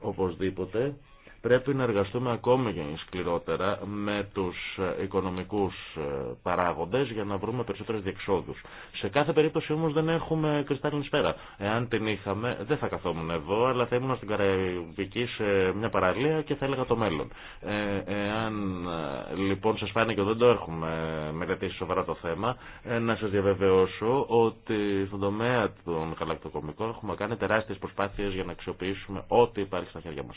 Οπωσδήποτε Πρέπει να εργαστούμε ακόμη σκληρότερα με τους οικονομικούς ε, παράγοντες για να βρούμε περισσότερες διεξόδους. Σε κάθε περίπτωση όμως δεν έχουμε κρυστάλλινη σφαίρα. Εάν την είχαμε δεν θα καθόμουν εδώ αλλά θα ήμουν στην Καραϊβική σε μια παραλία και θα έλεγα το μέλλον. Ε, εάν ε, λοιπόν σας φάνηκε ότι δεν το έχουμε μελετήσει σοβαρά το θέμα ε, να σας διαβεβαιώσω ότι στον τομέα των γαλακτοκομικών έχουμε κάνει τεράστιες προσπάθειες για να αξιοποιήσουμε ό,τι υπάρχει στα χέρια μας.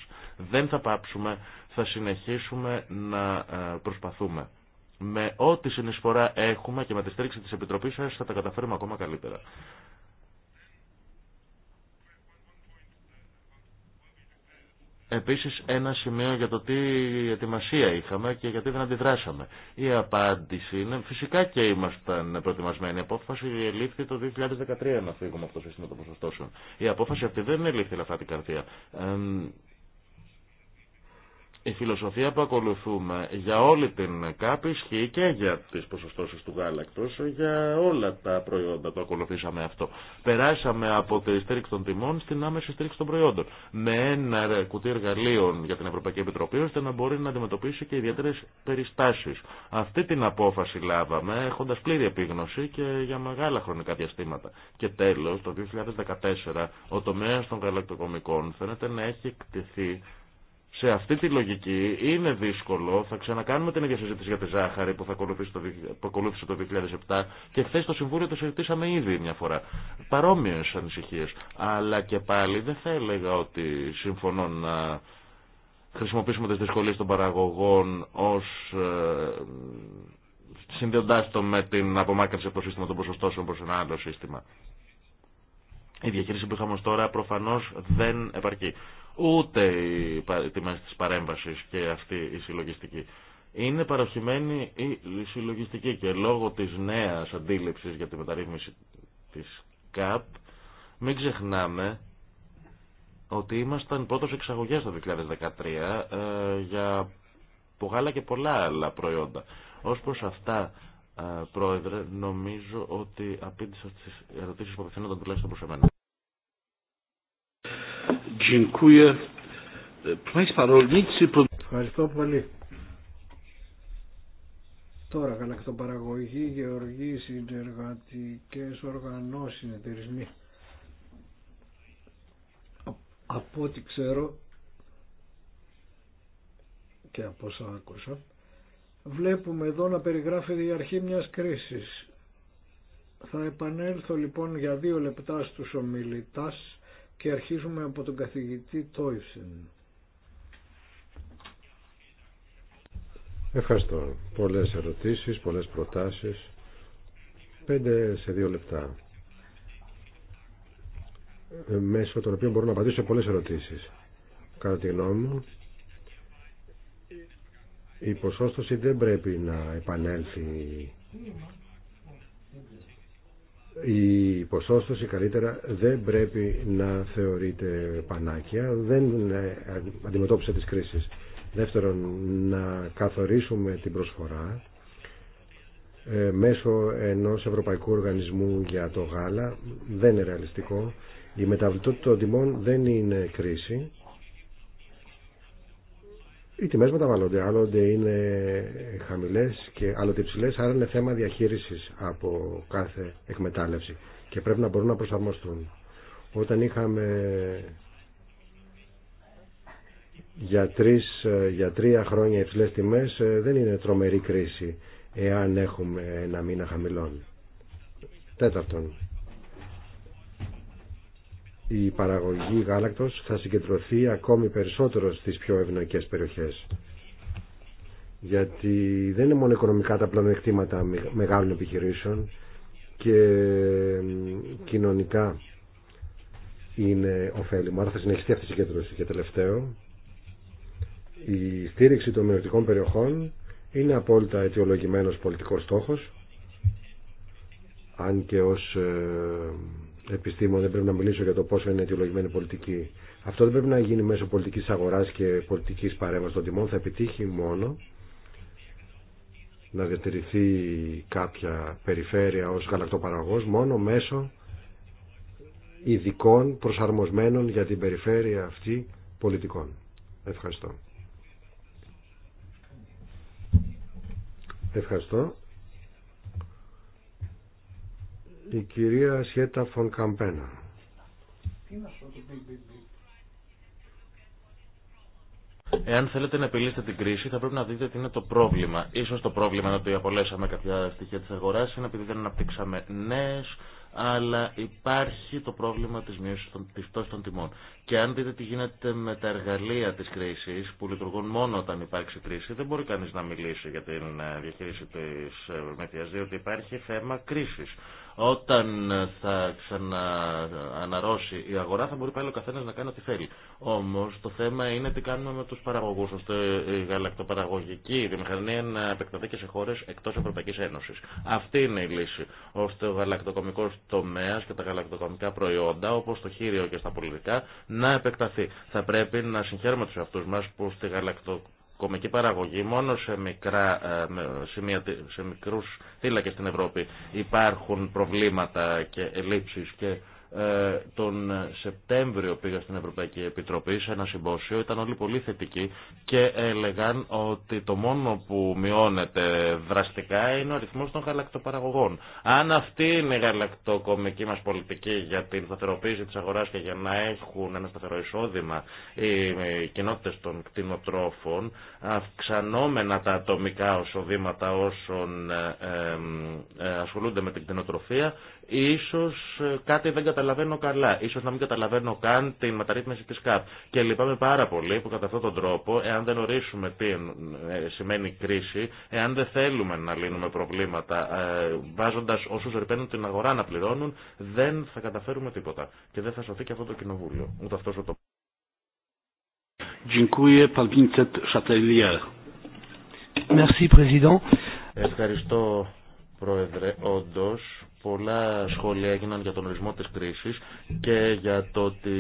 Δεν θα πάψουμε. Θα συνεχίσουμε να ε, προσπαθούμε. Με ό,τι συνεισφορά έχουμε και με τη στήριξη της Επιτροπής σας θα τα καταφέρουμε ακόμα καλύτερα. Επίσης ένα σημείο για το τι ετοιμασία είχαμε και γιατί δεν αντιδράσαμε. Η απάντηση είναι φυσικά και ήμασταν προετοιμασμένοι. Η απόφαση ελήφθη το 2013 να φύγουμε από το σύστημα των ποσοστώσεων. Η απόφαση αυτή δεν ελήφθη ελαφρά την καρδία. Η φιλοσοφία που ακολουθούμε για όλη την ΚΑΠ ισχύει και για τις ποσοστώσεις του γάλακτος, για όλα τα προϊόντα το ακολουθήσαμε αυτό. Περάσαμε από τη στήριξη των τιμών στην άμεση στήριξη των προϊόντων. Με ένα κουτί εργαλείων για την Ευρωπαϊκή Επιτροπή ώστε να μπορεί να αντιμετωπίσει και ιδιαίτερες περιστάσεις. Αυτή την απόφαση λάβαμε έχοντας πλήρη επίγνωση και για μεγάλα χρονικά διαστήματα. Και τέλος, το 2014, ο τομέας των γαλακτοκομικών φαίνεται να έχει εκτεθεί σε αυτή τη λογική είναι δύσκολο. Θα ξανακάνουμε την ίδια συζήτηση για τη ζάχαρη που, θα ακολούθησε το 2007 και χθε στο Συμβούλιο το συζητήσαμε ήδη μια φορά. Παρόμοιε ανησυχίε. Αλλά και πάλι δεν θα έλεγα ότι συμφωνώ να χρησιμοποιήσουμε τι δυσκολίε των παραγωγών ω. Ε, το με την απομάκρυνση από το σύστημα των ποσοστώσεων προ ένα άλλο σύστημα. Η διαχείριση που είχαμε τώρα προφανώ δεν επαρκεί ούτε οι τιμή τη παρέμβασης και αυτή η συλλογιστική. Είναι παροχημένη η συλλογιστική και λόγω τη νέα αντίληψη για τη μεταρρύθμιση της ΚΑΠ μην ξεχνάμε ότι ήμασταν πρώτο εξαγωγέ το 2013 ε, για που και πολλά άλλα προϊόντα. Ω προ αυτά, ε, πρόεδρε, νομίζω ότι απήντησα τι ερωτήσει που απευθύνονταν τουλάχιστον προ εμένα. Ευχαριστώ πολύ. Τώρα, γαλακτοπαραγωγή, γεωργή, συνεργατικέ οργανώσει, συνεταιρισμοί. Από ό,τι ξέρω και από όσα άκουσα, βλέπουμε εδώ να περιγράφεται η αρχή μιας κρίσης. Θα επανέλθω λοιπόν για δύο λεπτά στους ομιλητάς και αρχίζουμε από τον καθηγητή Τόιφσεν. Ευχαριστώ. Πολλές ερωτήσεις, πολλές προτάσεις. Πέντε σε δύο λεπτά. Ε, μέσω των οποίων μπορώ να απαντήσω σε πολλές ερωτήσεις. Κατά τη γνώμη μου, η ποσόστοση δεν πρέπει να επανέλθει η ποσόστοση καλύτερα δεν πρέπει να θεωρείται πανάκια, δεν ε, αντιμετώπισε τις κρίσεις. Δεύτερον, να καθορίσουμε την προσφορά ε, μέσω ενός ευρωπαϊκού οργανισμού για το γάλα, δεν είναι ρεαλιστικό. Η μεταβλητότητα των τιμών δεν είναι κρίση οι τιμές μεταβαλλονται άλλοτε είναι χαμηλές και άλλοτε υψηλές άρα είναι θέμα διαχείρισης από κάθε εκμετάλλευση και πρέπει να μπορούν να προσαρμοστούν όταν είχαμε για, για τρία χρόνια υψηλές τιμές ε, δεν είναι τρομερή κρίση εάν έχουμε ένα μήνα χαμηλών τέταρτον η παραγωγή γάλακτος θα συγκεντρωθεί ακόμη περισσότερο στις πιο ευνοϊκές περιοχές. Γιατί δεν είναι μόνο οικονομικά τα πλανεκτήματα μεγάλων επιχειρήσεων και κοινωνικά είναι ωφέλιμο. Άρα θα συνεχιστεί αυτή η συγκέντρωση. Και τελευταίο, η στήριξη των μειωτικών περιοχών είναι απόλυτα αιτιολογημένος πολιτικός στόχος, αν και ως ε, επιστήμων, δεν πρέπει να μιλήσω για το πόσο είναι αιτιολογημένη πολιτική. Αυτό δεν πρέπει να γίνει μέσω πολιτική αγορά και πολιτική παρέμβαση των τιμών. Θα επιτύχει μόνο να διατηρηθεί κάποια περιφέρεια ω γαλακτοπαραγωγός μόνο μέσω ειδικών προσαρμοσμένων για την περιφέρεια αυτή πολιτικών. Ευχαριστώ. Ευχαριστώ. Η κυρία Σιέτα Φων Καμπένα. Εάν θέλετε να επιλύσετε την κρίση, θα πρέπει να δείτε τι είναι το πρόβλημα. Ίσως το πρόβλημα είναι ότι απολέσαμε κάποια στοιχεία της αγοράς, είναι επειδή δεν αναπτύξαμε νέες, αλλά υπάρχει το πρόβλημα της μείωσης των, της των τιμών. Και αν δείτε τι γίνεται με τα εργαλεία της κρίσης, που λειτουργούν μόνο όταν υπάρξει κρίση, δεν μπορεί κανείς να μιλήσει για την ε, διαχείριση της ε, Μεθιάς, διότι υπάρχει θέμα κρίσης. Όταν θα ξανααναρρώσει η αγορά θα μπορεί πάλι ο καθένα να κάνει ό,τι θέλει. Όμως το θέμα είναι τι κάνουμε με τους παραγωγούς. ώστε η γαλακτοπαραγωγική βιομηχανία να επεκταθεί και σε χώρες εκτός Ευρωπαϊκής Ένωσης. Αυτή είναι η λύση. Ώστε ο γαλακτοκομικός τομέας και τα γαλακτοκομικά προϊόντα, όπως το χείριο και στα πολιτικά, να επεκταθεί. Θα πρέπει να συγχαίρουμε τους εαυτού μας που στη γαλακτο κομική παραγωγή μόνο σε, μικρά, ε, μια σε μικρούς θύλακες στην Ευρώπη υπάρχουν προβλήματα και ελλείψεις και ε, τον Σεπτέμβριο πήγα στην Ευρωπαϊκή Επιτροπή σε ένα συμπόσιο, ήταν όλοι πολύ θετικοί και έλεγαν ότι το μόνο που μειώνεται δραστικά είναι ο αριθμός των γαλακτοπαραγωγών. Αν αυτή είναι η γαλακτοκομική μας πολιτική για την σταθεροποίηση της αγοράς και για να έχουν ένα σταθερό εισόδημα οι κοινότητες των κτηνοτρόφων, αυξανόμενα τα ατομικά οσοδήματα όσων ε, ε, ασχολούνται με την κτηνοτροφία, Ίσως ε, κάτι δεν καταλαβαίνω καλά, ίσως να μην καταλαβαίνω καν την μεταρρύθμιση της ΚΑΠ. Και λυπάμαι πάρα πολύ που κατά αυτόν τον τρόπο, εάν δεν ορίσουμε τι ε, σημαίνει κρίση, εάν δεν θέλουμε να λύνουμε προβλήματα ε, βάζοντας όσους ρηπαίνουν την αγορά να πληρώνουν, δεν θα καταφέρουμε τίποτα. Και δεν θα σωθεί και αυτό το κοινοβούλιο, ούτε αυτός ο τόπος. Ευχαριστώ, Πρόεδρε. Όντως, πολλά σχόλια έγιναν για τον ορισμό της κρίσης και για το ότι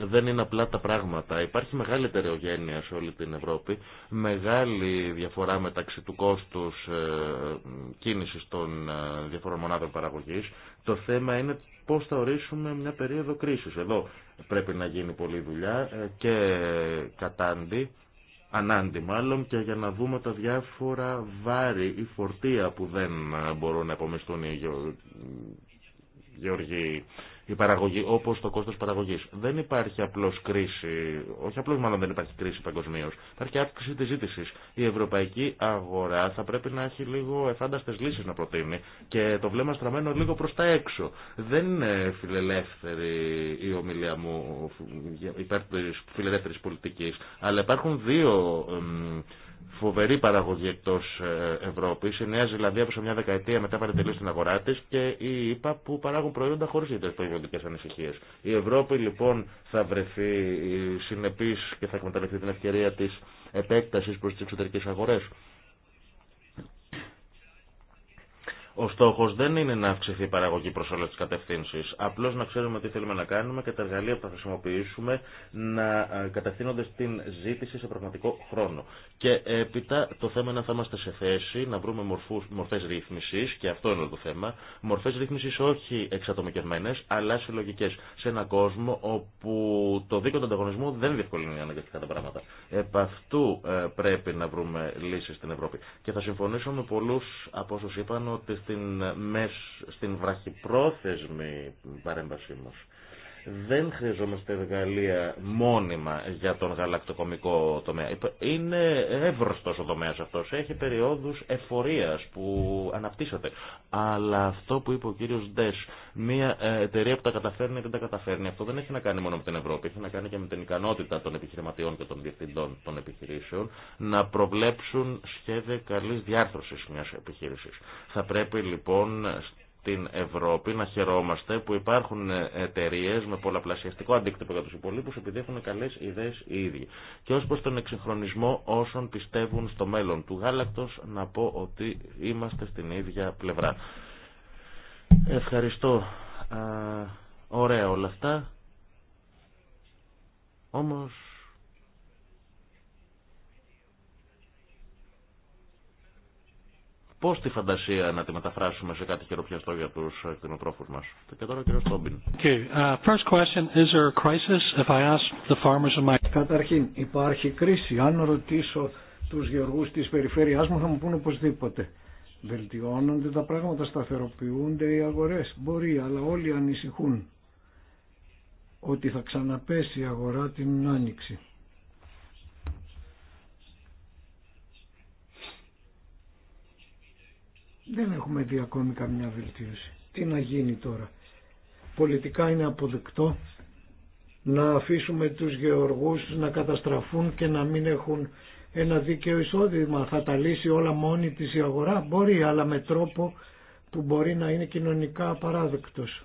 δεν είναι απλά τα πράγματα. Υπάρχει μεγάλη ετερεογένεια σε όλη την Ευρώπη, μεγάλη διαφορά μεταξύ του κόστους ε, κίνησης των ε, διαφορών μονάδων παραγωγής. Το θέμα είναι πώς θα ορίσουμε μια περίοδο κρίσης. Εδώ πρέπει να γίνει πολλή δουλειά ε, και κατάντη ανάντι μάλλον και για να δούμε τα διάφορα βάρη ή φορτία που δεν μπορούν να απομειστούν οι γεωργοί η παραγωγή, όπω το κόστο παραγωγή. Δεν υπάρχει απλώ κρίση, όχι απλώ μάλλον δεν υπάρχει κρίση παγκοσμίω. Υπάρχει αύξηση τη ζήτηση. Η ευρωπαϊκή αγορά θα πρέπει να έχει λίγο εφάνταστε λύσει να προτείνει και το βλέμμα στραμμένο λίγο προ τα έξω. Δεν είναι φιλελεύθερη η ομιλία μου υπέρ τη φιλελεύθερη πολιτική, αλλά υπάρχουν δύο φοβερή παραγωγή εκτό ε, Ευρώπη. Η Νέα Ζηλανδία που σε μια δεκαετία μετά παρατηρεί την αγορά τη και η ΗΠΑ που παράγουν προϊόντα χωρί ιδιαίτερε περιβαλλοντικέ ανησυχίε. Η Ευρώπη λοιπόν θα βρεθεί ε, συνεπή και θα εκμεταλλευτεί την ευκαιρία τη επέκταση προ τι εξωτερικέ αγορέ. Ο στόχο δεν είναι να αυξηθεί η παραγωγή προ όλε τι κατευθύνσει. Απλώ να ξέρουμε τι θέλουμε να κάνουμε και τα εργαλεία που θα χρησιμοποιήσουμε να ε, κατευθύνονται στην ζήτηση σε πραγματικό χρόνο. Και έπειτα το θέμα είναι να θα είμαστε σε θέση να βρούμε μορφέ ρύθμιση, και αυτό είναι το θέμα, μορφέ ρύθμιση όχι εξατομικευμένε, αλλά συλλογικέ. Σε έναν κόσμο όπου το δίκαιο του ανταγωνισμού δεν διευκολύνει αναγκαστικά τα πράγματα. Επ' αυτού ε, πρέπει να βρούμε λύσει στην Ευρώπη. Και θα συμφωνήσω με πολλού από όσου είπαν ότι στην, μεσ, στην βραχυπρόθεσμη παρέμβασή μας. Δεν χρειαζόμαστε εργαλεία μόνιμα για τον γαλακτοκομικό τομέα. Είναι εύρωστο ο τομέα αυτό. Έχει περιόδου εφορία που αναπτύσσεται. Αλλά αυτό που είπε ο κύριο Ντε, μια ε, εταιρεία που τα καταφέρνει ή δεν τα καταφέρνει, αυτό δεν έχει να κάνει μόνο με την Ευρώπη. Έχει να κάνει και με την ικανότητα των επιχειρηματιών και των διευθυντών των επιχειρήσεων να προβλέψουν σχέδια καλή διάρθρωση μια επιχείρηση. Θα πρέπει λοιπόν την Ευρώπη να χαιρόμαστε που υπάρχουν εταιρείε με πολλαπλασιαστικό αντίκτυπο για του υπολείπου επειδή έχουν καλέ ιδέε οι ίδιοι. Και ω προ τον εξυγχρονισμό όσων πιστεύουν στο μέλλον του γάλακτο, να πω ότι είμαστε στην ίδια πλευρά. Ευχαριστώ. ωραία όλα αυτά. Όμως Πώ τη φαντασία να τη μεταφράσουμε σε κάτι χειροπιαστό για του κτηνοτρόφου μα. Και τώρα ο κ. Τόμπιν. Καταρχήν, υπάρχει κρίση. Αν ρωτήσω του γεωργού τη περιφέρειά μου, θα μου πούνε οπωσδήποτε. Βελτιώνονται τα πράγματα, σταθεροποιούνται οι αγορέ. Μπορεί, αλλά όλοι ανησυχούν ότι θα ξαναπέσει η αγορά την άνοιξη. έχουμε δει ακόμη καμιά βελτίωση. Τι να γίνει τώρα. Πολιτικά είναι αποδεκτό να αφήσουμε τους γεωργούς να καταστραφούν και να μην έχουν ένα δίκαιο εισόδημα. Θα τα λύσει όλα μόνη της η αγορά. Μπορεί, αλλά με τρόπο που μπορεί να είναι κοινωνικά απαράδεκτος.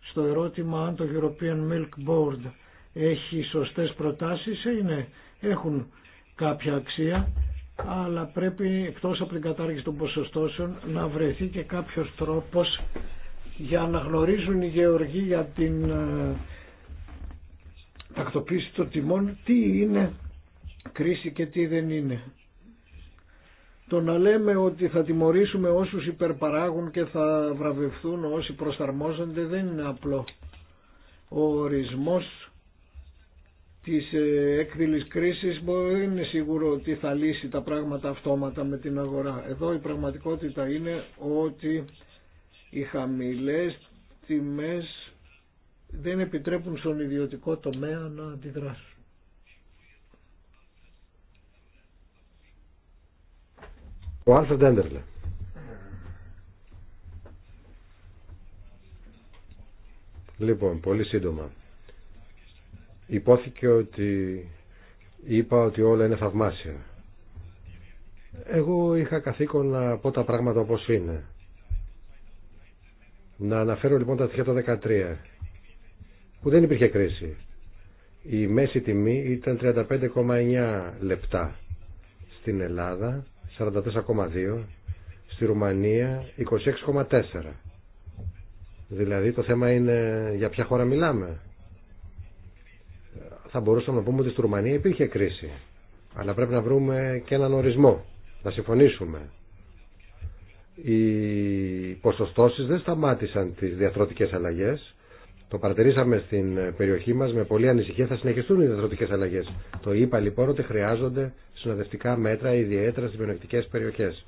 Στο ερώτημα αν το European Milk Board έχει σωστές προτάσεις, ε, είναι, έχουν κάποια αξία αλλά πρέπει εκτός από την κατάργηση των ποσοστώσεων να βρεθεί και κάποιος τρόπος για να γνωρίζουν οι γεωργοί για την ε, τακτοποίηση των τιμών τι είναι κρίση και τι δεν είναι. Το να λέμε ότι θα τιμωρήσουμε όσους υπερπαράγουν και θα βραβευθούν όσοι προσαρμόζονται δεν είναι απλό. Ο ορισμός της ε, έκδηλης κρίσης μπορεί είναι σίγουρο ότι θα λύσει τα πράγματα αυτόματα με την αγορά. Εδώ η πραγματικότητα είναι ότι οι χαμηλές τιμές δεν επιτρέπουν στον ιδιωτικό τομέα να αντιδράσουν. Ο Άλφα Ντέντερλε. Λοιπόν, πολύ σύντομα. Υπόθηκε ότι είπα ότι όλα είναι θαυμάσια. Εγώ είχα καθήκον να πω τα πράγματα όπως είναι. Να αναφέρω λοιπόν τα στοιχεία το 13, που δεν υπήρχε κρίση. Η μέση τιμή ήταν 35,9 λεπτά στην Ελλάδα, 44,2, στη Ρουμανία 26,4. Δηλαδή το θέμα είναι για ποια χώρα μιλάμε θα μπορούσαμε να πούμε ότι στη Ρουμανία υπήρχε κρίση. Αλλά πρέπει να βρούμε και έναν ορισμό. Να συμφωνήσουμε. Οι ποσοστώσεις δεν σταμάτησαν τις διαθροτικές αλλαγές. Το παρατηρήσαμε στην περιοχή μας με πολλή ανησυχία. Θα συνεχιστούν οι διαθροτικές αλλαγές. Το είπα λοιπόν ότι χρειάζονται συνοδευτικά μέτρα ιδιαίτερα στις μειονεκτικές περιοχές.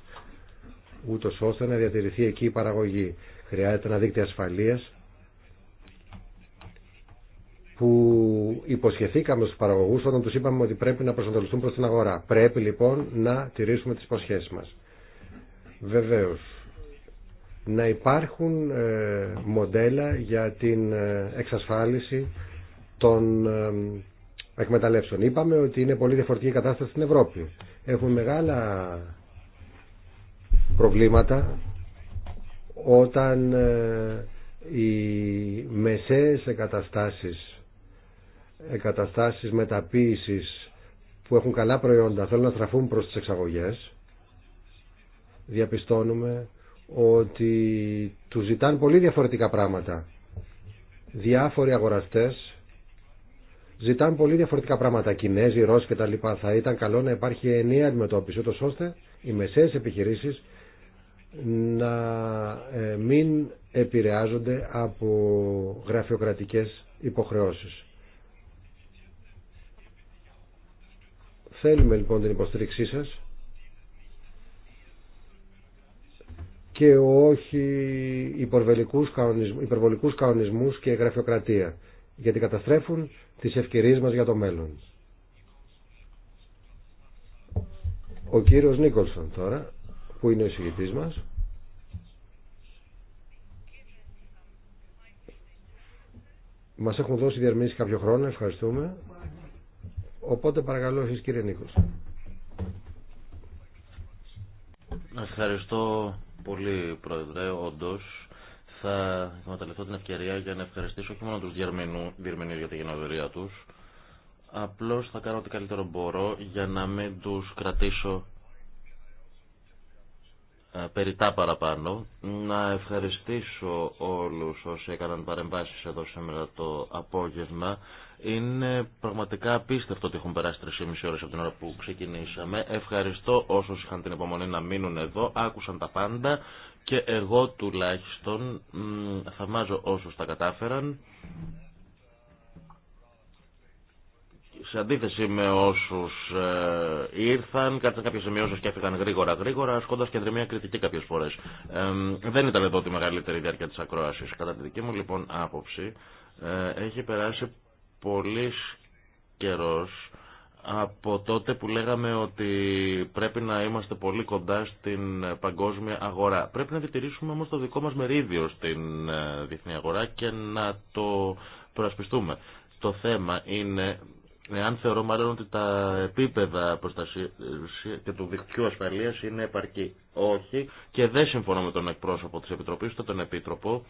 Ούτως ώστε να διατηρηθεί εκεί η παραγωγή. Χρειάζεται ένα δίκτυο ασφαλείας που υποσχεθήκαμε στους παραγωγούς όταν τους είπαμε ότι πρέπει να προσανατολιστούν προς την αγορά. Πρέπει λοιπόν να τηρήσουμε τις υποσχέσεις μας. Βεβαίως, να υπάρχουν ε, μοντέλα για την ε, εξασφάλιση των ε, εκμεταλλεύσεων. Είπαμε ότι είναι πολύ διαφορετική η κατάσταση στην Ευρώπη. Έχουν μεγάλα προβλήματα όταν οι μεσαίες εγκαταστάσεις εγκαταστάσεις μεταποίησης που έχουν καλά προϊόντα θέλουν να στραφούν προς τις εξαγωγές διαπιστώνουμε ότι τους ζητάνε πολύ διαφορετικά πράγματα διάφοροι αγοραστές ζητάνε πολύ διαφορετικά πράγματα Κινέζοι, Ρώσοι κτλ. Θα ήταν καλό να υπάρχει ενιαία αντιμετώπιση ούτως ώστε οι μεσαίες επιχειρήσεις να ε, μην επηρεάζονται από γραφειοκρατικές υποχρεώσεις. Θέλουμε λοιπόν την υποστήριξή σας και όχι υπερβολικούς κανονισμούς, και γραφειοκρατία γιατί καταστρέφουν τις ευκαιρίες μας για το μέλλον. Ο κύριος Νίκολσον τώρα, που είναι ο εισηγητής μας, μας έχουν δώσει διαρμήσεις κάποιο χρόνο, ευχαριστούμε. Οπότε παρακαλώ εσείς κύριε Νίκος. Ευχαριστώ πολύ Πρόεδρε, όντως θα εκμεταλλευτώ την ευκαιρία για να ευχαριστήσω όχι μόνο τους διερμηνείς για τη γενοδορία τους, απλώς θα κάνω ό,τι καλύτερο μπορώ για να μην τους κρατήσω ε, περιτά παραπάνω. Να ευχαριστήσω όλους όσοι έκαναν παρεμβάσεις εδώ σήμερα το απόγευμα. Είναι πραγματικά απίστευτο ότι έχουν περάσει 3,5 ώρες από την ώρα που ξεκινήσαμε. Ευχαριστώ όσους είχαν την υπομονή να μείνουν εδώ, άκουσαν τα πάντα και εγώ τουλάχιστον θαυμάζω όσους τα κατάφεραν. Σε αντίθεση με όσους ε, ήρθαν, κάτσαν κάποιες σημειώσεις και έφυγαν γρήγορα γρήγορα, ασκώντας και αντρεμία κριτική κάποιες φορές. δεν ήταν εδώ τη μεγαλύτερη διάρκεια της ακρόασης. Κατά τη δική μου λοιπόν άποψη, ε, έχει περάσει πολύς καιρός από τότε που λέγαμε ότι πρέπει να είμαστε πολύ κοντά στην παγκόσμια αγορά. Πρέπει να διατηρήσουμε όμως το δικό μας μερίδιο στην ε, διεθνή αγορά και να το προασπιστούμε. Το θέμα είναι αν θεωρώ μάλλον ότι τα επίπεδα προστασία ε, και του δικτύου ασφαλείας είναι επαρκή. Όχι και δεν συμφωνώ με τον εκπρόσωπο της Επιτροπής, τον Επίτροπο,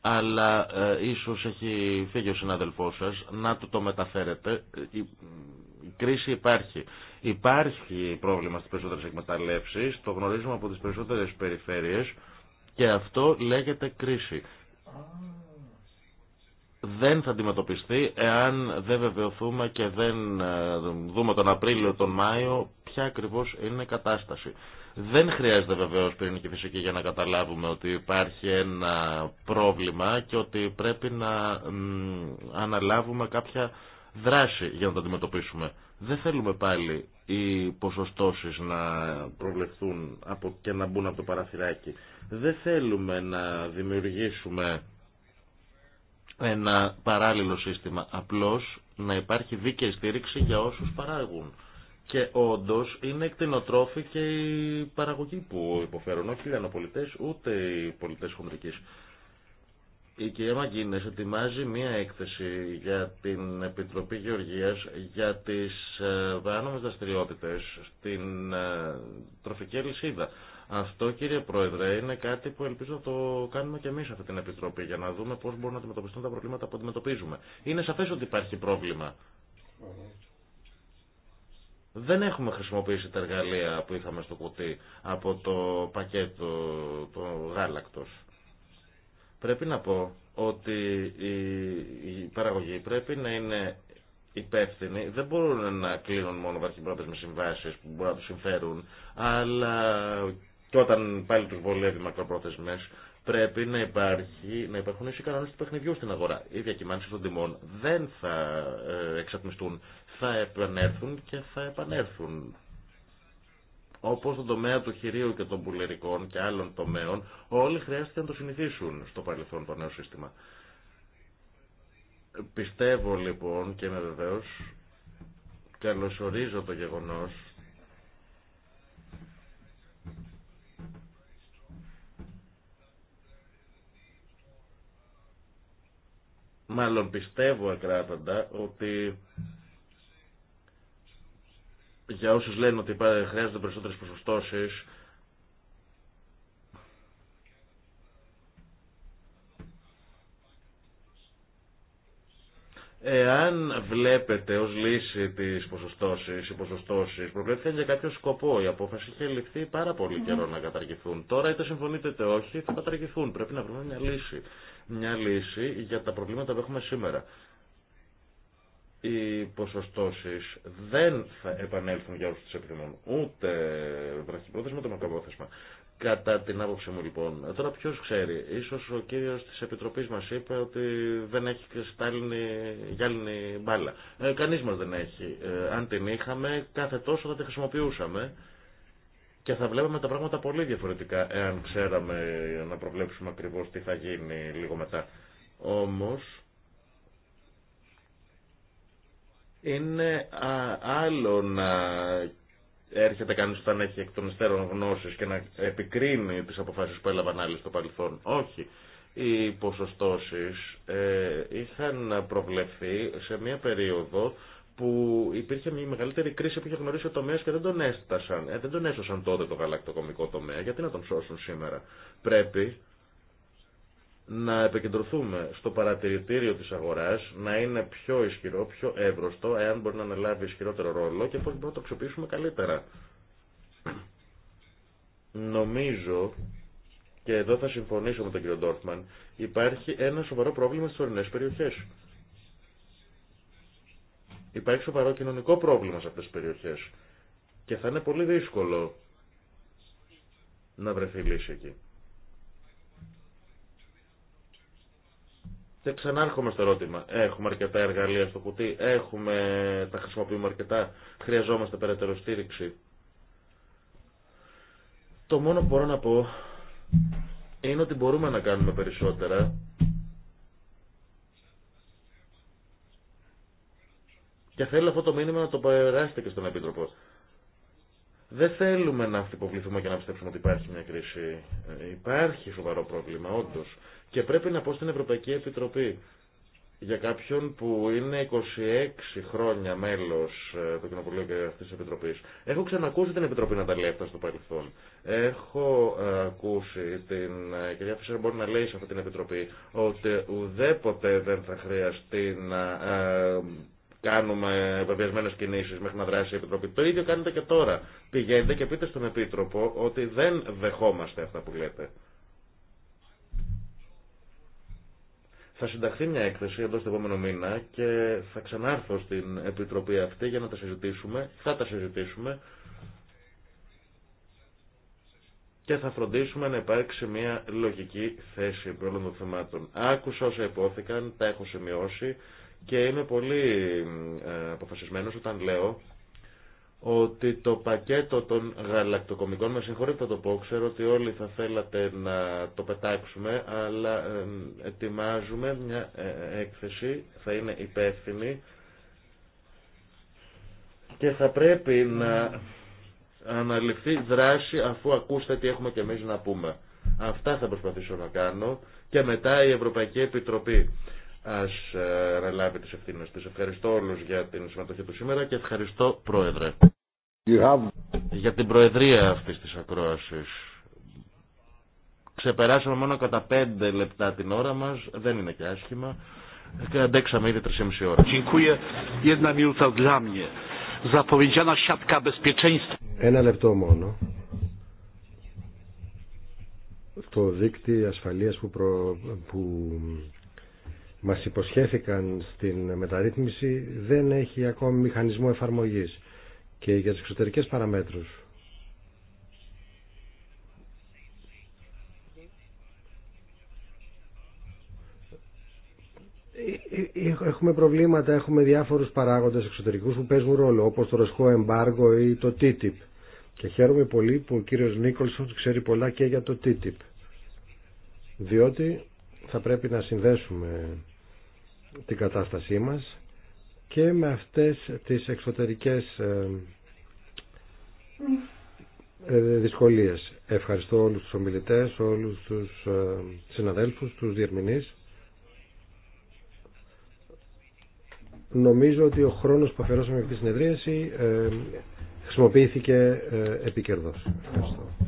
αλλά ε, ίσως έχει φύγει ο συνάδελφός σας, να του το μεταφέρετε. Η, κρίση υπάρχει. Υπάρχει πρόβλημα στις περισσότερες εκμεταλλεύσεις, το γνωρίζουμε από τις περισσότερες περιφέρειες και αυτό λέγεται κρίση. Δεν θα αντιμετωπιστεί εάν δεν βεβαιωθούμε και δεν ε, δούμε τον Απρίλιο, τον Μάιο, ποια ακριβώς είναι η κατάσταση. Δεν χρειάζεται βεβαίως πυρηνική φυσική για να καταλάβουμε ότι υπάρχει ένα πρόβλημα και ότι πρέπει να αναλάβουμε κάποια δράση για να το αντιμετωπίσουμε. Δεν θέλουμε πάλι οι ποσοστώσεις να από και να μπουν από το παραθυράκι. Δεν θέλουμε να δημιουργήσουμε ένα παράλληλο σύστημα. Απλώς να υπάρχει δίκαιη στήριξη για όσους παράγουν. Και όντω είναι εκτινοτρόφοι και οι παραγωγοί που υποφέρουν, όχι οι λιανοπολιτέ ούτε οι πολιτέ χοντρική. Η κυρία Μαγκίνε ετοιμάζει μία έκθεση για την Επιτροπή γεωργία για τι βάνομε ε, δραστηριότητε στην ε, τροφική αλυσίδα. Αυτό κύριε Πρόεδρε είναι κάτι που ελπίζω να το κάνουμε και εμείς αυτή την Επιτροπή για να δούμε πώς μπορούν να αντιμετωπιστούν τα προβλήματα που αντιμετωπίζουμε. Είναι σαφές ότι υπάρχει πρόβλημα. Δεν έχουμε χρησιμοποιήσει τα εργαλεία που είχαμε στο κουτί από το πακέτο το γάλακτος. Πρέπει να πω ότι η παραγωγή πρέπει να είναι υπεύθυνοι δεν μπορούν να κλείνουν μόνο με συμβάσει που μπορούν να του συμφέρουν, αλλά και όταν πάλι του βολεύει μακροπρόθεσμε, πρέπει να, υπάρχει, να υπάρχουν ίσοι κανόνε του παιχνιδιού στην αγορά. Οι διακυμάνσει των τιμών δεν θα ε, εξατμιστούν θα επανέλθουν και θα επανέλθουν. Όπως στον τομέα του χειρίου και των πουλερικών και άλλων τομέων, όλοι χρειάστηκαν να το συνηθίσουν στο παρελθόν το νέο σύστημα. Πιστεύω λοιπόν και με βεβαίως καλωσορίζω το γεγονός μάλλον πιστεύω ακράταντα ότι για όσου λένε ότι χρειάζονται περισσότερε ποσοστώσει. Εάν βλέπετε ως λύση τις ποσοστώσεις, οι ποσοστώσεις προβλέφθηκαν για κάποιο σκοπό, η απόφαση είχε ληφθεί πάρα πολύ καιρό να καταργηθούν. Τώρα είτε συμφωνείτε είτε όχι θα καταργηθούν. Πρέπει να βρούμε μια λύση. Μια λύση για τα προβλήματα που έχουμε σήμερα οι ποσοστώσεις δεν θα επανέλθουν για όσους τους επιθυμούν, ούτε βραχυπρόθεσμα, ούτε μακροπρόθεσμα. Κατά την άποψή μου λοιπόν, τώρα ποιο ξέρει, ίσως ο κύριος της Επιτροπής μας είπε ότι δεν έχει κρυστάλλινη γυάλινη μπάλα. Ε, κανείς μας δεν έχει. Ε, αν την είχαμε, κάθε τόσο θα τη χρησιμοποιούσαμε και θα βλέπαμε τα πράγματα πολύ διαφορετικά εάν ξέραμε να προβλέψουμε ακριβώς τι θα γίνει λίγο μετά. Όμως, Είναι άλλο να έρχεται κανείς όταν έχει εκ των υστέρων γνώσεις και να επικρίνει τις αποφάσεις που έλαβαν άλλοι στο παρελθόν. Όχι. Οι ποσοστώσεις ε, είχαν προβλεφθεί σε μια περίοδο που υπήρχε μια μεγαλύτερη κρίση που είχε γνωρίσει ο τομέας και δεν τον έστασαν, ε, δεν τον έσωσαν τότε το γαλακτοκομικό τομέα. Γιατί να τον σώσουν σήμερα. Πρέπει να επικεντρωθούμε στο παρατηρητήριο της αγοράς, να είναι πιο ισχυρό, πιο εύρωστο, εάν μπορεί να αναλάβει ισχυρότερο ρόλο και πώς μπορούμε να το αξιοποιήσουμε καλύτερα. Νομίζω, και εδώ θα συμφωνήσω με τον κύριο Ντόρφμαν, υπάρχει ένα σοβαρό πρόβλημα στις ορεινές περιοχές. Υπάρχει σοβαρό κοινωνικό πρόβλημα σε αυτές τις περιοχές και θα είναι πολύ δύσκολο να βρεθεί λύση εκεί. Και ε, ξανάρχομαι στο ερώτημα. Έχουμε αρκετά εργαλεία στο κουτί, έχουμε, τα χρησιμοποιούμε αρκετά, χρειαζόμαστε περαιτέρω στήριξη. Το μόνο που μπορώ να πω είναι ότι μπορούμε να κάνουμε περισσότερα. Και θέλω αυτό το μήνυμα να το περάσετε και στον Επίτροπο. Δεν θέλουμε να αυτοποβληθούμε και να πιστέψουμε ότι υπάρχει μια κρίση. Ε, υπάρχει σοβαρό πρόβλημα, όντω. Και πρέπει να πω στην Ευρωπαϊκή Επιτροπή, για κάποιον που είναι 26 χρόνια μέλος ε, του Κοινοβουλίου και αυτής της Επιτροπής. Έχω ξανακούσει την Επιτροπή να τα λέει αυτά στο παρελθόν. Έχω ε, ακούσει την ε, κυρία Φυσέρα μπορεί να λέει σε αυτή την Επιτροπή ότι ουδέποτε δεν θα χρειαστεί να κάνουμε βεβαιασμένε κινήσει μέχρι να δράσει η Επιτροπή. Το ίδιο κάνετε και τώρα. Πηγαίνετε και πείτε στον Επίτροπο ότι δεν δεχόμαστε αυτά που λέτε. Θα συνταχθεί μια έκθεση εδώ στο επόμενο μήνα και θα ξανάρθω στην Επιτροπή αυτή για να τα συζητήσουμε. Θα τα συζητήσουμε και θα φροντίσουμε να υπάρξει μια λογική θέση επί όλων των θεμάτων. Άκουσα όσα υπόθηκαν, τα έχω σημειώσει και είμαι πολύ ε, αποφασισμένος όταν λέω ότι το πακέτο των γαλακτοκομικών, με συγχωρείτε το πω, ξέρω ότι όλοι θα θέλατε να το πετάξουμε, αλλά ετοιμάζουμε μια ε, έκθεση, θα είναι υπεύθυνη και θα πρέπει να αναλυφθεί δράση αφού ακούστε τι έχουμε και εμείς να πούμε. Αυτά θα προσπαθήσω να κάνω και μετά η Ευρωπαϊκή Επιτροπή ας αναλάβει ε, τις ευθύνες της. Ευχαριστώ όλους για την συμμετοχή του σήμερα και ευχαριστώ Πρόεδρε. Για την Προεδρία αυτής της ακρόασης. Ξεπεράσαμε μόνο κατά 5 λεπτά την ώρα μας, δεν είναι και άσχημα. Και αντέξαμε ήδη 3,5 ώρα. Ένα λεπτό μόνο. Το δίκτυο ασφαλείας που, που μας υποσχέθηκαν στην μεταρρύθμιση δεν έχει ακόμη μηχανισμό εφαρμογής και για τις εξωτερικές παραμέτρους. Ε, ε, έχουμε προβλήματα, έχουμε διάφορους παράγοντες εξωτερικούς που παίζουν ρόλο, όπως το ρωσικό εμπάργο ή το TTIP. Και χαίρομαι πολύ που ο κύριος Νίκολσον ξέρει πολλά και για το TTIP. Διότι θα πρέπει να συνδέσουμε την κατάστασή μας και με αυτές τις εξωτερικές ε, ε, δυσκολίες. Ευχαριστώ όλους τους ομιλητές, όλους τους ε, συναδέλφους, τους διερμηνείς. Νομίζω ότι ο χρόνος που αφαιρώσαμε αυτή τη συνεδρίαση χρησιμοποιήθηκε επικερδώς. Ευχαριστώ.